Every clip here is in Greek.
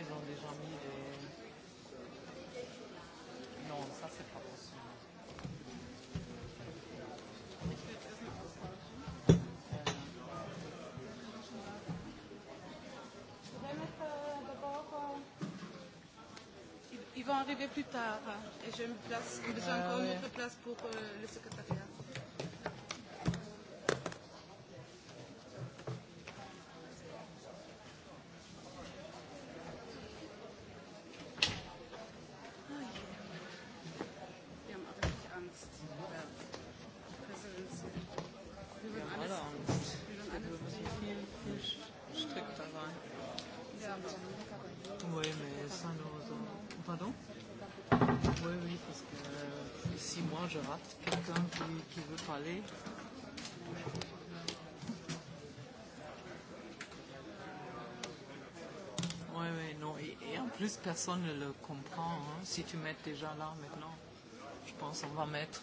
ils ont déjà mis des... Non, ça, c'est pas possible. Ils vont arriver plus tard et j'ai a encore une autre place pour le secrétariat. πάλι. Oui, oui, non. Et, en plus, personne ne le comprend. Si tu mets déjà là maintenant, je pense qu'on va mettre.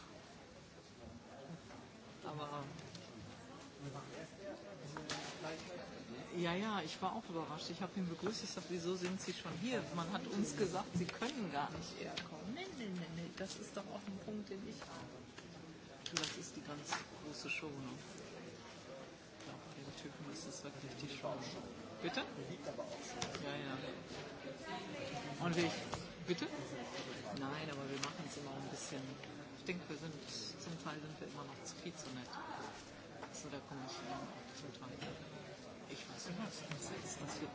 Ja, ja, ich war auch überrascht. Ich habe ihn begrüßt. Ich sagte, wieso sind Sie schon hier? Man hat uns gesagt, Sie können gar nicht eher kommen. Nein, nein, nein, nein. Das ist doch auch ein Punkt, den ich habe. Das ist die ganz große Show. Ne? Ich glaube, bei den Typen ist es wirklich die Show. Bitte? Ja, ja. Und ich, bitte? Nein, aber wir machen es immer ein bisschen. Ich denke, wir sind, zum Teil sind wir immer noch zu viel zu nett. So, da komme ich zum Teil. Ich weiß nicht, was passiert.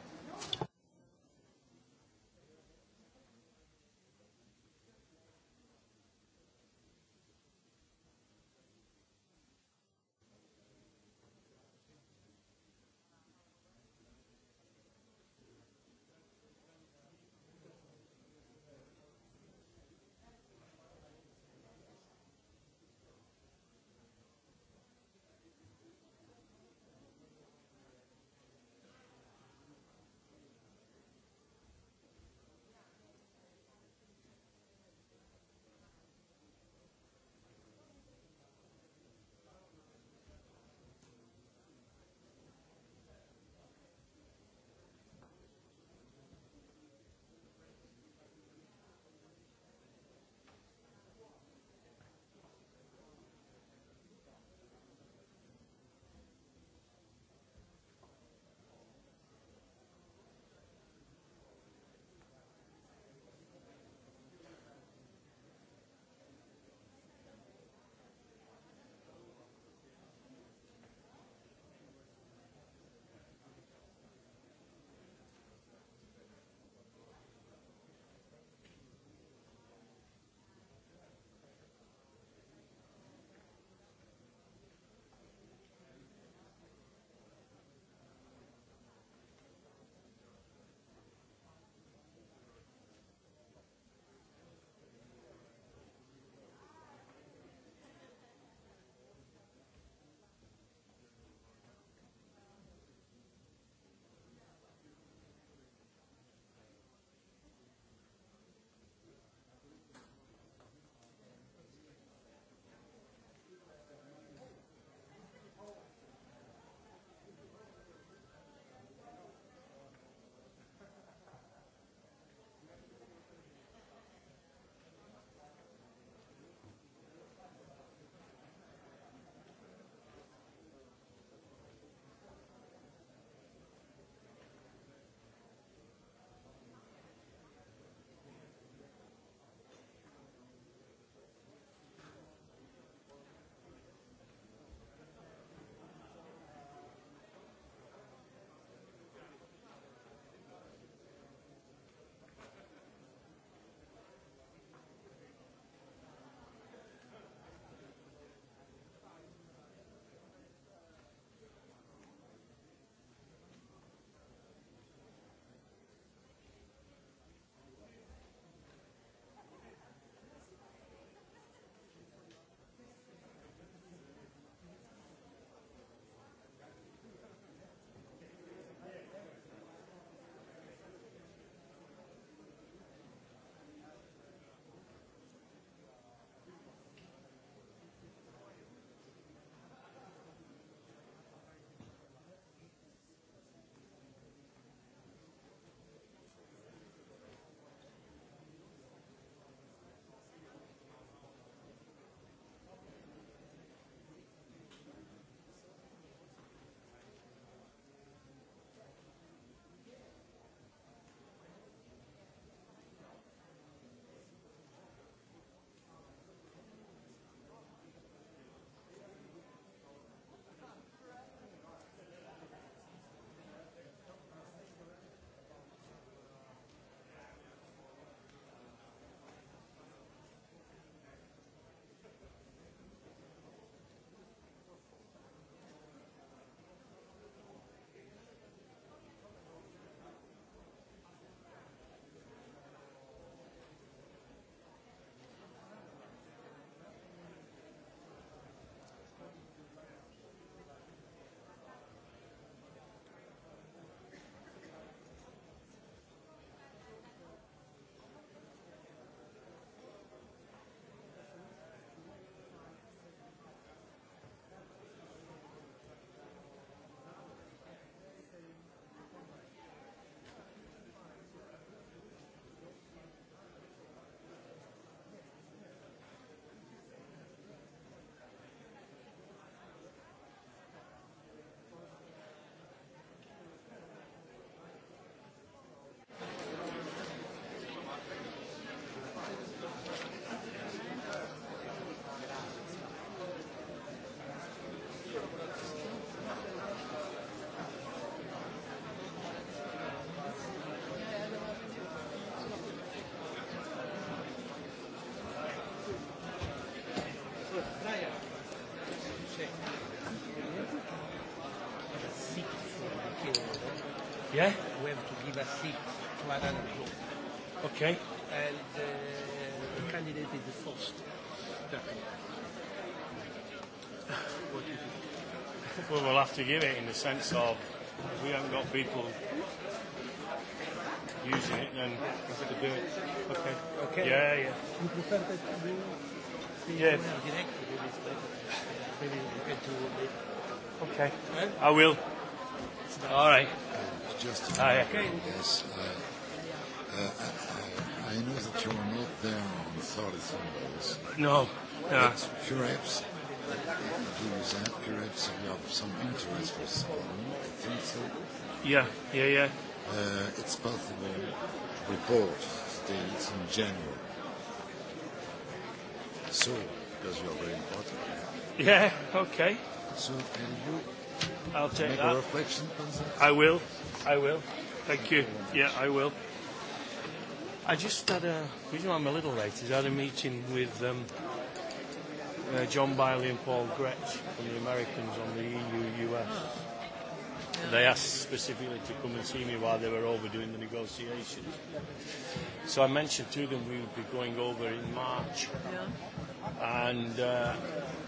Yeah? We have to give a seat to another group. Okay. And the candidate is the first. Well, we'll have to give it in the sense of we haven't got people using it, then we have to do it. Okay. Okay. Yeah, yeah. You prefer that you yeah. Maybe you can do Okay. I will. All right. Just a yes, I, I, know that you are not there on solid symbols. No. Yeah. Perhaps, do you that? Perhaps you have some interest for someone. I think so. Yeah, yeah, yeah. Uh, it's possible to report dates in general. So, because you are very important. Yeah, okay. So, can you I'll take that. I will. I will. Thank you. Yeah, I will. I just had a, reason I'm a little late is I had a meeting with um, uh, John Biley and Paul Gretsch from the Americans on the EU-US. They asked specifically to come and see me while they were over doing the negotiations. So I mentioned to them we would be going over in March. And uh,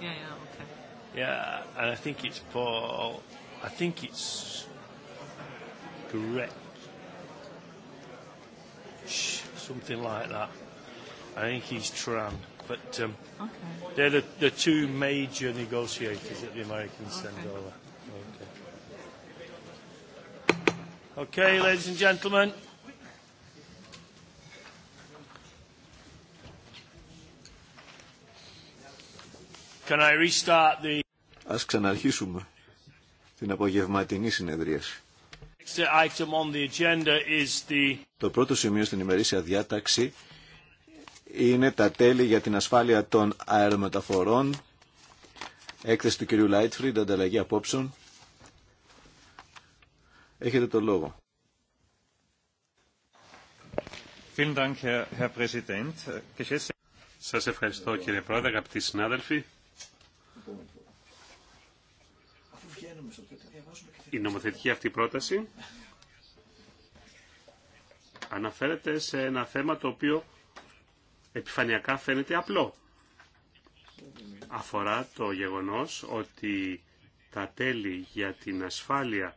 Yeah, yeah, okay. Yeah, and I think it's Paul. I think it's correct. Something like that. I think he's Tran. But um, okay. they're the, the two major negotiators that the Americans send over. Okay. Okay, ladies and gentlemen. Can Ας ξαναρχίσουμε την απογευματινή συνεδρίαση. Το πρώτο σημείο στην ημερήσια διάταξη είναι τα τέλη για την ασφάλεια των αερομεταφορών. Έκθεση του κυρίου Λάιτφριντ, ανταλλαγή απόψεων. Έχετε το λόγο. Σας ευχαριστώ κύριε Πρόεδρε, αγαπητοί συνάδελφοι. Η νομοθετική αυτή πρόταση αναφέρεται σε ένα θέμα το οποίο επιφανειακά φαίνεται απλό. Αφορά το γεγονός ότι τα τέλη για την ασφάλεια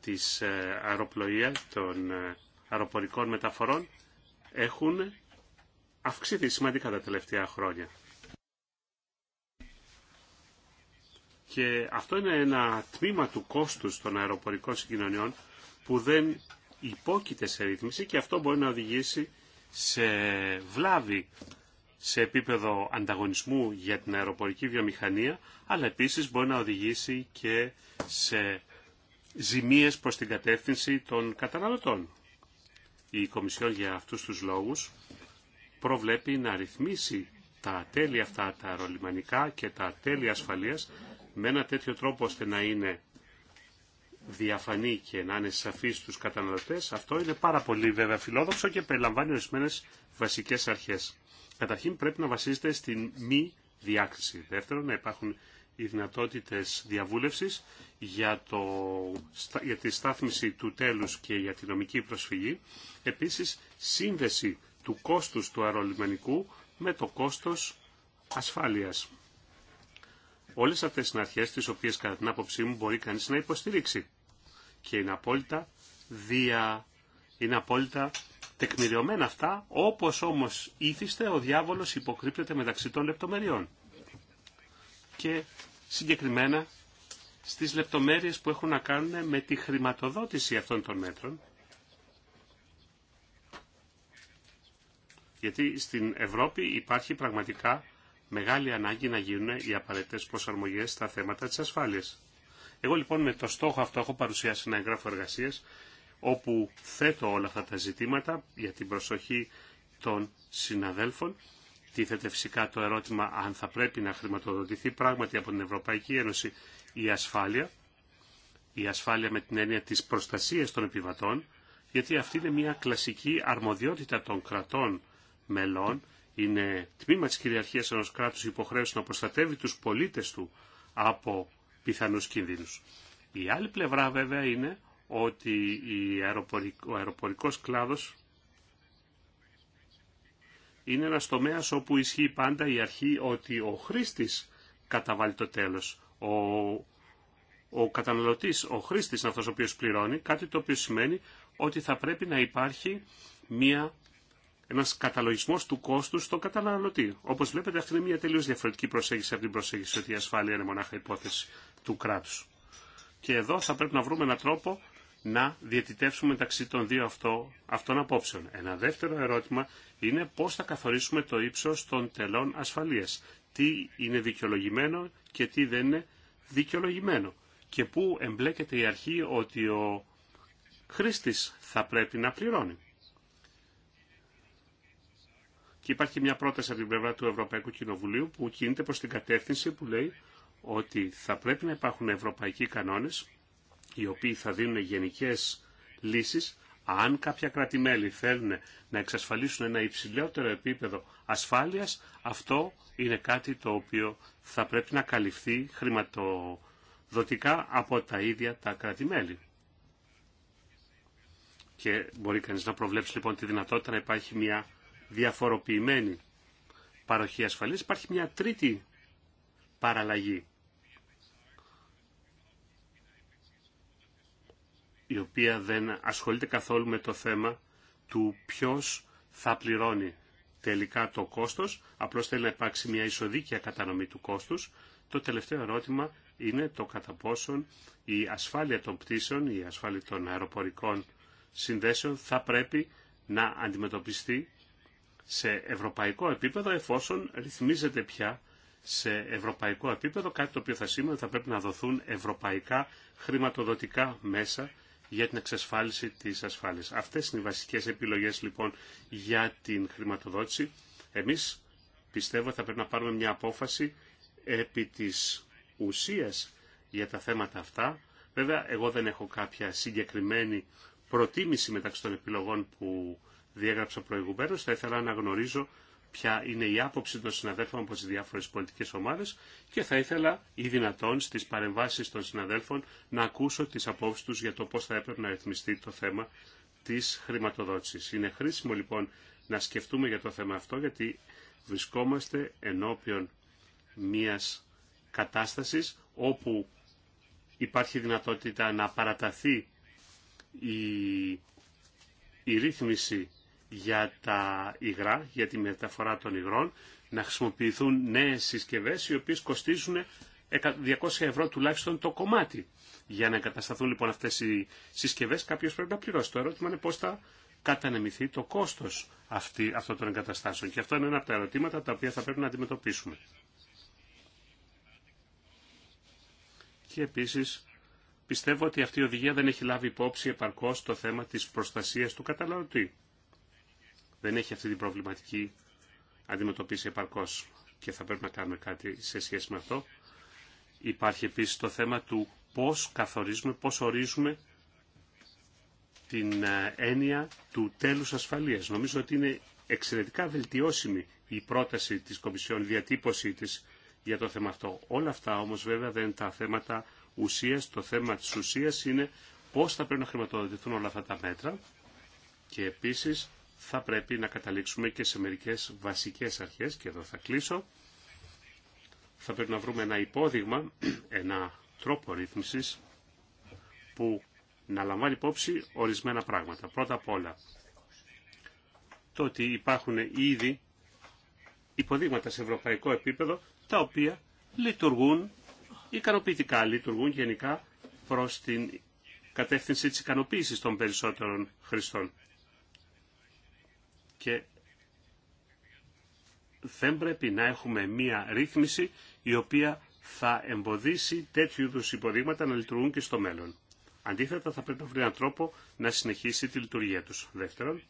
της ε, αεροπλοείας των ε, αεροπορικών μεταφορών έχουν αυξήθει σημαντικά τα τελευταία χρόνια. Και αυτό είναι ένα τμήμα του κόστους των αεροπορικών συγκοινωνιών που δεν υπόκειται σε ρύθμιση και αυτό μπορεί να οδηγήσει σε βλάβη σε επίπεδο ανταγωνισμού για την αεροπορική βιομηχανία, αλλά επίσης μπορεί να οδηγήσει και σε ζημίες προς την κατεύθυνση των καταναλωτών. Η Κομισιόν για αυτούς τους λόγους προβλέπει να ρυθμίσει τα τέλη αυτά τα αερολιμανικά και τα τέλη ασφαλείας με ένα τέτοιο τρόπο ώστε να είναι διαφανή και να είναι σαφή στους καταναλωτές, αυτό είναι πάρα πολύ βέβαια φιλόδοξο και περιλαμβάνει ορισμένε βασικές αρχές. Καταρχήν πρέπει να βασίζεται στην μη διάκριση. Δεύτερον, να υπάρχουν οι δυνατότητες διαβούλευσης για, το, για τη στάθμιση του τέλους και για τη νομική προσφυγή. Επίσης, σύνδεση του κόστους του αερολιμενικού με το κόστος ασφάλειας. Όλες αυτές είναι αρχές τις οποίες κατά την άποψή μου μπορεί κανείς να υποστηρίξει. Και είναι απόλυτα δια... είναι απόλυτα τεκμηριωμένα αυτά, όπως όμως ήθιστε ο διάβολος υποκρύπτεται μεταξύ των λεπτομεριών. Και συγκεκριμένα στις λεπτομέρειες που έχουν να κάνουν με τη χρηματοδότηση αυτών των μέτρων, γιατί στην Ευρώπη υπάρχει πραγματικά μεγάλη ανάγκη να γίνουν οι απαραίτητε προσαρμογέ στα θέματα τη ασφάλεια. Εγώ λοιπόν με το στόχο αυτό έχω παρουσιάσει ένα εγγράφο εργασία όπου θέτω όλα αυτά τα ζητήματα για την προσοχή των συναδέλφων. Τίθεται φυσικά το ερώτημα αν θα πρέπει να χρηματοδοτηθεί πράγματι από την Ευρωπαϊκή Ένωση η ασφάλεια, η ασφάλεια με την έννοια της προστασίας των επιβατών, γιατί αυτή είναι μια κλασική αρμοδιότητα των κρατών μελών είναι τμήμα της κυριαρχίας ενός κράτους υποχρέωση να προστατεύει τους πολίτες του από πιθανούς κινδύνους. Η άλλη πλευρά βέβαια είναι ότι ο αεροπορικός κλάδος είναι ένας τομέας όπου ισχύει πάντα η αρχή ότι ο χρήστης καταβάλει το τέλος. Ο, ο καταναλωτής, ο χρήστης είναι αυτός ο οποίος πληρώνει, κάτι το οποίο σημαίνει ότι θα πρέπει να υπάρχει μια ένα καταλογισμό του κόστου στον καταναλωτή. Όπω βλέπετε αυτή είναι μια τελείω διαφορετική προσέγγιση από την προσέγγιση ότι η ασφάλεια είναι μονάχα υπόθεση του κράτου. Και εδώ θα πρέπει να βρούμε έναν τρόπο να διαιτητεύσουμε μεταξύ των δύο αυτό, αυτών απόψεων. Ένα δεύτερο ερώτημα είναι πώς θα καθορίσουμε το ύψος των τελών ασφαλείας. Τι είναι δικαιολογημένο και τι δεν είναι δικαιολογημένο. Και πού εμπλέκεται η αρχή ότι ο χρήστη θα πρέπει να πληρώνει. Και υπάρχει μια πρόταση από την πλευρά του Ευρωπαϊκού Κοινοβουλίου που κινείται προς την κατεύθυνση που λέει ότι θα πρέπει να υπάρχουν ευρωπαϊκοί κανόνες οι οποίοι θα δίνουν γενικές λύσεις αν κάποια κρατημέλη θέλουν να εξασφαλίσουν ένα υψηλότερο επίπεδο ασφάλειας, αυτό είναι κάτι το οποίο θα πρέπει να καλυφθεί χρηματοδοτικά από τα ίδια τα κρατημέλη. Και μπορεί κανείς να προβλέψει λοιπόν τη δυνατότητα να υπάρχει μια διαφοροποιημένη παροχή ασφαλής υπάρχει μια τρίτη παραλλαγή η οποία δεν ασχολείται καθόλου με το θέμα του ποιος θα πληρώνει τελικά το κόστος, απλώς θέλει να υπάρξει μια ισοδίκια κατανομή του κόστους. Το τελευταίο ερώτημα είναι το κατά πόσον η ασφάλεια των πτήσεων, η ασφάλεια των αεροπορικών συνδέσεων θα πρέπει να αντιμετωπιστεί σε ευρωπαϊκό επίπεδο εφόσον ρυθμίζεται πια σε ευρωπαϊκό επίπεδο, κάτι το οποίο θα σήμαινε θα πρέπει να δοθούν ευρωπαϊκά χρηματοδοτικά μέσα για την εξασφάλιση της ασφάλειας. Αυτές είναι οι βασικές επιλογές λοιπόν για την χρηματοδότηση. Εμείς πιστεύω θα πρέπει να πάρουμε μια απόφαση επί της ουσίας για τα θέματα αυτά. Βέβαια, εγώ δεν έχω κάποια συγκεκριμένη προτίμηση μεταξύ των επιλογών που διέγραψα προηγουμένως. Θα ήθελα να γνωρίζω ποια είναι η άποψη των συναδέλφων από τις διάφορες πολιτικές ομάδες και θα ήθελα ή δυνατόν στις παρεμβάσεις των συναδέλφων να ακούσω τις απόψεις τους για το πώς θα έπρεπε να ρυθμιστεί το θέμα της χρηματοδότησης. Είναι χρήσιμο λοιπόν να σκεφτούμε για το θέμα αυτό γιατί βρισκόμαστε ενώπιον μιας κατάστασης όπου υπάρχει δυνατότητα να παραταθεί η, η ρύθμιση για τα υγρά, για τη μεταφορά των υγρών, να χρησιμοποιηθούν νέες συσκευές οι οποίες κοστίζουν 200 ευρώ τουλάχιστον το κομμάτι. Για να εγκατασταθούν λοιπόν αυτές οι συσκευές κάποιος πρέπει να πληρώσει. Το ερώτημα είναι πώς θα κατανεμηθεί το κόστος αυτή, αυτών των εγκαταστάσεων. Και αυτό είναι ένα από τα ερωτήματα τα οποία θα πρέπει να αντιμετωπίσουμε. Και επίσης πιστεύω ότι αυτή η οδηγία δεν έχει λάβει υπόψη επαρκώς το θέμα της προστασίας του καταναλωτή δεν έχει αυτή την προβληματική αντιμετωπίσει επαρκώ και θα πρέπει να κάνουμε κάτι σε σχέση με αυτό. Υπάρχει επίσης το θέμα του πώς καθορίζουμε, πώς ορίζουμε την ε, έννοια του τέλους ασφαλείας. Νομίζω ότι είναι εξαιρετικά βελτιώσιμη η πρόταση της Κομισιόν, η διατύπωσή της για το θέμα αυτό. Όλα αυτά όμως βέβαια δεν είναι τα θέματα ουσίας. Το θέμα της ουσίας είναι πώς θα πρέπει να χρηματοδοτηθούν όλα αυτά τα μέτρα και επίσης θα πρέπει να καταλήξουμε και σε μερικές βασικές αρχές, και εδώ θα κλείσω. Θα πρέπει να βρούμε ένα υπόδειγμα, ένα τρόπο ρύθμισης που να λαμβάνει υπόψη ορισμένα πράγματα. Πρώτα απ' όλα, το ότι υπάρχουν ήδη υποδείγματα σε ευρωπαϊκό επίπεδο, τα οποία λειτουργούν ικανοποιητικά, λειτουργούν γενικά προς την κατεύθυνση της ικανοποίησης των περισσότερων χρηστών και δεν πρέπει να έχουμε μία ρύθμιση η οποία θα εμποδίσει τέτοιου είδου υποδείγματα να λειτουργούν και στο μέλλον. Αντίθετα, θα πρέπει να βρει έναν τρόπο να συνεχίσει τη λειτουργία τους. Δεύτερον,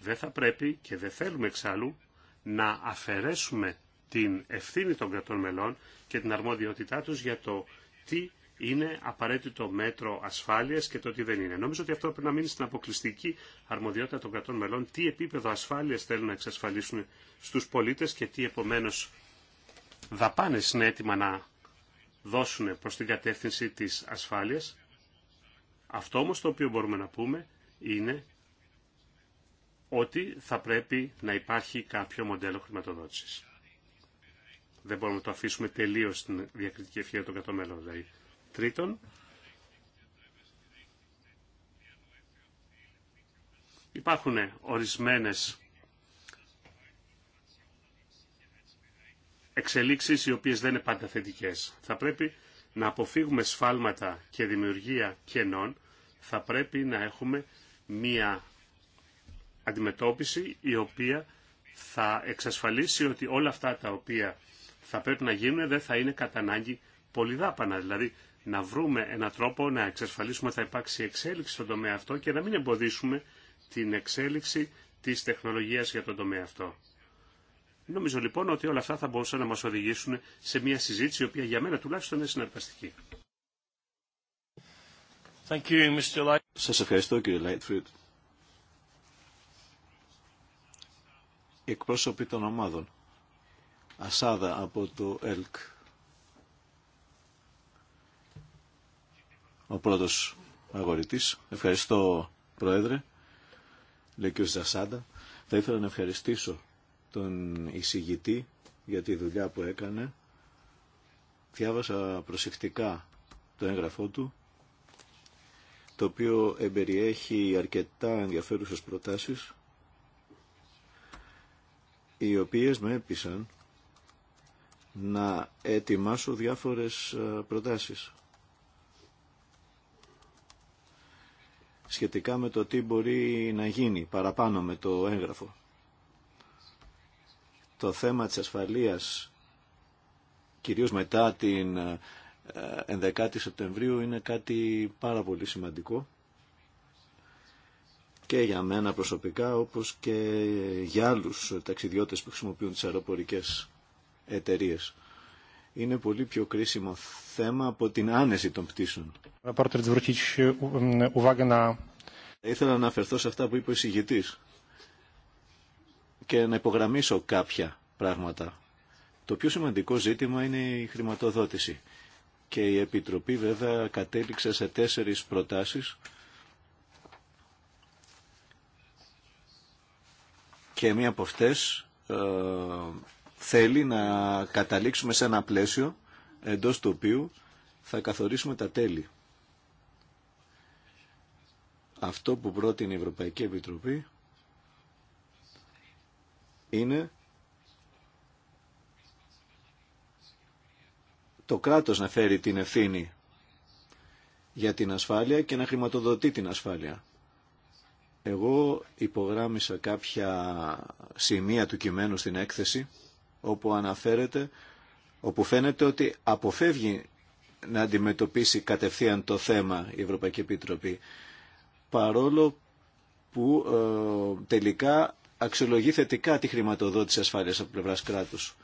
δεν θα πρέπει και δεν θέλουμε εξάλλου να αφαιρέσουμε την ευθύνη των κρατών μελών και την αρμόδιότητά τους για το τι είναι απαραίτητο μέτρο ασφάλειας και το τι δεν είναι. Νομίζω ότι αυτό πρέπει να μείνει στην αποκλειστική αρμοδιότητα των κρατών μελών, τι επίπεδο ασφάλειας θέλουν να εξασφαλίσουν στους πολίτες και τι επομένως δαπάνες είναι έτοιμα να δώσουν προς την κατεύθυνση της ασφάλειας. Αυτό όμως το οποίο μπορούμε να πούμε είναι ότι θα πρέπει να υπάρχει κάποιο μοντέλο χρηματοδότησης. Δεν μπορούμε να το αφήσουμε τελείως στην διακριτική ευχαίρεια των κατώμελων. Δηλαδή Τρίτον, υπάρχουν ορισμένες εξελίξεις οι οποίες δεν είναι πάντα θετικές. Θα πρέπει να αποφύγουμε σφάλματα και δημιουργία κενών, θα πρέπει να έχουμε μία αντιμετώπιση η οποία θα εξασφαλίσει ότι όλα αυτά τα οποία θα πρέπει να γίνουν δεν θα είναι κατά ανάγκη πολυδάπανα. Δηλαδή να βρούμε έναν τρόπο να εξασφαλίσουμε ότι θα υπάρξει εξέλιξη στον τομέα αυτό και να μην εμποδίσουμε την εξέλιξη της τεχνολογίας για τον τομέα αυτό. Νομίζω λοιπόν ότι όλα αυτά θα μπορούσαν να μας οδηγήσουν σε μια συζήτηση η οποία για μένα τουλάχιστον είναι συναρπαστική. Thank Σας ευχαριστώ κύριε Lightfoot. εκπρόσωποι των ομάδων. Ασάδα από το ΕΛΚ. ο πρώτος αγορητής. Ευχαριστώ Πρόεδρε, λέει και ο Ζασάντα. Θα ήθελα να ευχαριστήσω τον εισηγητή για τη δουλειά που έκανε. Διάβασα προσεκτικά το έγγραφό του, το οποίο εμπεριέχει αρκετά ενδιαφέρουσες προτάσεις, οι οποίες με έπεισαν να ετοιμάσω διάφορες ε, προτάσεις σχετικά με το τι μπορεί να γίνει παραπάνω με το έγγραφο. Το θέμα της ασφαλείας, κυρίως μετά την 11η ε, Σεπτεμβρίου, είναι κάτι πάρα πολύ σημαντικό και για μένα προσωπικά, όπως και για άλλους ταξιδιώτες που χρησιμοποιούν τις αεροπορικές εταιρείες είναι πολύ πιο κρίσιμο θέμα από την άνεση των πτήσεων. Ε, Ήθελα να αναφερθώ σε αυτά που είπε ο εισηγητής και να υπογραμμίσω κάποια πράγματα. Το πιο σημαντικό ζήτημα είναι η χρηματοδότηση και η Επιτροπή βέβαια κατέληξε σε τέσσερις προτάσεις και μία από αυτές ε, θέλει να καταλήξουμε σε ένα πλαίσιο εντός του οποίου θα καθορίσουμε τα τέλη. Αυτό που πρότεινε η Ευρωπαϊκή Επιτροπή είναι το κράτος να φέρει την ευθύνη για την ασφάλεια και να χρηματοδοτεί την ασφάλεια. Εγώ υπογράμμισα κάποια σημεία του κειμένου στην έκθεση όπου αναφέρεται, όπου φαίνεται ότι αποφεύγει να αντιμετωπίσει κατευθείαν το θέμα η Ευρωπαϊκή Επιτροπή, παρόλο που ε, τελικά αξιολογεί θετικά τη χρηματοδότηση ασφάλειας από πλευράς κράτους.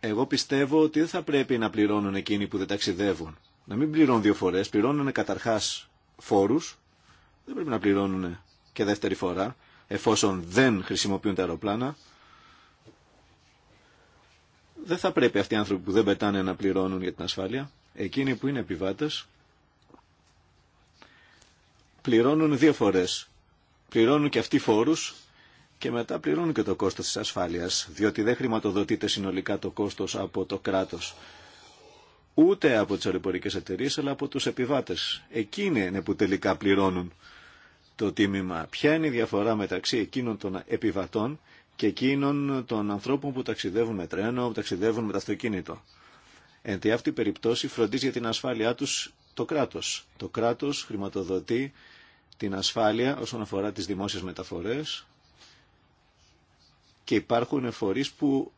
Εγώ πιστεύω ότι δεν θα πρέπει να πληρώνουν εκείνοι που δεν ταξιδεύουν. Να μην πληρώνουν δύο φορές. Πληρώνουν καταρχάς φόρους. Δεν πρέπει να πληρώνουν και δεύτερη φορά, εφόσον δεν χρησιμοποιούν τα αεροπλάνα δεν θα πρέπει αυτοί οι άνθρωποι που δεν πετάνε να πληρώνουν για την ασφάλεια. Εκείνοι που είναι επιβάτες πληρώνουν δύο φορές. Πληρώνουν και αυτοί φόρους και μετά πληρώνουν και το κόστος της ασφάλειας, διότι δεν χρηματοδοτείται συνολικά το κόστος από το κράτος. Ούτε από τις αεροπορικές εταιρείε, αλλά από τους επιβάτες. Εκείνοι είναι που τελικά πληρώνουν το τίμημα. Ποια είναι η διαφορά μεταξύ εκείνων των επιβατών και εκείνων των ανθρώπων που ταξιδεύουν με τρένο, που ταξιδεύουν με το αυτοκίνητο. Εν τη αυτή περιπτώση φροντίζει για την ασφάλειά τους το κράτος. Το κράτος χρηματοδοτεί την ασφάλεια όσον αφορά τις δημόσιες μεταφορές και υπάρχουν φορείς που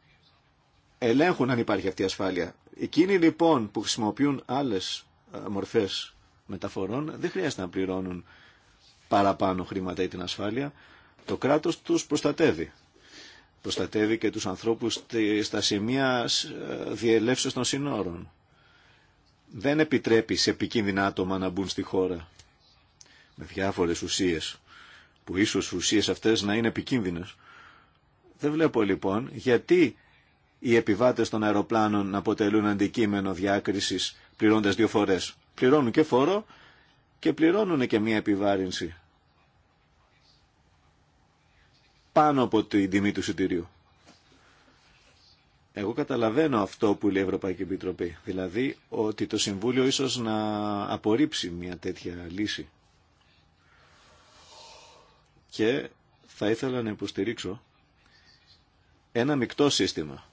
ελέγχουν αν υπάρχει αυτή η ασφάλεια. Εκείνοι λοιπόν που χρησιμοποιούν άλλες ε, μορφές μεταφορών δεν χρειάζεται να πληρώνουν παραπάνω χρήματα ή την ασφάλεια. Το κράτος τους προστατεύει προστατεύει και τους ανθρώπους στα σημεία ε, διελεύσεως των συνόρων. Δεν επιτρέπει σε επικίνδυνα άτομα να μπουν στη χώρα με διάφορες ουσίες, που ίσως ουσίες αυτές να είναι επικίνδυνες. Δεν βλέπω λοιπόν γιατί οι επιβάτες των αεροπλάνων να αποτελούν αντικείμενο διάκρισης πληρώντας δύο φορές. Πληρώνουν και φόρο και πληρώνουν και μία επιβάρυνση πάνω από την τιμή του Εγώ καταλαβαίνω αυτό που λέει η Ευρωπαϊκή Επιτροπή, δηλαδή ότι το Συμβούλιο ίσως να απορρίψει μια τέτοια λύση. Και θα ήθελα να υποστηρίξω ένα μεικτό σύστημα.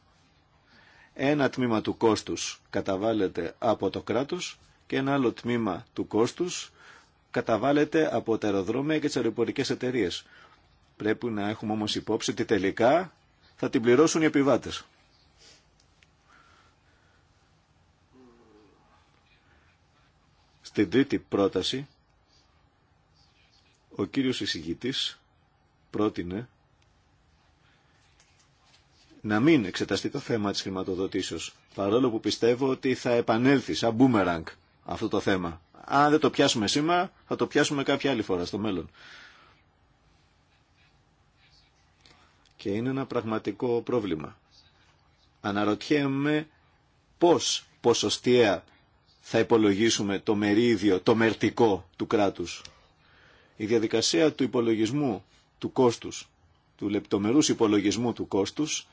Ένα τμήμα του κόστους καταβάλλεται από το κράτος και ένα άλλο τμήμα του κόστους καταβάλλεται από τα αεροδρόμια και τις αεροπορικές εταιρείες. Πρέπει να έχουμε όμως υπόψη ότι τελικά θα την πληρώσουν οι επιβάτες. Στην τρίτη πρόταση, ο κύριος εισηγητής πρότεινε να μην εξεταστεί το θέμα της χρηματοδοτήσεως, παρόλο που πιστεύω ότι θα επανέλθει σαν μπούμεραγκ αυτό το θέμα. Αν δεν το πιάσουμε σήμερα, θα το πιάσουμε κάποια άλλη φορά στο μέλλον. και είναι ένα πραγματικό πρόβλημα. Αναρωτιέμαι πώς ποσοστιαία θα υπολογίσουμε το μερίδιο, το μερτικό του κράτους. Η διαδικασία του υπολογισμού του κόστους, του λεπτομερούς υπολογισμού του κόστους,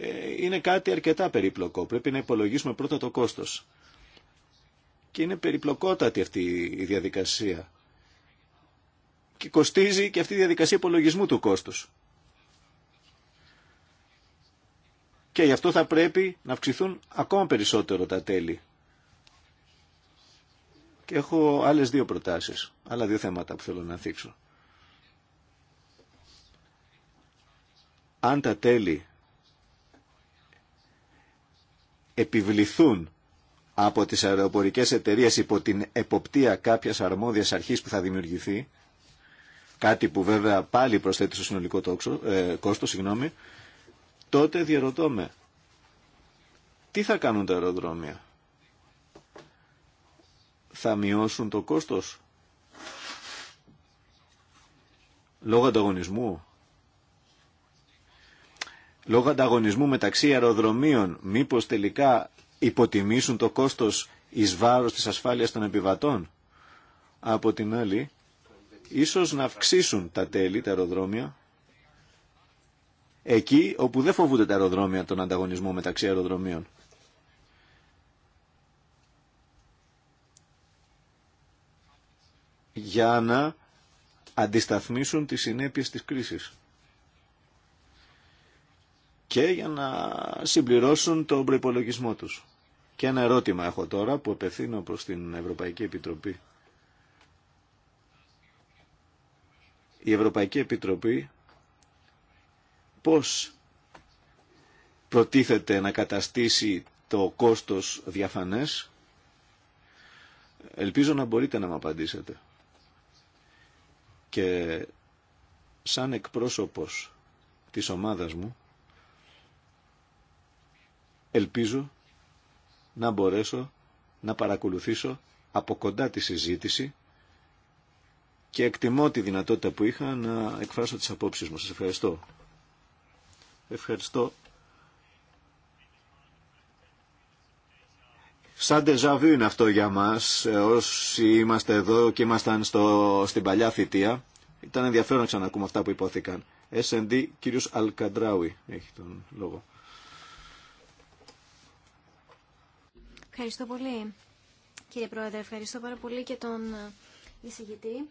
ε, είναι κάτι αρκετά περίπλοκο. Πρέπει να υπολογίσουμε πρώτα το κόστος. Και είναι περιπλοκότατη αυτή η διαδικασία. Και κοστίζει και αυτή η διαδικασία υπολογισμού του κόστους. και γι' αυτό θα πρέπει να αυξηθούν ακόμα περισσότερο τα τέλη. Και έχω άλλες δύο προτάσεις, άλλα δύο θέματα που θέλω να θίξω. Αν τα τέλη επιβληθούν από τις αεροπορικές εταιρείες υπό την εποπτεία κάποιας αρμόδιας αρχής που θα δημιουργηθεί, κάτι που βέβαια πάλι προσθέτει στο συνολικό τόξο, ε, κόστος, συγγνώμη, τότε διαρωτώ με, τι θα κάνουν τα αεροδρόμια. Θα μειώσουν το κόστος λόγω ανταγωνισμού. Λόγω ανταγωνισμού μεταξύ αεροδρομίων, μήπως τελικά υποτιμήσουν το κόστος εις βάρος της ασφάλειας των επιβατών. Από την άλλη, ίσως να αυξήσουν τα τέλη, τα αεροδρόμια, εκεί όπου δεν φοβούνται τα αεροδρόμια τον ανταγωνισμό μεταξύ αεροδρομίων. για να αντισταθμίσουν τις συνέπειες της κρίσης και για να συμπληρώσουν τον προϋπολογισμό τους. Και ένα ερώτημα έχω τώρα που απευθύνω προς την Ευρωπαϊκή Επιτροπή. Η Ευρωπαϊκή Επιτροπή πώς προτίθεται να καταστήσει το κόστος διαφανές. Ελπίζω να μπορείτε να μου απαντήσετε. Και σαν εκπρόσωπος της ομάδας μου, ελπίζω να μπορέσω να παρακολουθήσω από κοντά τη συζήτηση και εκτιμώ τη δυνατότητα που είχα να εκφράσω τις απόψεις μου. Σας ευχαριστώ. Ευχαριστώ. Σαν τεζαβού είναι αυτό για μας, όσοι είμαστε εδώ και ήμασταν στο, στην παλιά θητεία. Ήταν ενδιαφέρον να ξανακούμε αυτά που υπόθηκαν. S&D, κύριος Αλκαντράουι έχει τον λόγο. Ευχαριστώ πολύ, κύριε Πρόεδρε. Ευχαριστώ πάρα πολύ και τον ε, εισηγητή.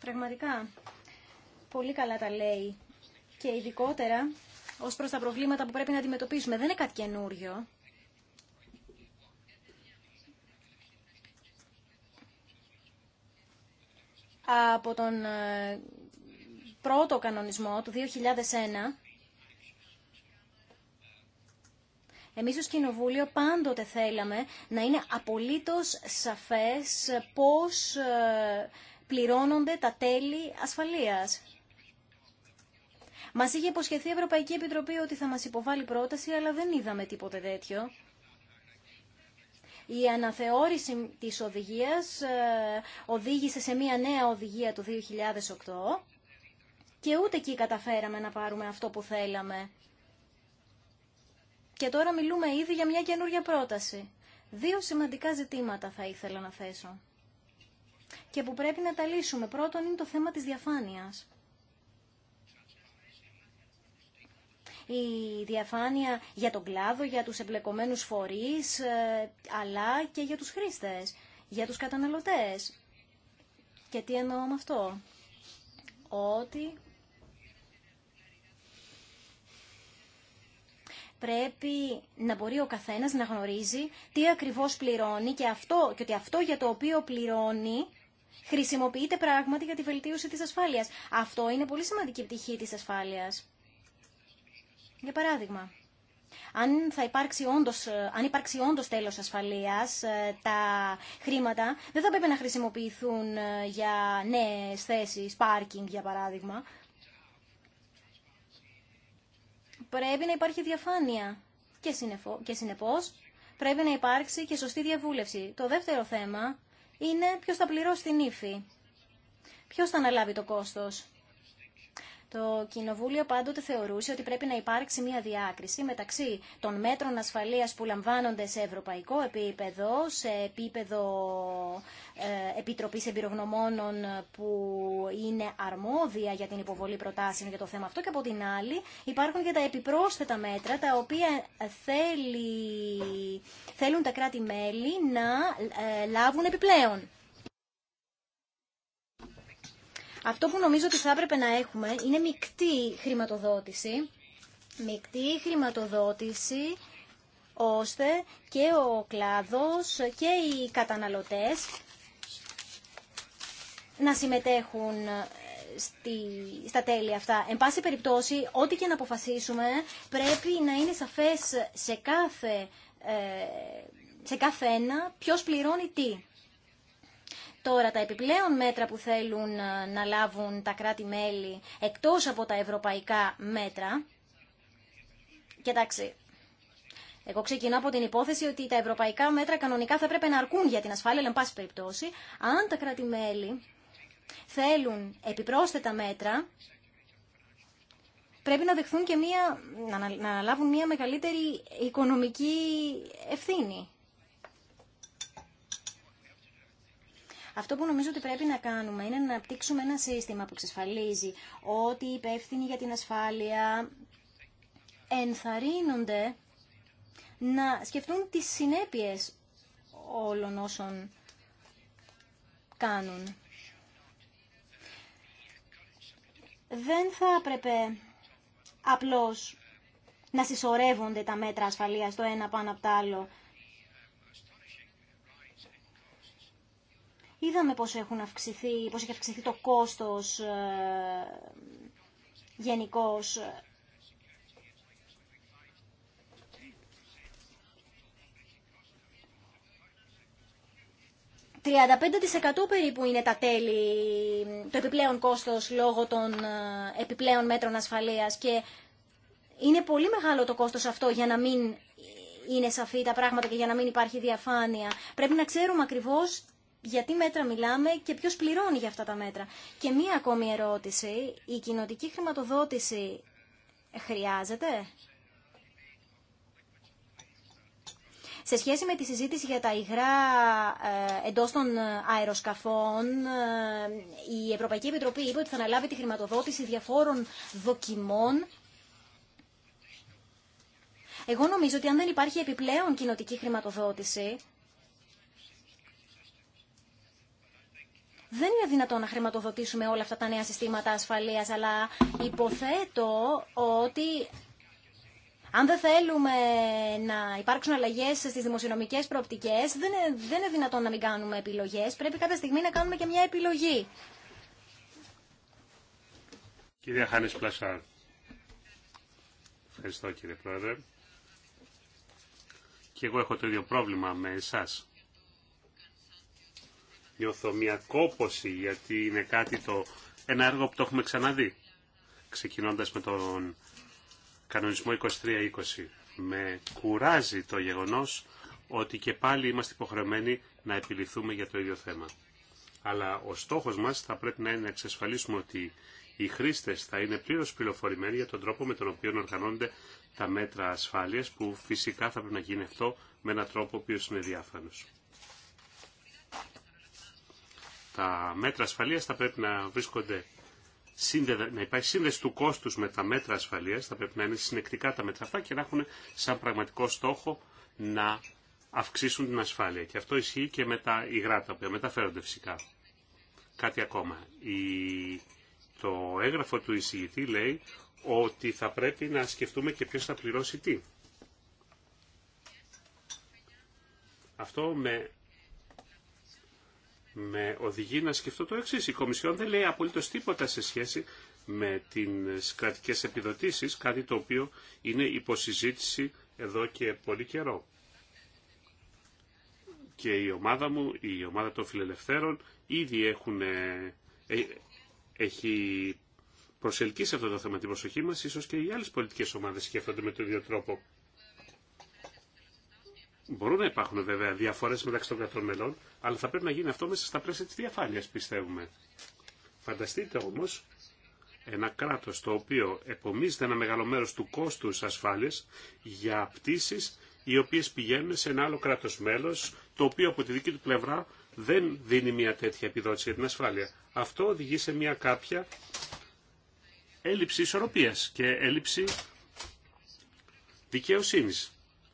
Πραγματικά, πολύ καλά τα λέει και ειδικότερα ως προς τα προβλήματα που πρέπει να αντιμετωπίσουμε. Δεν είναι κάτι καινούριο. Από τον ε, πρώτο κανονισμό του 2001, εμείς ως Κοινοβούλιο πάντοτε θέλαμε να είναι απολύτως σαφές πώς ε, πληρώνονται τα τέλη ασφαλείας. Μα είχε υποσχεθεί η Ευρωπαϊκή Επιτροπή ότι θα μα υποβάλει πρόταση, αλλά δεν είδαμε τίποτε τέτοιο. Η αναθεώρηση της οδηγίας ε, οδήγησε σε μια νέα οδηγία το 2008 και ούτε εκεί καταφέραμε να πάρουμε αυτό που θέλαμε. Και τώρα μιλούμε ήδη για μια καινούργια πρόταση. Δύο σημαντικά ζητήματα θα ήθελα να θέσω και που πρέπει να τα λύσουμε. Πρώτον είναι το θέμα της διαφάνειας. η διαφάνεια για τον κλάδο, για τους εμπλεκομένους φορείς, ε, αλλά και για τους χρήστες, για τους καταναλωτές. Και τι εννοώ με αυτό. Ότι πρέπει να μπορεί ο καθένας να γνωρίζει τι ακριβώς πληρώνει και, αυτό, και ότι αυτό για το οποίο πληρώνει χρησιμοποιείται πράγματι για τη βελτίωση της ασφάλειας. Αυτό είναι πολύ σημαντική πτυχή της ασφάλειας. Για παράδειγμα, αν, θα υπάρξει όντως, ε, αν υπάρξει όντως τέλος ασφαλείας, ε, τα χρήματα δεν θα πρέπει να χρησιμοποιηθούν ε, για νέες θέσεις, πάρκινγκ για παράδειγμα. Πρέπει να υπάρχει διαφάνεια και, συνεφο, και συνεπώς πρέπει να υπάρξει και σωστή διαβούλευση. Το δεύτερο θέμα είναι ποιος θα πληρώσει την ύφη. Ποιος θα αναλάβει το κόστος. Το Κοινοβούλιο πάντοτε θεωρούσε ότι πρέπει να υπάρξει μια διάκριση μεταξύ των μέτρων ασφαλείας που λαμβάνονται σε ευρωπαϊκό επίπεδο, σε επίπεδο ε, Επιτροπής Εμπειρογνωμόνων που είναι αρμόδια για την υποβολή προτάσεων για το θέμα αυτό και από την άλλη υπάρχουν και τα επιπρόσθετα μέτρα τα οποία θέλει, θέλουν τα κράτη-μέλη να ε, λάβουν επιπλέον. Αυτό που νομίζω ότι θα έπρεπε να έχουμε είναι μεικτή χρηματοδότηση. Μεικτή χρηματοδότηση ώστε και ο κλάδος και οι καταναλωτές να συμμετέχουν ε, στη, στα τέλη αυτά. Εν πάση περιπτώσει, ό,τι και να αποφασίσουμε πρέπει να είναι σαφές σε κάθε, ε, σε κάθε ένα ποιος πληρώνει τι. Τώρα τα επιπλέον μέτρα που θέλουν ε, να λάβουν τα κράτη-μέλη εκτός από τα ευρωπαϊκά μέτρα, κοιτάξτε, εγώ ξεκινώ από την υπόθεση ότι τα ευρωπαϊκά μέτρα κανονικά θα πρέπει να αρκούν για την ασφάλεια, αλλά εν πάση περιπτώσει, αν τα κράτη-μέλη θέλουν επιπρόσθετα μέτρα, πρέπει να δεχθούν και μία, να αναλάβουν μια να λάβουν οικονομική ευθύνη. Αυτό που νομίζω ότι πρέπει να κάνουμε είναι να αναπτύξουμε ένα σύστημα που εξασφαλίζει ότι οι υπεύθυνοι για την ασφάλεια ενθαρρύνονται να σκεφτούν τις συνέπειες όλων όσων κάνουν. Δεν θα έπρεπε απλώς να συσσωρεύονται τα μέτρα ασφαλείας το ένα πάνω από το άλλο Είδαμε πώς, έχουν αυξηθεί, πώς έχει αυξηθεί το κόστος ε, γενικώ. ...35% περίπου είναι τα τέλη, το επιπλέον κόστος λόγω των ε, επιπλέον μέτρων ασφαλείας... ...και είναι πολύ μεγάλο το κόστος αυτό για να μην είναι σαφή τα πράγματα και για να μην υπάρχει διαφάνεια. Πρέπει να ξέρουμε ακριβώς για τι μέτρα μιλάμε και ποιος πληρώνει για αυτά τα μέτρα. Και μία ακόμη ερώτηση, η κοινοτική χρηματοδότηση χρειάζεται? Σε σχέση με τη συζήτηση για τα υγρά ε, εντός των ε, αεροσκαφών, ε, η Ευρωπαϊκή Επιτροπή είπε ότι θα αναλάβει τη χρηματοδότηση διαφόρων δοκιμών. Εγώ νομίζω ότι αν δεν υπάρχει επιπλέον κοινοτική χρηματοδότηση, Δεν είναι δυνατόν να χρηματοδοτήσουμε όλα αυτά τα νέα συστήματα ασφαλείας, αλλά υποθέτω ότι αν δεν θέλουμε να υπάρξουν αλλαγέ στι δημοσιονομικέ προοπτικέ, δεν, δεν είναι δυνατόν να μην κάνουμε επιλογέ. Πρέπει κάποια στιγμή να κάνουμε και μια επιλογή. Κυρία Χάνη Πλασάρ. Ευχαριστώ κύριε Πρόεδρε. Και εγώ έχω το ίδιο πρόβλημα με εσάς νιώθω μια κόποση γιατί είναι κάτι το, ένα έργο που το έχουμε ξαναδεί. Ξεκινώντας με τον κανονισμό 23-20 με κουράζει το γεγονός ότι και πάλι είμαστε υποχρεωμένοι να επιληθούμε για το ίδιο θέμα. Αλλά ο στόχος μας θα πρέπει να είναι να εξασφαλίσουμε ότι οι χρήστες θα είναι πλήρως πληροφορημένοι για τον τρόπο με τον οποίο οργανώνται τα μέτρα ασφάλειας που φυσικά θα πρέπει να γίνει αυτό με έναν τρόπο ο οποίος είναι διάφανος τα μέτρα ασφαλείας θα πρέπει να βρίσκονται να υπάρχει σύνδεση του κόστους με τα μέτρα ασφαλείας, θα πρέπει να είναι συνεκτικά τα μέτρα αυτά και να έχουν σαν πραγματικό στόχο να αυξήσουν την ασφάλεια. Και αυτό ισχύει και με τα υγρά τα οποία μεταφέρονται φυσικά. Κάτι ακόμα. Η... Το έγγραφο του εισηγητή λέει ότι θα πρέπει να σκεφτούμε και ποιος θα πληρώσει τι. Αυτό με με οδηγεί να σκεφτώ το εξή. Η Κομισιόν δεν λέει απολύτω τίποτα σε σχέση με τι κρατικέ επιδοτήσει, κάτι το οποίο είναι υποσυζήτηση εδώ και πολύ καιρό. Και η ομάδα μου, η ομάδα των φιλελευθέρων, ήδη έχουν, ε, έχει προσελκύσει αυτό το θέμα την προσοχή μας, ίσως και οι άλλες πολιτικές ομάδες σκέφτονται με τον ίδιο τρόπο. Μπορούν να υπάρχουν βέβαια διαφορέ μεταξύ των κρατών μελών, αλλά θα πρέπει να γίνει αυτό μέσα στα πλαίσια τη διαφάνεια, πιστεύουμε. Φανταστείτε όμω ένα κράτο το οποίο επομίζεται ένα μεγάλο μέρο του κόστου ασφάλεια για πτήσει οι οποίε πηγαίνουν σε ένα άλλο κράτο μέλο, το οποίο από τη δική του πλευρά δεν δίνει μια τέτοια επιδότηση για την ασφάλεια. Αυτό οδηγεί σε μια κάποια έλλειψη ισορροπία και έλλειψη δικαιοσύνη.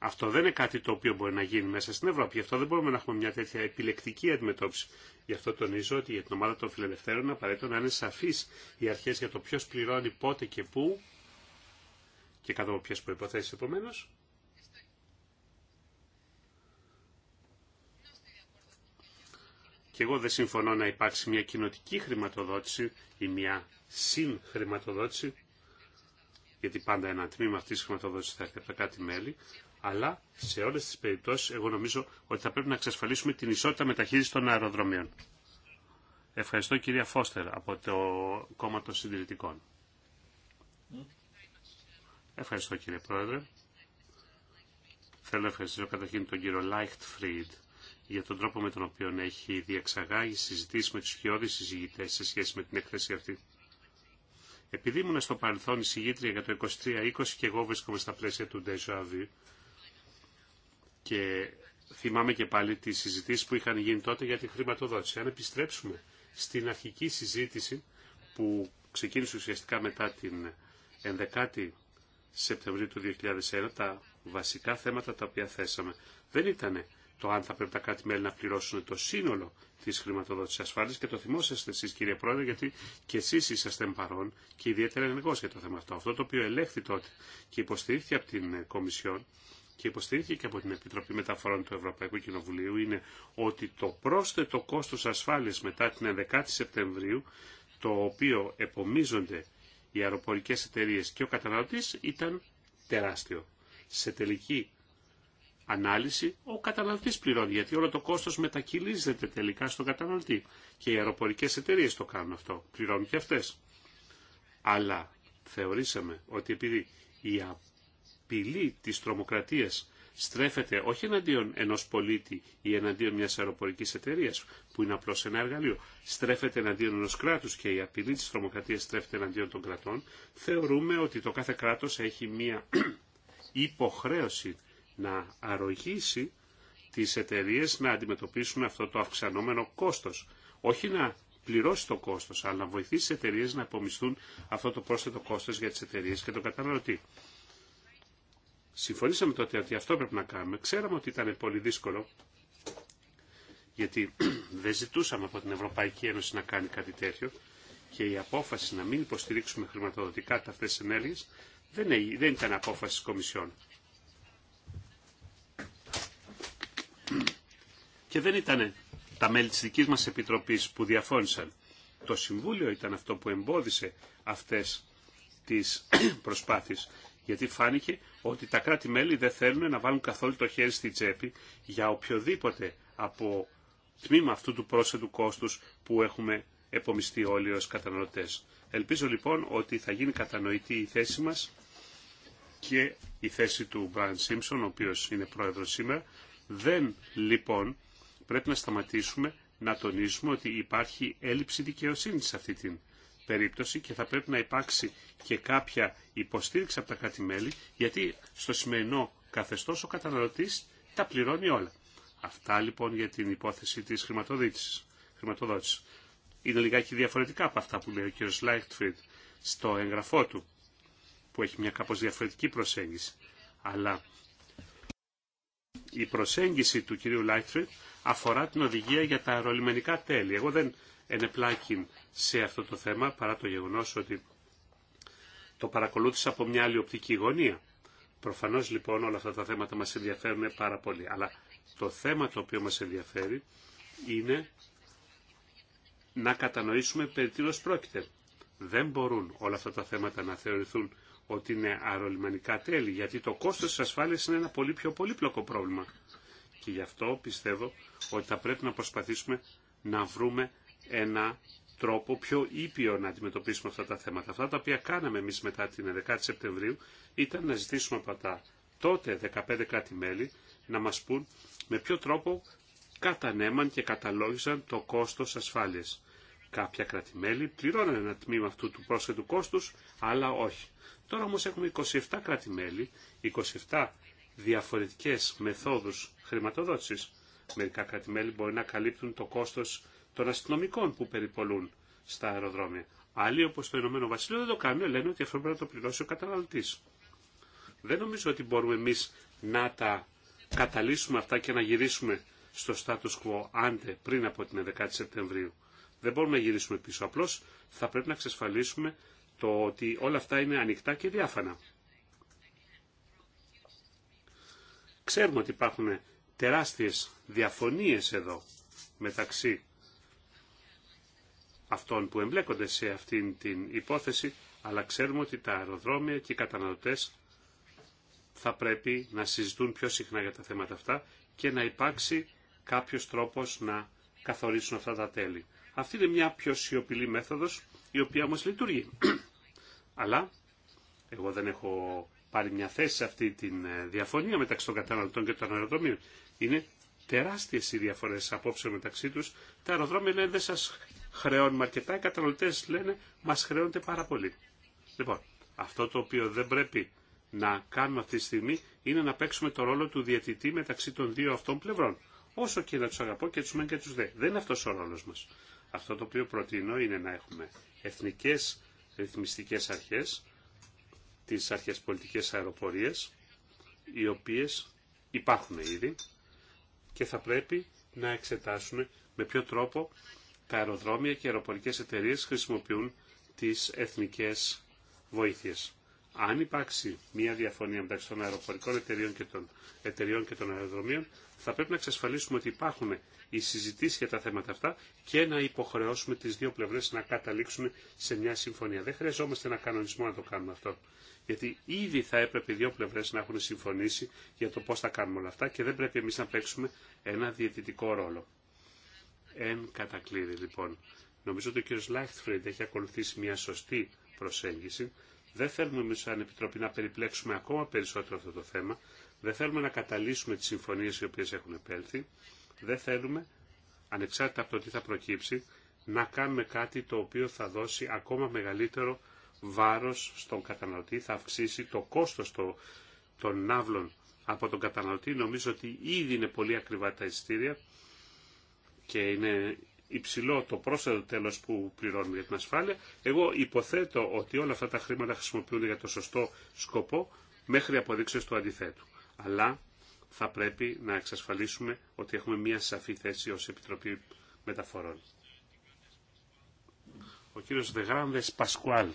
Αυτό δεν είναι κάτι το οποίο μπορεί να γίνει μέσα στην Ευρώπη. Γι' αυτό δεν μπορούμε να έχουμε μια τέτοια επιλεκτική αντιμετώπιση. Γι' αυτό τονίζω ότι για την ομάδα των φιλελευθέρων είναι απαραίτητο να είναι σαφεί οι αρχέ για το ποιο πληρώνει πότε και πού και κάτω από ποιε προποθέσει επομένω. Και εγώ δεν συμφωνώ να υπάρξει μια κοινοτική χρηματοδότηση ή μια συγχρηματοδότηση, γιατί πάντα ένα τμήμα αυτή τη χρηματοδότηση θα έρθει από τα κάτι μέλη, αλλά σε όλες τις περιπτώσεις εγώ νομίζω ότι θα πρέπει να εξασφαλίσουμε την ισότητα μεταχείριση των αεροδρομίων. Ευχαριστώ κυρία Φώστερ από το Κόμμα των Συντηρητικών. Ευχαριστώ κύριε Πρόεδρε. Θέλω να ευχαριστήσω καταρχήν τον κύριο Λάιχτφριντ για τον τρόπο με τον οποίο έχει διεξαγάγει συζητήσει με του χειώδει συζητητέ σε σχέση με την έκθεση αυτή. Επειδή ήμουν στο παρελθόν εισηγήτρια για το 2320 και εγώ βρίσκομαι στα πλαίσια του Deja Vu, και θυμάμαι και πάλι τι συζητήσει που είχαν γίνει τότε για τη χρηματοδότηση. Αν επιστρέψουμε στην αρχική συζήτηση που ξεκίνησε ουσιαστικά μετά την 11η Σεπτεμβρίου του 2001, τα βασικά θέματα τα οποία θέσαμε δεν ήταν το αν θα πρέπει τα κράτη-μέλη να πληρώσουν το σύνολο τη χρηματοδότηση ασφάλεια και το θυμόσαστε εσεί κύριε Πρόεδρε, γιατί και εσεί είσαστε παρόν και ιδιαίτερα ενεργό για το θέμα αυτό. Αυτό το οποίο ελέγχθη τότε και υποστηρίχθηκε από την Κομισιόν και υποστηρίχθηκε από την Επιτροπή Μεταφορών του Ευρωπαϊκού Κοινοβουλίου είναι ότι το πρόσθετο κόστος ασφάλειας μετά την 11η Σεπτεμβρίου, το οποίο επομίζονται οι αεροπορικές εταιρείες και ο καταναλωτής, ήταν τεράστιο. Σε τελική ανάλυση, ο καταναλωτής πληρώνει, γιατί όλο το κόστος μετακυλίζεται τελικά στον καταναλωτή. Και οι αεροπορικές εταιρείες το κάνουν αυτό, πληρώνουν και αυτές. Αλλά θεωρήσαμε ότι επειδή η απειλή της τρομοκρατίας στρέφεται όχι εναντίον ενός πολίτη ή εναντίον μιας αεροπορικής εταιρείας που είναι απλώς ένα εργαλείο, στρέφεται εναντίον ενός κράτους και η απειλή της τρομοκρατίας στρέφεται εναντίον των κρατών, θεωρούμε ότι το κάθε κράτος έχει μία υποχρέωση να αρρωγήσει τις εταιρείε να αντιμετωπίσουν αυτό το αυξανόμενο κόστος. Όχι να πληρώσει το κόστος, αλλά να βοηθήσει τις εταιρείε να απομισθούν αυτό το πρόσθετο κόστος για τις εταιρείε και τον καταναλωτή. Συμφωνήσαμε τότε ότι αυτό πρέπει να κάνουμε. Ξέραμε ότι ήταν πολύ δύσκολο, γιατί δεν ζητούσαμε από την Ευρωπαϊκή Ένωση να κάνει κάτι τέτοιο και η απόφαση να μην υποστηρίξουμε χρηματοδοτικά τα αυτές τις ενέργειες δεν, ήταν απόφαση της Κομισιόν. Και δεν ήταν τα μέλη της δικής μας Επιτροπής που διαφώνησαν. Το Συμβούλιο ήταν αυτό που εμπόδισε αυτές τις προσπάθειες γιατί φάνηκε ότι τα κράτη-μέλη δεν θέλουν να βάλουν καθόλου το χέρι στη τσέπη για οποιοδήποτε από τμήμα αυτού του πρόσθετου κόστους που έχουμε επομιστεί όλοι ως καταναλωτές. Ελπίζω λοιπόν ότι θα γίνει κατανοητή η θέση μας και η θέση του Μπραντ Σίμψον, ο οποίος είναι πρόεδρος σήμερα. Δεν λοιπόν πρέπει να σταματήσουμε να τονίσουμε ότι υπάρχει έλλειψη δικαιοσύνης σε αυτή την περίπτωση και θα πρέπει να υπάρξει και κάποια υποστήριξη από τα κράτη-μέλη, γιατί στο σημερινό καθεστώς ο καταναλωτής τα πληρώνει όλα. Αυτά λοιπόν για την υπόθεση της χρηματοδότησης. Είναι λιγάκι διαφορετικά από αυτά που λέει ο κ. Λάιχτφριντ στο εγγραφό του, που έχει μια κάπως διαφορετική προσέγγιση. Αλλά η προσέγγιση του κ. Λάιχτφριντ αφορά την οδηγία για τα αερολιμενικά τέλη. Εγώ δεν ενεπλάκην σε αυτό το θέμα, παρά το γεγονός ότι το παρακολούθησα από μια άλλη οπτική γωνία. Προφανώς λοιπόν όλα αυτά τα θέματα μας ενδιαφέρουν πάρα πολύ. Αλλά το θέμα το οποίο μας ενδιαφέρει είναι να κατανοήσουμε περί τίνος πρόκειται. Δεν μπορούν όλα αυτά τα θέματα να θεωρηθούν ότι είναι αερολιμανικά τέλη, γιατί το κόστος της ασφάλειας είναι ένα πολύ πιο πολύπλοκο πρόβλημα. Και γι' αυτό πιστεύω ότι θα πρέπει να προσπαθήσουμε να βρούμε ένα τρόπο πιο ήπιο να αντιμετωπίσουμε αυτά τα θέματα. Αυτά τα οποία κάναμε εμείς μετά την 11η Σεπτεμβρίου ήταν να ζητήσουμε από τα τότε 15 κράτη-μέλη να μας πούν με ποιο τρόπο κατανέμαν και καταλόγησαν το κόστος ασφάλειας. Κάποια κράτη-μέλη πληρώναν ένα τμήμα αυτού του πρόσθετου κόστους, αλλά όχι. Τώρα όμως έχουμε 27 κρατη 27 διαφορετικές μεθόδους χρηματοδότησης. Μερικά μπορεί να καλύπτουν το κόστος των αστυνομικών που περιπολούν στα αεροδρόμια. Άλλοι, όπω το Ηνωμένο Βασίλειο, δεν το κάνουν. Λένε ότι αυτό πρέπει να το πληρώσει ο καταναλωτή. Δεν νομίζω ότι μπορούμε εμεί να τα καταλύσουμε αυτά και να γυρίσουμε στο status quo άντε πριν από την 11η Σεπτεμβρίου. Δεν μπορούμε να γυρίσουμε πίσω. Απλώ θα πρέπει να εξασφαλίσουμε το ότι όλα αυτά είναι ανοιχτά και διάφανα. Ξέρουμε ότι υπάρχουν τεράστιες διαφωνίες εδώ μεταξύ αυτών που εμπλέκονται σε αυτήν την υπόθεση, αλλά ξέρουμε ότι τα αεροδρόμια και οι καταναλωτές θα πρέπει να συζητούν πιο συχνά για τα θέματα αυτά και να υπάρξει κάποιος τρόπος να καθορίσουν αυτά τα τέλη. Αυτή είναι μια πιο σιωπηλή μέθοδος, η οποία όμως λειτουργεί. αλλά εγώ δεν έχω πάρει μια θέση σε αυτή τη διαφωνία μεταξύ των καταναλωτών και των αεροδρομίων. Είναι τεράστιες οι διαφορές απόψε μεταξύ τους. Τα αεροδρόμια λένε δεν σας χρεώνουμε αρκετά, οι καταναλωτέ λένε μα χρεώνεται πάρα πολύ. Λοιπόν, αυτό το οποίο δεν πρέπει να κάνουμε αυτή τη στιγμή είναι να παίξουμε το ρόλο του διαιτητή μεταξύ των δύο αυτών πλευρών. Όσο και να του αγαπώ και του μεν και του δε. Δεν είναι αυτό ο ρόλο μα. Αυτό το οποίο προτείνω είναι να έχουμε εθνικέ ρυθμιστικέ αρχέ, τι αρχέ πολιτικέ αεροπορίε, οι οποίε υπάρχουν ήδη και θα πρέπει να εξετάσουμε με ποιο τρόπο τα αεροδρόμια και οι αεροπορικές εταιρείες χρησιμοποιούν τις εθνικές βοήθειες. Αν υπάρξει μια διαφωνία μεταξύ των αεροπορικών εταιρείων και των εταιρείων και των αεροδρομίων, θα πρέπει να εξασφαλίσουμε ότι υπάρχουν οι συζητήσει για τα θέματα αυτά και να υποχρεώσουμε τι δύο πλευρέ να καταλήξουν σε μια συμφωνία. Δεν χρειαζόμαστε ένα κανονισμό να το κάνουμε αυτό. Γιατί ήδη θα έπρεπε οι δύο πλευρέ να έχουν συμφωνήσει για το πώ θα κάνουμε όλα αυτά και δεν πρέπει εμεί να παίξουμε ένα διαιτητικό ρόλο. Εν κατακλείδη λοιπόν. Νομίζω ότι ο κ. Λάχτφριντ έχει ακολουθήσει μια σωστή προσέγγιση. Δεν θέλουμε εμεί σαν Επιτροπή να περιπλέξουμε ακόμα περισσότερο αυτό το θέμα. Δεν θέλουμε να καταλύσουμε τι συμφωνίε οι οποίε έχουν επέλθει. Δεν θέλουμε, ανεξάρτητα από το τι θα προκύψει, να κάνουμε κάτι το οποίο θα δώσει ακόμα μεγαλύτερο βάρος στον καταναλωτή, θα αυξήσει το κόστος των ναύλων από τον καταναλωτή. Νομίζω ότι ήδη είναι πολύ ακριβά τα εισιτήρια και είναι υψηλό το πρόσθετο τέλος που πληρώνουμε για την ασφάλεια, εγώ υποθέτω ότι όλα αυτά τα χρήματα χρησιμοποιούνται για το σωστό σκοπό μέχρι αποδείξεις του αντιθέτου. Αλλά θα πρέπει να εξασφαλίσουμε ότι έχουμε μια σαφή θέση ως Επιτροπή Μεταφορών. Ο κύριος Δεγράνδες Πασκουάλ.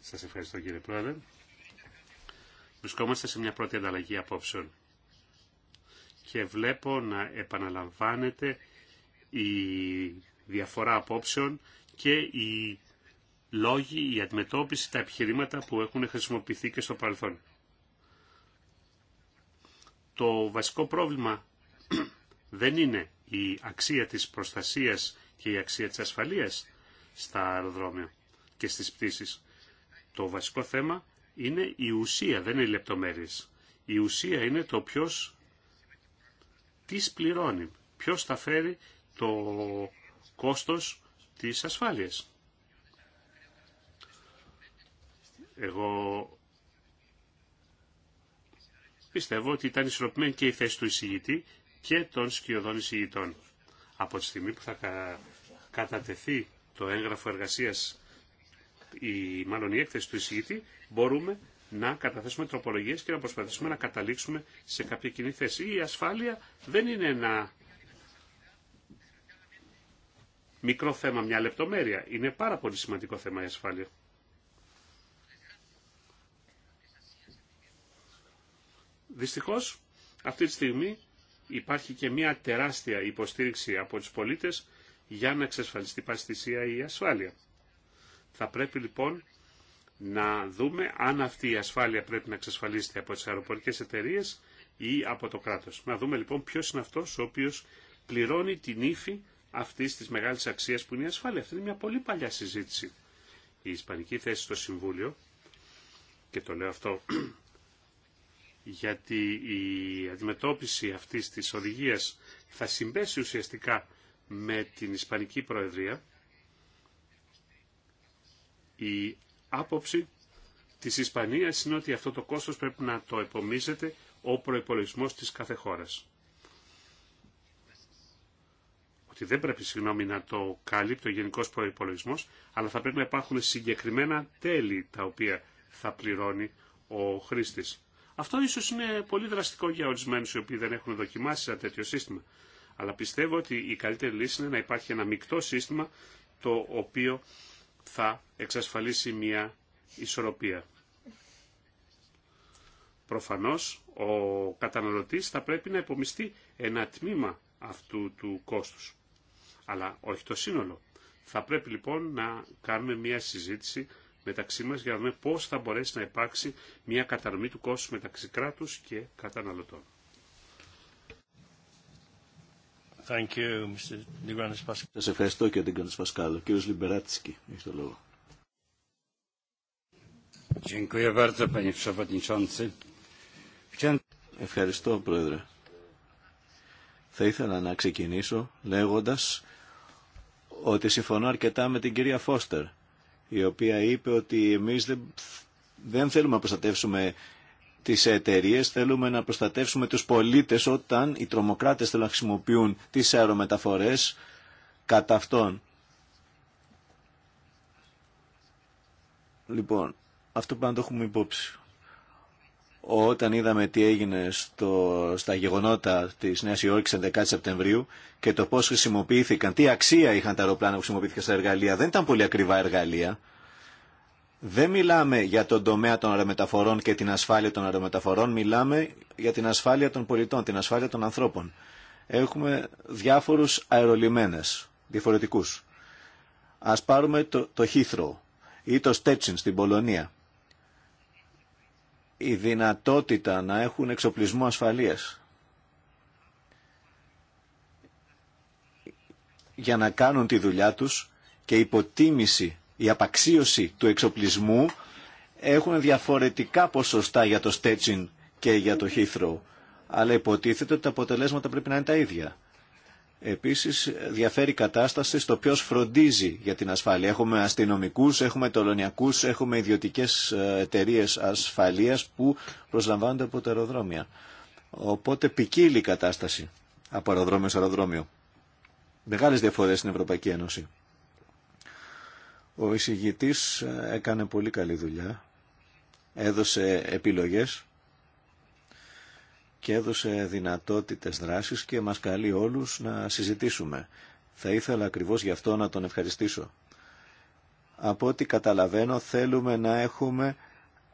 Σας ευχαριστώ κύριε Πρόεδρε. Βρισκόμαστε σε μια πρώτη ανταλλαγή απόψεων. Και βλέπω να επαναλαμβάνεται η διαφορά απόψεων και οι λόγοι, η αντιμετώπιση, τα επιχειρήματα που έχουν χρησιμοποιηθεί και στο παρελθόν. Το βασικό πρόβλημα δεν είναι η αξία της προστασίας και η αξία της ασφαλείας στα αεροδρόμια και στις πτήσεις. Το βασικό θέμα είναι η ουσία, δεν είναι οι λεπτομέρειες. Η ουσία είναι το ποιος τις πληρώνει, ποιος θα φέρει το κόστος της ασφάλειας. Εγώ πιστεύω ότι ήταν ισορροπημένη και η θέση του εισηγητή και των σκιωδών εισηγητών. Από τη στιγμή που θα κατατεθεί το έγγραφο εργασίας η, μάλλον η έκθεση του εισηγητή, μπορούμε να καταθέσουμε τροπολογίες και να προσπαθήσουμε να καταλήξουμε σε κάποια κοινή θέση. Η ασφάλεια δεν είναι ένα μικρό θέμα, μια λεπτομέρεια. Είναι πάρα πολύ σημαντικό θέμα η ασφάλεια. Δυστυχώς, αυτή τη στιγμή υπάρχει και μια τεράστια υποστήριξη από τους πολίτες για να εξασφαλιστεί παστησία ή ασφάλεια. Θα πρέπει λοιπόν να δούμε αν αυτή η ασφάλεια πρέπει να εξασφαλίσεται από τις αεροπορικές εταιρείε ή από το κράτος. Να δούμε λοιπόν ποιος είναι αυτός ο οποίος πληρώνει την ύφη αυτής της μεγάλης αξίας που είναι η ασφάλεια. Αυτή είναι μια πολύ παλιά συζήτηση. Η ισπανική θέση στο Συμβούλιο, και το λέω αυτό γιατί η αντιμετώπιση αυτής της οδηγίας θα συμπέσει ουσιαστικά με την Ισπανική Προεδρία, η άποψη της Ισπανίας είναι ότι αυτό το κόστος πρέπει να το επομίζεται ο προϋπολογισμός της κάθε χώρας. Ότι δεν πρέπει, συγγνώμη, να το κάλυπτει ο γενικός προϋπολογισμός, αλλά θα πρέπει να υπάρχουν συγκεκριμένα τέλη τα οποία θα πληρώνει ο χρήστης. Αυτό ίσως είναι πολύ δραστικό για ορισμένους οι οποίοι δεν έχουν δοκιμάσει ένα τέτοιο σύστημα. Αλλά πιστεύω ότι η καλύτερη λύση είναι να υπάρχει ένα μεικτό σύστημα το οποίο θα εξασφαλίσει μια ισορροπία. Προφανώς ο καταναλωτής θα πρέπει να υπομειστεί ένα τμήμα αυτού του κόστους, αλλά όχι το σύνολο. Θα πρέπει λοιπόν να κάνουμε μια συζήτηση μεταξύ μας για να δούμε πώς θα μπορέσει να υπάρξει μια καταρμή του κόστους μεταξύ κράτους και καταναλωτών. Thank Σας ευχαριστώ κύριε Ντιγκράνης Πασκάλ. Ο κύριος Λιμπεράτσκι έχει το λόγο. Ευχαριστώ πρόεδρε. Θα ήθελα να ξεκινήσω λέγοντας ότι συμφωνώ αρκετά με την κυρία Φώστερ η οποία είπε ότι εμείς δεν, δεν θέλουμε να προστατεύσουμε τις εταιρείε θέλουμε να προστατεύσουμε τους πολίτες όταν οι τρομοκράτες θέλουν να χρησιμοποιούν τι αερομεταφορέ κατά αυτόν. Λοιπόν, αυτό πάντα το έχουμε υπόψη. Όταν είδαμε τι έγινε στο, στα γεγονότα της Νέας Υόρκης 11 Σεπτεμβρίου και το πώς χρησιμοποιήθηκαν, τι αξία είχαν τα αεροπλάνα που χρησιμοποιήθηκαν στα εργαλεία, δεν ήταν πολύ ακριβά εργαλεία. Δεν μιλάμε για τον τομέα των αερομεταφορών και την ασφάλεια των αερομεταφορών, μιλάμε για την ασφάλεια των πολιτών, την ασφάλεια των ανθρώπων. Έχουμε διάφορους αερολιμένες, διαφορετικούς. Ας πάρουμε το, το Heathrow ή το Stetsin στην Πολωνία. Η δυνατότητα να έχουν εξοπλισμό ασφαλείας. Για να κάνουν τη δουλειά τους και υποτίμηση η απαξίωση του εξοπλισμού έχουν διαφορετικά ποσοστά για το Στέτσιν και για το Heathrow. Αλλά υποτίθεται ότι τα αποτελέσματα πρέπει να είναι τα ίδια. Επίση, διαφέρει η κατάσταση στο ποιο φροντίζει για την ασφάλεια. Έχουμε αστυνομικού, έχουμε τολωνιακούς, έχουμε ιδιωτικέ ε, εταιρείε ασφαλεία που προσλαμβάνονται από τα αεροδρόμια. Οπότε ποικίλει η κατάσταση από αεροδρόμιο σε αεροδρόμιο. Μεγάλε διαφορέ στην Ευρωπαϊκή Ένωση. Ο εισηγητής ε, έκανε πολύ καλή δουλειά, έδωσε επιλογές και έδωσε δυνατότητες δράσης και μας καλεί όλους να συζητήσουμε. Θα ήθελα ακριβώς γι' αυτό να τον ευχαριστήσω. Από ό,τι καταλαβαίνω θέλουμε να έχουμε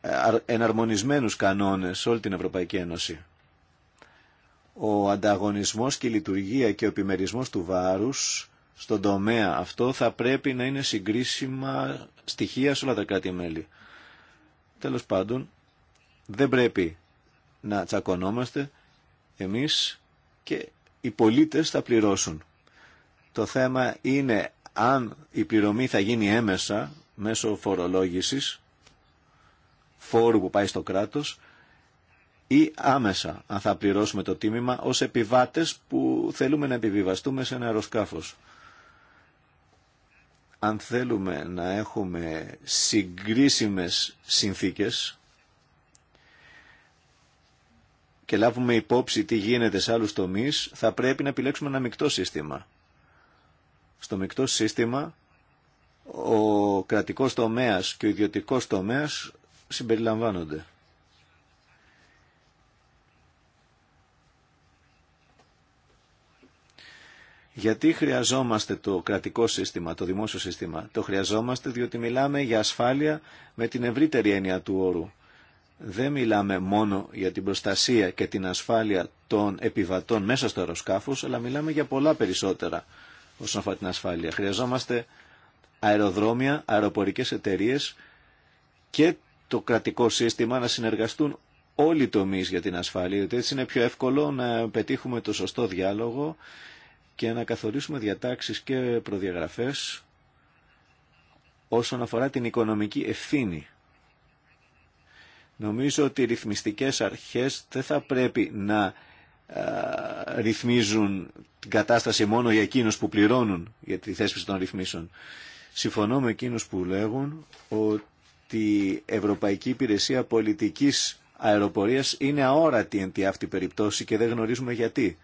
ε, εναρμονισμένους κανόνες σε όλη την Ευρωπαϊκή Ένωση. Ο ανταγωνισμός και η λειτουργία και ο επιμερισμός του βάρους στον τομέα αυτό θα πρέπει να είναι συγκρίσιμα στοιχεία σε όλα τα κράτη-μέλη. Τέλος πάντων, δεν πρέπει να τσακωνόμαστε εμείς και οι πολίτες θα πληρώσουν. Το θέμα είναι αν η πληρωμή θα γίνει έμεσα μέσω φορολόγησης, φόρου που πάει στο κράτος, ή άμεσα αν θα πληρώσουμε το τίμημα ως επιβάτες που θέλουμε να επιβιβαστούμε σε ένα αεροσκάφος. Αν θέλουμε να έχουμε συγκρίσιμες συνθήκες και λάβουμε υπόψη τι γίνεται σε άλλους τομείς, θα πρέπει να επιλέξουμε ένα μεικτό σύστημα. Στο μεικτό σύστημα ο κρατικός τομέας και ο ιδιωτικός τομέας συμπεριλαμβάνονται. Γιατί χρειαζόμαστε το κρατικό σύστημα, το δημόσιο σύστημα. Το χρειαζόμαστε διότι μιλάμε για ασφάλεια με την ευρύτερη έννοια του όρου. Δεν μιλάμε μόνο για την προστασία και την ασφάλεια των επιβατών μέσα στο αεροσκάφο, αλλά μιλάμε για πολλά περισσότερα όσον αφορά την ασφάλεια. Χρειαζόμαστε αεροδρόμια, αεροπορικέ εταιρείε και το κρατικό σύστημα να συνεργαστούν όλοι οι τομείς για την ασφάλεια, γιατί έτσι είναι πιο εύκολο να πετύχουμε το σωστό διάλογο και να καθορίσουμε διατάξεις και προδιαγραφές όσον αφορά την οικονομική ευθύνη. Νομίζω ότι οι ρυθμιστικές αρχές δεν θα πρέπει να ρυθμίζουν την κατάσταση μόνο για εκείνους που πληρώνουν για τη θέσπιση των ρυθμίσεων. Συμφωνώ με εκείνους που λέγουν ότι η Ευρωπαϊκή Υπηρεσία Πολιτικής Αεροπορίας είναι αόρατη εν τη αυτή περιπτώση και δεν γνωρίζουμε γιατί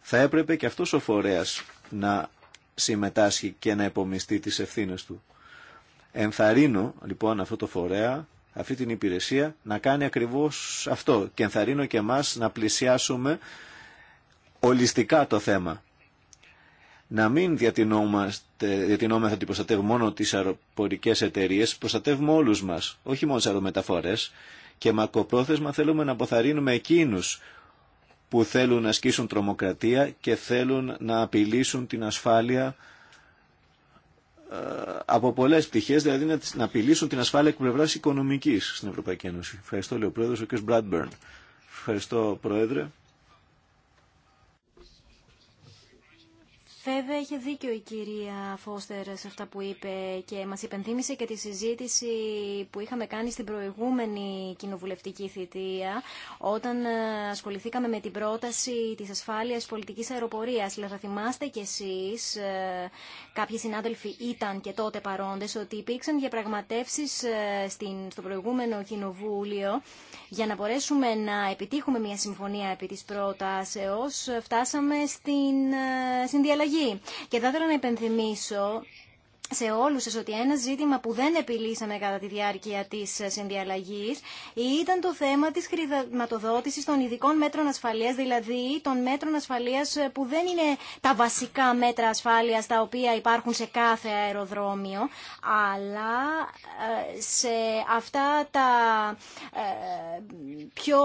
θα έπρεπε και αυτός ο φορέας να συμμετάσχει και να επομιστεί τις ευθύνες του. Ενθαρρύνω λοιπόν αυτό το φορέα, αυτή την υπηρεσία να κάνει ακριβώς αυτό και ενθαρρύνω και μας να πλησιάσουμε ολιστικά το θέμα. Να μην διατηνόμεθα ότι προστατεύουμε μόνο τις αεροπορικές εταιρείες, προστατεύουμε όλους μας, όχι μόνο τις αερομεταφορές και μακροπρόθεσμα θέλουμε να αποθαρρύνουμε εκείνους που θέλουν να ασκήσουν τρομοκρατία και θέλουν να απειλήσουν την ασφάλεια ε, από πολλές πτυχές, δηλαδή να απειλήσουν την ασφάλεια εκ πλευράς οικονομικής στην Ευρωπαϊκή Ένωση. Ευχαριστώ, λέει ο Πρόεδρος, ο κ. Bradburn. Ευχαριστώ, Πρόεδρε. Βέβαια, είχε δίκιο η κυρία Φώστερ σε αυτά που είπε και μας υπενθύμησε και τη συζήτηση που είχαμε κάνει στην προηγούμενη κοινοβουλευτική θητεία όταν ε, ασχοληθήκαμε με την πρόταση της ασφάλειας πολιτικής αεροπορίας. Δηλαδή, θα θυμάστε κι εσείς, ε, κάποιοι συνάδελφοι ήταν και τότε παρόντες, ότι υπήρξαν διαπραγματεύσεις ε, στο προηγούμενο κοινοβούλιο για να μπορέσουμε να επιτύχουμε μια συμφωνία επί της πρότασεως. Φτάσαμε στην συνδιαλλαγή και θα ήθελα να υπενθυμίσω σε όλους σας ότι ένα ζήτημα που δεν επιλύσαμε κατά τη διάρκεια της συνδιαλλαγής ήταν το θέμα της χρηματοδότησης των ειδικών μέτρων ασφαλείας, δηλαδή των μέτρων ασφαλείας που δεν είναι τα βασικά μέτρα ασφάλειας τα οποία υπάρχουν σε κάθε αεροδρόμιο, αλλά ε, σε αυτά τα ε, πιο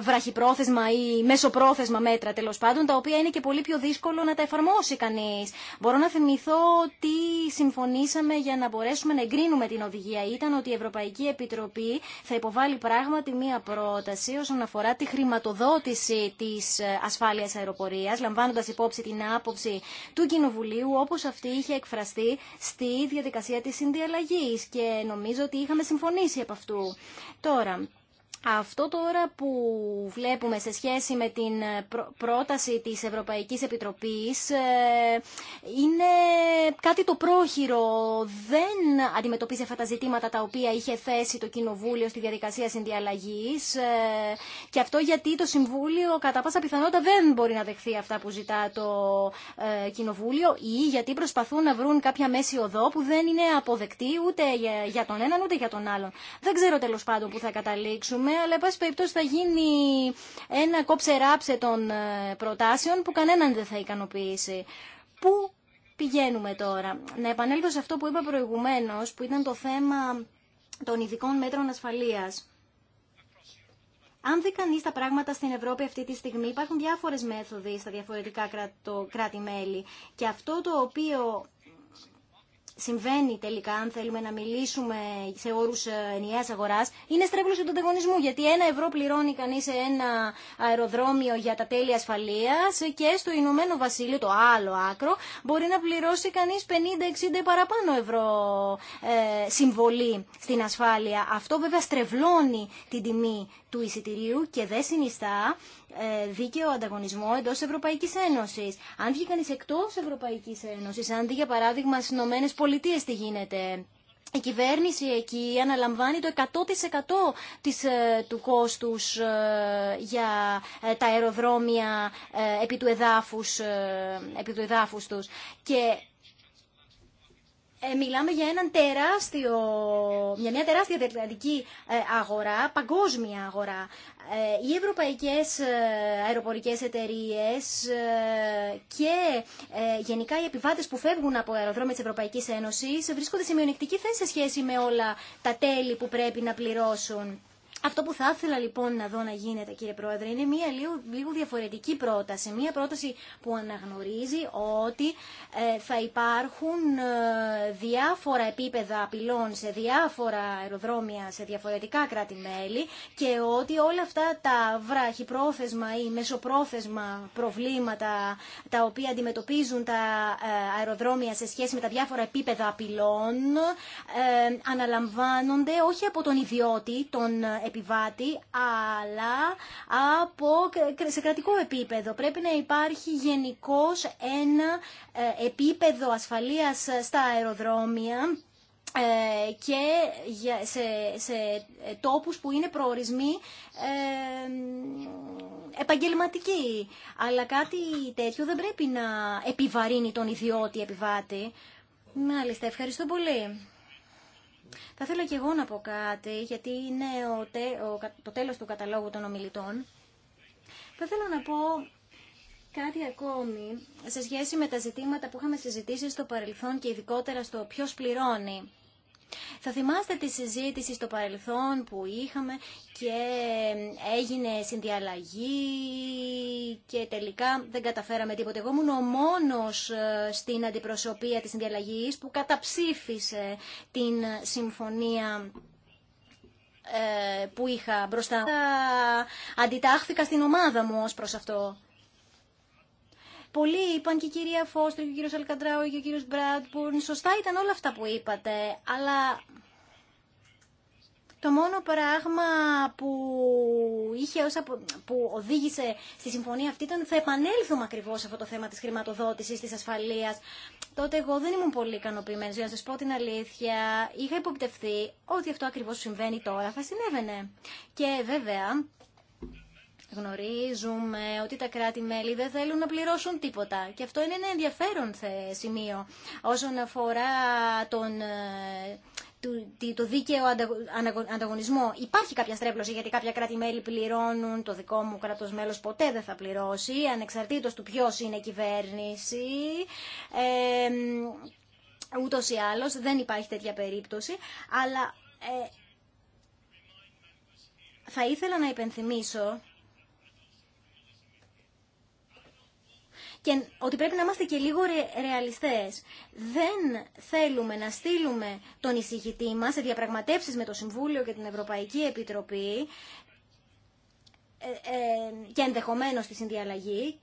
βραχυπρόθεσμα ή μεσοπρόθεσμα μέτρα τέλο πάντων, τα οποία είναι και πολύ πιο δύσκολο να τα εφαρμόσει κανεί. Μπορώ να θυμηθώ τι συμφωνήσαμε για να μπορέσουμε να εγκρίνουμε την οδηγία. Ήταν ότι η Ευρωπαϊκή Επιτροπή θα υποβάλει πράγματι μία πρόταση όσον αφορά τη χρηματοδότηση τη ε, ασφάλεια αεροπορία, λαμβάνοντα υπόψη την άποψη του Κοινοβουλίου, όπω αυτή είχε εκφραστεί στη διαδικασία τη συνδιαλλαγή. Και νομίζω ότι είχαμε συμφωνήσει από αυτού. Τώρα, αυτό τώρα που βλέπουμε σε σχέση με την ε, πρόταση της Ευρωπαϊκής Επιτροπής ε, είναι κάτι το πρόχειρο. Δεν αντιμετωπίζει αυτά τα ζητήματα τα οποία είχε θέσει το Κοινοβούλιο στη διαδικασία συνδιαλλαγής ε, και αυτό γιατί το Συμβούλιο κατά πάσα πιθανότητα δεν μπορεί να δεχθεί αυτά που ζητά το Κοινοβούλιο ή γιατί προσπαθούν να βρουν κάποια μέση οδό που δεν είναι αποδεκτή ούτε για τον έναν ούτε για τον άλλον. Δεν ξέρω τέλος πάντων που θα καταλήξουμε ναι, αλλά εν πάση περιπτώσει θα γίνει ένα κόψε-ράψε των ε, προτάσεων που κανέναν δεν θα ικανοποιήσει. Πού πηγαίνουμε τώρα. Να επανέλθω σε αυτό που είπα προηγουμένως, που ήταν το θέμα των ειδικών μέτρων ασφαλείας. Αν δει κανεί τα πράγματα στην Ευρώπη αυτή τη στιγμή, υπάρχουν διάφορε μέθοδοι στα διαφορετικά κράτη-μέλη. Και αυτό το οποίο συμβαίνει τελικά αν θέλουμε να μιλήσουμε σε όρου ε, ενιαίας αγορά, είναι στρέβλωση του ανταγωνισμού γιατί ένα ευρώ πληρώνει κανείς σε ένα αεροδρόμιο για τα τέλη ασφαλείας και στο Ηνωμένο Βασίλειο το άλλο άκρο μπορεί να πληρώσει κανείς 50-60 παραπάνω ευρώ ε, συμβολή στην ασφάλεια. Αυτό βέβαια στρεβλώνει την τιμή του εισιτηρίου και δεν συνιστά ε, δίκαιο ανταγωνισμό εντό ευρωπαϊκή Ένωση. Αν βγει κανεί ευρωπαϊκή Ευρωπαϊκής Ένωσης, αν δει για παράδειγμα στι Ηνωμένε Πολιτείε τι γίνεται, η κυβέρνηση εκεί αναλαμβάνει το 100% της, ε, του κόστους ε, για τα αεροδρόμια επί του εδάφους, επί του εδάφους τους. Και μιλάμε για έναν τεράστιο, μια μια τεράστια ε, αγορά, παγκόσμια αγορά. Ε, οι ευρωπαϊκές ε, αεροπορικές εταιρείες ε, και γενικά οι επιβάτες που φεύγουν από αεροδρόμια της Ευρωπαϊκής Ένωσης βρίσκονται σε μειονεκτική θέση σε σχέση με όλα τα τέλη που πρέπει να πληρώσουν. Αυτό που θα ήθελα λοιπόν να δω να γίνεται κύριε Πρόεδρε είναι μια λίγο, λίγο διαφορετική πρόταση. Μια πρόταση που αναγνωρίζει ότι ε, θα υπάρχουν ε, διάφορα επίπεδα απειλών σε διάφορα αεροδρόμια, σε διαφορετικά κράτη-μέλη και ότι όλα αυτά τα βραχυπρόθεσμα ή μεσοπρόθεσμα προβλήματα τα οποία αντιμετωπίζουν τα ε, αεροδρόμια σε σχέση με τα διάφορα επίπεδα απειλών αναλαμβάνονται όχι από τον ιδιώτη, τον επιβάτη, αλλά από, σε κρατικό επίπεδο. Πρέπει να υπάρχει γενικώ ένα ε, επίπεδο ασφαλείας στα αεροδρόμια ε, και σε, σε τόπους που είναι προορισμοί ε, επαγγελματικοί. Αλλά κάτι τέτοιο δεν πρέπει να επιβαρύνει τον ιδιώτη επιβάτη. Μάλιστα, ευχαριστώ πολύ. Θα ήθελα και εγώ να πω κάτι, γιατί είναι το τέλος του καταλόγου των ομιλητών. Θα ήθελα να πω κάτι ακόμη σε σχέση με τα ζητήματα που είχαμε συζητήσει στο παρελθόν και ειδικότερα στο ποιος πληρώνει. Θα θυμάστε τη συζήτηση στο παρελθόν που είχαμε και έγινε συνδιαλλαγή και τελικά δεν καταφέραμε τίποτα. Εγώ ήμουν ο μόνος ε, στην αντιπροσωπεία της συνδιαλλαγής που καταψήφισε την συμφωνία ε, που είχα μπροστά. Αντιτάχθηκα στην ομάδα μου ως προς αυτό. Πολλοί είπαν και η κυρία Φώστρη και ο κύριος Αλκαντράου και ο κύριος Μπράτμπουρν. Σωστά ήταν όλα αυτά που είπατε, αλλά το μόνο πράγμα που, είχε που οδήγησε στη συμφωνία αυτή ήταν θα επανέλθουμε ακριβώς σε αυτό το θέμα της χρηματοδότησης, της ασφαλείας. Τότε εγώ δεν ήμουν πολύ ικανοποιημένη, για να σα πω την αλήθεια. Είχα υποπτευθεί ότι αυτό ακριβώ συμβαίνει τώρα θα συνέβαινε. Και βέβαια, Γνωρίζουμε ότι τα κράτη-μέλη δεν θέλουν να πληρώσουν τίποτα και αυτό είναι ένα ενδιαφέρον σημείο όσον αφορά τον, ε, το δίκαιο ανταγωνισμό. Υπάρχει κάποια στρέπλωση γιατί κάποια κράτη-μέλη πληρώνουν, το δικό μου κράτος μέλος ποτέ δεν θα πληρώσει, ανεξαρτήτως του ποιος είναι κυβέρνηση. Ε, ούτως ή άλλως δεν υπάρχει τέτοια περίπτωση, αλλά ε, θα ήθελα να υπενθυμίσω και ότι πρέπει να είμαστε και λίγο ρε, Δεν θέλουμε να στείλουμε τον εισηγητή μας σε διαπραγματεύσεις με το Συμβούλιο και την Ευρωπαϊκή Επιτροπή ε, ε, και ενδεχομένως τη συνδιαλλαγή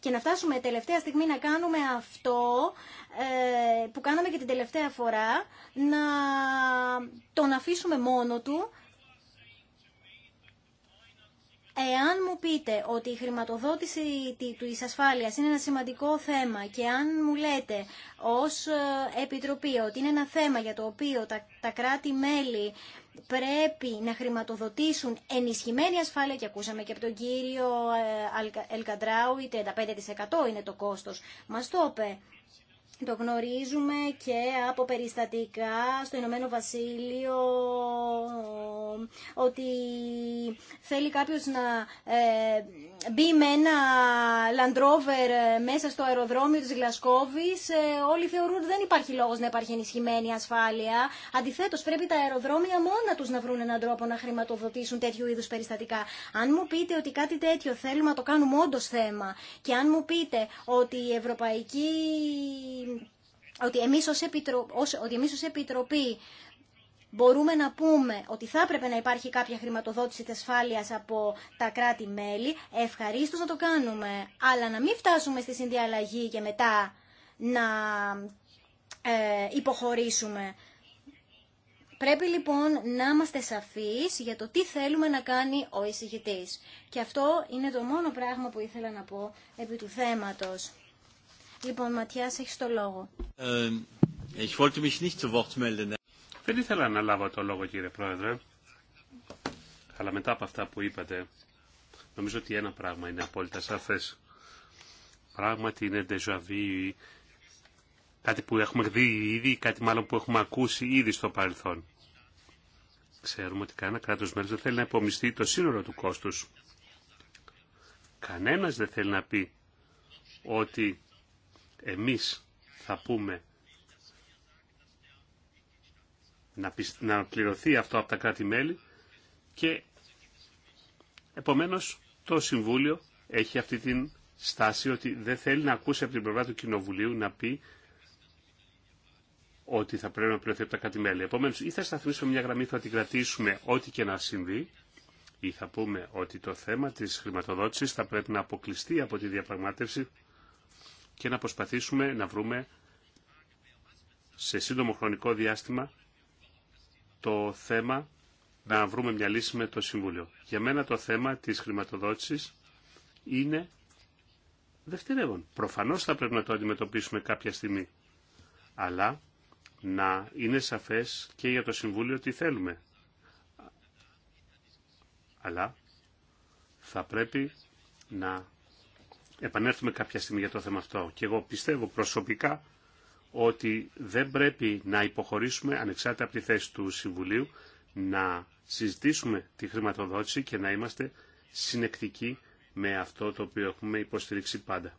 και να φτάσουμε τελευταία στιγμή να κάνουμε αυτό ε, που κάναμε και την τελευταία φορά, να τον αφήσουμε μόνο του Εάν μου πείτε ότι η χρηματοδότηση της ασφάλειας είναι ένα σημαντικό θέμα και αν μου λέτε ως ε, Επιτροπή ότι είναι ένα θέμα για το οποίο τα, κράτη-μέλη πρέπει να χρηματοδοτήσουν ενισχυμένη ασφάλεια και ακούσαμε και από τον κύριο ε, Ελκαντράου, 35% είναι το κόστος. Μας το είπε το γνωρίζουμε και από περιστατικά στο Ηνωμένο Βασίλειο ότι θέλει κάποιος να ε, μπει με ένα Land Rover ε, μέσα στο αεροδρόμιο της Γλασκόβης. Ε, όλοι θεωρούν ότι δεν υπάρχει λόγος να υπάρχει ενισχυμένη ασφάλεια. Αντιθέτως πρέπει τα αεροδρόμια μόνα τους να βρουν έναν τρόπο να χρηματοδοτήσουν τέτοιου είδους περιστατικά. Αν μου πείτε ότι κάτι τέτοιο θέλουμε να το κάνουμε όντω θέμα και αν μου πείτε ότι η Ευρωπαϊκή ότι εμείς ως, Ότι Επιτροπή μπορούμε να πούμε ότι θα έπρεπε να υπάρχει κάποια χρηματοδότηση της ασφάλειας από τα κράτη-μέλη, ευχαρίστως να το κάνουμε, αλλά να μην φτάσουμε στη συνδιαλλαγή και μετά να ε, υποχωρήσουμε. Πρέπει λοιπόν να είμαστε σαφείς για το τι θέλουμε να κάνει ο εισηγητής. Και αυτό είναι το μόνο πράγμα που ήθελα να πω επί του θέματος. Λοιπόν, Ματιάς, έχεις το λόγο. Ε, δεν ήθελα να λάβω το λόγο, κύριε Πρόεδρε. Αλλά μετά από αυτά που είπατε, νομίζω ότι ένα πράγμα είναι απόλυτα σαφές. Πράγματι είναι ντεζαβί, κάτι που έχουμε δει ήδη, κάτι μάλλον που έχουμε ακούσει ήδη στο παρελθόν. Ξέρουμε ότι κανένα κράτος μέλος δεν θέλει να υπομειστεί το σύνολο του κόστους. Κανένας δεν θέλει να πει ότι εμείς θα πούμε να πληρωθεί αυτό από τα κράτη-μέλη και επομένως το Συμβούλιο έχει αυτή την στάση ότι δεν θέλει να ακούσει από την πλευρά του Κοινοβουλίου να πει ότι θα πρέπει να πληρωθεί από τα κράτη-μέλη. Επομένω, ή θα σταθμίσουμε μια γραμμή, θα την κρατήσουμε ό,τι και να συμβεί, ή θα πούμε ότι το θέμα της χρηματοδότησης θα πρέπει να αποκλειστεί από τη διαπραγμάτευση και να προσπαθήσουμε να βρούμε σε σύντομο χρονικό διάστημα το θέμα να βρούμε μια λύση με το Συμβούλιο. Για μένα το θέμα της χρηματοδότησης είναι δευτερεύον. Προφανώς θα πρέπει να το αντιμετωπίσουμε κάποια στιγμή. Αλλά να είναι σαφές και για το Συμβούλιο τι θέλουμε. Αλλά θα πρέπει να επανέλθουμε κάποια στιγμή για το θέμα αυτό. Και εγώ πιστεύω προσωπικά ότι δεν πρέπει να υποχωρήσουμε ανεξάρτητα από τη θέση του Συμβουλίου να συζητήσουμε τη χρηματοδότηση και να είμαστε συνεκτικοί με αυτό το οποίο έχουμε υποστηρίξει πάντα.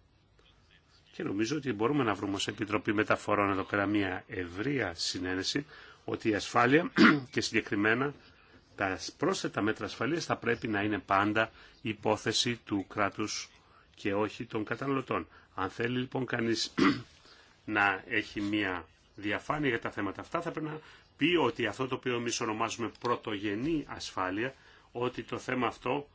Και νομίζω ότι μπορούμε να βρούμε ως Επιτροπή Μεταφορών εδώ πέρα μια ευρεία συνένεση ότι η ασφάλεια και συγκεκριμένα τα πρόσθετα μέτρα ασφαλείας θα πρέπει να είναι πάντα υπόθεση του κράτους και όχι των καταναλωτών. Αν θέλει λοιπόν κανείς να έχει μια διαφάνεια για τα θέματα αυτά, θα πρέπει να πει ότι αυτό το οποίο εμεί ονομάζουμε πρωτογενή ασφάλεια, ότι το θέμα αυτό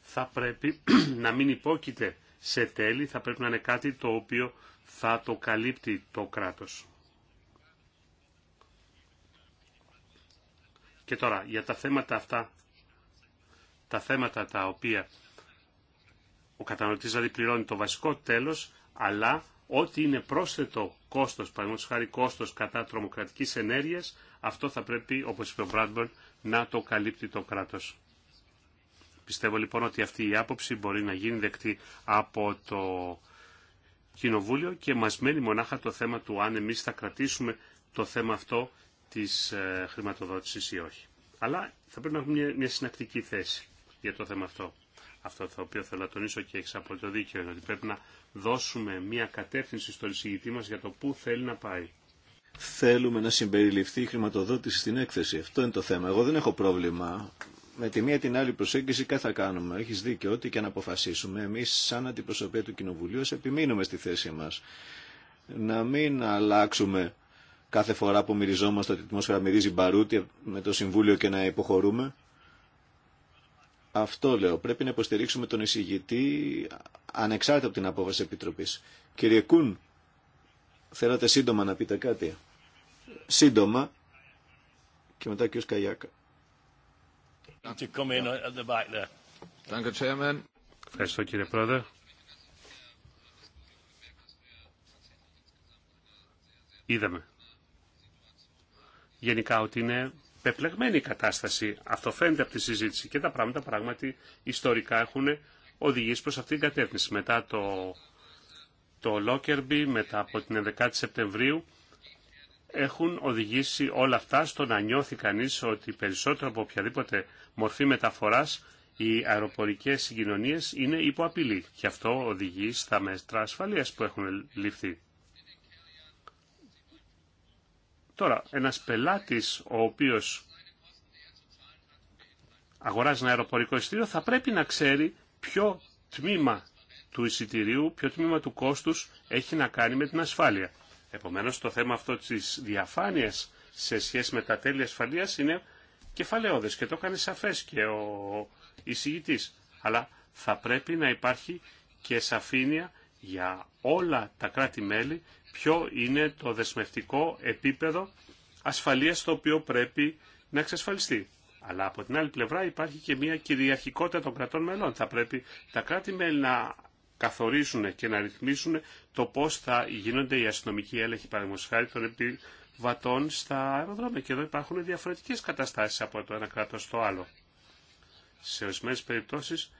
θα πρέπει να μην υπόκειται σε τέλη, θα πρέπει να είναι κάτι το οποίο θα το καλύπτει το κράτος. Και τώρα, για τα θέματα αυτά, τα θέματα τα οποία ο καταναλωτής δηλαδή πληρώνει το βασικό τέλος, αλλά ό,τι είναι πρόσθετο κόστος, παραδείγματος χάρη κόστος κατά τρομοκρατικής ενέργειας, αυτό θα πρέπει, όπως είπε ο Μπράντμπερν, να το καλύπτει το κράτος. Πιστεύω λοιπόν ότι αυτή η άποψη μπορεί να γίνει δεκτή από το Κοινοβούλιο και μας μένει μονάχα το θέμα του αν εμείς θα κρατήσουμε το θέμα αυτό της ε, χρηματοδότησης ή όχι. Αλλά θα πρέπει να έχουμε μια συνακτική θέση για το θέμα αυτό. Αυτό το οποίο θέλω να τονίσω και έχει απόλυτο δίκιο είναι ότι πρέπει να δώσουμε μια κατεύθυνση στον εισηγητή μα για το πού θέλει να πάει. Θέλουμε να συμπεριληφθεί η χρηματοδότηση στην έκθεση. Αυτό είναι το θέμα. Εγώ δεν έχω πρόβλημα. Με τη μία την άλλη προσέγγιση, κάθε θα κάνουμε. Έχει δίκιο, ό,τι και να αποφασίσουμε. Εμεί, σαν αντιπροσωπεία του Κοινοβουλίου, επιμείνουμε στη θέση μα. Να μην αλλάξουμε κάθε φορά που μυριζόμαστε ότι η ατμόσφαιρα μυρίζει μπαρούτι με το Συμβούλιο και να υποχωρούμε. Αυτό λέω. Πρέπει να υποστηρίξουμε τον εισηγητή ανεξάρτητα από την απόφαση Επιτροπής. Κύριε Κούν, θέλατε σύντομα να πείτε κάτι. Σύντομα και μετά ο κύριο Καγιάκα. Ευχαριστώ κύριε Πρόεδρε. Είδαμε γενικά ότι είναι πεπλεγμένη η κατάσταση. Αυτό φαίνεται από τη συζήτηση και τα πράγματα πράγματι ιστορικά έχουν οδηγήσει προς αυτήν την κατεύθυνση. Μετά το, το μετά από την 11η Σεπτεμβρίου, έχουν οδηγήσει όλα αυτά στο να νιώθει κανείς ότι περισσότερο από οποιαδήποτε μορφή μεταφοράς οι αεροπορικές συγκοινωνίες είναι υπό απειλή και αυτό οδηγεί στα μέτρα ασφαλείας που έχουν ληφθεί. Τώρα, ένας πελάτης ο οποίος αγοράζει ένα αεροπορικό εισιτήριο θα πρέπει να ξέρει ποιο τμήμα του εισιτηρίου, ποιο τμήμα του κόστους έχει να κάνει με την ασφάλεια. Επομένως, το θέμα αυτό της διαφάνειας σε σχέση με τα τέλη ασφαλείας είναι κεφαλαιόδες και το έκανε σαφές και ο εισηγητής. Αλλά θα πρέπει να υπάρχει και σαφήνεια για όλα τα κράτη-μέλη ποιο είναι το δεσμευτικό επίπεδο ασφαλείας το οποίο πρέπει να εξασφαλιστεί. Αλλά από την άλλη πλευρά υπάρχει και μια κυριαρχικότητα των κρατών μελών. Θα πρέπει τα κράτη-μέλη να καθορίσουν και να ρυθμίσουν το πώς θα γίνονται οι αστυνομικοί έλεγχοι χάρη των επιβατών στα αεροδρόμια. Και εδώ υπάρχουν διαφορετικές καταστάσεις από το ένα κράτος στο άλλο. Σε ορισμένε περιπτώσεις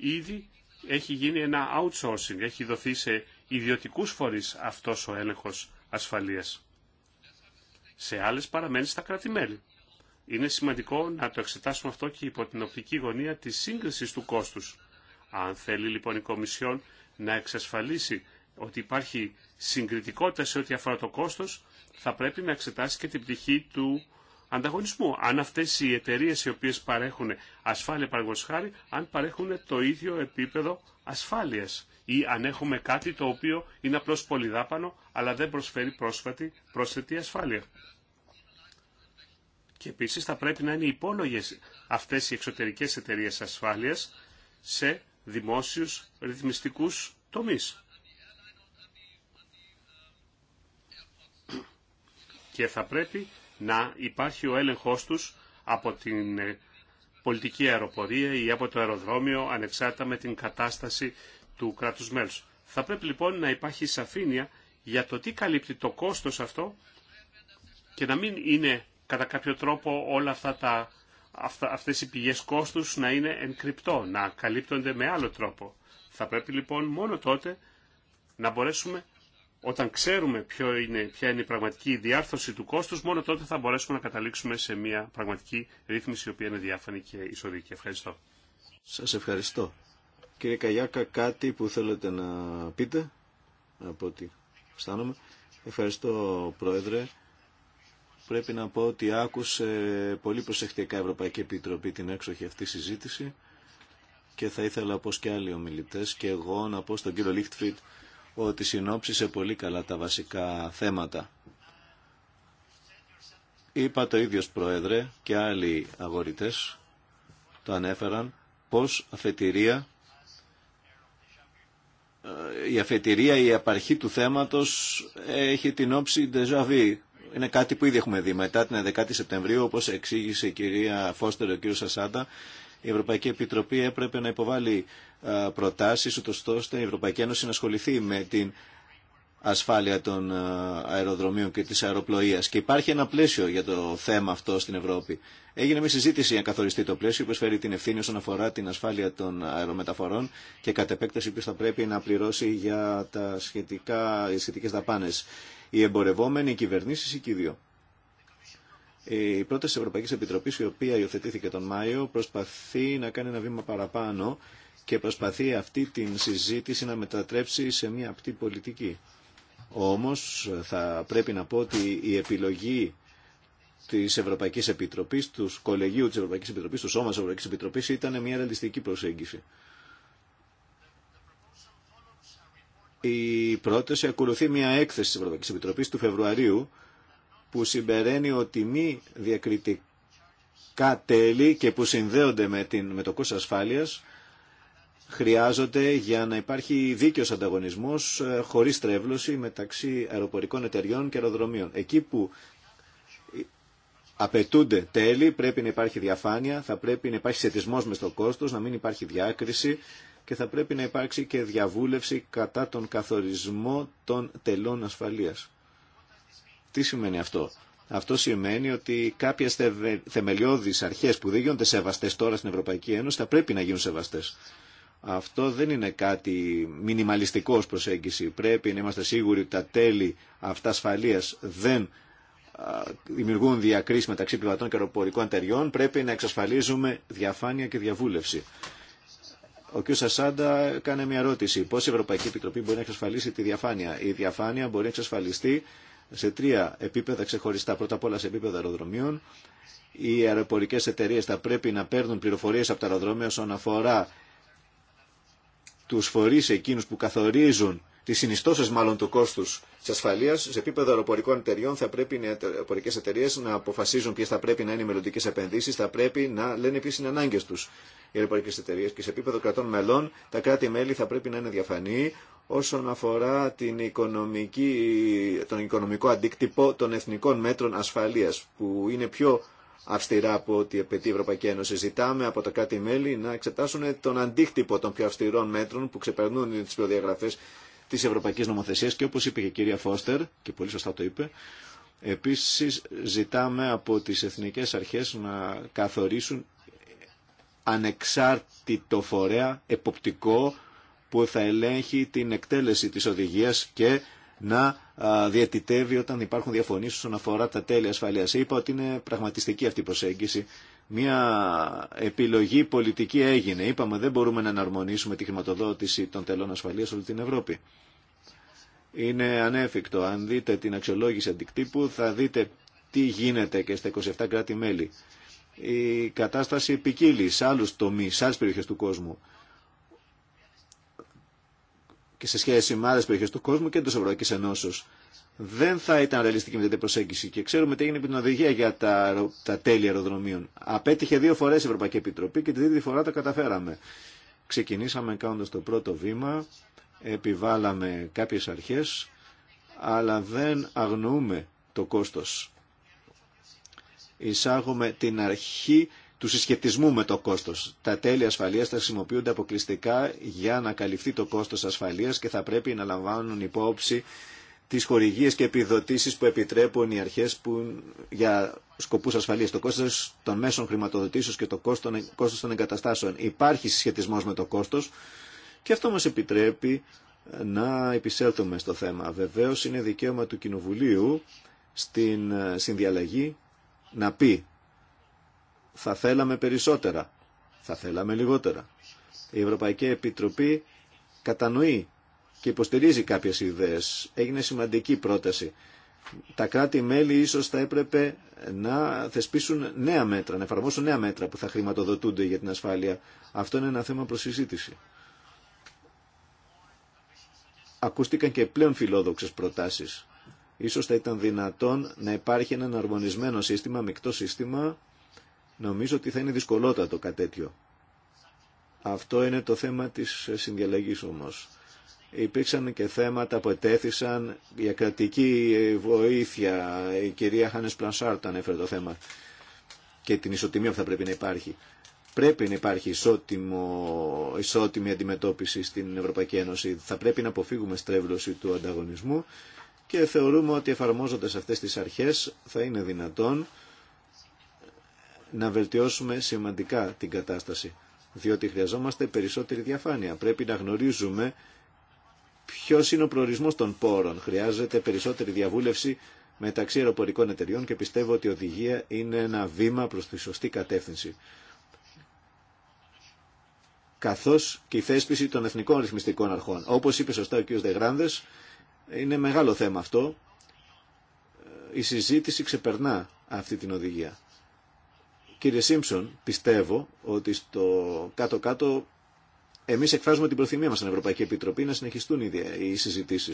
ήδη έχει γίνει ένα outsourcing, έχει δοθεί σε ιδιωτικούς φορείς αυτός ο έλεγχος ασφαλείας. Σε άλλες παραμένει στα κράτη-μέλη. Είναι σημαντικό να το εξετάσουμε αυτό και υπό την οπτική γωνία της σύγκρισης του κόστους. Αν θέλει λοιπόν η Κομισιόν να εξασφαλίσει ότι υπάρχει συγκριτικότητα σε ό,τι αφορά το κόστος, θα πρέπει να εξετάσει και την πτυχή του ανταγωνισμού. Αν αυτές οι εταιρείε οι οποίες παρέχουν ασφάλεια παραγωγή χάρη, αν παρέχουν το ίδιο επίπεδο ασφάλεια ή αν έχουμε κάτι το οποίο είναι απλώς πολυδάπανο αλλά δεν προσφέρει πρόσφατη, πρόσθετη ασφάλεια. Και επίσης θα πρέπει να είναι υπόλογες αυτές οι εξωτερικές εταιρείες ασφάλειας σε δημόσιους ρυθμιστικούς τομείς. Και θα πρέπει να υπάρχει ο έλεγχός τους από την ε, πολιτική αεροπορία ή από το αεροδρόμιο ανεξάρτητα με την κατάσταση του κράτους μέλους. Θα πρέπει λοιπόν να υπάρχει σαφήνεια για το τι καλύπτει το κόστος αυτό και να μην είναι κατά κάποιο τρόπο όλα αυτά τα, αυτές οι πηγές κόστους να είναι ενκρυπτό, να καλύπτονται με άλλο τρόπο. Θα πρέπει λοιπόν μόνο τότε να μπορέσουμε, όταν ξέρουμε ποιο είναι, ποια είναι η πραγματική διάρθρωση του κόστους, μόνο τότε θα μπορέσουμε να καταλήξουμε σε μια πραγματική ρύθμιση η οποία είναι διάφανη και ισοδίκη. Ευχαριστώ. Σας ευχαριστώ. Κύριε Καγιάκα, κάτι που θέλετε να πείτε, από ό,τι αισθάνομαι. Ευχαριστώ, Πρόεδρε. Πρέπει να πω ότι άκουσε πολύ προσεκτικά η Ευρωπαϊκή Επιτροπή την έξοχη αυτή συζήτηση και θα ήθελα, όπως και άλλοι ομιλητές, και εγώ να πω στον κύριο Λιχτφριτ, ότι συνόψισε πολύ καλά τα βασικά θέματα. Είπα το ίδιος Πρόεδρε και άλλοι αγορητές το ανέφεραν πως αφετηρία η αφετηρία, η απαρχή του θέματος έχει την όψη déjà vu. Είναι κάτι που ήδη έχουμε δει. Μετά την 11η Σεπτεμβρίου, όπως εξήγησε η κυρία Φώστερ, ο κύριος Σασάντα, η Ευρωπαϊκή Επιτροπή έπρεπε να υποβάλει προτάσεις, ούτως ώστε η Ευρωπαϊκή Ένωση να ασχοληθεί με την ασφάλεια των ε, αεροδρομίων και της αεροπλοείας και υπάρχει ένα πλαίσιο για το θέμα αυτό στην Ευρώπη. Έγινε μια συζήτηση για καθοριστεί το πλαίσιο που προσφέρει την ευθύνη όσον αφορά την ασφάλεια των αερομεταφορών και κατ' επέκταση που θα πρέπει να πληρώσει για τα σχετικά, οι σχετικές δαπάνες. Οι εμπορευόμενοι, οι κυβερνήσεις ή και οι δύο. Η πρόταση της Ευρωπαϊκής Επιτροπής, η οποία υιοθετήθηκε τον Μάιο, προσπαθεί να κάνει ένα βήμα παραπάνω και προσπαθεί αυτή την συζήτηση να μετατρέψει σε μια απτή πολιτική. Όμως θα πρέπει να πω ότι η επιλογή της Ευρωπαϊκής Επιτροπής, του κολεγίου της Ευρωπαϊκής Επιτροπής, του σώμα της Ευρωπαϊκής Επιτροπής ήταν μια ρεαλιστική προσέγγιση. Η πρόταση ακολουθεί μια έκθεση της Ευρωπαϊκής Επιτροπής του Φεβρουαρίου που συμπεραίνει ότι μη διακριτικά τέλη και που συνδέονται με, την, με το κόστος ασφάλειας χρειάζονται για να υπάρχει δίκαιο ανταγωνισμό ε, χωρί τρέβλωση μεταξύ αεροπορικών εταιριών και αεροδρομίων. Εκεί που απαιτούνται τέλη, πρέπει να υπάρχει διαφάνεια, θα πρέπει να υπάρχει σχετισμό με το κόστο, να μην υπάρχει διάκριση και θα πρέπει να υπάρξει και διαβούλευση κατά τον καθορισμό των τελών ασφαλείας. Τι σημαίνει αυτό. Αυτό σημαίνει ότι κάποιε θεμελιώδει αρχέ που δεν γίνονται σεβαστέ τώρα στην Ευρωπαϊκή Ένωση θα πρέπει να γίνουν σεβαστέ. Αυτό δεν είναι κάτι μινιμαλιστικό ως προσέγγιση. Πρέπει να είμαστε σίγουροι ότι τα τέλη αυτά ασφαλείας δεν δημιουργούν διακρίσεις μεταξύ πληματών και αεροπορικών εταιριών. Πρέπει να εξασφαλίζουμε διαφάνεια και διαβούλευση. Ο κ. Σασάντα κάνει μια ερώτηση. Πώς η Ευρωπαϊκή Επιτροπή μπορεί να εξασφαλίσει τη διαφάνεια. Η διαφάνεια μπορεί να εξασφαλιστεί σε τρία επίπεδα ξεχωριστά. Πρώτα απ' όλα σε επίπεδο αεροδρομίων. Οι αεροπορικέ εταιρείε θα πρέπει να παίρνουν πληροφορίε από τα αεροδρόμια όσον αφορά τους φορείς εκείνους που καθορίζουν τις συνιστώσεις μάλλον του κόστους της ασφαλείας σε επίπεδο αεροπορικών εταιριών θα πρέπει οι αεροπορικές εταιρείες να αποφασίζουν ποιες θα πρέπει να είναι οι μελλοντικές επενδύσεις, θα πρέπει να λένε ποιες είναι οι ανάγκες τους οι αεροπορικές εταιρείες και σε επίπεδο κρατών μελών τα κράτη-μέλη θα πρέπει να είναι διαφανή όσον αφορά την οικονομική, τον οικονομικό αντίκτυπο των εθνικών μέτρων ασφαλείας που είναι πιο αυστηρά από ό,τι επαιτεί η Ευρωπαϊκή Ένωση. Ζητάμε από τα κάτι μελη να εξετάσουν τον αντίκτυπο των πιο αυστηρών μέτρων που ξεπερνούν τι προδιαγραφέ τη Ευρωπαϊκή Νομοθεσία και όπω είπε και η κυρία Φώστερ, και πολύ σωστά το είπε, επίση ζητάμε από τι εθνικέ αρχέ να καθορίσουν ανεξάρτητο φορέα εποπτικό που θα ελέγχει την εκτέλεση της οδηγίας και να διατητεύει όταν υπάρχουν διαφωνήσεις όσον αφορά τα τέλη ασφαλεία. Είπα ότι είναι πραγματιστική αυτή η προσέγγιση. Μια επιλογή πολιτική έγινε. Είπαμε δεν μπορούμε να εναρμονίσουμε τη χρηματοδότηση των τελών ασφαλεία όλη την Ευρώπη. Είναι ανέφικτο. Αν δείτε την αξιολόγηση αντικτύπου θα δείτε τι γίνεται και στα 27 κράτη-μέλη. Η κατάσταση επικύλει σε άλλου τομεί, σε άλλε περιοχές του κόσμου και σε σχέση με άλλε περιοχέ του κόσμου και τη Ευρωπαϊκή Ενώσεω. Δεν θα ήταν ρεαλιστική με τέτοια προσέγγιση και ξέρουμε τι έγινε με την οδηγία για τα, τέλη αεροδρομίων. Απέτυχε δύο φορέ η Ευρωπαϊκή Επιτροπή και τη τρίτη φορά τα καταφέραμε. Ξεκινήσαμε κάνοντα το πρώτο βήμα, επιβάλαμε κάποιε αρχέ, αλλά δεν αγνοούμε το κόστο. Εισάγουμε την αρχή του συσχετισμού με το κόστο. Τα τέλη ασφαλεία θα χρησιμοποιούνται αποκλειστικά για να καλυφθεί το κόστο ασφαλείας και θα πρέπει να λαμβάνουν υπόψη τι χορηγίε και επιδοτήσει που επιτρέπουν οι αρχέ για σκοπού ασφαλείας. Το κόστο των μέσων χρηματοδοτήσεως και το κόστο των εγκαταστάσεων. Υπάρχει συσχετισμό με το κόστο και αυτό μα επιτρέπει να επισέλθουμε στο θέμα. Βεβαίω είναι δικαίωμα του Κοινοβουλίου στην ε, συνδιαλλαγή να πει θα θέλαμε περισσότερα. Θα θέλαμε λιγότερα. Η Ευρωπαϊκή Επιτροπή κατανοεί και υποστηρίζει κάποιες ιδέες. Έγινε σημαντική πρόταση. Τα κράτη-μέλη ίσως θα έπρεπε να θεσπίσουν νέα μέτρα, να εφαρμόσουν νέα μέτρα που θα χρηματοδοτούνται για την ασφάλεια. Αυτό είναι ένα θέμα προς συζήτηση. Ακούστηκαν και πλέον φιλόδοξες προτάσεις. Ίσως θα ήταν δυνατόν να υπάρχει ένα αρμονισμένο σύστημα, μεικτό σύστημα, Νομίζω ότι θα είναι δυσκολότατο κάτι τέτοιο. Αυτό είναι το θέμα της συνδιαλλαγής όμως. Υπήρξαν και θέματα που ετέθησαν για κρατική βοήθεια. Η κυρία Χάνες Πλανσάρτ ανέφερε το θέμα και την ισοτιμία που θα πρέπει να υπάρχει. Πρέπει να υπάρχει ισότιμο, ισότιμη αντιμετώπιση στην Ευρωπαϊκή Ένωση. Θα πρέπει να αποφύγουμε στρέβλωση του ανταγωνισμού και θεωρούμε ότι εφαρμόζοντας αυτές τις αρχές θα είναι δυνατόν να βελτιώσουμε σημαντικά την κατάσταση, διότι χρειαζόμαστε περισσότερη διαφάνεια. Πρέπει να γνωρίζουμε ποιο είναι ο προορισμό των πόρων. Χρειάζεται περισσότερη διαβούλευση μεταξύ αεροπορικών εταιριών και πιστεύω ότι η οδηγία είναι ένα βήμα προς τη σωστή κατεύθυνση. Καθώς και η θέσπιση των εθνικών ρυθμιστικών αρχών. Όπω είπε σωστά ο κ. Δεγράνδες, είναι μεγάλο θέμα αυτό. Η συζήτηση ξεπερνά αυτή την οδηγία. Κύριε Σίμψον, πιστεύω ότι στο κάτω-κάτω εμεί εκφράζουμε την προθυμία μα στην Ευρωπαϊκή Επιτροπή να συνεχιστούν οι συζητήσει.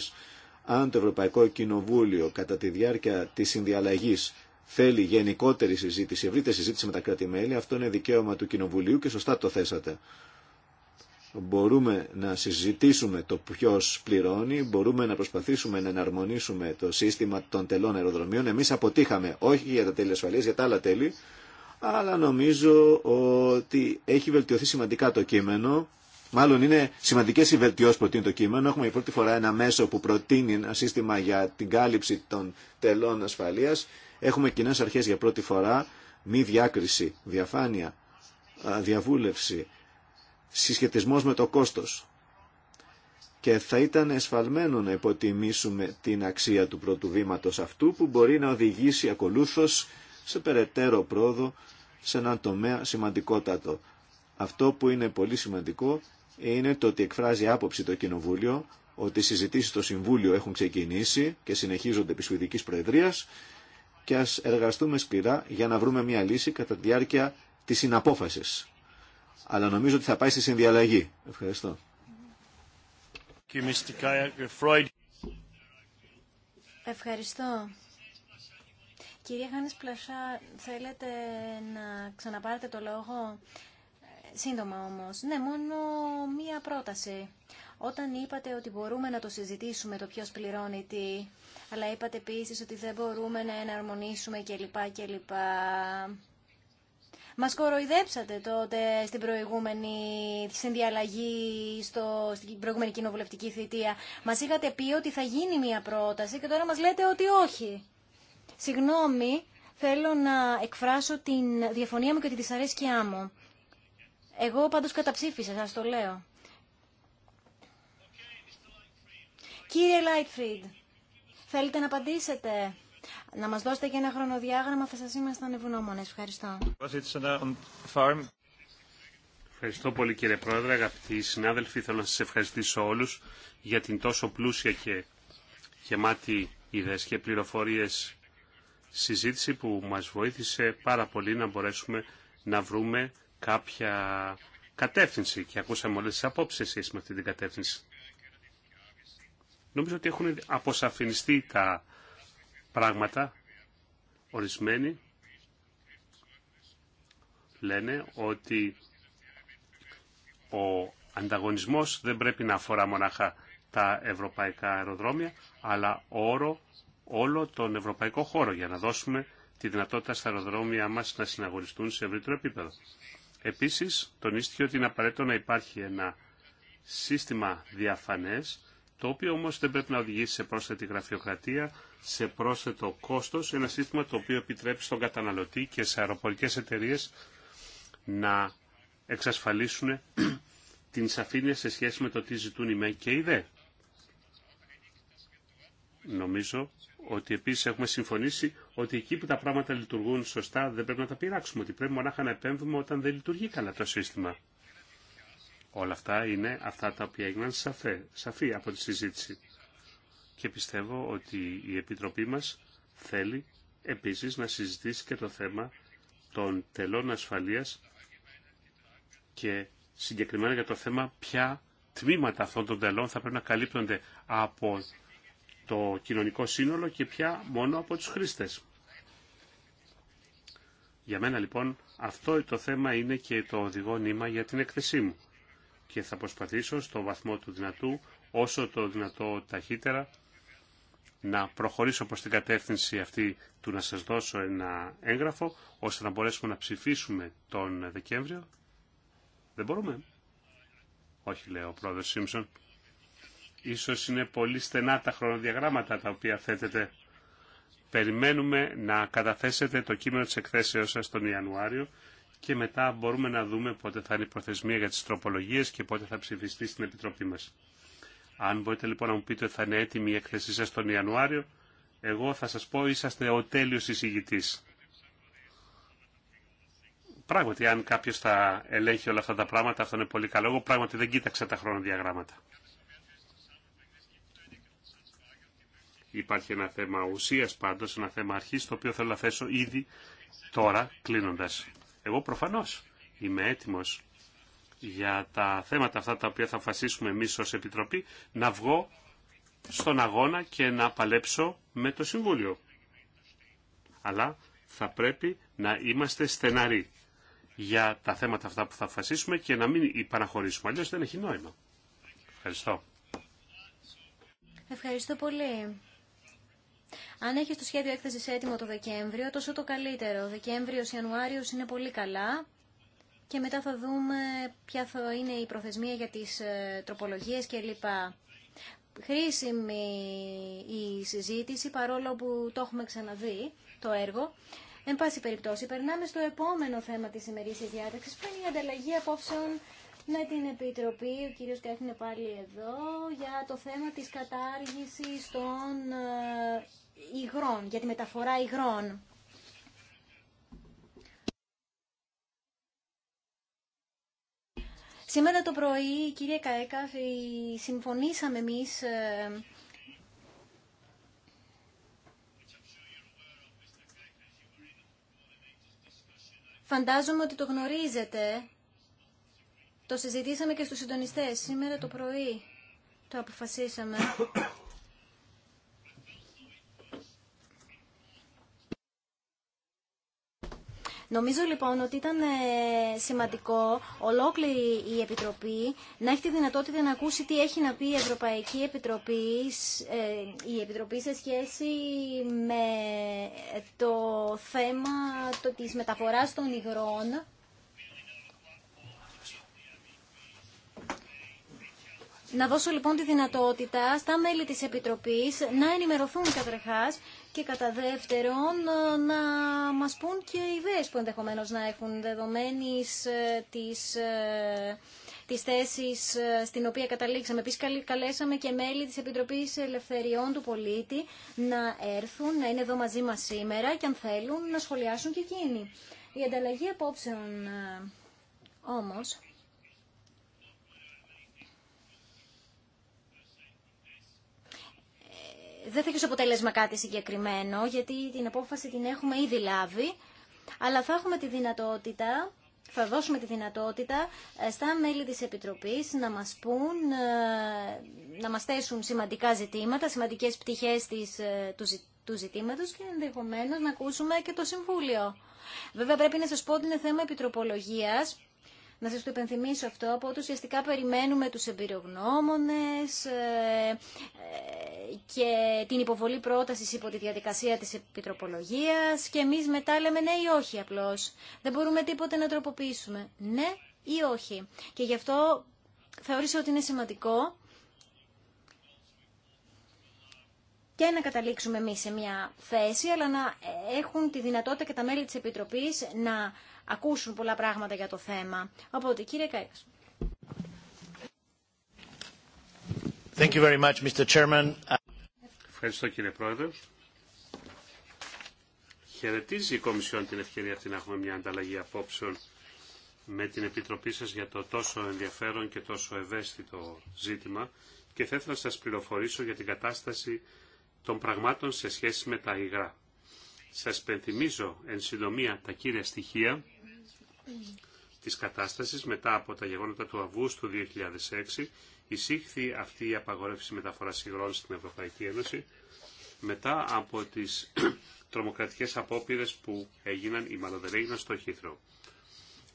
Αν το Ευρωπαϊκό Κοινοβούλιο κατά τη διάρκεια τη συνδιαλλαγή θέλει γενικότερη συζήτηση, ευρύτερη συζήτηση με τα κράτη-μέλη, αυτό είναι δικαίωμα του Κοινοβουλίου και σωστά το θέσατε. Μπορούμε να συζητήσουμε το ποιο πληρώνει, μπορούμε να προσπαθήσουμε να εναρμονίσουμε το σύστημα των τελών αεροδρομίων. Εμεί αποτύχαμε όχι για τα τέλη ασφαλεία, για τα άλλα τέλη αλλά νομίζω ότι έχει βελτιωθεί σημαντικά το κείμενο. Μάλλον είναι σημαντικέ οι βελτιώσει που προτείνει το κείμενο. Έχουμε για πρώτη φορά ένα μέσο που προτείνει ένα σύστημα για την κάλυψη των τελών ασφαλεία. Έχουμε κοινέ αρχέ για πρώτη φορά. Μη διάκριση, διαφάνεια, διαβούλευση, συσχετισμό με το κόστο Και θα ήταν εσφαλμένο να υποτιμήσουμε την αξία του πρώτου βήματο αυτού που μπορεί να οδηγήσει ακολούθω σε περαιτέρω πρόοδο σε έναν τομέα σημαντικότατο. Αυτό που είναι πολύ σημαντικό είναι το ότι εκφράζει άποψη το Κοινοβούλιο ότι οι συζητήσεις στο Συμβούλιο έχουν ξεκινήσει και συνεχίζονται επί Σουηδικής Προεδρίας και ας εργαστούμε σκληρά για να βρούμε μια λύση κατά τη διάρκεια της συναπόφασης. Αλλά νομίζω ότι θα πάει στη συνδιαλλαγή. Ευχαριστώ. Ευχαριστώ. Κυρία Χάνης Πλασά, θέλετε να ξαναπάρετε το λόγο. Σύντομα όμως. Ναι, μόνο μία πρόταση. Όταν είπατε ότι μπορούμε να το συζητήσουμε το ποιος πληρώνει τι, αλλά είπατε επίση ότι δεν μπορούμε να εναρμονίσουμε κλπ. κλπ. Μας κοροϊδέψατε τότε στην προηγούμενη συνδιαλλαγή, στο, στην προηγούμενη κοινοβουλευτική θητεία. Μας είχατε πει ότι θα γίνει μία πρόταση και τώρα μας λέτε ότι όχι. Συγγνώμη, θέλω να εκφράσω την διαφωνία μου και τη δυσαρέσκειά μου. Εγώ πάντως καταψήφισα, σας το λέω. Κύριε Λάιτφριντ, θέλετε να απαντήσετε. Να μας δώσετε και ένα χρονοδιάγραμμα, θα σας ήμασταν ευγνώμονες. Ευχαριστώ. Ευχαριστώ πολύ κύριε Πρόεδρε, αγαπητοί συνάδελφοι. Θέλω να σας ευχαριστήσω όλους για την τόσο πλούσια και γεμάτη ιδέες και πληροφορίες συζήτηση που μας βοήθησε πάρα πολύ να μπορέσουμε να βρούμε κάποια κατεύθυνση και ακούσαμε όλες τις απόψεις εσείς με αυτή την κατεύθυνση. Νομίζω ότι έχουν αποσαφινιστεί τα πράγματα ορισμένοι λένε ότι ο ανταγωνισμός δεν πρέπει να αφορά μονάχα τα ευρωπαϊκά αεροδρόμια, αλλά όρο όλο τον ευρωπαϊκό χώρο για να δώσουμε τη δυνατότητα στα αεροδρόμια μας να συναγωνιστούν σε ευρύτερο επίπεδο. Επίσης, τονίστηκε ότι είναι απαραίτητο να υπάρχει ένα σύστημα διαφανές, το οποίο όμως δεν πρέπει να οδηγήσει σε πρόσθετη γραφειοκρατία, σε πρόσθετο κόστος, ένα σύστημα το οποίο επιτρέπει στον καταναλωτή και σε αεροπορικές εταιρείες να εξασφαλίσουν την σαφήνεια σε σχέση με το τι ζητούν οι ΜΕ και οι ΔΕ. Νομίζω ότι επίσης έχουμε συμφωνήσει ότι εκεί που τα πράγματα λειτουργούν σωστά δεν πρέπει να τα πειράξουμε, ότι πρέπει μονάχα να επέμβουμε όταν δεν λειτουργεί καλά το σύστημα. Όλα αυτά είναι αυτά τα οποία έγιναν σαφέ, σαφή από τη συζήτηση. Και πιστεύω ότι η Επιτροπή μας θέλει επίσης να συζητήσει και το θέμα των τελών ασφαλείας και συγκεκριμένα για το θέμα ποια τμήματα αυτών των τελών θα πρέπει να καλύπτονται από το κοινωνικό σύνολο και πια μόνο από τους χρήστες. Για μένα λοιπόν αυτό το θέμα είναι και το οδηγό νήμα για την έκθεσή μου και θα προσπαθήσω στο βαθμό του δυνατού όσο το δυνατό ταχύτερα να προχωρήσω προς την κατεύθυνση αυτή του να σας δώσω ένα έγγραφο ώστε να μπορέσουμε να ψηφίσουμε τον Δεκέμβριο. Δεν μπορούμε. Όχι λέει ο πρόεδρος Σίμψον. Ίσως είναι πολύ στενά τα χρονοδιαγράμματα τα οποία θέτετε. Περιμένουμε να καταθέσετε το κείμενο της εκθέσεώς σας τον Ιανουάριο και μετά μπορούμε να δούμε πότε θα είναι η προθεσμία για τις τροπολογίες και πότε θα ψηφιστεί στην Επιτροπή μας. Αν μπορείτε λοιπόν να μου πείτε ότι θα είναι έτοιμη η έκθεσή σας τον Ιανουάριο, εγώ θα σας πω είσαστε ο τέλειος εισηγητής. Πράγματι, αν κάποιο θα ελέγχει όλα αυτά τα πράγματα, αυτό είναι πολύ καλό. Εγώ πράγματι δεν κοίταξα τα χρονοδιαγράμματα. Υπάρχει ένα θέμα ουσίας πάντως, ένα θέμα αρχής, το οποίο θέλω να θέσω ήδη τώρα κλείνοντας. Εγώ προφανώς είμαι έτοιμος για τα θέματα αυτά τα οποία θα φασίσουμε εμείς ως Επιτροπή να βγω στον αγώνα και να παλέψω με το Συμβούλιο. Αλλά θα πρέπει να είμαστε στεναροί για τα θέματα αυτά που θα φασίσουμε και να μην υπαναχωρήσουμε, Αλλιώς δεν έχει νόημα. Ευχαριστώ. Ευχαριστώ πολύ. Αν έχεις το σχέδιο έκθεσης έτοιμο το Δεκέμβριο, τόσο το καλύτερο. Δεκέμβριο Ιανουάριο είναι πολύ καλά. Και μετά θα δούμε ποια θα είναι η προθεσμία για τις ε, τροπολογίες κλπ. Χρήσιμη η συζήτηση, παρόλο που το έχουμε ξαναδεί, το έργο. Εν πάση περιπτώσει, περνάμε στο επόμενο θέμα της σημερινής διάταξης, που είναι η ανταλλαγή απόψεων με την Επιτροπή, ο κύριος Κάχ είναι πάλι εδώ, για το θέμα της κατάργησης των ε, υγρών, για τη μεταφορά υγρών. Σήμερα το πρωί, κύριε Καέκα, ε, συμφωνήσαμε εμείς ε, Φαντάζομαι ότι το γνωρίζετε. Το συζητήσαμε και στους συντονιστές σήμερα το πρωί. Το αποφασίσαμε. Νομίζω λοιπόν ότι ήταν ε, σημαντικό ολόκληρη η Επιτροπή να έχει τη δυνατότητα να ακούσει τι έχει να πει η Ευρωπαϊκή Επιτροπή, ε, η Επιτροπή σε σχέση με το θέμα της μεταφοράς των υγρών Να δώσω λοιπόν τη δυνατότητα στα μέλη της Επιτροπής να ενημερωθούν καταρχάς και κατά δεύτερον ε, να μας πούν και ιδέες που ενδεχομένως να έχουν δεδομένης ε, της ε, τις θέσεις στην οποία καταλήξαμε. Επίσης καλέσαμε και μέλη της Επιτροπής Ελευθεριών του Πολίτη να έρθουν, να είναι εδώ μαζί μας σήμερα και αν θέλουν να σχολιάσουν και εκείνοι. Η ανταλλαγή απόψεων όμως δεν θα έχει ως αποτέλεσμα κάτι συγκεκριμένο, γιατί την απόφαση την έχουμε ήδη λάβει, αλλά θα έχουμε τη δυνατότητα θα δώσουμε τη δυνατότητα ε, στα μέλη της Επιτροπής να μας πούν, ε, να μας θέσουν σημαντικά ζητήματα, σημαντικές πτυχές της, ε, του ζητήματος και ενδεχομένως να ακούσουμε και το Συμβούλιο. Βέβαια πρέπει να σας πω ότι είναι θέμα επιτροπολογίας να σας το υπενθυμίσω αυτό, από ουσιαστικά περιμένουμε τους εμπειρογνώμονες ε, ε, και την υποβολή πρότασης υπό τη διαδικασία της επιτροπολογίας και εμείς μετά λέμε ναι ή όχι απλώς. Δεν μπορούμε τίποτε να τροποποιήσουμε. Ναι ή όχι. Και γι' αυτό θεωρήσα ότι είναι σημαντικό και να καταλήξουμε εμείς σε μια θέση, αλλά να έχουν τη δυνατότητα και τα μέλη της Επιτροπής να ακούσουν πολλά πράγματα για το θέμα. Οπότε, κύριε Καϊκάς. Thank you very much, Mr. Chairman. Ευχαριστώ κύριε Πρόεδρε. Χαιρετίζει η Κομισιόν την ευκαιρία αυτή να έχουμε μια ανταλλαγή απόψεων με την Επιτροπή σας για το τόσο ενδιαφέρον και τόσο ευαίσθητο ζήτημα και θα ήθελα να σας πληροφορήσω για την κατάσταση των πραγμάτων σε σχέση με τα υγρά. Σας πενθυμίζω εν συντομία τα κύρια στοιχεία της κατάστασης μετά από τα γεγονότα του Αυγούστου 2006 εισήχθη αυτή η απαγόρευση μεταφοράς υγρών στην Ευρωπαϊκή Ένωση μετά από τις τρομοκρατικές απόπειρες που έγιναν ή μάλλον στο Χίθρο.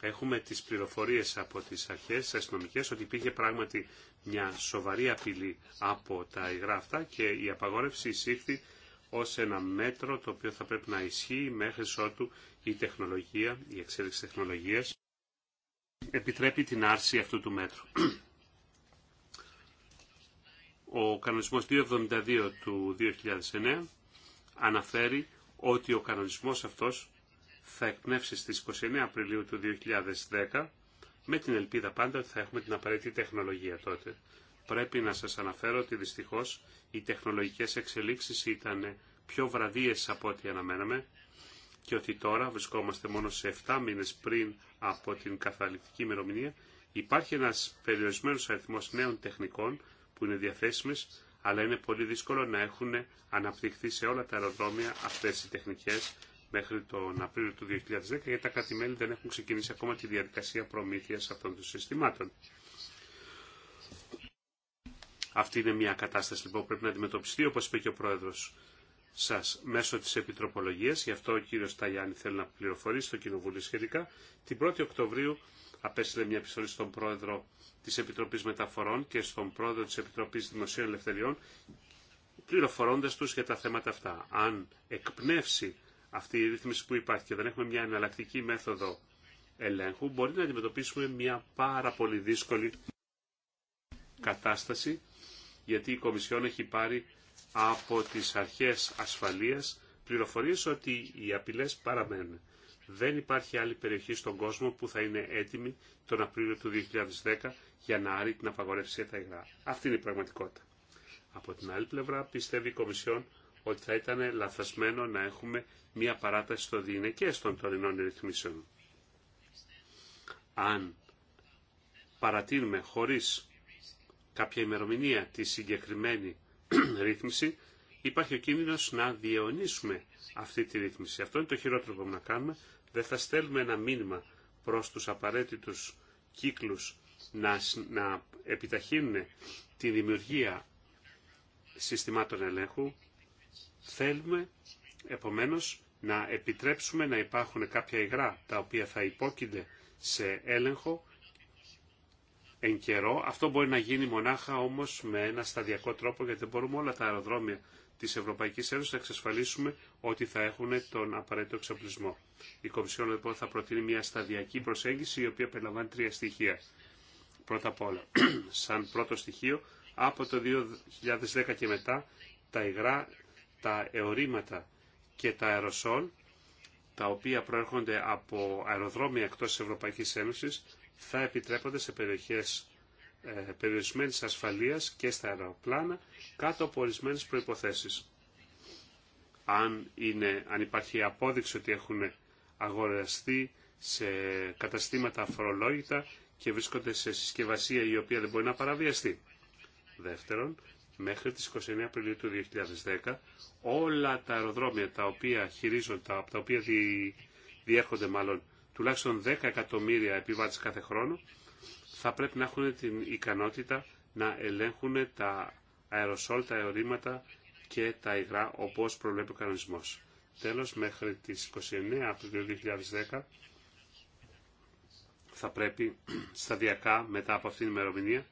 Έχουμε τις πληροφορίες από τις αρχές τις αστυνομικές ότι υπήρχε πράγματι μια σοβαρή απειλή από τα υγρά αυτά και η απαγόρευση εισήχθη ως ένα μέτρο το οποίο θα πρέπει να ισχύει μέχρι ότου η τεχνολογία, η εξέλιξη τεχνολογίας επιτρέπει την άρση αυτού του μέτρου. Ο κανονισμός 272 του 2009 αναφέρει ότι ο κανονισμός αυτός θα εκπνεύσει στις 29 Απριλίου του 2010 με την ελπίδα πάντα ότι θα έχουμε την απαραίτητη τεχνολογία τότε. Πρέπει να σας αναφέρω ότι δυστυχώς οι τεχνολογικές εξελίξεις ήταν πιο βραδίες από ό,τι αναμέναμε και ότι τώρα βρισκόμαστε μόνο σε 7 μήνες πριν από την καθαληφτική ημερομηνία, υπάρχει ένας περιορισμένος αριθμός νέων τεχνικών που είναι διαθέσιμες, αλλά είναι πολύ δύσκολο να έχουν αναπτυχθεί σε όλα τα αεροδρόμια αυτές οι τεχνικές μέχρι τον Απρίλιο του 2010, γιατί τα κράτη-μέλη δεν έχουν ξεκινήσει ακόμα τη διαδικασία προμήθειας αυτών των συστημάτων. Αυτή είναι μια κατάσταση λοιπόν, που πρέπει να αντιμετωπιστεί, όπως είπε και ο Πρόεδρος σας μέσω της Επιτροπολογίας, γι' αυτό ο κύριος Ταγιάννη θέλει να πληροφορήσει στο Κοινοβούλιο σχετικά. Την 1η Οκτωβρίου απέστειλε μια επιστολή στον Πρόεδρο της Επιτροπής Μεταφορών και στον Πρόεδρο της Επιτροπής Δημοσίων Ελευθεριών, πληροφορώντας τους για τα θέματα αυτά. Αν εκπνεύσει αυτή η ρύθμιση που υπάρχει και δεν έχουμε μια εναλλακτική μέθοδο ελέγχου, μπορεί να αντιμετωπίσουμε μια πάρα πολύ δύσκολη κατάσταση, γιατί η Κομισιόν έχει πάρει από τις αρχές ασφαλείας πληροφορίες ότι οι απειλές παραμένουν. Δεν υπάρχει άλλη περιοχή στον κόσμο που θα είναι έτοιμη τον Απρίλιο του 2010 για να άρει την απαγορεύση τα υγρά. Αυτή είναι η πραγματικότητα. Από την άλλη πλευρά πιστεύει η Κομισιόν ότι θα ήταν λαθασμένο να έχουμε μία παράταση στο διηνεκές των τωρινών ρυθμίσεων. Αν παρατείνουμε χωρίς κάποια ημερομηνία τη συγκεκριμένη ρύθμιση, υπάρχει ο κίνδυνος να διαιωνίσουμε αυτή τη ρύθμιση. Αυτό είναι το χειρότερο που να κάνουμε. Δεν θα στέλνουμε ένα μήνυμα προς τους απαραίτητους κύκλους να, να επιταχύνουν τη δημιουργία συστημάτων ελέγχου. Θέλουμε, επομένως, να επιτρέψουμε να υπάρχουν κάποια υγρά τα οποία θα υπόκεινται σε έλεγχο εν καιρό. Αυτό μπορεί να γίνει μονάχα όμως με ένα σταδιακό τρόπο γιατί δεν μπορούμε όλα τα αεροδρόμια της Ευρωπαϊκής Ένωσης να εξασφαλίσουμε ότι θα έχουν τον απαραίτητο εξοπλισμό. Η Κομισιόν λοιπόν θα προτείνει μια σταδιακή προσέγγιση η οποία περιλαμβάνει τρία στοιχεία. Πρώτα απ' όλα, σαν πρώτο στοιχείο, από το 2010 και μετά τα υγρά, τα εωρήματα και τα αεροσόλ τα οποία προέρχονται από αεροδρόμια εκτός της Ευρωπαϊκής Ένωσης θα επιτρέπονται σε περιοχές ε, περιορισμένης ασφαλείας και στα αεροπλάνα κάτω από ορισμένε προϋποθέσεις. Αν, είναι, αν υπάρχει απόδειξη ότι έχουν αγοραστεί σε καταστήματα αφορολόγητα και βρίσκονται σε συσκευασία η οποία δεν μπορεί να παραβιαστεί. Δεύτερον, μέχρι τις 29 Απριλίου του 2010, όλα τα αεροδρόμια τα οποία χειρίζονται, από τα οποία διέρχονται μάλλον τουλάχιστον 10 εκατομμύρια επιβάτες κάθε χρόνο, θα πρέπει να έχουν την ικανότητα να ελέγχουν τα αεροσόλ, τα αερορήματα και τα υγρά όπως προβλέπει ο κανονισμός. Τέλος, μέχρι τις 29 Απριλίου 2010 θα πρέπει σταδιακά μετά από αυτήν την ημερομηνία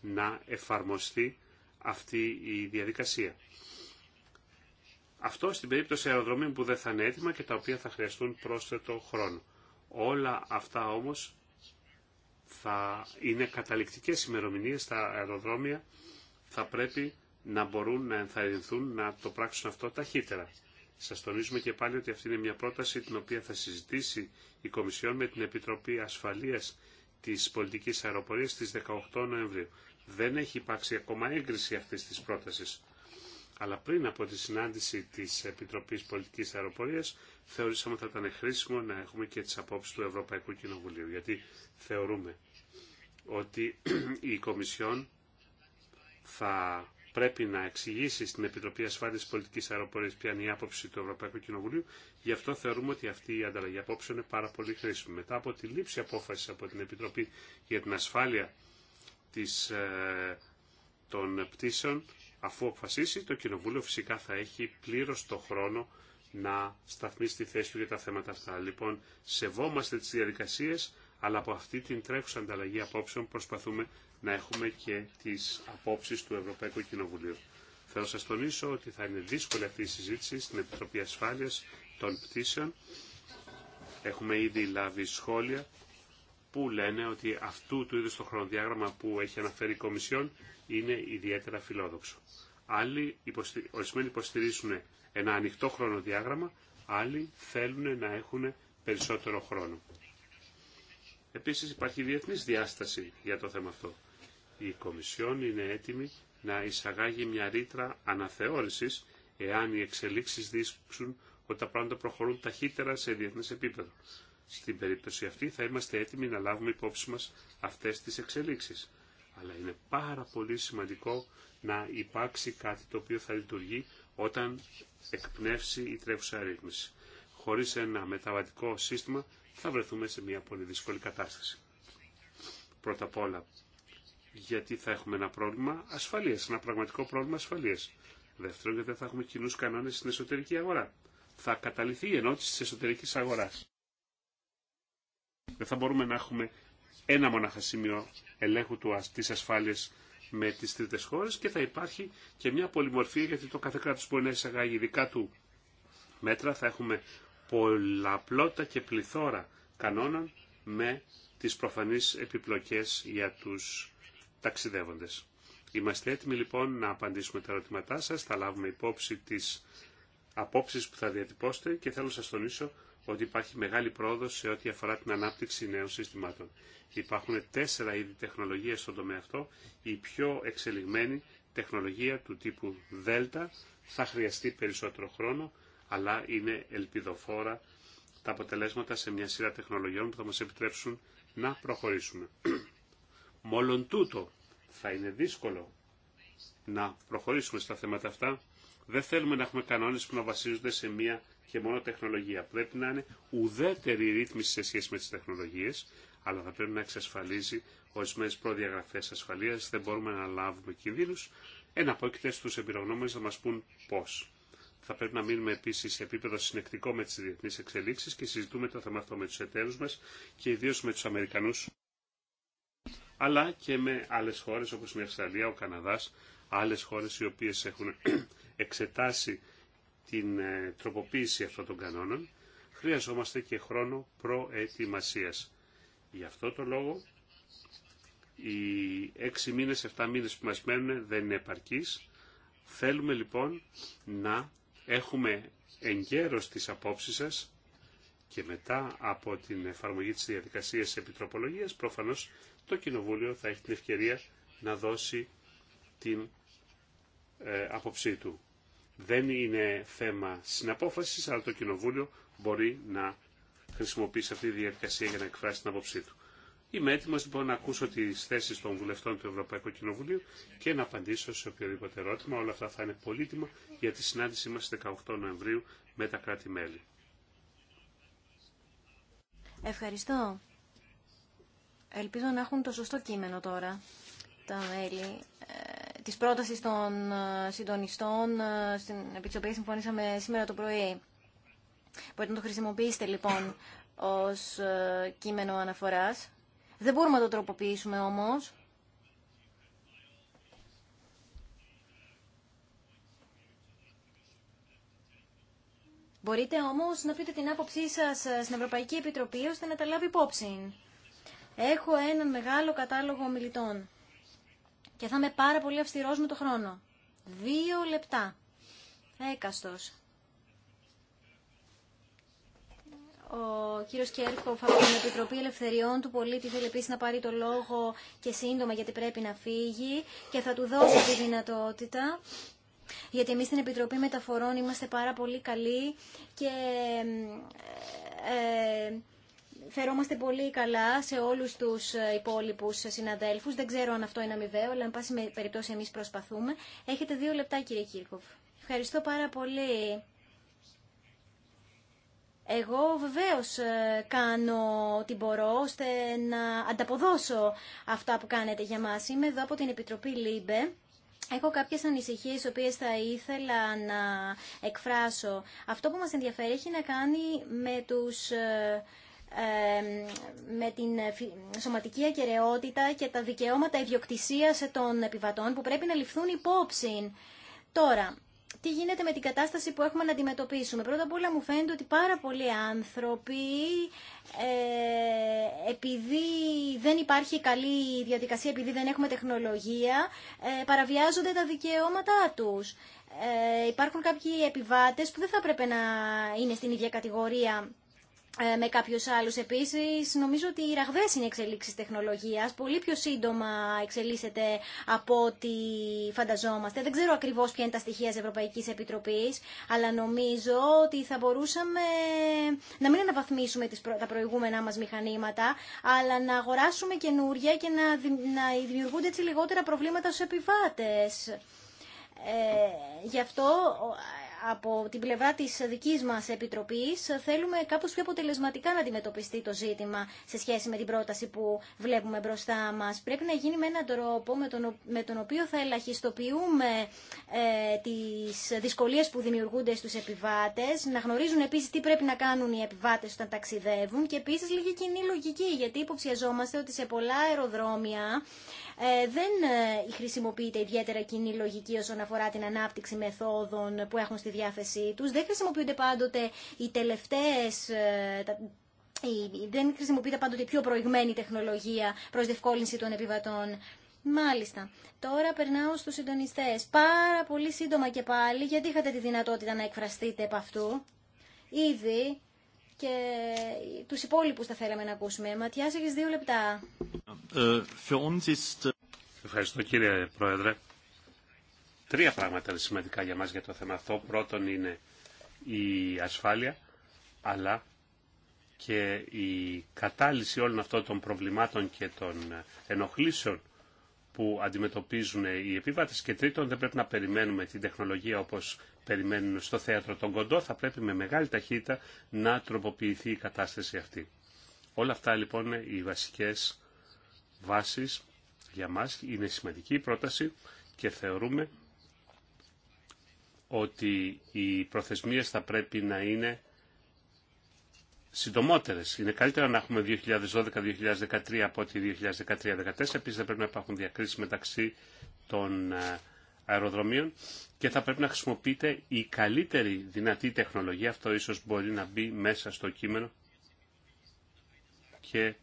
να εφαρμοστεί αυτή η διαδικασία. Αυτό στην περίπτωση αεροδρομίων που δεν θα είναι έτοιμα και τα οποία θα χρειαστούν πρόσθετο χρόνο. Όλα αυτά όμως θα είναι καταληκτικές ημερομηνίες στα αεροδρόμια, θα πρέπει να μπορούν να ενθαρρυνθούν να το πράξουν αυτό ταχύτερα. Σας τονίζουμε και πάλι ότι αυτή είναι μια πρόταση την οποία θα συζητήσει η Κομισιόν με την Επιτροπή Ασφαλείας της Πολιτικής Αεροπορίας στις 18 Νοεμβρίου. Δεν έχει υπάρξει ακόμα έγκριση αυτής της πρότασης αλλά πριν από τη συνάντηση της Επιτροπής Πολιτικής Αεροπορίας θεωρήσαμε ότι θα ήταν χρήσιμο να έχουμε και τις απόψεις του Ευρωπαϊκού Κοινοβουλίου, γιατί θεωρούμε ότι η Κομισιόν θα πρέπει να εξηγήσει στην Επιτροπή Ασφάλειας Πολιτικής Αεροπορίας ποια είναι η άποψη του Ευρωπαϊκού Κοινοβουλίου. Γι' αυτό θεωρούμε ότι αυτή η ανταλλαγή απόψεων είναι πάρα πολύ χρήσιμη. Μετά από τη λήψη απόφαση από την Επιτροπή για την Ασφάλεια της, ε, των πτήσεων, Αφού αποφασίσει, το Κοινοβούλιο φυσικά θα έχει πλήρω το χρόνο να σταθμίσει τη θέση του για τα θέματα αυτά. Λοιπόν, σεβόμαστε τις διαδικασίες, αλλά από αυτή την τρέχουσα ανταλλαγή απόψεων προσπαθούμε να έχουμε και τις απόψεις του Ευρωπαϊκού Κοινοβουλίου. Θέλω σας τονίσω ότι θα είναι δύσκολη αυτή η συζήτηση στην Επιτροπή ασφάλεια των Πτήσεων. Έχουμε ήδη λάβει σχόλια που λένε ότι αυτού του είδους το χρονοδιάγραμμα που έχει αναφέρει η Κομισιόν είναι ιδιαίτερα φιλόδοξο. Άλλοι ορισμένοι υποστηρίζουν ένα ανοιχτό χρονοδιάγραμμα, άλλοι θέλουν να έχουν περισσότερο χρόνο. Επίσης υπάρχει διεθνής διάσταση για το θέμα αυτό. Η Κομισιόν είναι έτοιμη να εισαγάγει μια ρήτρα αναθεώρησης εάν οι εξελίξεις δείξουν ότι τα πράγματα προχωρούν ταχύτερα σε διεθνές επίπεδο στην περίπτωση αυτή θα είμαστε έτοιμοι να λάβουμε υπόψη μας αυτές τις εξελίξεις. Αλλά είναι πάρα πολύ σημαντικό να υπάρξει κάτι το οποίο θα λειτουργεί όταν εκπνεύσει η τρέχουσα ρύθμιση. Χωρίς ένα μεταβατικό σύστημα θα βρεθούμε σε μια πολύ δύσκολη κατάσταση. Πρώτα απ' όλα, γιατί θα έχουμε ένα πρόβλημα ασφαλείας, ένα πραγματικό πρόβλημα ασφαλείας. Δεύτερον, γιατί δεν θα έχουμε κοινού κανόνες στην εσωτερική αγορά. Θα καταληθεί η ενότηση της εσωτερικής αγοράς. Δεν θα μπορούμε να έχουμε ένα μονάχα σημείο ελέγχου του, της ασφάλειας με τις τρίτες χώρες και θα υπάρχει και μια πολυμορφία γιατί το κάθε κράτο μπορεί να εισαγάγει δικά του μέτρα. Θα έχουμε πολλαπλότητα και πληθώρα κανόνων με τις προφανείς επιπλοκές για τους ταξιδεύοντες. Είμαστε έτοιμοι λοιπόν να απαντήσουμε τα ερωτήματά σας, θα λάβουμε υπόψη τις απόψεις που θα διατυπώσετε και θέλω να σας τονίσω ότι υπάρχει μεγάλη πρόοδος σε ό,τι αφορά την ανάπτυξη νέων συστημάτων. Υπάρχουν τέσσερα είδη τεχνολογία στον τομέα αυτό. Η πιο εξελιγμένη τεχνολογία του τύπου Δέλτα θα χρειαστεί περισσότερο χρόνο, αλλά είναι ελπιδοφόρα τα αποτελέσματα σε μια σειρά τεχνολογιών που θα μας επιτρέψουν να προχωρήσουμε. Μόλον τούτο θα είναι δύσκολο να προχωρήσουμε στα θέματα αυτά δεν θέλουμε να έχουμε κανόνες που να βασίζονται σε μία και μόνο τεχνολογία. Πρέπει να είναι ουδέτερη ρύθμιση σε σχέση με τις τεχνολογίες, αλλά θα πρέπει να εξασφαλίζει ορισμένε προδιαγραφέ ασφαλεία. Δεν μπορούμε να λάβουμε κινδύνου. Εναπόκειται στου εμπειρογνώμονε να μα πούν πώ. Θα πρέπει να μείνουμε επίση σε επίπεδο συνεκτικό με τι διεθνεί εξελίξει και συζητούμε το θέμα αυτό με του εταίρου μα και ιδίω με του Αμερικανού, αλλά και με άλλε χώρε όπω η Αυστραλία, ο Καναδά, άλλε χώρε οι οποίε έχουν εξετάσει την ε, τροποποίηση αυτών των κανόνων, χρειαζόμαστε και χρόνο προετοιμασίας. Γι' αυτό το λόγο οι έξι μήνες, εφτά μήνες που μας μένουν δεν είναι επαρκείς. Θέλουμε λοιπόν να έχουμε εγκαίρως τις απόψεις σας και μετά από την εφαρμογή της διαδικασίας επιτροπολογίας προφανώς το Κοινοβούλιο θα έχει την ευκαιρία να δώσει την ε, άποψή του. Δεν είναι θέμα συναπόφασης, αλλά το Κοινοβούλιο μπορεί να χρησιμοποιήσει αυτή τη διαδικασία για να εκφράσει την άποψή του. Είμαι έτοιμο λοιπόν να ακούσω τις θέσεις των βουλευτών του Ευρωπαϊκού Κοινοβουλίου και να απαντήσω σε οποιοδήποτε ερώτημα. Όλα αυτά θα είναι πολύτιμα για τη συνάντησή μας 18 Νοεμβρίου με τα κράτη-μέλη. Ευχαριστώ. Ελπίζω να έχουν το σωστό κείμενο τώρα τα μέλη. Ε, της πρότασης των ε, συντονιστών ε, επί της οποίας συμφωνήσαμε σήμερα το πρωί. Μπορείτε να το χρησιμοποιήσετε λοιπόν ως ε, κείμενο αναφοράς. Δεν μπορούμε να το τροποποιήσουμε όμως. Μπορείτε όμως να πείτε την άποψή σας στην Ευρωπαϊκή Επιτροπή ώστε να τα λάβει υπόψη. Έχω έναν μεγάλο κατάλογο μιλητών. Και θα είμαι πάρα πολύ αυστηρό με το χρόνο. Δύο λεπτά. Έκαστος. Ο κύριος Κέρκοφ από την Επιτροπή Ελευθεριών του Πολίτη θέλει επίση να πάρει το λόγο και σύντομα γιατί πρέπει να φύγει και θα του δώσω τη δυνατότητα γιατί εμείς στην Επιτροπή Μεταφορών είμαστε πάρα πολύ καλοί και ε, ε φερόμαστε πολύ καλά σε όλους τους ε, υπόλοιπους συναδέλφους. Δεν ξέρω αν αυτό είναι αμοιβαίο, αλλά εν πάση με περιπτώσει εμείς προσπαθούμε. Έχετε δύο λεπτά κύριε Κύρκοφ. Ευχαριστώ πάρα πολύ. Εγώ βεβαίως ε, κάνω ό,τι μπορώ ώστε να ανταποδώσω αυτά που κάνετε για μας. Είμαι εδώ από την Επιτροπή ΛΥΜΠΕ. Έχω κάποιες ανησυχίες, οι οποίες θα ήθελα να εκφράσω. Αυτό που μας ενδιαφέρει έχει να κάνει με τους ε, με την σωματική ακαιρεότητα και τα δικαιώματα ιδιοκτησίας των επιβατών που πρέπει να ληφθούν υπόψη. Τώρα, τι γίνεται με την κατάσταση που έχουμε να αντιμετωπίσουμε. Πρώτα απ' όλα μου φαίνεται ότι πάρα πολλοί άνθρωποι ε, επειδή δεν υπάρχει καλή διαδικασία, επειδή δεν έχουμε τεχνολογία, ε, παραβιάζονται τα δικαιώματά τους. Ε, υπάρχουν κάποιοι επιβάτες που δεν θα πρέπει να είναι στην ίδια κατηγορία ε, με κάποιους άλλους. Επίσης, νομίζω ότι οι ραγδαίες είναι εξελίξεις τεχνολογίας, πολύ πιο σύντομα εξελίσσεται από ό,τι φανταζόμαστε. Δεν ξέρω ακριβώς ποια είναι τα στοιχεία της Ευρωπαϊκής Επιτροπής, αλλά νομίζω ότι θα μπορούσαμε να μην αναβαθμίσουμε τα προηγούμενα μας μηχανήματα, αλλά να αγοράσουμε καινούρια και να, να δημιουργούνται λιγότερα προβλήματα στους επιβάτες. Ε, γι' αυτό από την πλευρά της δικής μας Επιτροπής θέλουμε κάπως πιο αποτελεσματικά να αντιμετωπιστεί το ζήτημα σε σχέση με την πρόταση που βλέπουμε μπροστά μας. Πρέπει να γίνει με έναν τρόπο με τον, με τον οποίο θα ελαχιστοποιούμε ε, τις δυσκολίες που δημιουργούνται στους επιβάτες, να γνωρίζουν επίσης τι πρέπει να κάνουν οι επιβάτες όταν ταξιδεύουν και επίσης λίγη κοινή λογική γιατί υποψιαζόμαστε ότι σε πολλά αεροδρόμια ε, δεν ε, χρησιμοποιείται ιδιαίτερα κοινή λογική όσον αφορά την ανάπτυξη μεθόδων που έχουν στη διάθεσή τους. Δεν χρησιμοποιούνται πάντοτε οι τελευταίες, ε, δεν χρησιμοποιείται πάντοτε η πιο προηγμένη τεχνολογία προς διευκόλυνση των επιβατών. Μάλιστα. Τώρα περνάω στους συντονιστές. Πάρα πολύ σύντομα και πάλι, γιατί είχατε τη δυνατότητα να εκφραστείτε επ' αυτού. Ήδη και τους υπόλοιπους θα θέλαμε να ακούσουμε. Ματιάς, έχεις δύο λεπτά. Ε, ε, Ευχαριστώ κύριε Πρόεδρε. Τρία πράγματα είναι σημαντικά για μας για το θέμα αυτό. Πρώτον είναι η ασφάλεια, αλλά και η κατάλυση όλων αυτών των προβλημάτων και των ενοχλήσεων που αντιμετωπίζουν οι επιβάτες και τρίτον δεν πρέπει να περιμένουμε την τεχνολογία όπως περιμένουν στο θέατρο τον κοντό, θα πρέπει με μεγάλη ταχύτητα να τροποποιηθεί η κατάσταση αυτή. Όλα αυτά λοιπόν οι βασικές βάσεις για μας, είναι σημαντική πρόταση και θεωρούμε ότι οι προθεσμίες θα πρέπει να είναι συντομότερες. Είναι καλύτερα να έχουμε 2012-2013 από ότι 2013-2014. Επίσης δεν πρέπει να υπάρχουν διακρίσεις μεταξύ των ε, αεροδρομίων και θα πρέπει να χρησιμοποιείται η καλύτερη δυνατή τεχνολογία. Αυτό ίσως μπορεί να μπει μέσα στο κείμενο και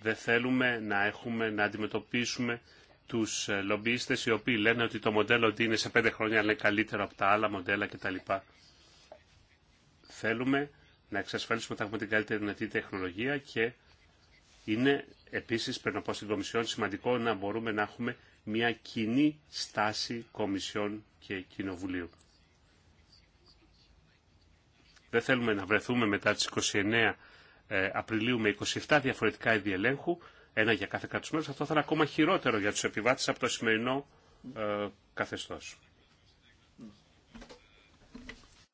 δεν θέλουμε να έχουμε να αντιμετωπίσουμε τους ε, λομπίστες οι οποίοι λένε ότι το μοντέλο ότι είναι σε πέντε χρόνια είναι καλύτερο από τα άλλα μοντέλα κτλ. Θέλουμε να εξασφαλίσουμε ότι έχουμε την καλύτερη δυνατή τεχνολογία και είναι επίσης πριν από στην Κομισιόν σημαντικό να μπορούμε να έχουμε μια κοινή στάση Κομισιόν και Κοινοβουλίου. Δεν θέλουμε να βρεθούμε μετά τις 29 ε, Απριλίου με 27 διαφορετικά είδη ελέγχου, ένα για κάθε κράτος Αυτό θα είναι ακόμα χειρότερο για τους επιβάτες από το σημερινό ε, καθεστώς.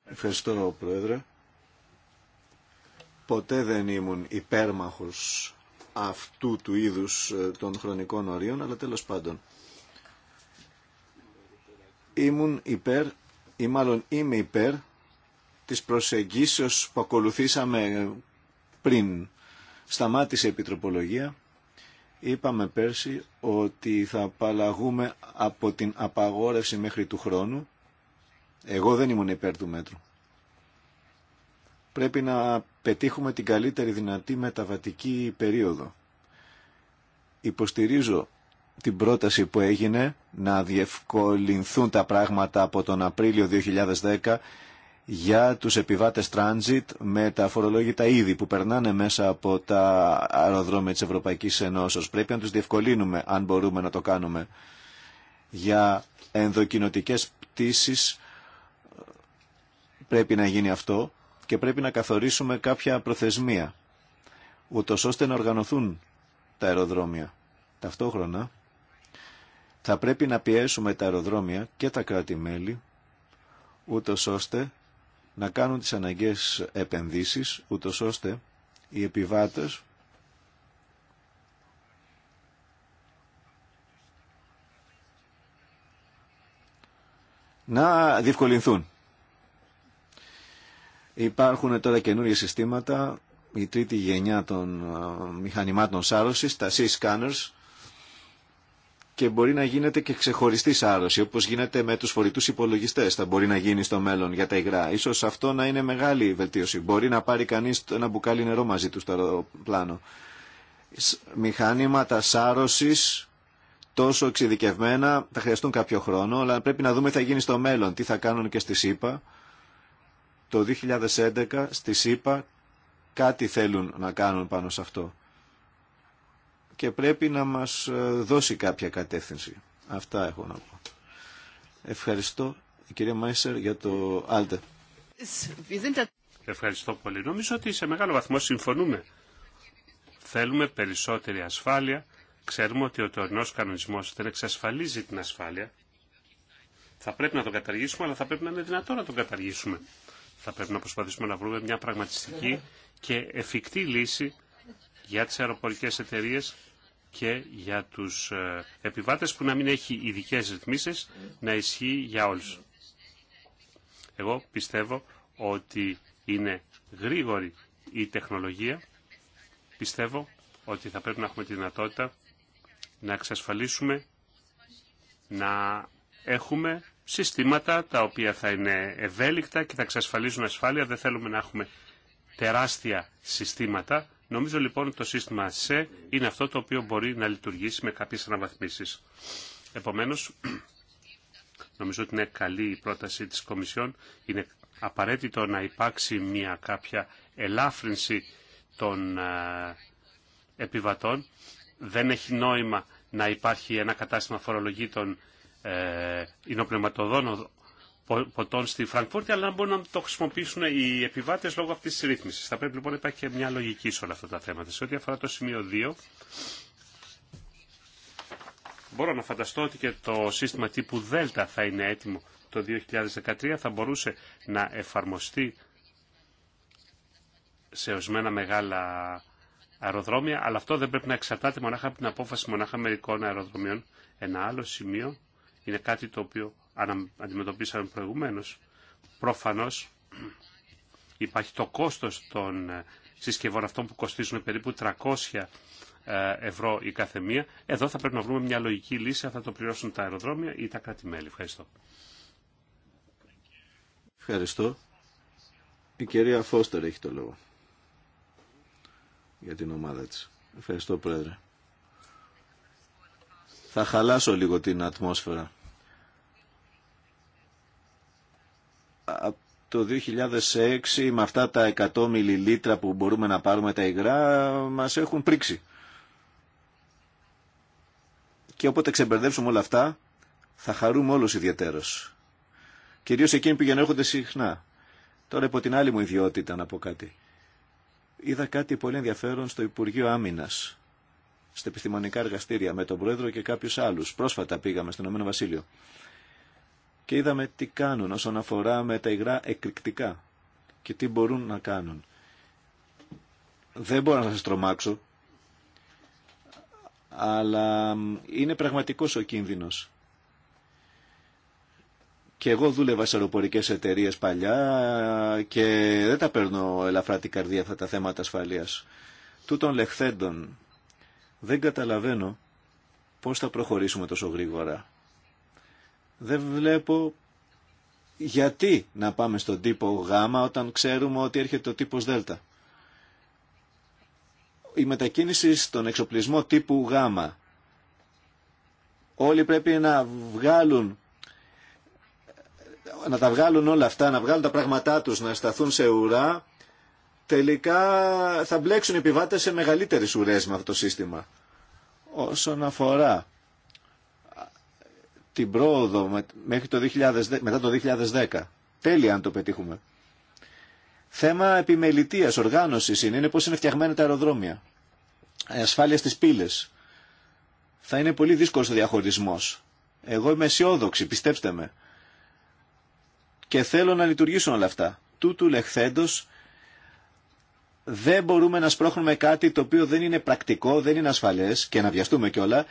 Ευχαριστώ, Πρόεδρε ποτέ δεν ήμουν υπέρμαχος αυτού του είδους ε, των χρονικών ορίων, αλλά τέλος πάντων. Ήμουν υπέρ, ή μάλλον είμαι υπέρ, της προσεγγίσεως που ακολουθήσαμε πριν. Σταμάτησε η επιτροπολογία. Είπαμε πέρσι ότι θα απαλλαγούμε από την απαγόρευση μέχρι του χρόνου. Εγώ δεν ήμουν υπέρ του μέτρου πρέπει να πετύχουμε την καλύτερη δυνατή μεταβατική περίοδο. Υποστηρίζω την πρόταση που έγινε να διευκολυνθούν τα πράγματα από τον Απρίλιο 2010 για τους επιβάτες transit με τα φορολόγητα είδη που περνάνε μέσα από τα αεροδρόμια της Ευρωπαϊκής Ενώσεως. Πρέπει να τους διευκολύνουμε αν μπορούμε να το κάνουμε για ενδοκινοτικές πτήσεις πρέπει να γίνει αυτό και πρέπει να καθορίσουμε κάποια προθεσμία, ούτω ώστε να οργανωθούν τα αεροδρόμια. Ταυτόχρονα, θα πρέπει να πιέσουμε τα αεροδρόμια και τα κράτη-μέλη, ούτω ώστε να κάνουν τις αναγκαίες επενδύσεις, ούτω ώστε οι επιβάτες να διευκολυνθούν. Υπάρχουν τώρα καινούργια συστήματα, η τρίτη γενιά των μηχανημάτων σάρωσης, τα C-scanners, και μπορεί να γίνεται και ξεχωριστή σάρωση, όπως γίνεται με τους φορητούς υπολογιστές, θα μπορεί να γίνει στο μέλλον για τα υγρά. Ίσως αυτό να είναι μεγάλη βελτίωση. Μπορεί να πάρει κανείς ένα μπουκάλι νερό μαζί του στο πλάνο. Μηχάνηματα σάρωσης τόσο εξειδικευμένα θα χρειαστούν κάποιο χρόνο, αλλά πρέπει να δούμε τι θα γίνει στο μέλλον, τι θα κάνουν και στη ΣΥΠΑ το 2011 στη ΣΥΠΑ κάτι θέλουν να κάνουν πάνω σε αυτό. Και πρέπει να μας ε, δώσει κάποια κατεύθυνση. Αυτά έχω να πω. Ευχαριστώ κύριε κυρία Μάισερ για το Άλτε. Ευχαριστώ πολύ. Νομίζω ότι σε μεγάλο βαθμό συμφωνούμε. Θέλουμε περισσότερη ασφάλεια. Ξέρουμε ότι ο τωρινός κανονισμός δεν εξασφαλίζει την ασφάλεια. Θα πρέπει να τον καταργήσουμε, αλλά θα πρέπει να είναι δυνατό να τον καταργήσουμε. Θα πρέπει να προσπαθήσουμε να βρούμε μια πραγματιστική και εφικτή λύση για τις αεροπορικές εταιρείε και για τους ε, επιβάτες που να μην έχει ειδικέ ρυθμίσεις να ισχύει για όλους. Εγώ πιστεύω ότι είναι γρήγορη η τεχνολογία. Πιστεύω ότι θα πρέπει να έχουμε τη δυνατότητα να εξασφαλίσουμε να έχουμε συστήματα τα οποία θα είναι ευέλικτα και θα εξασφαλίζουν ασφάλεια. Δεν θέλουμε να έχουμε τεράστια συστήματα. Νομίζω λοιπόν ότι το σύστημα ΣΕ είναι αυτό το οποίο μπορεί να λειτουργήσει με κάποιες αναβαθμίσεις. Επομένως, νομίζω ότι είναι καλή η πρόταση της Κομισιόν. Είναι απαραίτητο να υπάρξει μια κάποια ελάφρυνση των ε, επιβατών. Δεν έχει νόημα να υπάρχει ένα κατάστημα φορολογήτων ε, ποτών στη Φραγκφούρτη, αλλά να μπορούν να το χρησιμοποιήσουν οι επιβάτε λόγω αυτή τη ρύθμιση. Θα πρέπει λοιπόν να υπάρχει και μια λογική σε όλα αυτά τα θέματα. Σε ό,τι αφορά το σημείο 2, μπορώ να φανταστώ ότι και το σύστημα τύπου ΔΕΛΤΑ θα είναι έτοιμο το 2013, θα μπορούσε να εφαρμοστεί σε ορισμένα μεγάλα αεροδρόμια, αλλά αυτό δεν πρέπει να εξαρτάται μονάχα από την απόφαση μονάχα μερικών αεροδρομίων. Ένα άλλο σημείο είναι κάτι το οποίο αντιμετωπίσαμε προηγουμένως. Προφανώς υπάρχει το κόστος των ε, συσκευών αυτών που κοστίζουν περίπου 300 ε, ευρώ η καθεμία. Εδώ θα πρέπει να βρούμε μια λογική λύση, αν θα το πληρώσουν τα αεροδρόμια ή τα κράτη-μέλη. Ευχαριστώ. Ευχαριστώ. Η κυρία Φώστερ έχει το λόγο για την ομάδα της. Ευχαριστώ, Πρόεδρε θα χαλάσω λίγο την ατμόσφαιρα. Από το 2006 με αυτά τα 100 μιλιλίτρα που μπορούμε να πάρουμε τα υγρά μας έχουν πρίξει. Και όποτε ξεμπερδέψουμε όλα αυτά θα χαρούμε όλους ιδιαίτερος. Κυρίως εκείνοι που γενναιόχονται συχνά. Τώρα υπό την άλλη μου ιδιότητα να πω κάτι. Είδα κάτι πολύ ενδιαφέρον στο Υπουργείο Άμυνας στα επιστημονικά εργαστήρια με τον Πρόεδρο και κάποιους άλλους. Πρόσφατα πήγαμε στον Ηνωμένο Βασίλειο και είδαμε τι κάνουν όσον αφορά με τα υγρά εκρηκτικά και τι μπορούν να κάνουν. Δεν μπορώ να σας τρομάξω, αλλά είναι πραγματικός ο κίνδυνος. Και εγώ δούλευα σε αεροπορικές εταιρείες παλιά και δεν τα παίρνω ελαφρά την καρδία αυτά τα θέματα ασφαλείας. Τούτων λεχθέντων δεν καταλαβαίνω πώς θα προχωρήσουμε τόσο γρήγορα. Δεν βλέπω γιατί να πάμε στον τύπο Γ όταν ξέρουμε ότι έρχεται ο τύπος Δ. Η μετακίνηση στον εξοπλισμό τύπου Γ. Όλοι πρέπει να βγάλουν να τα βγάλουν όλα αυτά, να βγάλουν τα πράγματά τους, να σταθούν σε ουρά τελικά θα μπλέξουν οι επιβάτες σε μεγαλύτερες ουρές με αυτό το σύστημα. Όσον αφορά την πρόοδο μέχρι το μετά το 2010, τέλεια αν το πετύχουμε. Θέμα επιμελητίας, οργάνωσης είναι, είναι πώς είναι φτιαγμένα τα αεροδρόμια. Ε, ασφάλεια στις πύλες. Θα είναι πολύ δύσκολος ο διαχωρισμός. Εγώ είμαι αισιόδοξη, πιστέψτε με. Και θέλω να λειτουργήσουν όλα αυτά. Τούτου λεχθέντος δεν μπορούμε να σπρώχνουμε κάτι το οποίο δεν είναι πρακτικό, δεν είναι ασφαλές και να βιαστούμε κιόλα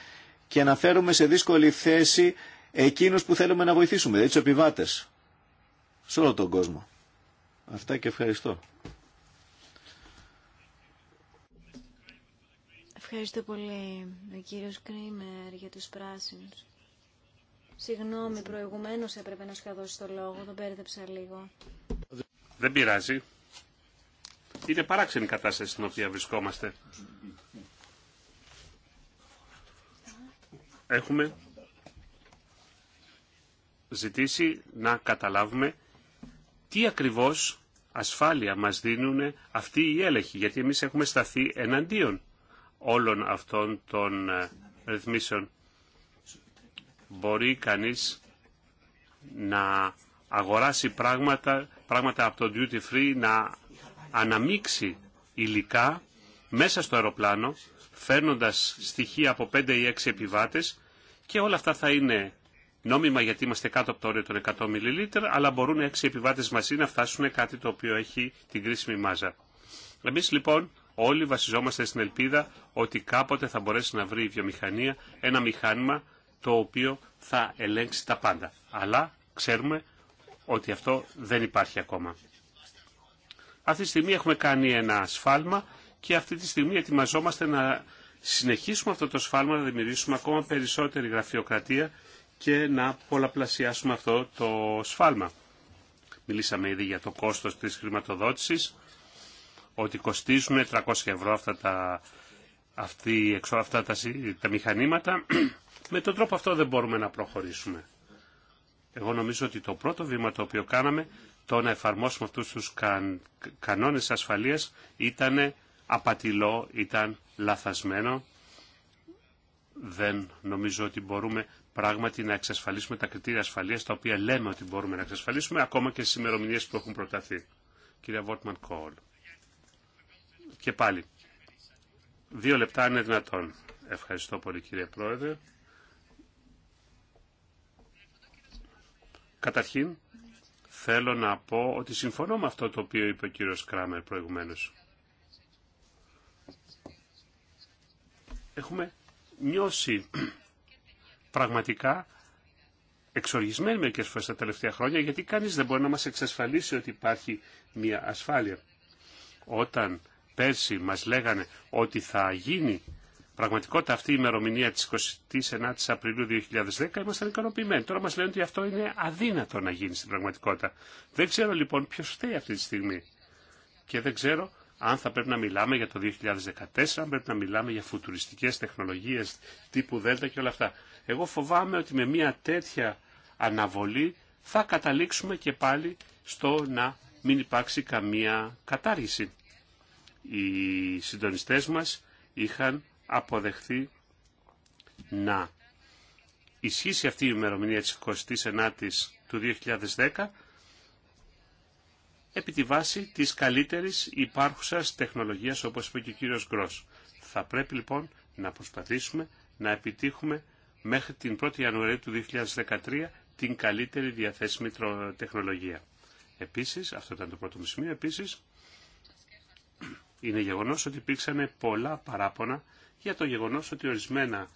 και να φέρουμε σε δύσκολη θέση εκείνους που θέλουμε να βοηθήσουμε, δηλαδή τους επιβάτες, σε όλο τον κόσμο. Αυτά και ευχαριστώ. Ευχαριστώ πολύ, ο κύριος Κρίμερ, για τους πράσινους. Συγγνώμη, προηγουμένως έπρεπε να σου το λόγο, τον πέρδεψα λίγο. Δεν πειράζει είναι παράξενη η κατάσταση στην οποία βρισκόμαστε. Έχουμε ζητήσει να καταλάβουμε τι ακριβώς ασφάλεια μας δίνουν αυτοί οι έλεγχοι, γιατί εμείς έχουμε σταθεί εναντίον όλων αυτών των ε, ρυθμίσεων. Μπορεί κανείς να αγοράσει πράγματα, πράγματα από το duty free, να αναμίξει υλικά μέσα στο αεροπλάνο, φέρνοντας στοιχεία από 5 ή 6 επιβάτες και όλα αυτά θα είναι νόμιμα γιατί είμαστε κάτω από το όριο των 100 ml, αλλά μπορούν 6 επιβάτες μαζί να φτάσουν κάτι το οποίο έχει την κρίσιμη μάζα. Εμείς λοιπόν όλοι βασιζόμαστε στην ελπίδα ότι κάποτε θα μπορέσει να βρει η βιομηχανία ένα μηχάνημα το οποίο θα ελέγξει τα πάντα. Αλλά ξέρουμε ότι αυτό δεν υπάρχει ακόμα. Αυτή τη στιγμή έχουμε κάνει ένα σφάλμα και αυτή τη στιγμή ετοιμαζόμαστε να συνεχίσουμε αυτό το σφάλμα, να δημιουργήσουμε ακόμα περισσότερη γραφειοκρατία και να πολλαπλασιάσουμε αυτό το σφάλμα. Μιλήσαμε ήδη για το κόστος της χρηματοδότησης, ότι κοστίζουν 300 ευρώ αυτά τα, αυτή, εξώ, αυτά τα, τα μηχανήματα. Με τον τρόπο αυτό δεν μπορούμε να προχωρήσουμε. Εγώ νομίζω ότι το πρώτο βήμα το οποίο κάναμε το να εφαρμόσουμε αυτούς τους καν, κανόνες ασφαλείας ήταν απατηλό, ήταν λαθασμένο. Δεν νομίζω ότι μπορούμε πράγματι να εξασφαλίσουμε τα κριτήρια ασφαλείας τα οποία λέμε ότι μπορούμε να εξασφαλίσουμε ακόμα και στις ημερομηνίες που έχουν προταθεί. Κυρία Βόρτμαν Κόλ. Και πάλι. Δύο λεπτά είναι δυνατόν. Ευχαριστώ πολύ κύριε Πρόεδρε. Καταρχήν, θέλω να πω ότι συμφωνώ με αυτό το οποίο είπε ο κύριος Κράμερ προηγουμένως. Έχουμε νιώσει πραγματικά εξοργισμένοι μερικές φορές τα τελευταία χρόνια γιατί κανείς δεν μπορεί να μας εξασφαλίσει ότι υπάρχει μια ασφάλεια. Όταν πέρσι μας λέγανε ότι θα γίνει πραγματικότητα αυτή η ημερομηνία της 29ης Απριλίου 2010 ήμασταν ικανοποιημένοι. Τώρα μας λένε ότι αυτό είναι αδύνατο να γίνει στην πραγματικότητα. Δεν ξέρω λοιπόν ποιος φταίει αυτή τη στιγμή. Και δεν ξέρω αν θα πρέπει να μιλάμε για το 2014, αν πρέπει να μιλάμε για φουτουριστικές τεχνολογίες τύπου Δέλτα και όλα αυτά. Εγώ φοβάμαι ότι με μια τέτοια αναβολή θα καταλήξουμε και πάλι στο να μην υπάρξει καμία κατάργηση. Οι συντονιστές μας είχαν αποδεχθεί να ισχύσει αυτή η ημερομηνία της 29ης του 2010 επί τη βάση της καλύτερης υπάρχουσας τεχνολογίας όπως είπε και ο κύριος Γκρός. Θα πρέπει λοιπόν να προσπαθήσουμε να επιτύχουμε μέχρι την 1η Ιανουαρίου του 2013 την καλύτερη διαθέσιμη τεχνολογία. Επίσης, αυτό ήταν το πρώτο μου σημείο, επίσης είναι γεγονός ότι υπήρξαν πολλά παράπονα για το γεγονός ότι ορισμένα,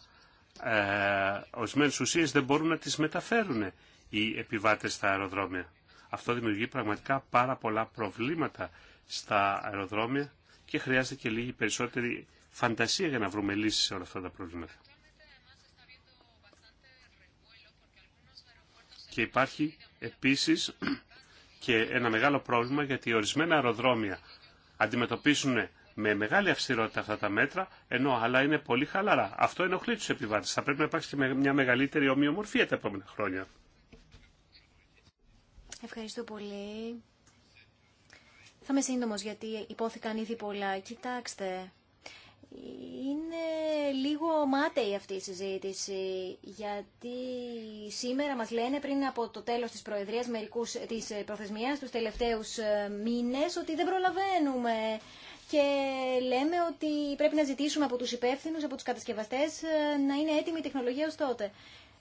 ε, ορισμένες ουσίες δεν μπορούν να τις μεταφέρουν οι επιβάτες στα αεροδρόμια. Αυτό δημιουργεί πραγματικά πάρα πολλά προβλήματα στα αεροδρόμια και χρειάζεται και λίγη περισσότερη φαντασία για να βρούμε λύσεις σε όλα αυτά τα προβλήματα. Και υπάρχει επίσης και ένα μεγάλο πρόβλημα γιατί ορισμένα αεροδρόμια αντιμετωπίσουν με μεγάλη αυστηρότητα αυτά τα μέτρα, ενώ άλλα είναι πολύ χαλαρά. Αυτό ενοχλεί του επιβάτε. Θα πρέπει να υπάρξει μια μεγαλύτερη ομοιομορφία τα επόμενα χρόνια. Ευχαριστώ πολύ. Θα είμαι σύντομο γιατί υπόθηκαν ήδη πολλά. Κοιτάξτε, είναι λίγο μάταιη αυτή η συζήτηση, γιατί σήμερα μας λένε πριν από το τέλος της προεδρίας μερικούς, της προθεσμίας, τους τελευταίους ε, μήνες, ότι δεν προλαβαίνουμε και λέμε ότι πρέπει να ζητήσουμε από τους υπεύθυνους, από τους κατασκευαστές ε, να είναι έτοιμη η τεχνολογία ως τότε.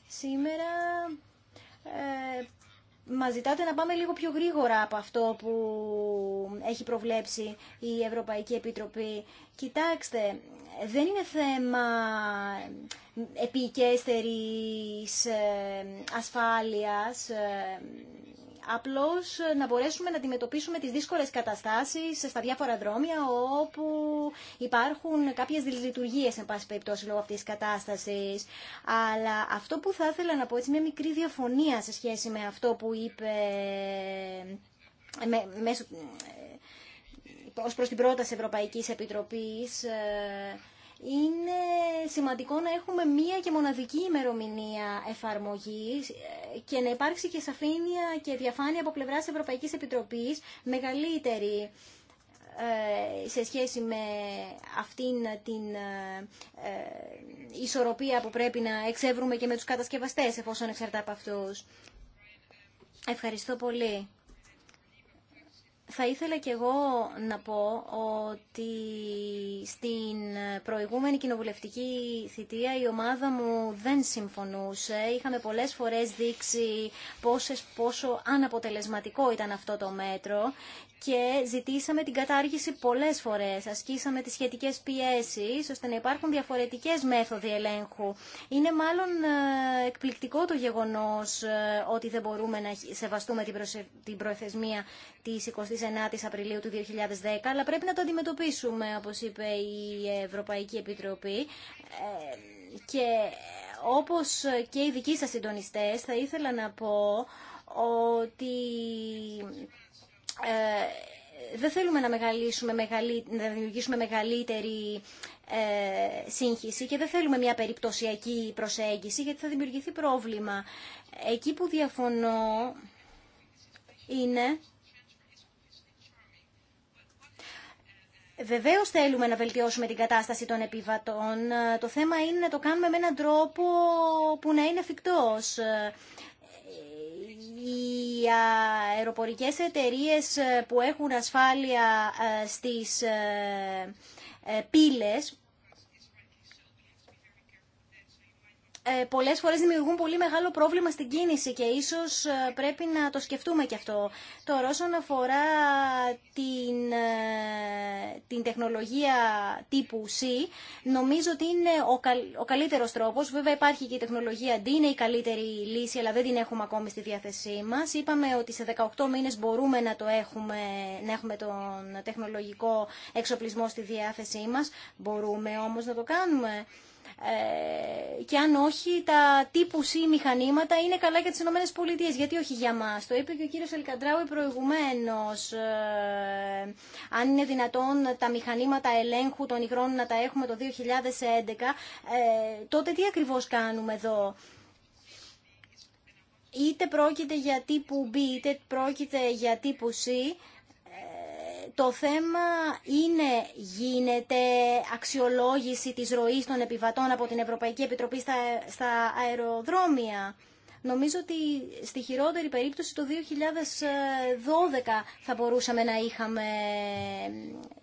Σήμερα ε, μας ζητάτε να πάμε λίγο πιο γρήγορα από αυτό που έχει προβλέψει η Ευρωπαϊκή Επιτροπή. Κοιτάξτε, δεν είναι θέμα επικέστερης ε, ασφάλειας ε, απλώς να μπορέσουμε να αντιμετωπίσουμε τις δύσκολες καταστάσεις στα διάφορα δρόμια όπου υπάρχουν κάποιες δυσλειτουργίες, εν πάση περιπτώσει, λόγω αυτής της κατάστασης. Αλλά αυτό που θα ήθελα να πω, έτσι μια μικρή διαφωνία σε σχέση με αυτό που είπε... Με, με, ως προς την πρόταση Ευρωπαϊκής Επιτροπής ε, είναι σημαντικό να έχουμε μία και μοναδική ημερομηνία εφαρμογής ε, και να υπάρξει και σαφήνεια και διαφάνεια από πλευράς Ευρωπαϊκής Επιτροπής μεγαλύτερη ε, σε σχέση με αυτήν την ε, ισορροπία που πρέπει να εξεύρουμε και με τους κατασκευαστές εφόσον εξαρτάται από αυτούς. Ευχαριστώ πολύ θα ήθελα και εγώ να πω ότι στην προηγούμενη κοινοβουλευτική θητεία η ομάδα μου δεν συμφωνούσε. Είχαμε πολλές φορές δείξει πόσες, πόσο αναποτελεσματικό ήταν αυτό το μέτρο και ζητήσαμε την κατάργηση πολλές φορές. Ασκήσαμε τις σχετικές πιέσεις ώστε να υπάρχουν διαφορετικές μέθοδοι ελέγχου. Είναι μάλλον ε, εκπληκτικό το γεγονός ε, ότι δεν μπορούμε να σεβαστούμε την προθεσμία της της 9 η Απριλίου του 2010, αλλά πρέπει να το αντιμετωπίσουμε, όπως είπε η Ευρωπαϊκή Επιτροπή. Ε, και όπως και οι δικοί σας συντονιστές, θα ήθελα να πω ότι ε, δεν θέλουμε να, μεγαλύσουμε, να δημιουργήσουμε μεγαλύτερη ε, σύγχυση και δεν θέλουμε μια περιπτωσιακή προσέγγιση γιατί θα δημιουργηθεί πρόβλημα. Εκεί που διαφωνώ είναι Βεβαίω θέλουμε να βελτιώσουμε την κατάσταση των επιβατών. Το θέμα είναι να το κάνουμε με έναν τρόπο που να είναι εφικτό. Οι αεροπορικές εταιρείε που έχουν ασφάλεια ε, στις ε, ε, πύλες Ε, πολλές φορές δημιουργούν πολύ μεγάλο πρόβλημα στην κίνηση και ίσως ε, πρέπει να το σκεφτούμε και αυτό. Τώρα όσον αφορά την, ε, την τεχνολογία τύπου C, νομίζω ότι είναι ο, καλ, ο καλύτερος τρόπος. Βέβαια υπάρχει και η τεχνολογία D, είναι η καλύτερη λύση, αλλά δεν την έχουμε ακόμη στη διάθεσή μας. Είπαμε ότι σε 18 μήνες μπορούμε να, το έχουμε, να έχουμε τον τεχνολογικό εξοπλισμό στη διάθεσή μας. Μπορούμε όμως να το κάνουμε. Ε, και αν όχι, τα τύπου ή μηχανήματα είναι καλά για τις ΗΠΑ. Γιατί όχι για μας. Το είπε και ο κύριος Ελκαντράουι προηγουμένως. Ε, αν είναι δυνατόν τα μηχανήματα ελέγχου των υγρών να τα έχουμε το 2011, ε, τότε τι ακριβώς κάνουμε εδώ είτε πρόκειται για τύπου B είτε πρόκειται για τύπου C το θέμα είναι γίνεται αξιολόγηση της ροής των επιβατών από την Ευρωπαϊκή Επιτροπή στα, στα αεροδρόμια. Νομίζω ότι στη χειρότερη περίπτωση το 2012 θα μπορούσαμε να είχαμε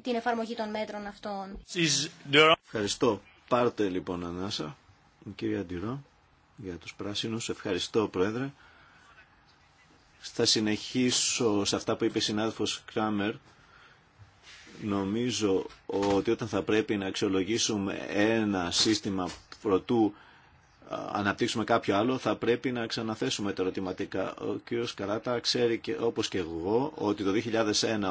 την εφαρμογή των μέτρων αυτών. Ευχαριστώ. Πάρτε λοιπόν ανάσα, κύριε κυρία για τους πράσινους. Ευχαριστώ Πρόεδρε. Θα συνεχίσω σε αυτά που είπε η συνάδελφος Κράμερ Νομίζω ότι όταν θα πρέπει να αξιολογήσουμε ένα σύστημα προτού αναπτύξουμε κάποιο άλλο, θα πρέπει να ξαναθέσουμε τα ερωτηματικά. Ο κ. Καράτα ξέρει και, όπως και εγώ ότι το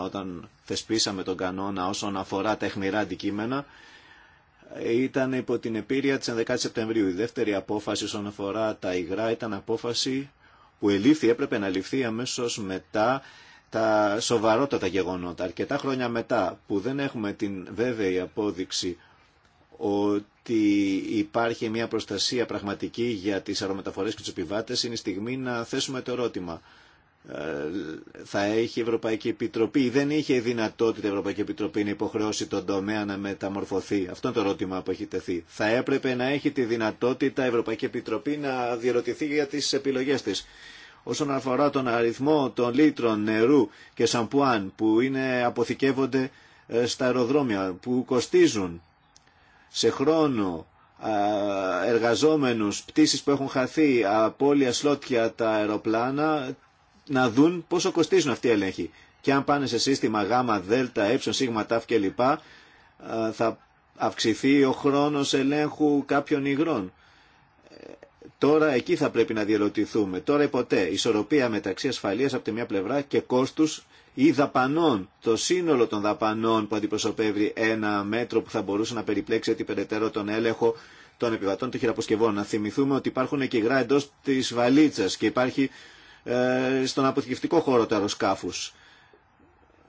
2001 όταν θεσπίσαμε τον κανόνα όσον αφορά τα αιχμηρά αντικείμενα ήταν υπό την επίρρεια της 11 Σεπτεμβρίου. Η δεύτερη απόφαση όσον αφορά τα υγρά ήταν απόφαση που ελήφθη, έπρεπε να ληφθεί αμέσως μετά τα σοβαρότατα γεγονότα. Αρκετά χρόνια μετά που δεν έχουμε την βέβαιη απόδειξη ότι υπάρχει μια προστασία πραγματική για τις αερομεταφορές και τους επιβάτες, είναι η στιγμή να θέσουμε το ερώτημα. Ε, θα έχει η Ευρωπαϊκή Επιτροπή ή δεν είχε η δυνατότητα η Ευρωπαϊκή Επιτροπή να υποχρεώσει τον τομέα να μεταμορφωθεί. Αυτό είναι το ερώτημα που έχει τεθεί. Θα έπρεπε να έχει τη δυνατότητα η Ευρωπαϊκή Επιτροπή να διερωτηθεί για τις επιλογές της όσον αφορά τον αριθμό των λίτρων νερού και σαμπουάν που είναι, αποθηκεύονται ε, στα αεροδρόμια, που κοστίζουν σε χρόνο εργαζόμενους πτήσεις που έχουν χαθεί από όλια σλότια τα αεροπλάνα να δουν πόσο κοστίζουν αυτοί οι έλεγχοι. Και αν πάνε σε σύστημα γ, δ, ε, σ, τ, κλπ. Ε, θα αυξηθεί ο χρόνος ελέγχου κάποιων υγρών. Τώρα εκεί θα πρέπει να διαρωτηθούμε. Τώρα ή ποτέ. Ισορροπία μεταξύ ασφαλεία από τη μία πλευρά και κόστου ή δαπανών. Το σύνολο των δαπανών που αντιπροσωπεύει ένα μέτρο που θα μπορούσε να περιπλέξει την περαιτέρω τον έλεγχο των επιβατών των χειραποσκευών. Να θυμηθούμε ότι υπάρχουν και υγρά εντό τη βαλίτσα και υπάρχει ε, στον αποθηκευτικό χώρο του αεροσκάφου.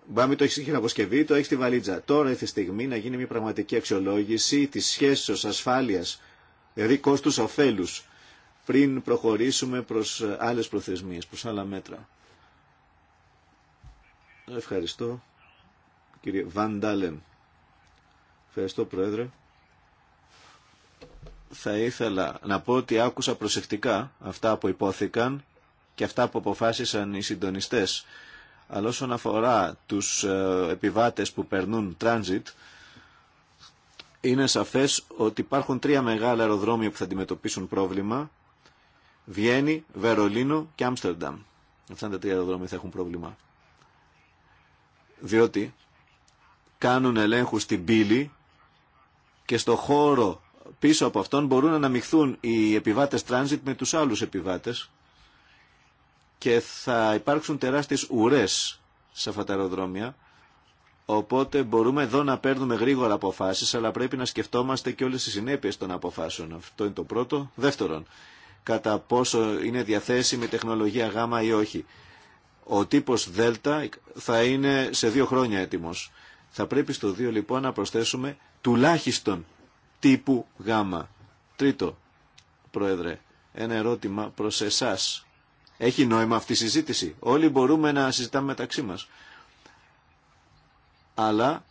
Μπάμε το έχει στη χειραποσκευή, το έχει στη βαλίτσα. Τώρα ήρθε η στιγμή να γίνει μια πραγματική αξιολόγηση τη σχέση ασφάλεια, δηλαδή ωφέλου πριν προχωρήσουμε προς άλλες προθεσμίες, προς άλλα μέτρα. Ευχαριστώ, κύριε Βαντάλεν. Ευχαριστώ, Πρόεδρε. Θα ήθελα να πω ότι άκουσα προσεκτικά αυτά που υπόθηκαν και αυτά που αποφάσισαν οι συντονιστές. Αλλά όσον αφορά τους ε, επιβάτες που περνούν τράνζιτ, είναι σαφές ότι υπάρχουν τρία μεγάλα αεροδρόμια που θα αντιμετωπίσουν πρόβλημα Βιέννη, Βερολίνο και Άμστερνταμ. Αυτά τα τρία αεροδρόμια θα έχουν πρόβλημα. Διότι κάνουν ελέγχου στην πύλη και στο χώρο πίσω από αυτόν μπορούν να αναμειχθούν οι επιβάτες τράνζιτ με τους άλλους επιβάτες και θα υπάρξουν τεράστιες ουρές σε αυτά τα αεροδρόμια οπότε μπορούμε εδώ να παίρνουμε γρήγορα αποφάσεις αλλά πρέπει να σκεφτόμαστε και όλες τις συνέπειες των αποφάσεων. Αυτό είναι το πρώτο. Δεύτερον, κατά πόσο είναι διαθέσιμη τεχνολογία Γ ή όχι. Ο τύπος Δ θα είναι σε δύο χρόνια έτοιμος. Θα πρέπει στο 2 λοιπόν να προσθέσουμε τουλάχιστον τύπου Γ. Τρίτο, Πρόεδρε, ένα ερώτημα προς εσάς. Έχει νόημα αυτή η συζήτηση. Όλοι μπορούμε να συζητάμε μεταξύ μας. Αλλά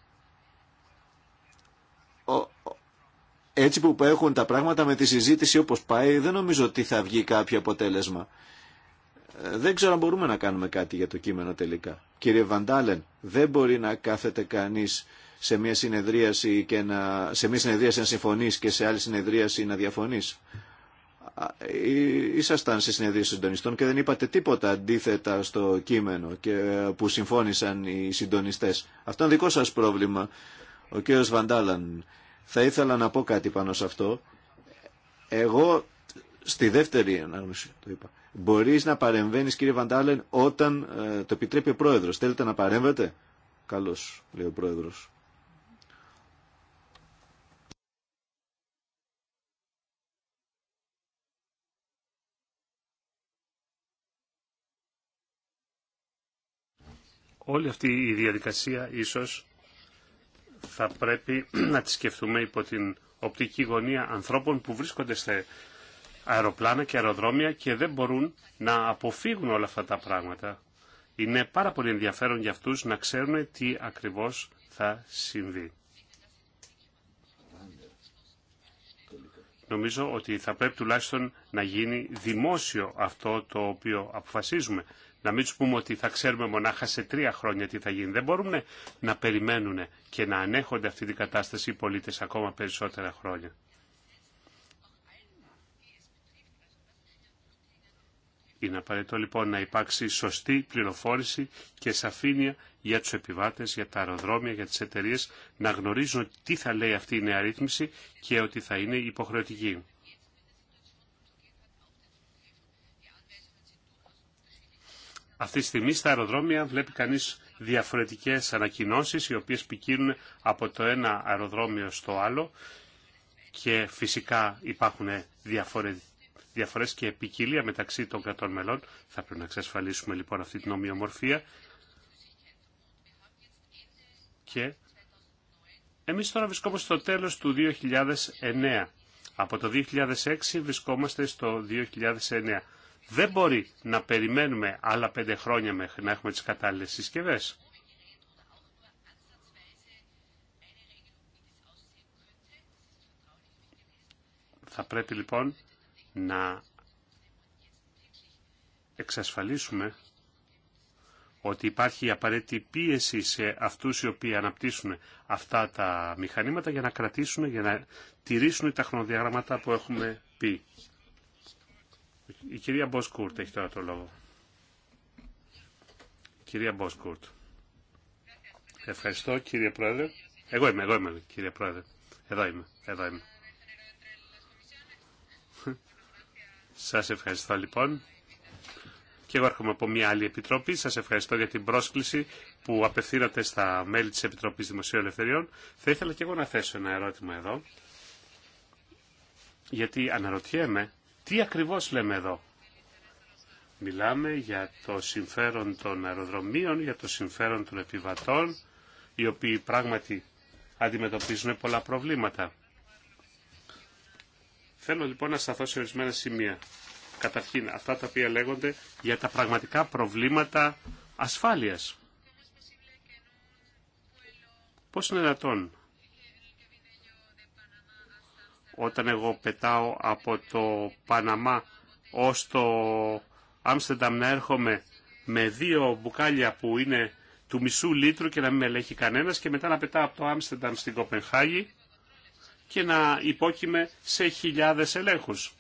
έτσι που έχουν τα πράγματα με τη συζήτηση όπως πάει, δεν νομίζω ότι θα βγει κάποιο αποτέλεσμα. Ε, δεν ξέρω αν μπορούμε να κάνουμε κάτι για το κείμενο τελικά. Κύριε Βαντάλεν, δεν μπορεί να κάθεται κανείς σε μια συνεδρίαση και να, σε μια συνεδρίαση να συμφωνείς και σε άλλη συνεδρίαση να διαφωνείς. Ήσασταν σε συνεδρίαση συντονιστών και δεν είπατε τίποτα αντίθετα στο κείμενο ε, που συμφώνησαν οι συντονιστές. Αυτό είναι δικό σας πρόβλημα. Ο κύριος Βαντάλεν, θα ήθελα να πω κάτι πάνω σε αυτό. Εγώ στη δεύτερη ανάγνωση το είπα. Μπορείς να παρεμβαίνει, κύριε Βαντάλεν όταν ε, το επιτρέπει ο πρόεδρος. Θέλετε να παρέμβετε. καλώ, λέει ο πρόεδρος. Όλη αυτή η διαδικασία ίσως θα πρέπει να τις σκεφτούμε υπό την οπτική γωνία ανθρώπων που βρίσκονται σε αεροπλάνα και αεροδρόμια και δεν μπορούν να αποφύγουν όλα αυτά τα πράγματα. Είναι πάρα πολύ ενδιαφέρον για αυτούς να ξέρουν τι ακριβώς θα συμβεί. Νομίζω ότι θα πρέπει τουλάχιστον να γίνει δημόσιο αυτό το οποίο αποφασίζουμε. Να μην του πούμε ότι θα ξέρουμε μονάχα σε τρία χρόνια τι θα γίνει. Δεν μπορούμε να περιμένουν και να ανέχονται αυτή την κατάσταση οι πολίτες ακόμα περισσότερα χρόνια. Είναι απαραίτητο λοιπόν να υπάρξει σωστή πληροφόρηση και σαφήνεια για τους επιβάτες, για τα αεροδρόμια, για τις εταιρείες, να γνωρίζουν τι θα λέει αυτή η νέα ρύθμιση και ότι θα είναι υποχρεωτική. Αυτή τη στιγμή στα αεροδρόμια βλέπει κανείς διαφορετικές ανακοινώσεις οι οποίες ποικίνουν από το ένα αεροδρόμιο στο άλλο και φυσικά υπάρχουν διαφορές και ποικιλία μεταξύ των κρατών μελών. Θα πρέπει να εξασφαλίσουμε λοιπόν αυτή την ομοιομορφία και εμείς τώρα βρισκόμαστε στο τέλος του 2009. Από το 2006 βρισκόμαστε στο 2009. Δεν μπορεί να περιμένουμε άλλα πέντε χρόνια μέχρι να έχουμε τις κατάλληλες συσκευές. Θα πρέπει λοιπόν να εξασφαλίσουμε ότι υπάρχει απαραίτητη πίεση σε αυτούς οι οποίοι αναπτύσσουν αυτά τα μηχανήματα για να κρατήσουν, για να τηρήσουν τα χρονοδιαγραμμάτα που έχουμε πει. Η κυρία Μποσκούρτ έχει τώρα το λόγο. Κυρία Μποσκούρτ. Ευχαριστώ κύριε Πρόεδρε. Εγώ είμαι, εγώ είμαι κύριε Πρόεδρε. Εδώ είμαι, εδώ είμαι. Σας ευχαριστώ λοιπόν. Και εγώ έρχομαι από μια άλλη επιτροπή. Σας ευχαριστώ για την πρόσκληση που απευθύνατε στα μέλη της Επιτροπής Δημοσίου Ελευθεριών. Θα ήθελα και εγώ να θέσω ένα ερώτημα εδώ. Γιατί αναρωτιέμαι τι ακριβώς λέμε εδώ. Μιλάμε για το συμφέρον των αεροδρομίων, για το συμφέρον των επιβατών, οι οποίοι πράγματι αντιμετωπίζουν πολλά προβλήματα. Θέλω λοιπόν να σταθώ σε ορισμένα σημεία. Καταρχήν, αυτά τα οποία λέγονται για τα πραγματικά προβλήματα ασφάλειας. Πώς είναι δυνατόν όταν εγώ πετάω από το Παναμά ως το Άμστερνταμ να έρχομαι με δύο μπουκάλια που είναι του μισού λίτρου και να μην με ελέγχει κανένας και μετά να πετάω από το Άμστερνταμ στην Κοπενχάγη και να υπόκειμε σε χιλιάδες ελέγχους.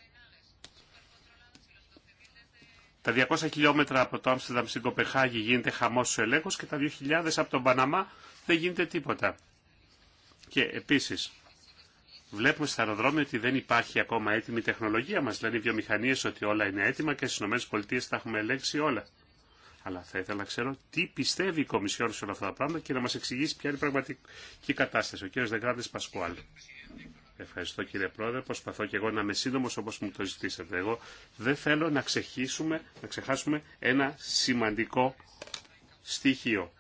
Τα 200 χιλιόμετρα από το Άμστερνταμ στην Κοπεχάγη γίνεται χαμός στους ελέγχους και τα 2.000 από τον Παναμά δεν γίνεται τίποτα. Και επίσης, Βλέπουμε στα αεροδρόμια ότι δεν υπάρχει ακόμα έτοιμη τεχνολογία. Μα λένε οι βιομηχανίε ότι όλα είναι έτοιμα και στι ΗΠΑ τα έχουμε ελέγξει όλα. Αλλά θα ήθελα να ξέρω τι πιστεύει η Κομισιόν σε όλα αυτά τα πράγματα και να μα εξηγήσει ποια είναι η πραγματική κατάσταση. Ο κ. Δεγκράντε Πασκουάλ. Ευχαριστώ κύριε Πρόεδρε. Προσπαθώ και εγώ να είμαι σύντομο όπω μου το ζητήσατε. Εγώ δεν θέλω να, να ξεχάσουμε ένα σημαντικό στοιχείο.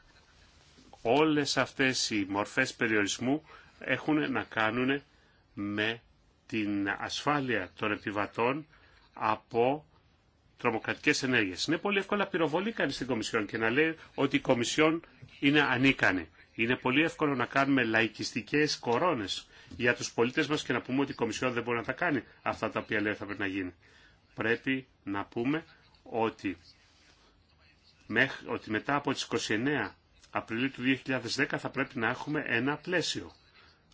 Όλε αυτέ οι μορφέ περιορισμού έχουν να κάνουν με την ασφάλεια των επιβατών από τρομοκρατικές ενέργειες. Είναι πολύ εύκολο να πυροβολεί κανείς την Κομισιόν και να λέει ότι η Κομισιόν είναι ανίκανη. Είναι πολύ εύκολο να κάνουμε λαϊκιστικές κορώνες για τους πολίτες μας και να πούμε ότι η Κομισιόν δεν μπορεί να τα κάνει αυτά τα οποία λέει θα πρέπει να γίνει. Πρέπει να πούμε ότι, ότι μετά από τις 29 Απριλίου του 2010 θα πρέπει να έχουμε ένα πλαίσιο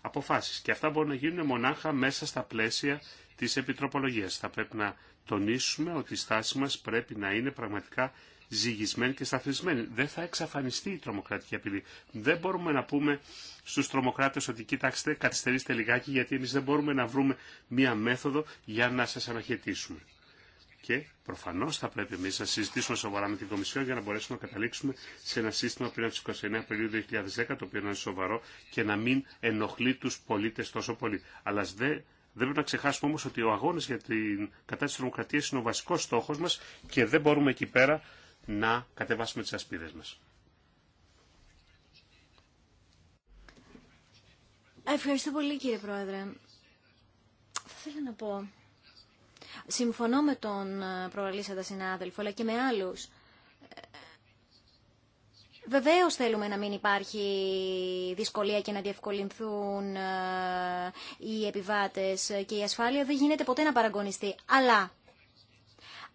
αποφάσεις. Και αυτά μπορούν να γίνουν μονάχα μέσα στα πλαίσια της επιτροπολογίας. Θα πρέπει να τονίσουμε ότι η στάση μας πρέπει να είναι πραγματικά ζυγισμένη και σταθμισμένη. Δεν θα εξαφανιστεί η τρομοκρατική απειλή. Δεν μπορούμε να πούμε στους τρομοκράτες ότι κοιτάξτε, καθυστερήστε λιγάκι, γιατί εμεί δεν μπορούμε να βρούμε μία μέθοδο για να σα αναχαιτήσουμε. Και προφανώ θα πρέπει εμεί να συζητήσουμε σοβαρά με την Κομισιόν για να μπορέσουμε να καταλήξουμε σε ένα σύστημα πριν από τι 29 Απριλίου 2010, το οποίο να είναι σοβαρό και να μην ενοχλεί του πολίτε τόσο πολύ. Αλλά δεν δεν πρέπει να ξεχάσουμε όμω ότι ο αγώνα για την κατάσταση τη τρομοκρατία είναι ο βασικό στόχο μα και δεν μπορούμε εκεί πέρα να κατεβάσουμε τι ασπίδε μα. Ευχαριστώ πολύ κύριε Πρόεδρε. Θα ήθελα να πω Συμφωνώ με τον ε, προαλήσαντα συνάδελφο, αλλά και με άλλους. Ε, βεβαίως θέλουμε να μην υπάρχει δυσκολία και να διευκολυνθούν ε, οι επιβάτες και η ασφάλεια δεν γίνεται ποτέ να παραγωνιστεί. Αλλά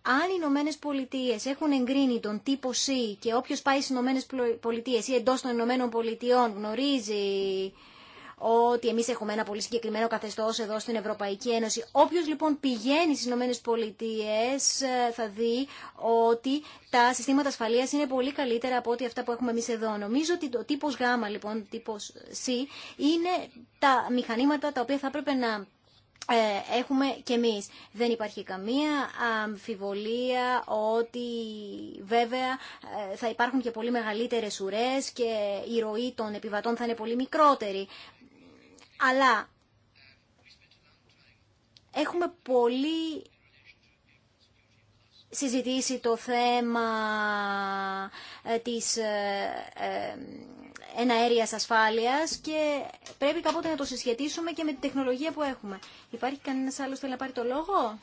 αν οι Ηνωμένε Πολιτείε έχουν εγκρίνει τον τύπο C και όποιο πάει στι Ηνωμένε Πολιτείε ή εντό των Ηνωμένων Πολιτειών γνωρίζει ότι εμείς έχουμε ένα πολύ συγκεκριμένο καθεστώς εδώ στην Ευρωπαϊκή Ένωση. Όποιος λοιπόν πηγαίνει στις Ηνωμένες Πολιτείες ε, θα δει ότι τα συστήματα ασφαλείας είναι πολύ καλύτερα από ό,τι αυτά που έχουμε εμείς εδώ. Νομίζω ότι το τύπος Γ, λοιπόν, τύπος Σ είναι τα μηχανήματα τα οποία θα έπρεπε να ε, έχουμε και εμείς. Δεν υπάρχει καμία αμφιβολία ότι βέβαια ε, θα υπάρχουν και πολύ μεγαλύτερες ουρές και η ροή των επιβατών θα είναι πολύ μικρότερη αλλά έχουμε πολύ συζητήσει το θέμα ε, της ε, ε, εναέριας ασφάλειας και πρέπει κάποτε να το συσχετίσουμε και με την τεχνολογία που έχουμε. Υπάρχει κανένας άλλος που θέλει να πάρει το λόγο?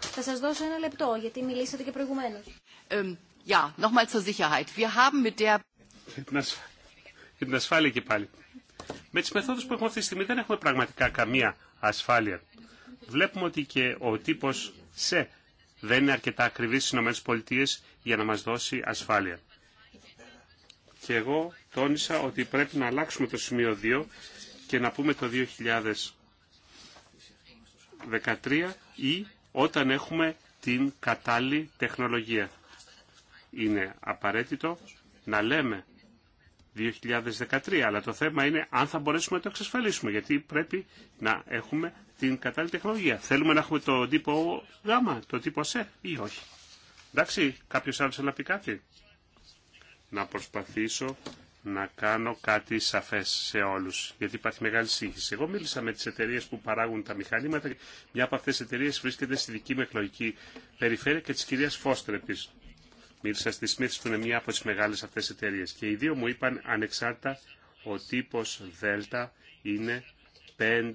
Θα σας δώσω ένα λεπτό, γιατί μιλήσατε και προηγουμένως. Για την ασφάλεια και πάλι. Με τις μεθόδους που έχουμε αυτή τη στιγμή δεν έχουμε πραγματικά καμία ασφάλεια. Βλέπουμε ότι και ο τύπος σε δεν είναι αρκετά ακριβή στις ΗΠΑ για να μας δώσει ασφάλεια. Και εγώ τόνισα ότι πρέπει να αλλάξουμε το σημείο 2 και να πούμε το 2013 ή όταν έχουμε την κατάλληλη τεχνολογία. Είναι απαραίτητο να λέμε 2013. Αλλά το θέμα είναι αν θα μπορέσουμε να το εξασφαλίσουμε, γιατί πρέπει να έχουμε την κατάλληλη τεχνολογία. Θέλουμε να έχουμε το τύπο Γ, το τύπο Σ ή όχι. Εντάξει, κάποιος άλλος θέλει να πει κάτι. Να προσπαθήσω να κάνω κάτι σαφές σε όλους, γιατί υπάρχει μεγάλη σύγχυση. Εγώ μίλησα με τις εταιρείες που παράγουν τα μηχανήματα. Μια από αυτές τις εταιρείες βρίσκεται στη δική μου εκλογική περιφέρεια και της κυρίας Φώστερ Μίλησα στη Smith που είναι μια από τι μεγάλε αυτέ εταιρείε και οι δύο μου είπαν ανεξάρτητα ο τύπο Δέλτα είναι 5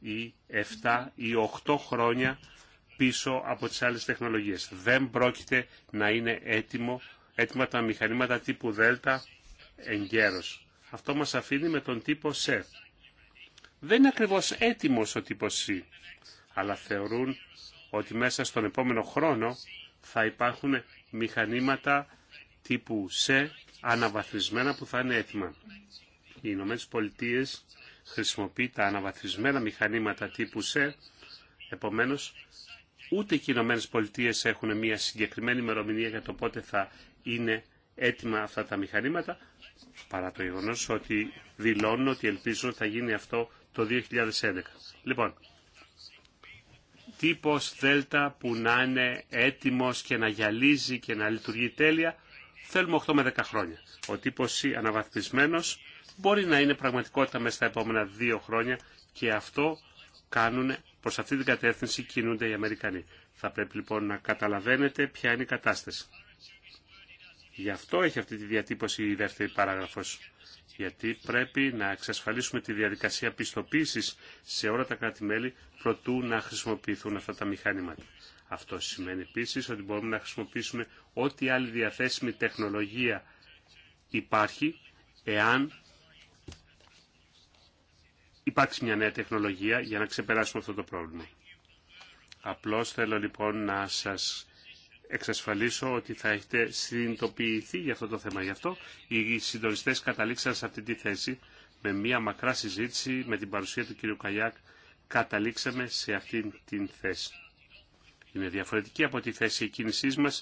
ή 7 ή 8 χρόνια πίσω από τις άλλες τεχνολογίες. Δεν πρόκειται να είναι έτοιμο, έτοιμα τα μηχανήματα τύπου Δέλτα εγκαίρως. Αυτό μας αφήνει με τον τύπο ΣΕΦ. Δεν είναι ακριβώς έτοιμος ο τύπος ΣΥ, αλλά θεωρούν ότι μέσα στον επόμενο χρόνο θα υπάρχουν μηχανήματα τύπου σε αναβαθμισμένα που θα είναι έτοιμα. Οι Ηνωμένε Πολιτείες χρησιμοποιεί τα αναβαθμισμένα μηχανήματα τύπου σε, επομένως ούτε και οι Ηνωμένε Πολιτείε έχουν μια συγκεκριμένη ημερομηνία για το πότε θα είναι έτοιμα αυτά τα μηχανήματα, παρά το γεγονό ότι δηλώνουν ότι ελπίζουν ότι θα γίνει αυτό το 2011 τύπος Δέλτα που να είναι έτοιμος και να γυαλίζει και να λειτουργεί τέλεια, θέλουμε 8 με 10 χρόνια. Ο τύπος C αναβαθμισμένος μπορεί να είναι πραγματικότητα μέσα στα επόμενα 2 χρόνια και αυτό κάνουν προς αυτή την κατεύθυνση κινούνται οι Αμερικανοί. Θα πρέπει λοιπόν να καταλαβαίνετε ποια είναι η κατάσταση. Γι' αυτό έχει αυτή τη διατύπωση η δεύτερη παράγραφος γιατί πρέπει να εξασφαλίσουμε τη διαδικασία πιστοποίησης σε όλα τα κράτη-μέλη προτού να χρησιμοποιηθούν αυτά τα μηχανήματα. Αυτό σημαίνει επίσης ότι μπορούμε να χρησιμοποιήσουμε ό,τι άλλη διαθέσιμη τεχνολογία υπάρχει εάν υπάρξει μια νέα τεχνολογία για να ξεπεράσουμε αυτό το πρόβλημα. Απλώς θέλω λοιπόν να σας εξασφαλίσω ότι θα έχετε συνειδητοποιηθεί για αυτό το θέμα. Γι' αυτό οι συντονιστέ καταλήξαν σε αυτή τη θέση. Με μια μακρά συζήτηση με την παρουσία του κ. Καλιάκ, καταλήξαμε σε αυτή την θέση. Είναι διαφορετική από τη θέση κίνησής μα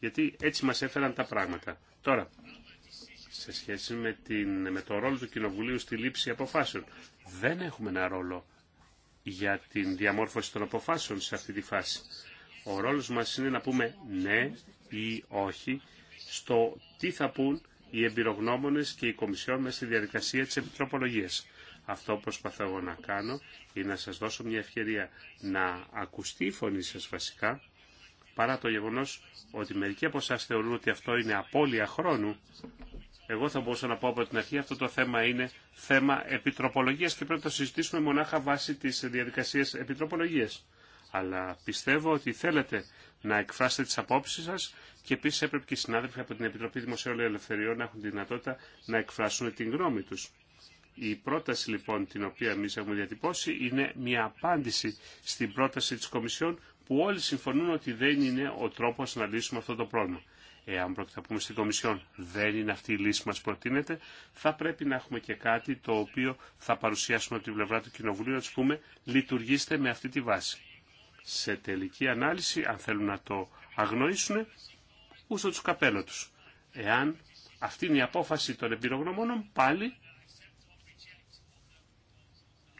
γιατί έτσι μας έφεραν τα πράγματα. Τώρα, σε σχέση με, την, το ρόλο του Κοινοβουλίου στη λήψη αποφάσεων, δεν έχουμε ένα ρόλο για την διαμόρφωση των αποφάσεων σε αυτή τη φάση. Ο ρόλος μας είναι να πούμε ναι ή όχι στο τι θα πούν οι εμπειρογνώμονες και οι κομισιόν μέσα στη διαδικασία της επιτροπολογίας. Αυτό που προσπαθώ εγώ να κάνω είναι να σας δώσω μια ευκαιρία να ακουστεί η φωνή σας βασικά, παρά το γεγονός ότι μερικοί από εσάς θεωρούν ότι αυτό είναι απώλεια χρόνου. Εγώ θα μπορούσα να πω από την αρχή αυτό το θέμα είναι θέμα επιτροπολογίας και πρέπει να το συζητήσουμε μονάχα βάσει της διαδικασίας επιτροπολογίας αλλά πιστεύω ότι θέλετε να εκφράσετε τις απόψεις σας και επίσης έπρεπε και οι συνάδελφοι από την Επιτροπή Δημοσίου Ελευθεριών να έχουν τη δυνατότητα να εκφράσουν την γνώμη τους. Η πρόταση λοιπόν την οποία εμεί έχουμε διατυπώσει είναι μια απάντηση στην πρόταση της Κομισιόν που όλοι συμφωνούν ότι δεν είναι ο τρόπος να λύσουμε αυτό το πρόβλημα. Εάν πρόκειται να πούμε στην Κομισιόν δεν είναι αυτή η λύση που μας προτείνεται, θα πρέπει να έχουμε και κάτι το οποίο θα παρουσιάσουμε από την πλευρά του Κοινοβουλίου να του πούμε λειτουργήστε με αυτή τη βάση σε τελική ανάλυση, αν θέλουν να το αγνοήσουν, ούσο τους καπέλο τους. Εάν αυτή είναι η απόφαση των εμπειρογνωμόνων, πάλι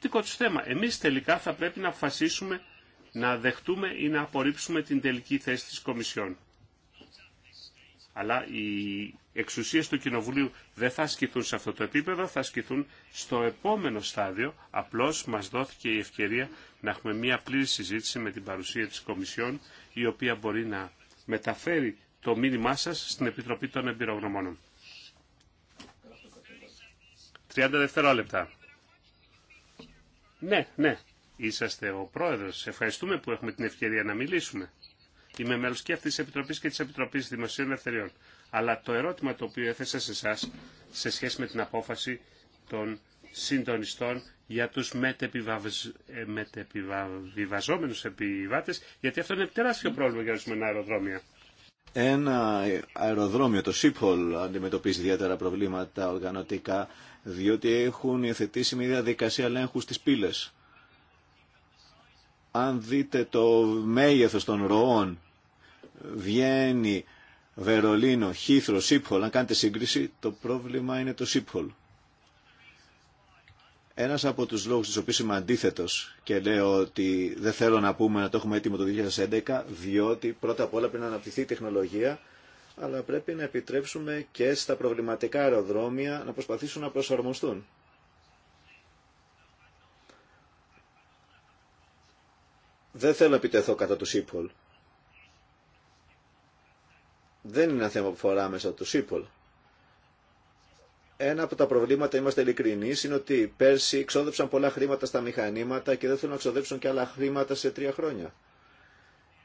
δικό τους θέμα. Εμείς τελικά θα πρέπει να αποφασίσουμε να δεχτούμε ή να απορρίψουμε την τελική θέση της Κομισιόν. Αλλά οι εξουσίες του Κοινοβουλίου δεν θα ασκηθούν σε αυτό το επίπεδο, θα ασκηθούν στο επόμενο στάδιο. Απλώς μας δόθηκε η ευκαιρία να έχουμε μια πλήρη συζήτηση με την παρουσία της Κομισιόν, η οποία μπορεί να μεταφέρει το μήνυμά σας στην Επιτροπή των Εμπειρογνωμόνων. 30 δευτερόλεπτα. Ναι, ναι, είσαστε ο πρόεδρος. Ευχαριστούμε που έχουμε την ευκαιρία να μιλήσουμε. Είμαι μέλος και αυτής της Επιτροπής και της Επιτροπής Δημοσίων Ελευθεριών. Αλλά το ερώτημα το οποίο έθεσα σε εσά σε σχέση με την απόφαση των συντονιστών για τους μετεπιβαζόμενους ε, επιβάτες, γιατί αυτό είναι τεράστιο πρόβλημα για ορισμένα αεροδρόμια. Ένα αεροδρόμιο, το Σίπχολ, αντιμετωπίζει ιδιαίτερα προβλήματα οργανωτικά, διότι έχουν υιοθετήσει μια διαδικασία ελέγχου στις πύλες. Αν δείτε το μέγεθος των ροών, Βιέννη, Βερολίνο, Χήθρο, Σίπχολ, αν κάνετε σύγκριση, το πρόβλημα είναι το Σίπχολ. Ένας από τους λόγους τους οποίους είμαι αντίθετος και λέω ότι δεν θέλω να πούμε να το έχουμε έτοιμο το 2011, διότι πρώτα απ' όλα πρέπει να αναπτυχθεί η τεχνολογία, αλλά πρέπει να επιτρέψουμε και στα προβληματικά αεροδρόμια να προσπαθήσουν να προσαρμοστούν. Δεν θέλω να επιτεθώ κατά του ΣΥΠΟΛ. Δεν είναι ένα θέμα που φορά μέσα του ΣΥΠΟΛ ένα από τα προβλήματα, είμαστε ειλικρινεί, είναι ότι πέρσι ξόδεψαν πολλά χρήματα στα μηχανήματα και δεν θέλουν να ξοδέψουν και άλλα χρήματα σε τρία χρόνια.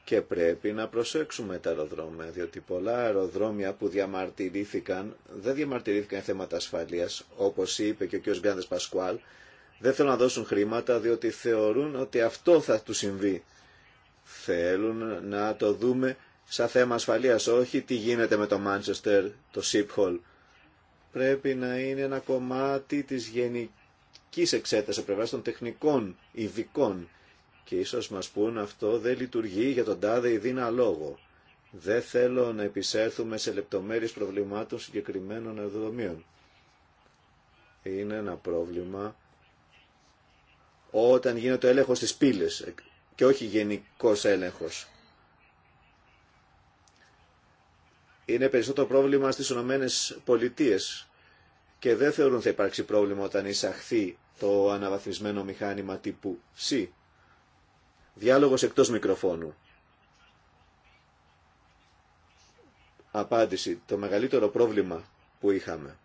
Και πρέπει να προσέξουμε τα αεροδρόμια, διότι πολλά αεροδρόμια που διαμαρτυρήθηκαν, δεν διαμαρτυρήθηκαν θέματα ασφαλεία, όπω είπε και ο κ. Γκάντε Πασκουάλ, δεν θέλουν να δώσουν χρήματα διότι θεωρούν ότι αυτό θα του συμβεί. Θέλουν να το δούμε σαν θέμα ασφαλεία, όχι τι γίνεται με το Μάντσεστερ, το Σιπχολ, πρέπει να είναι ένα κομμάτι της γενικής εξέτασης από των τεχνικών ειδικών και ίσως μας πούν αυτό δεν λειτουργεί για τον τάδε ή λόγο. Δεν θέλω να επισέλθουμε σε λεπτομέρειες προβλημάτων συγκεκριμένων ευδομίων. Είναι ένα πρόβλημα όταν γίνεται ο έλεγχος της πύλης και όχι γενικός έλεγχος. είναι περισσότερο πρόβλημα στις Ηνωμένε Πολιτείε και δεν θεωρούν θα υπάρξει πρόβλημα όταν εισαχθεί το αναβαθμισμένο μηχάνημα τύπου C. Διάλογος εκτός μικροφώνου. Απάντηση. Το μεγαλύτερο πρόβλημα που είχαμε,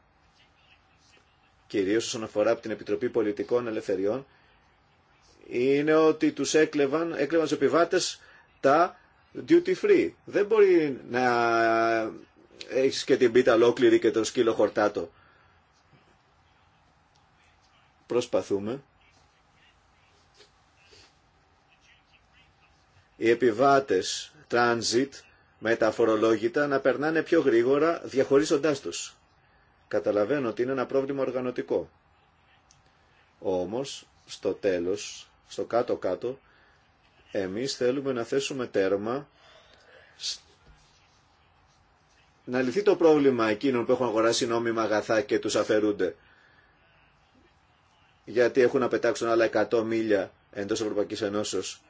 κυρίως όσον αφορά από την Επιτροπή Πολιτικών Ελευθεριών, είναι ότι τους έκλεβαν, έκλεβαν τους επιβάτες τα duty free. Δεν μπορεί να έχει και την πίτα ολόκληρη και το σκύλο χορτάτο. Προσπαθούμε. Οι επιβάτες transit με τα φορολόγητα να περνάνε πιο γρήγορα διαχωρίζοντάς τους. Καταλαβαίνω ότι είναι ένα πρόβλημα οργανωτικό. Όμως, στο τέλος, στο κάτω-κάτω, εμείς θέλουμε να θέσουμε τέρμα να λυθεί το πρόβλημα εκείνων που έχουν αγοράσει νόμιμα αγαθά και τους αφαιρούνται. Γιατί έχουν να πετάξουν άλλα 100 μίλια εντός Ευρωπαϊκής Ενώσεως.